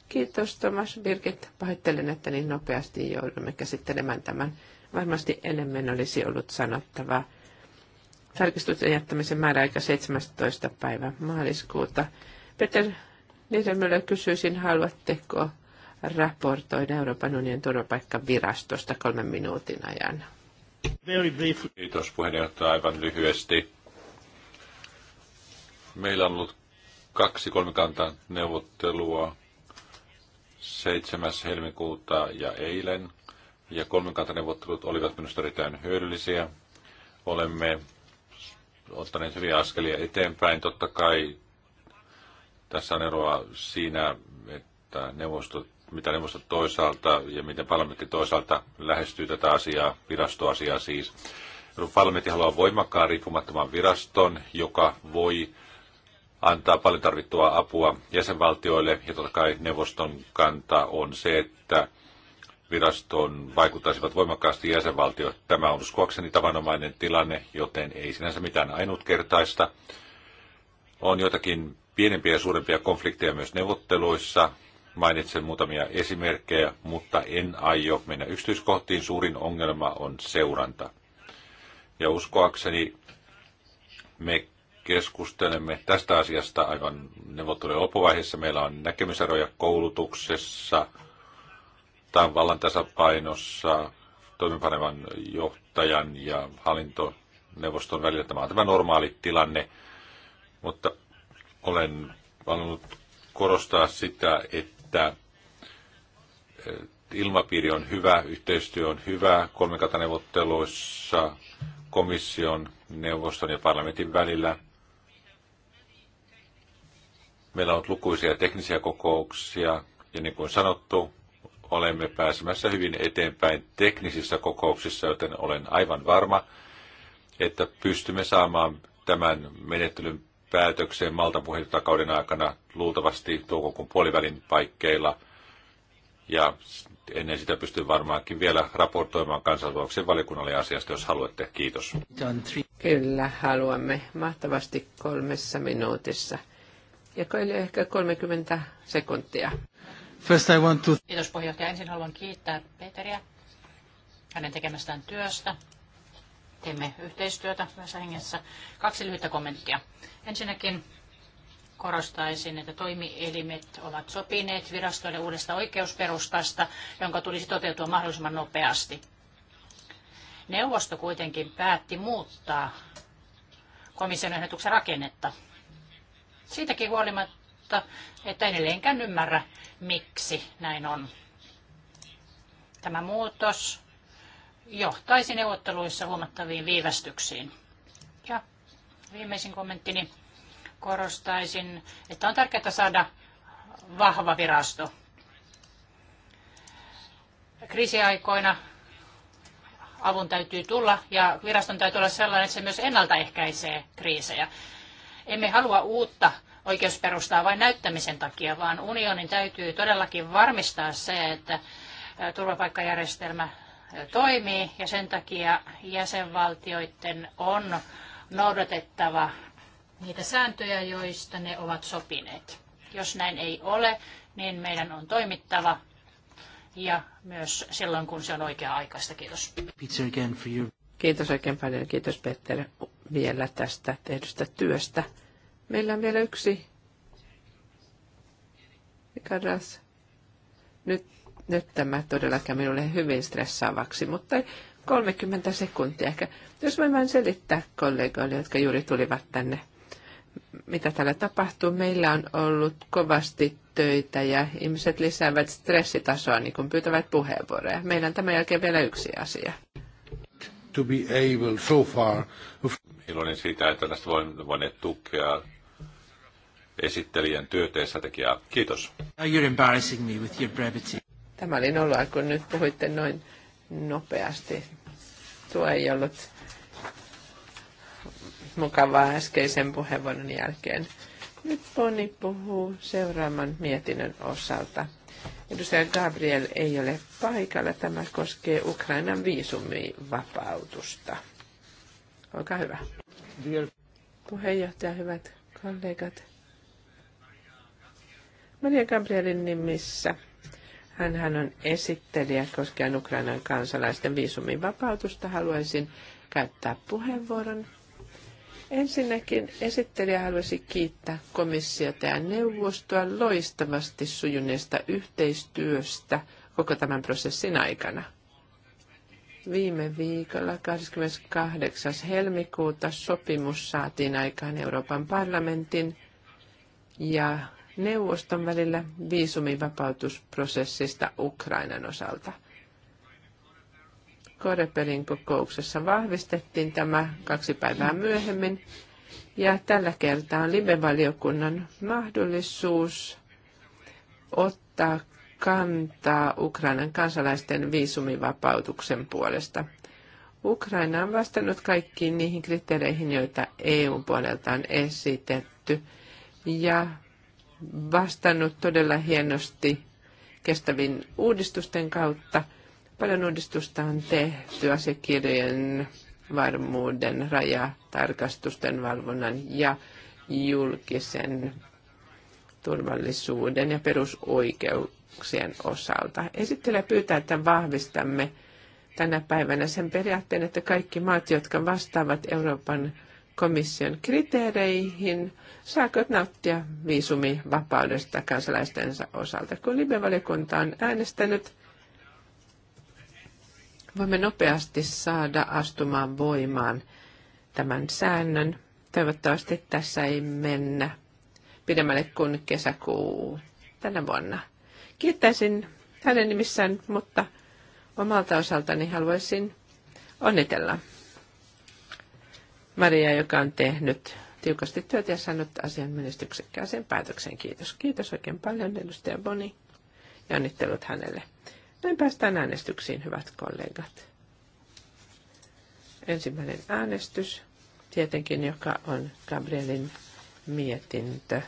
Kiitos Thomas Birgit. Pahoittelen, että niin nopeasti joudumme käsittelemään tämän. Varmasti enemmän olisi ollut sanottavaa. Tarkistuksen jättämisen määräaika 17. päivä maaliskuuta. Peter Niedermöllä kysyisin, haluatteko raportoida Euroopan unionin turvapaikkavirastosta kolmen minuutin ajan. Very brief. Kiitos puheenjohtaja aivan lyhyesti. Meillä on ollut kaksi kolmikantaa neuvottelua 7. helmikuuta ja eilen. Ja kolmikantaneuvottelut olivat minusta erittäin hyödyllisiä. Olemme ottaneet hyviä askelia eteenpäin. Totta kai tässä on eroa siinä, että neuvosto mitä neuvosto toisaalta ja miten parlamentti toisaalta lähestyy tätä asiaa, virastoasiaa siis. Parlamentti haluaa voimakkaan riippumattoman viraston, joka voi antaa paljon tarvittua apua jäsenvaltioille. Ja totta kai neuvoston kanta on se, että viraston vaikuttaisivat voimakkaasti jäsenvaltiot. Tämä on uskoakseni tavanomainen tilanne, joten ei sinänsä mitään ainutkertaista. On jotakin pienempiä ja suurempia konflikteja myös neuvotteluissa, Mainitsen muutamia esimerkkejä, mutta en aio mennä yksityiskohtiin. Suurin ongelma on seuranta. Ja uskoakseni me keskustelemme tästä asiasta aivan neuvottelujen loppuvaiheessa. Meillä on näkemyseroja koulutuksessa, tämän vallan tasapainossa, toimivan johtajan ja hallintoneuvoston välillä. Tämä on tämä normaali tilanne, mutta olen halunnut korostaa sitä, että että ilmapiiri on hyvä, yhteistyö on hyvä kolmikantaneuvotteluissa komission, neuvoston ja parlamentin välillä. Meillä on ollut lukuisia teknisiä kokouksia ja niin kuin sanottu, olemme pääsemässä hyvin eteenpäin teknisissä kokouksissa, joten olen aivan varma, että pystymme saamaan tämän menettelyn päätökseen malta puheenjohtajakauden aikana luultavasti toukokuun puolivälin paikkeilla. Ja ennen sitä pystyn varmaankin vielä raportoimaan kansanvaloksen valikunnalle asiasta, jos haluatte. Kiitos. Kyllä, haluamme. Mahtavasti kolmessa minuutissa. Ja koille ehkä 30 sekuntia. First I want to... Kiitos puheenjohtaja. Ensin haluan kiittää Peteriä hänen tekemästään työstä Teemme yhteistyötä tässä hengessä. Kaksi lyhyttä kommenttia. Ensinnäkin korostaisin, että toimielimet ovat sopineet virastoille uudesta oikeusperustasta, jonka tulisi toteutua mahdollisimman nopeasti. Neuvosto kuitenkin päätti muuttaa komission ehdotuksen rakennetta. Siitäkin huolimatta, että en edelleenkään ymmärrä, miksi näin on. Tämä muutos johtaisi neuvotteluissa huomattaviin viivästyksiin. Ja viimeisin kommenttini korostaisin, että on tärkeää saada vahva virasto. Kriisiaikoina avun täytyy tulla ja viraston täytyy olla sellainen, että se myös ennaltaehkäisee kriisejä. Emme halua uutta oikeusperustaa vain näyttämisen takia, vaan unionin täytyy todellakin varmistaa se, että turvapaikkajärjestelmä toimii ja sen takia jäsenvaltioiden on noudatettava niitä sääntöjä, joista ne ovat sopineet. Jos näin ei ole, niin meidän on toimittava ja myös silloin, kun se on oikea-aikaista. Kiitos. Kiitos oikein paljon. Kiitos Petter vielä tästä tehdystä työstä. Meillä on vielä yksi. Mikä Nyt nyt tämä todellakin minulle hyvin stressaavaksi, mutta 30 sekuntia ehkä. Jos voin vain selittää kollegoille, jotka juuri tulivat tänne, mitä täällä tapahtuu. Meillä on ollut kovasti töitä ja ihmiset lisäävät stressitasoa, niin kun pyytävät puheenvuoroja. Meillä on tämän jälkeen vielä yksi asia. To be able so far. Iloinen siitä, että tästä voin, voineet tukea esittelijän työteessä tekijää. Kiitos. you're embarrassing me with your brevity. Tämä oli noloa, kun nyt puhuitte noin nopeasti. Tuo ei ollut mukavaa äskeisen puheenvuoron jälkeen. Nyt Poni puhuu seuraavan mietinnön osalta. Edustaja Gabriel ei ole paikalla. Tämä koskee Ukrainan viisumivapautusta. Olkaa hyvä. Puheenjohtaja, hyvät kollegat. Maria Gabrielin nimissä hän hän on esittelijä koskien Ukrainan kansalaisten viisumin vapautusta. Haluaisin käyttää puheenvuoron. Ensinnäkin esittelijä haluaisi kiittää komissiota ja neuvostoa loistavasti sujuneesta yhteistyöstä koko tämän prosessin aikana. Viime viikolla 28. helmikuuta sopimus saatiin aikaan Euroopan parlamentin ja neuvoston välillä viisumivapautusprosessista Ukrainan osalta. Korepelin kokouksessa vahvistettiin tämä kaksi päivää myöhemmin. Ja tällä kertaa on live-valiokunnan mahdollisuus ottaa kantaa Ukrainan kansalaisten viisumivapautuksen puolesta. Ukraina on vastannut kaikkiin niihin kriteereihin, joita eu puolelta on esitetty, ja vastannut todella hienosti kestävin uudistusten kautta. Paljon uudistusta on tehty asiakirjojen varmuuden, rajatarkastusten valvonnan ja julkisen turvallisuuden ja perusoikeuksien osalta. Esittelijä pyytää, että vahvistamme tänä päivänä sen periaatteen, että kaikki maat, jotka vastaavat Euroopan komission kriteereihin, saako nauttia viisumivapaudesta kansalaistensa osalta. Kun Libe-valiokunta on äänestänyt, voimme nopeasti saada astumaan voimaan tämän säännön. Toivottavasti tässä ei mennä pidemmälle kuin kesäkuu tänä vuonna. Kiittäisin hänen nimissään, mutta omalta osaltani haluaisin onnitella Maria, joka on tehnyt tiukasti työtä ja saanut asian menestyksekkääseen päätökseen. Kiitos. Kiitos oikein paljon edustaja Boni ja onnittelut hänelle. Näin päästään äänestyksiin, hyvät kollegat. Ensimmäinen äänestys, tietenkin joka on Gabrielin mietintö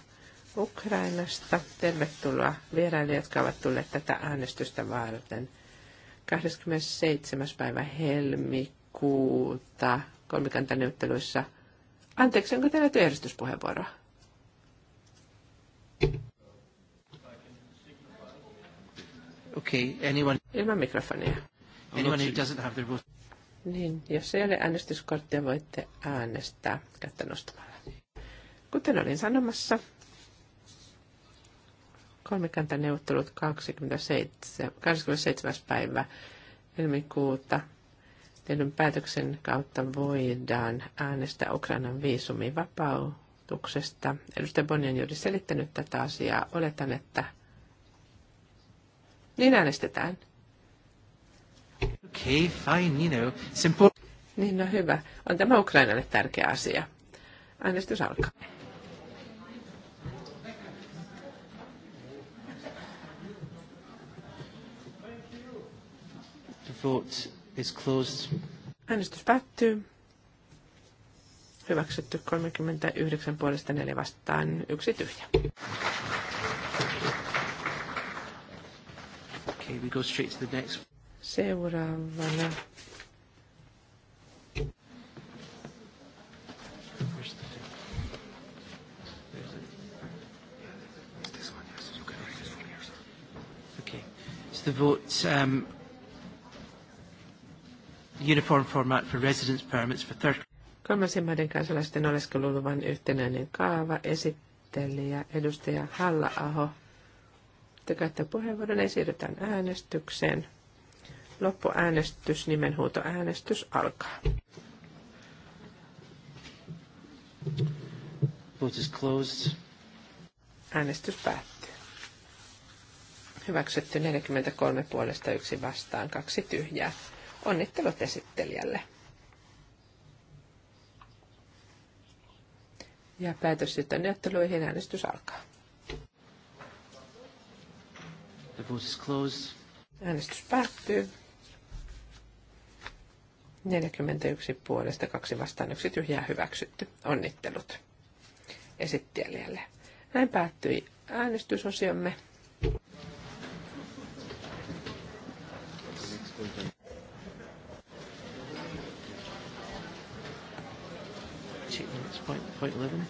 Ukrainasta. Tervetuloa vieraille, jotka ovat tulleet tätä äänestystä varten. 27. päivä helmikuuta kolmikantaneuvotteluissa. Anteeksi, onko teillä työjärjestyspuheenvuoroa? Okay, anyone... Ilman mikrofonia. Anyone who doesn't have their vote. Niin, jos ei ole äänestyskorttia, voitte äänestää kättä nostamalla. Kuten olin sanomassa, kolmikantaneuvottelut 27, 27. päivä helmikuuta Tehdyn päätöksen kautta voidaan äänestää Ukrainan vapautuksesta. Edustaja Boni on juuri selittänyt tätä asiaa. Oletan, että niin äänestetään. Okay, fine, you know, simple. Niin, no hyvä. On tämä Ukrainalle tärkeä asia. Äänestys alkaa. Thank vote is closed. Äänestys päättyy. Hyväksytty 39 puolesta 4 vastaan, yksi tyhjä. Okay, we go straight to the next. Seuraavana. Okay. so the vote um, uniform format for residence permits for third... Kolmansien maiden kansalaisten oleskeluluvan yhtenäinen kaava, esittelijä, edustaja Halla-aho. Te puheenvuoron, ei siirrytään äänestykseen. Loppuäänestys, nimenhuutoäänestys alkaa. Vote is closed. Äänestys päättyy. Hyväksytty 43 puolesta yksi vastaan, kaksi tyhjää. Onnittelut esittelijälle. Ja päätös sitten neuvotteluihin. Äänestys alkaa. The vote is closed. Äänestys päättyy. 41 puolesta, kaksi vastaan, yksi tyhjää hyväksytty. Onnittelut esittelijälle. Näin päättyi äänestysosiomme. point, point 11?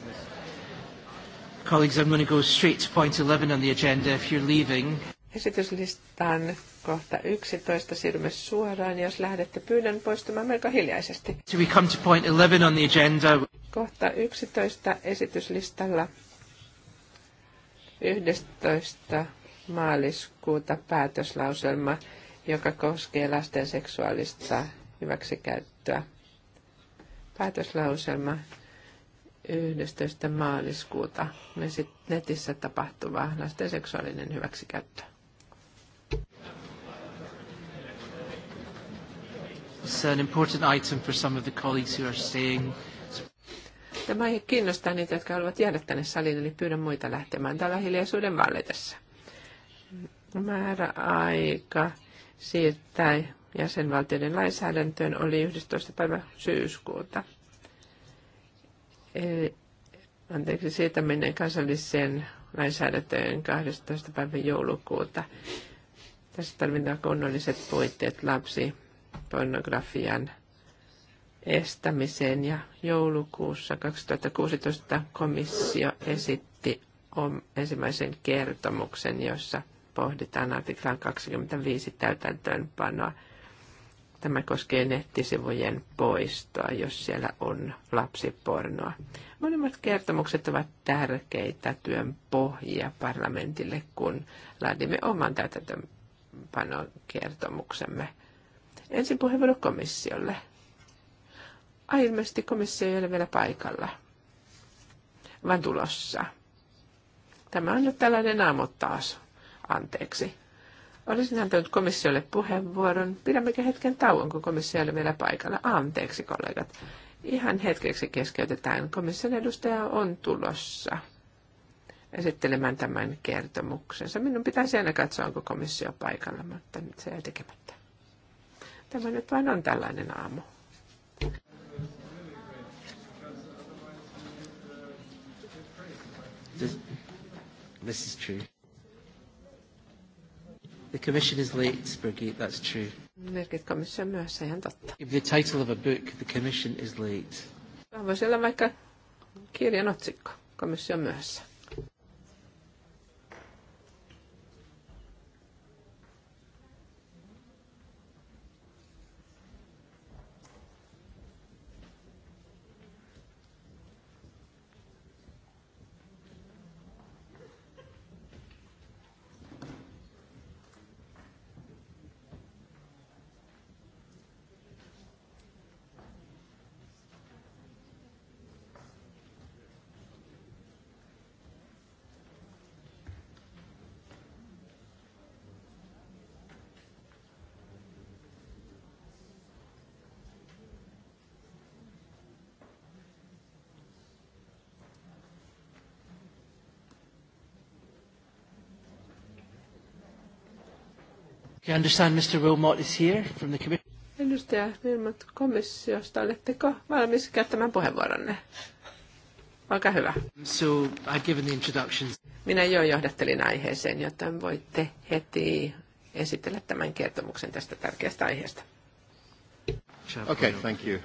Colleagues, I'm going to go straight to point 11 on the agenda if you're leaving. Esityslistan kohta 11 siirrymme suoraan. Jos lähdette, pyydän poistumaan melko hiljaisesti. So we come to point 11 on the agenda. Kohta 11 esityslistalla 11. maaliskuuta päätöslauselma, joka koskee lasten seksuaalista hyväksikäyttöä. Päätöslauselma 11. maaliskuuta netissä tapahtuva lasten seksuaalinen hyväksikäyttö. an important item for some of the colleagues who are staying. Tämä aihe kiinnostaa niitä, jotka haluavat jäädä tänne saliin, eli pyydän muita lähtemään täällä hiljaisuuden vallitessa. Määräaika siirtää jäsenvaltioiden lainsäädäntöön oli 11. päivä syyskuuta anteeksi, siitä menee kansalliseen lainsäädäntöön 12. päivä joulukuuta. Tässä tarvitaan kunnolliset puitteet lapsi pornografian estämiseen ja joulukuussa 2016 komissio esitti ensimmäisen kertomuksen, jossa pohditaan artiklan 25 täytäntöönpanoa – Tämä koskee nettisivujen poistoa, jos siellä on lapsipornoa. Monimmat kertomukset ovat tärkeitä työn pohjia parlamentille, kun laadimme oman kertomuksemme. Ensin puheenvuoro komissiolle. Ai, ilmeisesti komissio ei ole vielä paikalla, vaan tulossa. Tämä on nyt tällainen aamu taas. Anteeksi. Olisin antanut komissiolle puheenvuoron. Pidämmekö hetken tauon, kun komissio oli vielä paikalla? Anteeksi, kollegat. Ihan hetkeksi keskeytetään. Komission edustaja on tulossa esittelemään tämän kertomuksensa. Minun pitäisi aina katsoa, onko komissio paikalla, mutta nyt se ei tekemättä. Tämä nyt vain on tällainen aamu. This, this is true. The commission is late, Birgit, that's true. Merkit commission on myöhässä, ihan totta. If the title of a book, the commission is late. Tämä Voisi olla vaikka kirjan otsikko, komissio on myöhässä. Okay, I understand Mr. Wilmot is here from the committee. Edustaja Wilmot komissiosta, oletteko valmis käyttämään puheenvuoronne? Olkaa hyvä. So, I've given the introductions. Minä jo johdattelin aiheeseen, joten voitte heti esitellä tämän kertomuksen tästä tärkeästä aiheesta. Okay, thank you.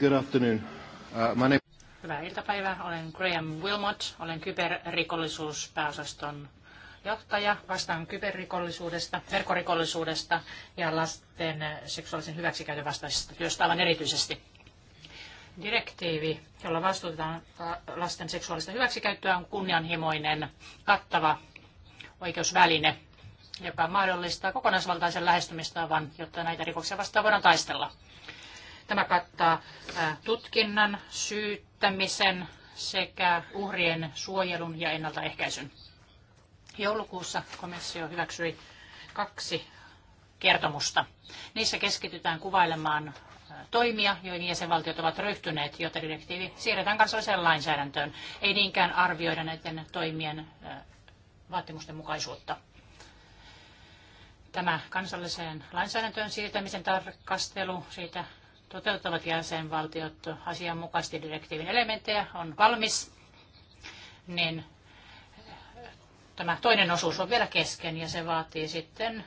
Good afternoon. Uh, my name... Hyvää iltapäivää. Olen Graham Wilmot. Olen kyberrikollisuuspääosaston johtaja, vastaan kyberrikollisuudesta, verkkorikollisuudesta ja lasten seksuaalisen hyväksikäytön vastaisesta työstä aivan erityisesti. Direktiivi, jolla vastuutetaan lasten seksuaalista hyväksikäyttöä, on kunnianhimoinen, kattava oikeusväline, joka mahdollistaa kokonaisvaltaisen lähestymistavan, jotta näitä rikoksia vastaan voidaan taistella. Tämä kattaa tutkinnan, syyttämisen sekä uhrien suojelun ja ennaltaehkäisyn. Joulukuussa komissio hyväksyi kaksi kertomusta. Niissä keskitytään kuvailemaan toimia, joihin jäsenvaltiot ovat ryhtyneet, jotta direktiivi siirretään kansalliseen lainsäädäntöön. Ei niinkään arvioida näiden toimien vaatimusten mukaisuutta. Tämä kansalliseen lainsäädäntöön siirtämisen tarkastelu, siitä toteuttavat jäsenvaltiot asianmukaisesti direktiivin elementtejä, on valmis, niin tämä toinen osuus on vielä kesken ja se vaatii sitten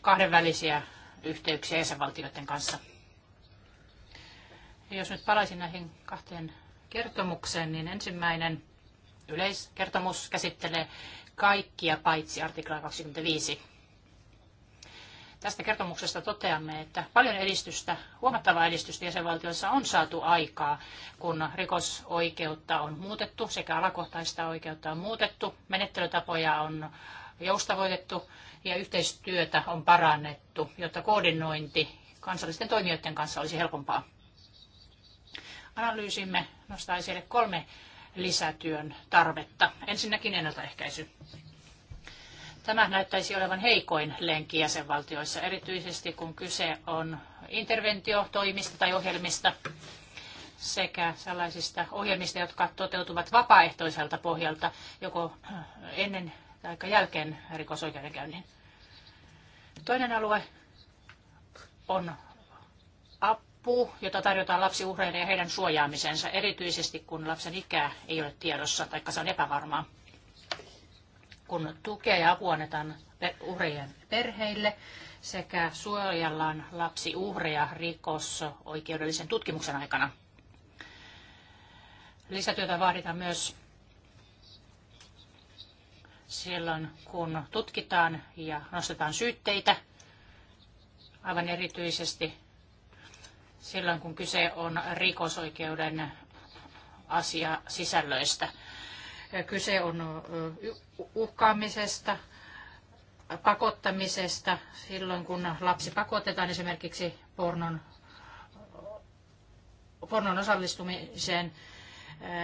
kahdenvälisiä yhteyksiä jäsenvaltioiden kanssa. Ja jos nyt palaisin näihin kahteen kertomukseen, niin ensimmäinen yleiskertomus käsittelee kaikkia paitsi artikla 25 tästä kertomuksesta toteamme, että paljon edistystä, huomattavaa edistystä jäsenvaltioissa on saatu aikaa, kun rikosoikeutta on muutettu, sekä alakohtaista oikeutta on muutettu, menettelytapoja on joustavoitettu ja yhteistyötä on parannettu, jotta koordinointi kansallisten toimijoiden kanssa olisi helpompaa. Analyysimme nostaa esille kolme lisätyön tarvetta. Ensinnäkin ennaltaehkäisy. Tämä näyttäisi olevan heikoin lenki jäsenvaltioissa, erityisesti kun kyse on interventiotoimista tai ohjelmista sekä sellaisista ohjelmista, jotka toteutuvat vapaaehtoiselta pohjalta joko ennen tai jälkeen rikosoikeudenkäynnin. Toinen alue on apu, jota tarjotaan lapsiuhreille ja heidän suojaamisensa, erityisesti kun lapsen ikä ei ole tiedossa tai se on epävarmaa kun tukea ja apua annetaan uhrien perheille sekä suojellaan lapsiuhreja rikos oikeudellisen tutkimuksen aikana. Lisätyötä vaaditaan myös silloin, kun tutkitaan ja nostetaan syytteitä, aivan erityisesti silloin, kun kyse on rikosoikeuden asia sisällöistä. Kyse on uhkaamisesta, pakottamisesta silloin, kun lapsi pakotetaan esimerkiksi pornon, pornon osallistumiseen.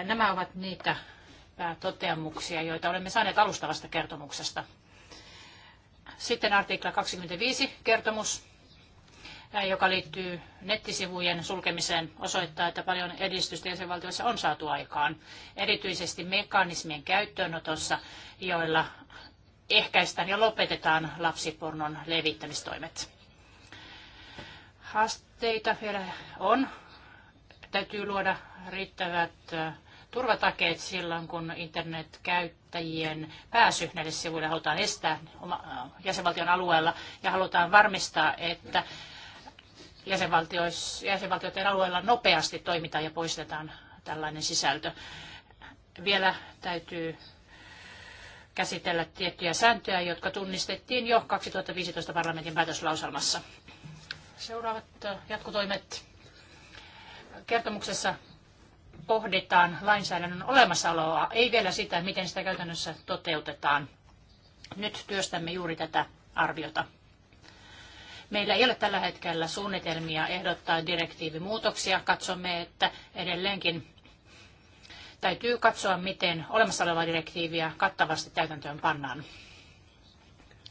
Nämä ovat niitä toteamuksia, joita olemme saaneet alustavasta kertomuksesta. Sitten artikla 25 kertomus joka liittyy nettisivujen sulkemiseen, osoittaa, että paljon edistystä jäsenvaltioissa on saatu aikaan. Erityisesti mekanismien käyttöönotossa, joilla ehkäistään ja lopetetaan lapsipornon levittämistoimet. Haasteita vielä on. Täytyy luoda riittävät turvatakeet silloin, kun internetkäyttäjien pääsy näille sivuille halutaan estää jäsenvaltion alueella ja halutaan varmistaa, että jäsenvaltioiden alueella nopeasti toimitaan ja poistetaan tällainen sisältö. Vielä täytyy käsitellä tiettyjä sääntöjä, jotka tunnistettiin jo 2015 parlamentin päätöslauselmassa. Seuraavat jatkotoimet. Kertomuksessa pohditaan lainsäädännön olemassaoloa, ei vielä sitä, miten sitä käytännössä toteutetaan. Nyt työstämme juuri tätä arviota. Meillä ei ole tällä hetkellä suunnitelmia ehdottaa direktiivimuutoksia. Katsomme, että edelleenkin täytyy katsoa, miten olemassa olevaa direktiiviä kattavasti täytäntöön pannaan.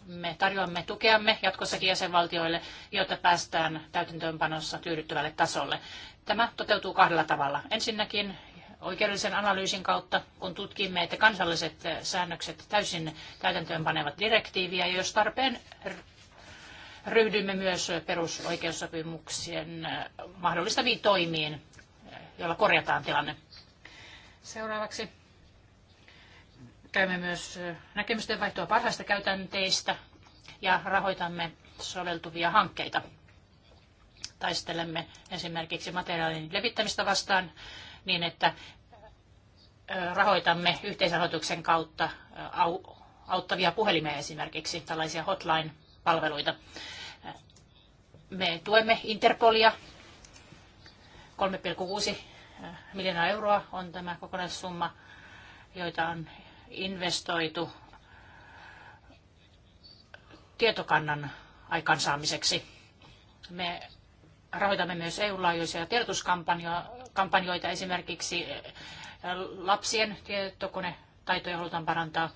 Me tarjoamme tukeamme jatkossakin jäsenvaltioille, jotta päästään täytäntöönpanossa tyydyttävälle tasolle. Tämä toteutuu kahdella tavalla. Ensinnäkin oikeudellisen analyysin kautta, kun tutkimme, että kansalliset säännökset täysin täytäntöönpanevat direktiiviä, ja jos tarpeen ryhdyimme myös perusoikeussopimuksien äh, mahdollistaviin toimiin, äh, joilla korjataan tilanne. Seuraavaksi käymme myös äh, näkemysten vaihtoa parhaista käytänteistä ja rahoitamme soveltuvia hankkeita. Taistelemme esimerkiksi materiaalin levittämistä vastaan niin, että rahoitamme yhteisrahoituksen kautta auttavia puhelimia esimerkiksi, tällaisia hotline-palveluita. Me tuemme Interpolia. 3,6 äh, miljoonaa euroa on tämä kokonaissumma, joita on investoitu tietokannan aikaansaamiseksi. Me rahoitamme myös EU-laajuisia tiedotuskampanjoita, esimerkiksi äh, lapsien tietokonetaitoja halutaan parantaa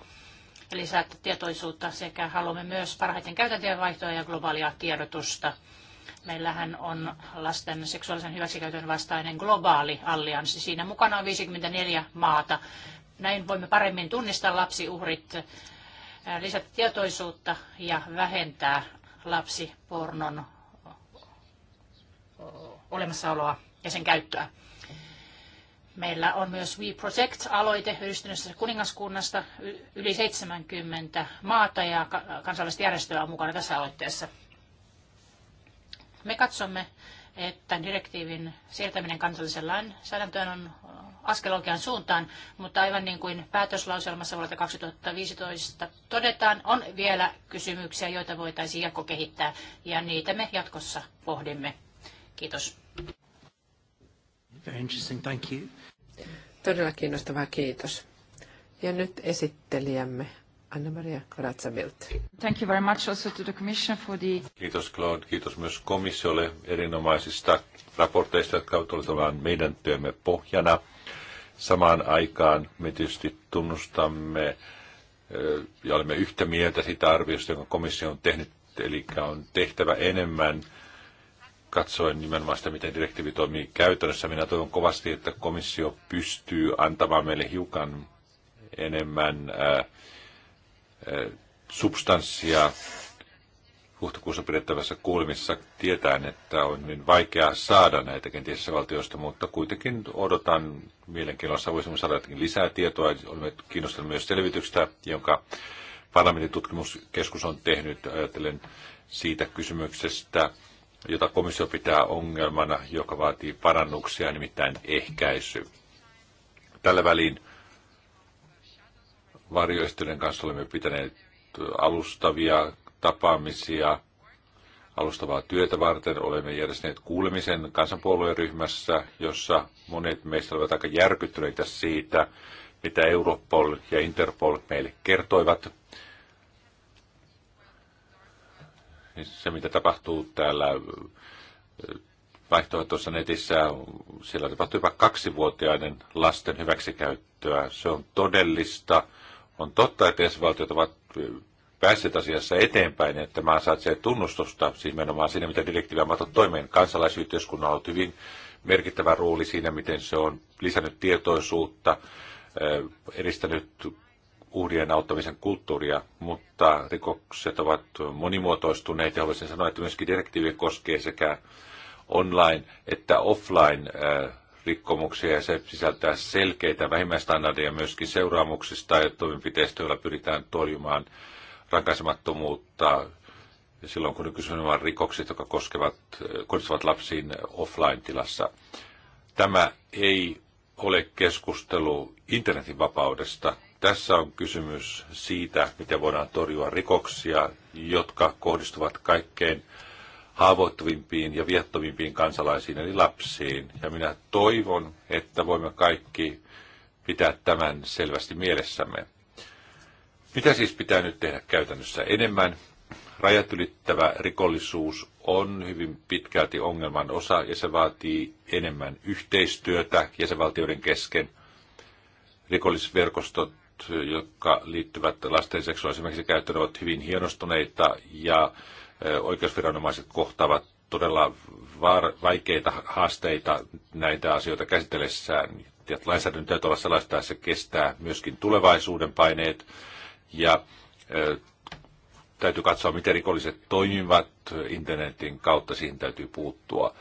ja lisätä tietoisuutta sekä haluamme myös parhaiten käytäntöjen vaihtoa ja globaalia tiedotusta. Meillähän on lasten seksuaalisen hyväksikäytön vastainen globaali allianssi. Siinä mukana on 54 maata. Näin voimme paremmin tunnistaa lapsiuhrit, äh, lisätä tietoisuutta ja vähentää lapsipornon äh, olemassaoloa ja sen käyttöä. Meillä on myös We Protect-aloite yhdistyneestä kuningaskunnasta. Yli 70 maata ja kansallista järjestöä on mukana tässä aloitteessa. Me katsomme, että direktiivin siirtäminen kansalliseen lainsäädäntöön on askel oikeaan suuntaan, mutta aivan niin kuin päätöslauselmassa vuodelta 2015 todetaan, on vielä kysymyksiä, joita voitaisiin jatkokehittää, ja niitä me jatkossa pohdimme. Kiitos. Very interesting, thank you. Todella kiinnostavaa, kiitos. Ja nyt esittelijämme Anna-Maria Corazza Bildt. Thank you very much also to the Commission for the... Kiitos Claude, kiitos myös komissiolle erinomaisista raporteista, jotka ovat olleet meidän työmme pohjana. Samaan aikaan me tietysti tunnustamme eh, ja olemme yhtä mieltä siitä arviosta, jonka komissio on tehnyt, eli on tehtävä enemmän katsoen nimenomaan sitä, miten direktiivi toimii käytännössä. Minä toivon kovasti, että komissio pystyy antamaan meille hiukan enemmän äh, Eh, substanssia huhtikuussa pidettävässä kulmissa. Tietään, että on niin vaikea saada näitä kenties valtioista, mutta kuitenkin odotan mielenkiinnolla, voisimme saada jotakin lisää tietoa. Olemme kiinnostuneet myös selvityksestä, jonka parlamentin tutkimuskeskus on tehnyt, Ajattelen siitä kysymyksestä, jota komissio pitää ongelmana, joka vaatii parannuksia, nimittäin ehkäisy. Tällä väliin varjoistojen kanssa olemme pitäneet alustavia tapaamisia alustavaa työtä varten. Olemme järjestäneet kuulemisen kansanpuolueen ryhmässä, jossa monet meistä olivat aika järkyttyneitä siitä, mitä Europol ja Interpol meille kertoivat. Se, mitä tapahtuu täällä vaihtoehtoisessa netissä, siellä tapahtuu jopa kaksivuotiaiden lasten hyväksikäyttöä. Se on todellista on totta, että jäsenvaltiot ovat päässeet asiassa eteenpäin, että maa se tunnustusta, siis menomaan siinä, mitä direktiivi on toimeen. Kansalaisyhteiskunnan on ollut hyvin merkittävä rooli siinä, miten se on lisännyt tietoisuutta, edistänyt uhrien auttamisen kulttuuria, mutta rikokset ovat monimuotoistuneet ja haluaisin sanoa, että myöskin direktiivi koskee sekä online että offline rikkomuksia ja se sisältää selkeitä vähimmäistandardia myöskin seuraamuksista ja toimenpiteistä, joilla pyritään torjumaan rankaisemattomuutta silloin, kun nykyisin on rikokset, jotka koskevat, kohdistuvat lapsiin offline-tilassa. Tämä ei ole keskustelu internetin vapaudesta. Tässä on kysymys siitä, miten voidaan torjua rikoksia, jotka kohdistuvat kaikkein haavoittuvimpiin ja viettomimpiin kansalaisiin, eli lapsiin. Ja minä toivon, että voimme kaikki pitää tämän selvästi mielessämme. Mitä siis pitää nyt tehdä käytännössä enemmän? Rajat ylittävä rikollisuus on hyvin pitkälti ongelman osa ja se vaatii enemmän yhteistyötä jäsenvaltioiden kesken. Rikollisverkostot, jotka liittyvät lasten seksuaalisen käyttöön, ovat hyvin hienostuneita ja oikeusviranomaiset kohtaavat todella vaikeita haasteita näitä asioita käsitellessään. Ja lainsäädännön täytyy olla sellaista, että se kestää myöskin tulevaisuuden paineet. Ja täytyy katsoa, miten rikolliset toimivat internetin kautta, siihen täytyy puuttua.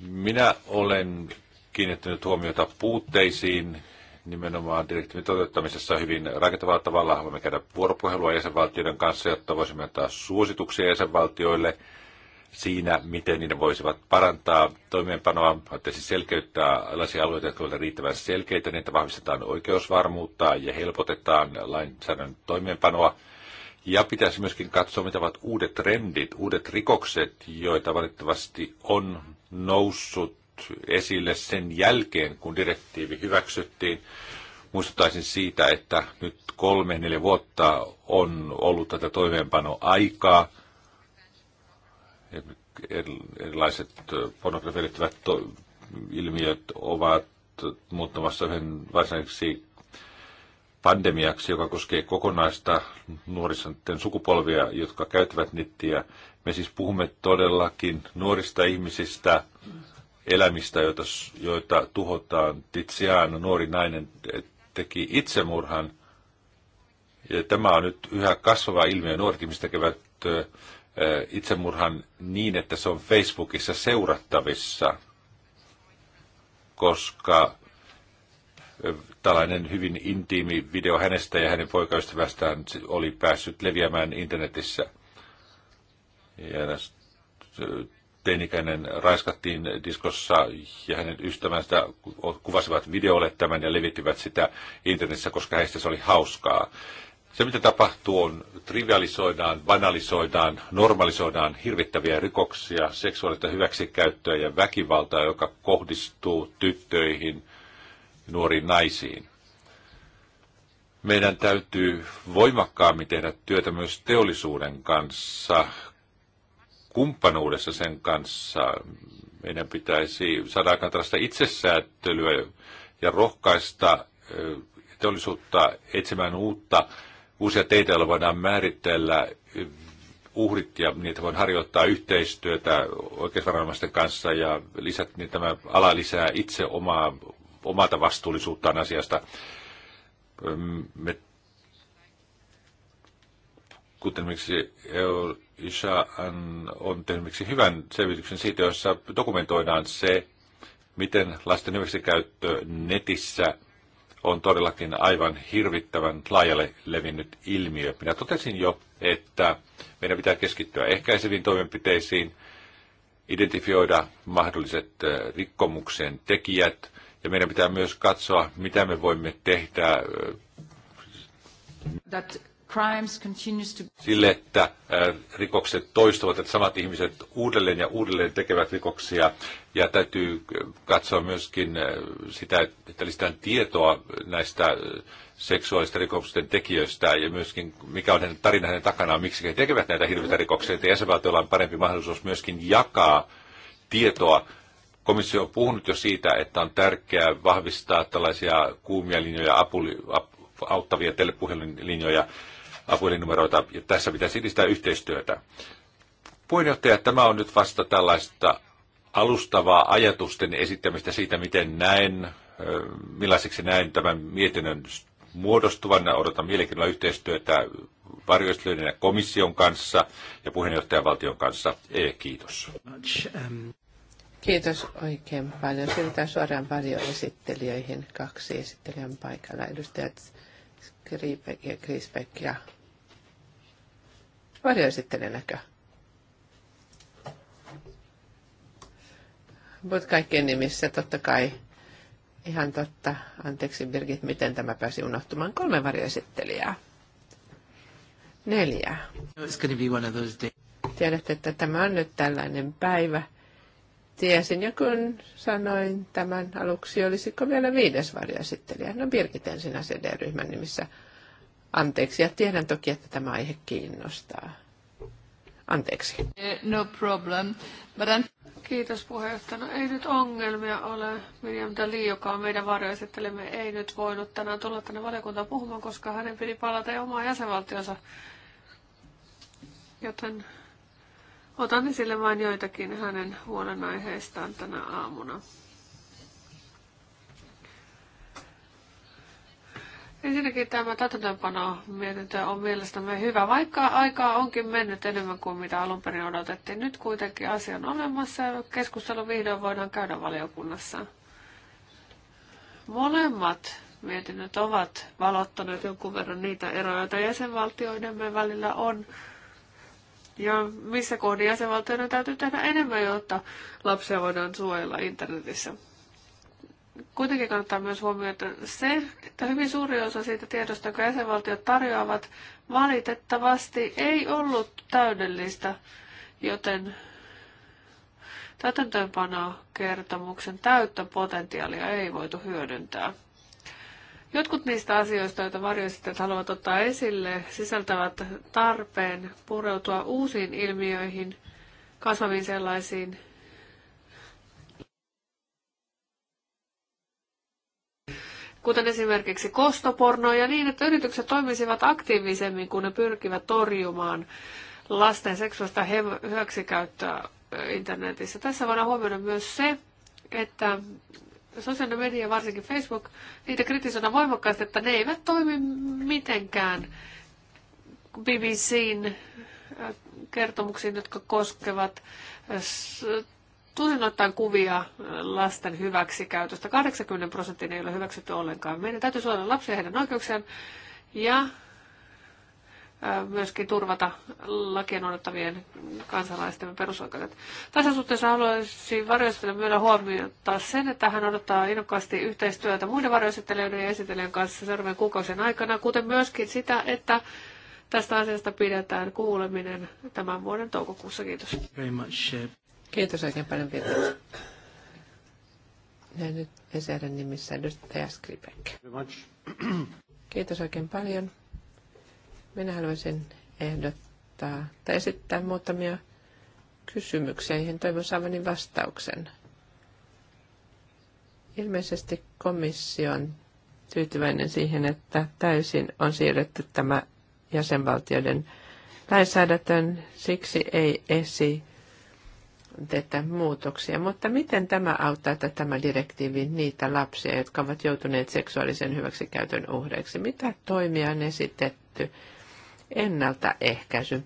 Minä olen kiinnittänyt huomiota puutteisiin, nimenomaan direktiivin toteuttamisessa hyvin rakentavalla tavalla. Haluamme käydä vuoropuhelua jäsenvaltioiden kanssa, jotta voisimme antaa suosituksia jäsenvaltioille siinä, miten niiden voisivat parantaa toimeenpanoa, että siis selkeyttää sellaisia alueita, jotka ovat riittävän selkeitä, niin että vahvistetaan oikeusvarmuutta ja helpotetaan lainsäädännön toimeenpanoa. Ja pitäisi myöskin katsoa, mitä ovat uudet trendit, uudet rikokset, joita valitettavasti on noussut esille sen jälkeen, kun direktiivi hyväksyttiin. Muistuttaisin siitä, että nyt kolme, neljä vuotta on ollut tätä toimeenpanoaikaa. Erilaiset pornografian liittyvät ilmiöt ovat muuttamassa yhden varsinaiseksi pandemiaksi, joka koskee kokonaista nuoristen sukupolvia, jotka käyttävät nettiä. Me siis puhumme todellakin nuorista ihmisistä, elämistä, joita, joita tuhotaan. Titsiaan, nuori nainen, teki itsemurhan. Ja tämä on nyt yhä kasvava ilmiö. Nuoret ihmiset tekevät itsemurhan niin, että se on Facebookissa seurattavissa, koska tällainen hyvin intiimi video hänestä ja hänen poikaystävästään oli päässyt leviämään internetissä. Ja teinikäinen raiskattiin diskossa ja hänen ystävänsä kuvasivat videolle tämän ja levittivät sitä internetissä, koska heistä se oli hauskaa. Se, mitä tapahtuu, on trivialisoidaan, banalisoidaan, normalisoidaan hirvittäviä rikoksia, seksuaalista hyväksikäyttöä ja väkivaltaa, joka kohdistuu tyttöihin, nuoriin naisiin. Meidän täytyy voimakkaammin tehdä työtä myös teollisuuden kanssa, kumppanuudessa sen kanssa. Meidän pitäisi saada aikaan tällaista itsesäättelyä ja rohkaista teollisuutta etsimään uutta, uusia teitä, joilla voidaan määritellä uhrit ja niitä voi harjoittaa yhteistyötä oikeusvaranomaisten kanssa ja lisät, niin tämä ala lisää itse omaa, omata vastuullisuuttaan asiasta. Me, kuten esimerkiksi Isha on tehnyt miksi hyvän selvityksen siitä, jossa dokumentoidaan se, miten lasten hyväksikäyttö netissä on todellakin aivan hirvittävän laajalle levinnyt ilmiö. Minä totesin jo, että meidän pitää keskittyä ehkäiseviin toimenpiteisiin, identifioida mahdolliset rikkomuksen tekijät ja meidän pitää myös katsoa, mitä me voimme tehdä. That sille, että äh, rikokset toistuvat, että samat ihmiset uudelleen ja uudelleen tekevät rikoksia. Ja täytyy äh, katsoa myöskin äh, sitä, että lisätään tietoa näistä seksuaalisten rikosten tekijöistä ja myöskin mikä on hänen tarina hänen takanaan, miksi he tekevät näitä hirveitä rikoksia. Että jäsenvaltioilla on parempi mahdollisuus myöskin jakaa tietoa. Komissio on puhunut jo siitä, että on tärkeää vahvistaa tällaisia kuumia linjoja, apu, auttavia telepuhelinlinjoja apuelinumeroita, ja tässä pitäisi edistää yhteistyötä. Puheenjohtaja, tämä on nyt vasta tällaista alustavaa ajatusten esittämistä siitä, miten näen, millaiseksi näen tämän mietinnön muodostuvan. Odotan mielenkiinnolla yhteistyötä varjoistelijoiden ja komission kanssa ja puheenjohtajavaltion kanssa. E, kiitos. Kiitos oikein paljon. Siirrytään suoraan varjoesittelijöihin. Kaksi esittelijän paikalla. Edustajat Skripek ja Grisbeck ja varjoesittelijänäkö? Mutta kaikkien nimissä, totta kai. Ihan totta. Anteeksi Birgit, miten tämä pääsi unohtumaan. Kolme varjoesittelijää. Neljä. Tiedätte, että tämä on nyt tällainen päivä. Tiesin jo, kun sanoin tämän aluksi, olisiko vielä viides varjoesittelijä. No Birgit ensin CD-ryhmän nimissä anteeksi. Ja tiedän toki, että tämä aihe kiinnostaa. Anteeksi. Eh, no problem. But I'm... Kiitos puheenjohtaja. No ei nyt ongelmia ole. Miriam Dali, joka on meidän varjoesittelemme, ei nyt voinut tänään tulla tänne valiokuntaan puhumaan, koska hänen piti palata ja omaa jäsenvaltionsa. Joten otan esille vain joitakin hänen huolenaiheistaan tänä aamuna. Ensinnäkin tämä täytäntöönpano mietintö on mielestämme hyvä, vaikka aikaa onkin mennyt enemmän kuin mitä alun perin odotettiin. Nyt kuitenkin asia on olemassa ja keskustelu vihdoin voidaan käydä valiokunnassa. Molemmat mietinnöt ovat valottaneet jonkun verran niitä eroja, joita jäsenvaltioidemme välillä on. Ja missä kohdin jäsenvaltioiden täytyy tehdä enemmän, jotta lapsia voidaan suojella internetissä. Kuitenkin kannattaa myös huomioida se, että hyvin suuri osa siitä tiedosta, jonka jäsenvaltiot tarjoavat, valitettavasti ei ollut täydellistä, joten täytäntöönpanokertomuksen täyttä potentiaalia ei voitu hyödyntää. Jotkut niistä asioista, joita varjoesittäjät haluavat ottaa esille, sisältävät tarpeen pureutua uusiin ilmiöihin, kasvaviin sellaisiin, kuten esimerkiksi kostopornoja, niin että yritykset toimisivat aktiivisemmin, kun ne pyrkivät torjumaan lasten seksuaalista hyväksikäyttöä internetissä. Tässä voidaan huomioida myös se, että sosiaalinen media, varsinkin Facebook, niitä kritisoidaan voimakkaasti, että ne eivät toimi mitenkään BBCn kertomuksiin, jotka koskevat Tunnen ottaen kuvia äh, lasten hyväksikäytöstä. 80 prosenttia ei ole hyväksytty ollenkaan. Meidän täytyy suojella lapsia heidän oikeuksiaan ja äh, myöskin turvata lakien noudattavien kansalaisten perusoikeudet. Tässä suhteessa haluaisin varjoesittelijän myöllä huomiota sen, että hän odottaa innokkaasti yhteistyötä muiden varjoesittelijöiden ja esittelijän kanssa seuraavien kuukausien aikana, kuten myöskin sitä, että tästä asiasta pidetään kuuleminen tämän vuoden toukokuussa. Kiitos. Very much. Uh, Kiitos oikein paljon Pietari. Ja nyt Eserin nimissä edustaja Skripek. Kiitos oikein paljon. Minä haluaisin ehdottaa tai esittää muutamia kysymyksiä, joihin toivon saavani vastauksen. Ilmeisesti komissio on tyytyväinen siihen, että täysin on siirretty tämä jäsenvaltioiden lainsäädäntöön, siksi ei esi tätä muutoksia. Mutta miten tämä auttaa tämä direktiivi niitä lapsia, jotka ovat joutuneet seksuaalisen hyväksikäytön uhreiksi? Mitä toimia on esitetty ennaltaehkäisy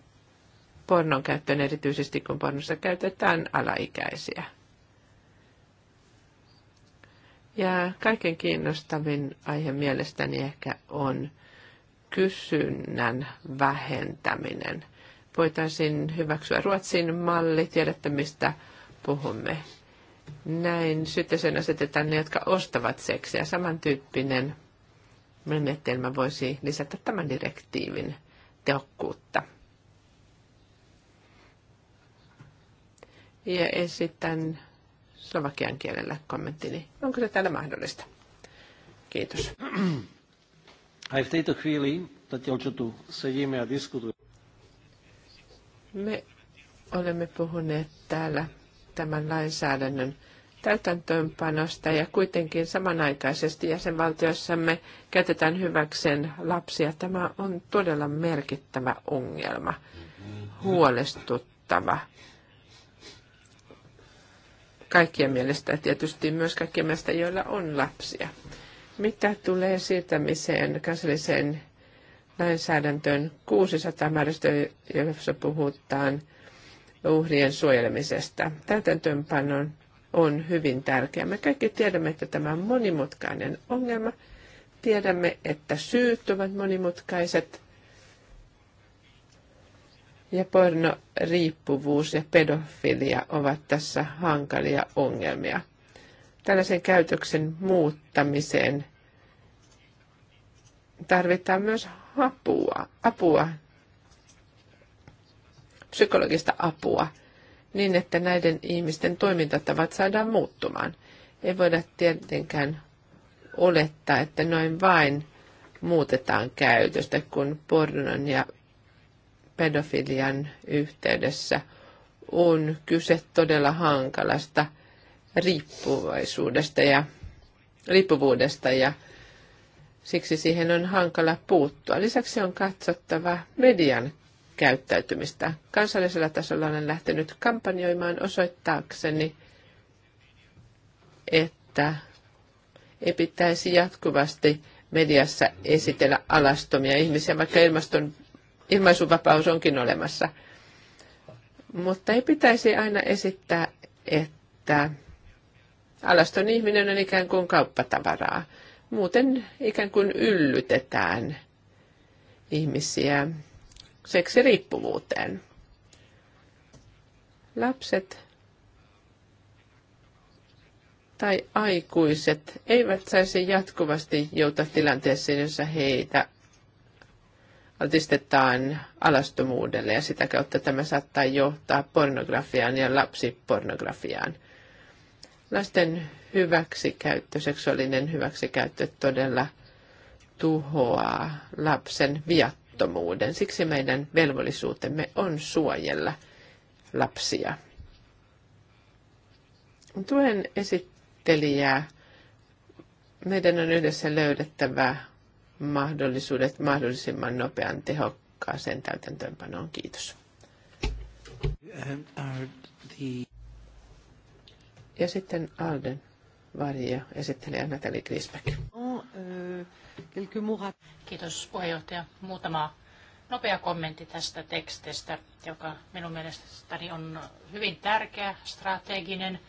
pornon käyttöön, erityisesti kun pornossa käytetään alaikäisiä? Ja kaiken kiinnostavin aihe mielestäni ehkä on kysynnän vähentäminen – voitaisiin hyväksyä Ruotsin malli, tiedätte mistä puhumme. Näin syytteeseen asetetaan ne, jotka ostavat seksiä. Samantyyppinen menetelmä voisi lisätä tämän direktiivin tehokkuutta. Ja esitän slovakian kielellä kommenttini. Onko se täällä mahdollista? Kiitos. Aj v tejto chvíli, zatiaľ čo tu sedíme a diskutujeme, me olemme puhuneet täällä tämän lainsäädännön täytäntöönpanosta ja kuitenkin samanaikaisesti jäsenvaltioissamme käytetään hyväkseen lapsia. Tämä on todella merkittävä ongelma, huolestuttava. Kaikkien mielestä tietysti myös kaikkien mielestä, joilla on lapsia. Mitä tulee siirtämiseen kansalliseen lainsäädäntöön 600 määrästä, jossa puhutaan uhrien suojelemisesta. Täytäntöönpanon on hyvin tärkeä. Me kaikki tiedämme, että tämä on monimutkainen ongelma. Tiedämme, että syyt ovat monimutkaiset. Ja pornoriippuvuus ja pedofilia ovat tässä hankalia ongelmia. Tällaisen käytöksen muuttamiseen tarvitaan myös apua, apua, psykologista apua, niin että näiden ihmisten toimintatavat saadaan muuttumaan. Ei voida tietenkään olettaa, että noin vain muutetaan käytöstä, kun pornon ja pedofilian yhteydessä on kyse todella hankalasta riippuvaisuudesta ja riippuvuudesta ja siksi siihen on hankala puuttua. Lisäksi on katsottava median käyttäytymistä. Kansallisella tasolla olen lähtenyt kampanjoimaan osoittaakseni, että ei pitäisi jatkuvasti mediassa esitellä alastomia ihmisiä, vaikka ilmaston, ilmaisuvapaus onkin olemassa. Mutta ei pitäisi aina esittää, että alaston ihminen on ikään kuin kauppatavaraa. Muuten ikään kuin yllytetään ihmisiä seksiriippuvuuteen. Lapset tai aikuiset eivät saisi jatkuvasti joutua tilanteeseen, jossa heitä altistetaan alastomuudelle ja sitä kautta tämä saattaa johtaa pornografiaan ja lapsipornografiaan. Lasten hyväksikäyttö, seksuaalinen hyväksikäyttö todella tuhoaa lapsen viattomuuden. Siksi meidän velvollisuutemme on suojella lapsia. Tuen esittelijää. Meidän on yhdessä löydettävä mahdollisuudet mahdollisimman nopean tehokkaaseen täytäntöönpanoon. Kiitos. Um, ja sitten Alden varje esittelijä Nathalie Grisbeck. Kiitos puheenjohtaja. Muutama nopea kommentti tästä tekstistä, joka minun mielestäni on hyvin tärkeä, strateginen.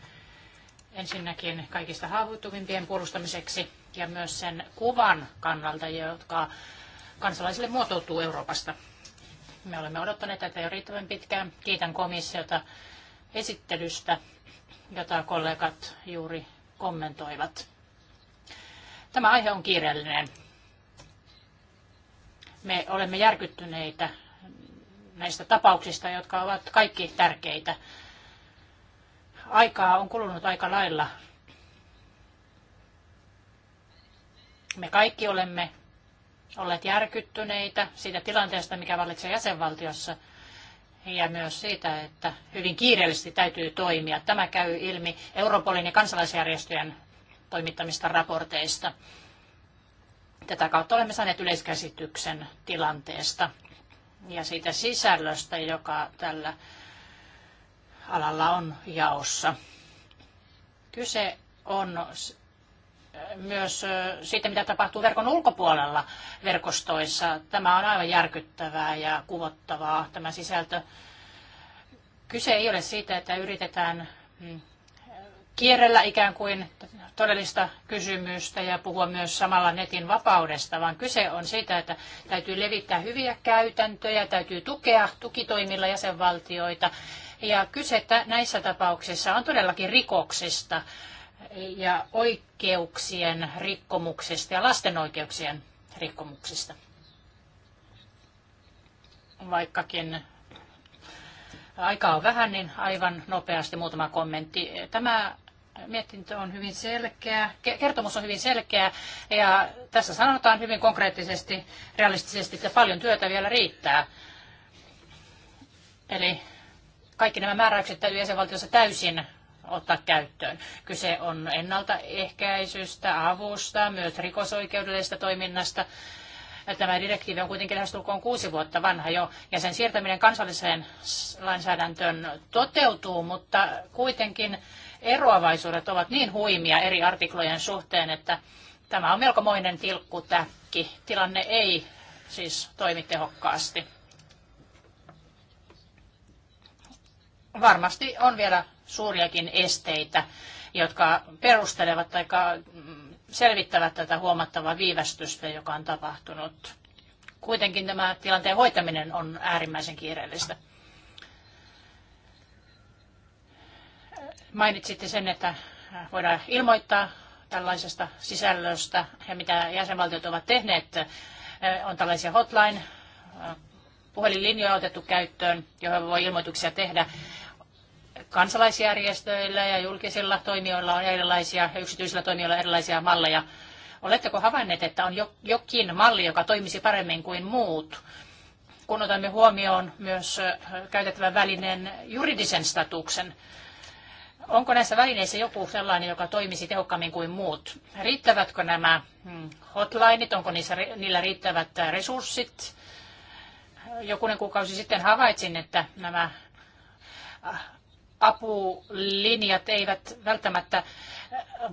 Ensinnäkin kaikista haavoittuvimpien puolustamiseksi ja myös sen kuvan kannalta, jotka kansalaisille muotoutuu Euroopasta. Me olemme odottaneet tätä jo riittävän pitkään. Kiitän komissiota esittelystä, jota kollegat juuri kommentoivat. Tämä aihe on kiireellinen. Me olemme järkyttyneitä näistä tapauksista, jotka ovat kaikki tärkeitä. Aikaa on kulunut aika lailla. Me kaikki olemme olleet järkyttyneitä siitä tilanteesta, mikä vallitsee jäsenvaltiossa – ja myös siitä, että hyvin kiireellisesti täytyy toimia. Tämä käy ilmi Europolin ja kansalaisjärjestöjen toimittamista raporteista. Tätä kautta olemme saaneet yleiskäsityksen tilanteesta ja siitä sisällöstä, joka tällä alalla on jaossa. Kyse on myös siitä, mitä tapahtuu verkon ulkopuolella verkostoissa. Tämä on aivan järkyttävää ja kuvottavaa tämä sisältö. Kyse ei ole siitä, että yritetään mm, kierrellä ikään kuin todellista kysymystä ja puhua myös samalla netin vapaudesta, vaan kyse on siitä, että täytyy levittää hyviä käytäntöjä, täytyy tukea tukitoimilla jäsenvaltioita. Ja kyse näissä tapauksissa on todellakin rikoksista ja oikeuksien rikkomuksesta ja lasten oikeuksien rikkomuksista. Vaikkakin aika on vähän, niin aivan nopeasti muutama kommentti. Tämä mietintö on hyvin selkeä, kertomus on hyvin selkeä ja tässä sanotaan hyvin konkreettisesti, realistisesti, että paljon työtä vielä riittää. Eli kaikki nämä määräykset täytyy jäsenvaltiossa täysin ottaa käyttöön. Kyse on ennaltaehkäisystä, avusta, myös rikosoikeudellisesta toiminnasta. Tämä direktiivi on kuitenkin lähestulkoon kuusi vuotta vanha jo, ja sen siirtäminen kansalliseen lainsäädäntöön toteutuu, mutta kuitenkin eroavaisuudet ovat niin huimia eri artiklojen suhteen, että tämä on melkomoinen tilkkutäkki. Tilanne ei siis toimi tehokkaasti. Varmasti on vielä suuriakin esteitä, jotka perustelevat tai selvittävät tätä huomattavaa viivästystä, joka on tapahtunut. Kuitenkin tämä tilanteen hoitaminen on äärimmäisen kiireellistä. Mainitsitte sen, että voidaan ilmoittaa tällaisesta sisällöstä ja mitä jäsenvaltiot ovat tehneet. On tällaisia hotline puhelinlinjoja otettu käyttöön, joihin voi ilmoituksia tehdä kansalaisjärjestöillä ja julkisilla toimijoilla on erilaisia, ja yksityisillä toimijoilla on erilaisia malleja. Oletteko havainneet, että on jokin malli, joka toimisi paremmin kuin muut? Kun otamme huomioon myös käytettävän välineen juridisen statuksen, onko näissä välineissä joku sellainen, joka toimisi tehokkaammin kuin muut? Riittävätkö nämä hmm, hotlineit, onko niissä, niillä riittävät resurssit? Jokunen kuukausi sitten havaitsin, että nämä apulinjat eivät välttämättä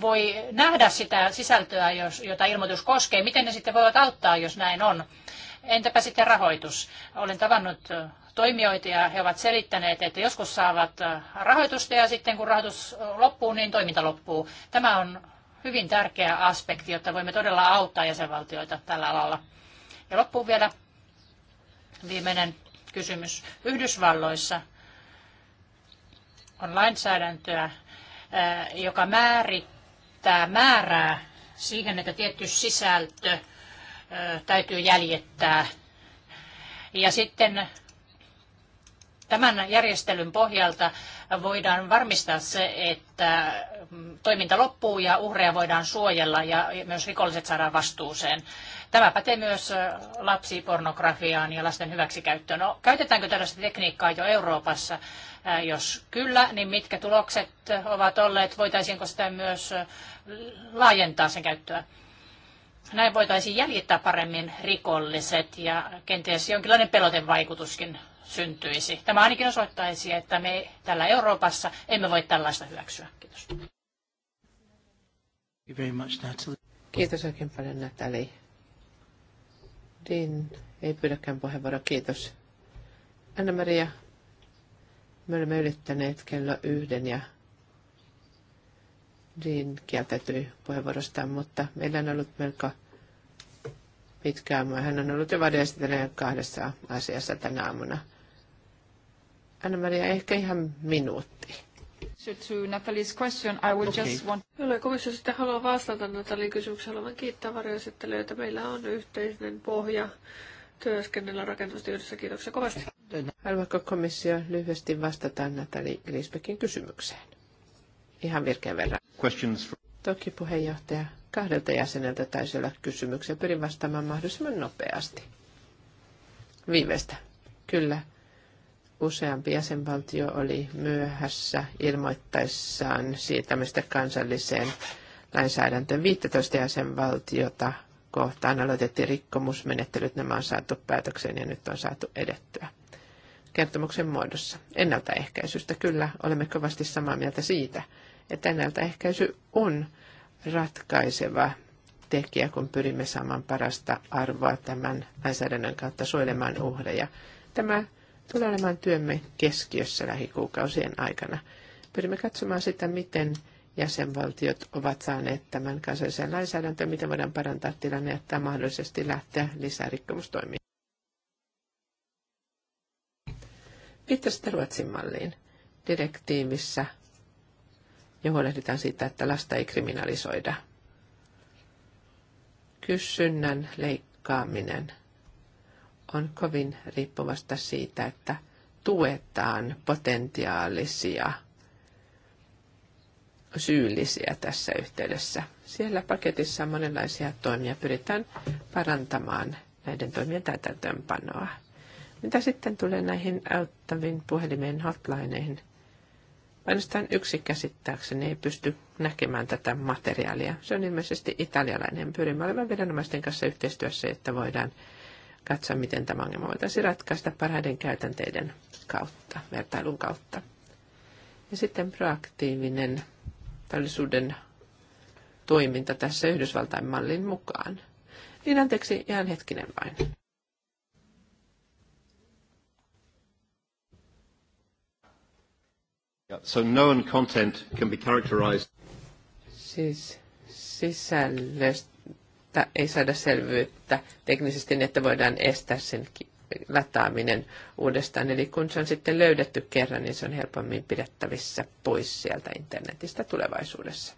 voi nähdä sitä sisältöä, jos, jota ilmoitus koskee. Miten ne sitten voivat auttaa, jos näin on? Entäpä sitten rahoitus? Olen tavannut toimijoita ja he ovat selittäneet, että joskus saavat rahoitusta ja sitten kun rahoitus loppuu, niin toiminta loppuu. Tämä on hyvin tärkeä aspekti, jotta voimme todella auttaa jäsenvaltioita tällä alalla. Ja loppuun vielä viimeinen kysymys. Yhdysvalloissa on lainsäädäntöä, joka määrittää määrää siihen, että tietty sisältö täytyy jäljittää. Ja sitten tämän järjestelyn pohjalta voidaan varmistaa se, että toiminta loppuu ja uhreja voidaan suojella ja myös rikolliset saadaan vastuuseen. Tämä pätee myös lapsipornografiaan ja lasten hyväksikäyttöön. No, käytetäänkö tällaista tekniikkaa jo Euroopassa? Jos kyllä, niin mitkä tulokset ovat olleet? Voitaisiinko sitä myös laajentaa sen käyttöä? Näin voitaisiin jäljittää paremmin rikolliset ja kenties jonkinlainen pelotevaikutuskin syntyisi. Tämä ainakin osoittaisi, että me täällä Euroopassa emme voi tällaista hyväksyä. Kiitos. Kiitos oikein paljon Natalie. Din ei pyydäkään puheenvuoro. kiitos. Anna-Maria, me olemme ylittäneet kello yhden ja Dean kieltäytyi puheenvuorostaan, mutta meillä on ollut melko pitkään. Hän on ollut jo varjoesittelijä kahdessa asiassa tänä aamuna. Anna-Maria, ehkä ihan minuutti to Kyllä, komissio sitten haluaa vastata Natalin kysymykseen. Haluan kiittää että Meillä on yhteinen pohja työskennellä rakennusta yhdessä. Kiitoksia kovasti. Haluatko komissio lyhyesti vastata Natali Grisbeckin kysymykseen? Ihan virkeän verran. Questions for... Toki puheenjohtaja kahdelta jäseneltä taisi olla kysymyksiä. Pyrin vastaamaan mahdollisimman nopeasti. Viimeistä. Kyllä useampi jäsenvaltio oli myöhässä ilmoittaessaan siirtämistä kansalliseen lainsäädäntöön. 15 jäsenvaltiota kohtaan aloitettiin rikkomusmenettelyt. Nämä on saatu päätökseen ja nyt on saatu edettyä kertomuksen muodossa. Ennaltaehkäisystä kyllä olemme kovasti samaa mieltä siitä, että ennaltaehkäisy on ratkaiseva tekijä, kun pyrimme saamaan parasta arvoa tämän lainsäädännön kautta suojelemaan uhreja. Tämä tulee olemaan työmme keskiössä lähikuukausien aikana. Pyrimme katsomaan sitä, miten jäsenvaltiot ovat saaneet tämän kansallisen lainsäädäntöön, miten voidaan parantaa tilannetta ja mahdollisesti lähteä lisää rikkomustoimiin. Viittasitte Ruotsin malliin direktiivissä ja huolehditaan siitä, että lasta ei kriminalisoida. Kysynnän leikkaaminen – on kovin riippuvasta siitä, että tuetaan potentiaalisia syyllisiä tässä yhteydessä. Siellä paketissa on monenlaisia toimia. Pyritään parantamaan näiden toimien täytäntöönpanoa. Mitä sitten tulee näihin auttaviin puhelimeen hotlineihin? Ainoastaan yksi käsittääkseni ei pysty näkemään tätä materiaalia. Se on ilmeisesti italialainen. Pyrimme olemaan viranomaisten kanssa yhteistyössä, että voidaan katsoa, miten tämä ongelma voitaisiin ratkaista parhaiden käytänteiden kautta, vertailun kautta. Ja sitten proaktiivinen todellisuuden toiminta tässä Yhdysvaltain mallin mukaan. Niin anteeksi, ihan hetkinen vain. Yeah, so known content can be characterized. Siis sisällöstä että ei saada selvyyttä teknisesti, niin että voidaan estää sen lataaminen uudestaan. Eli kun se on sitten löydetty kerran, niin se on helpommin pidettävissä pois sieltä internetistä tulevaisuudessa.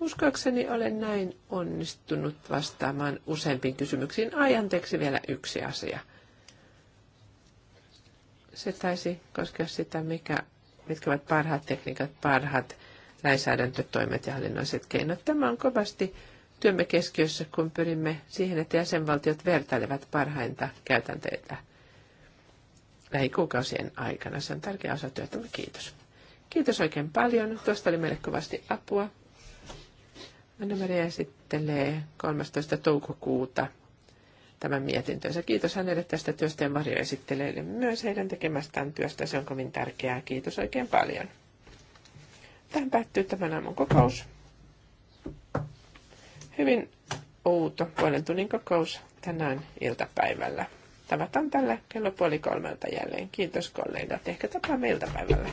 Uskoakseni olen näin onnistunut vastaamaan useampiin kysymyksiin. Ajanteeksi vielä yksi asia. Se taisi koskea sitä, mikä, mitkä ovat parhaat tekniikat, parhaat lainsäädäntötoimet ja hallinnolliset keinot. Tämä on kovasti työmme keskiössä, kun pyrimme siihen, että jäsenvaltiot vertailevat parhainta käytänteitä lähikuukausien aikana. Se on tärkeä osa työtämme. Kiitos. Kiitos oikein paljon. Tuosta oli meille kovasti apua. Anna-Maria esittelee 13. toukokuuta tämän mietintönsä. Kiitos hänelle tästä työstä ja esittelee myös heidän tekemästään työstä. Se on kovin tärkeää. Kiitos oikein paljon. Tähän päättyy tämän aamun kokous hyvin outo puolen tunnin kokous tänään iltapäivällä. Tavataan tällä kello puoli kolmelta jälleen. Kiitos kollegat. Ehkä tapaamme iltapäivällä.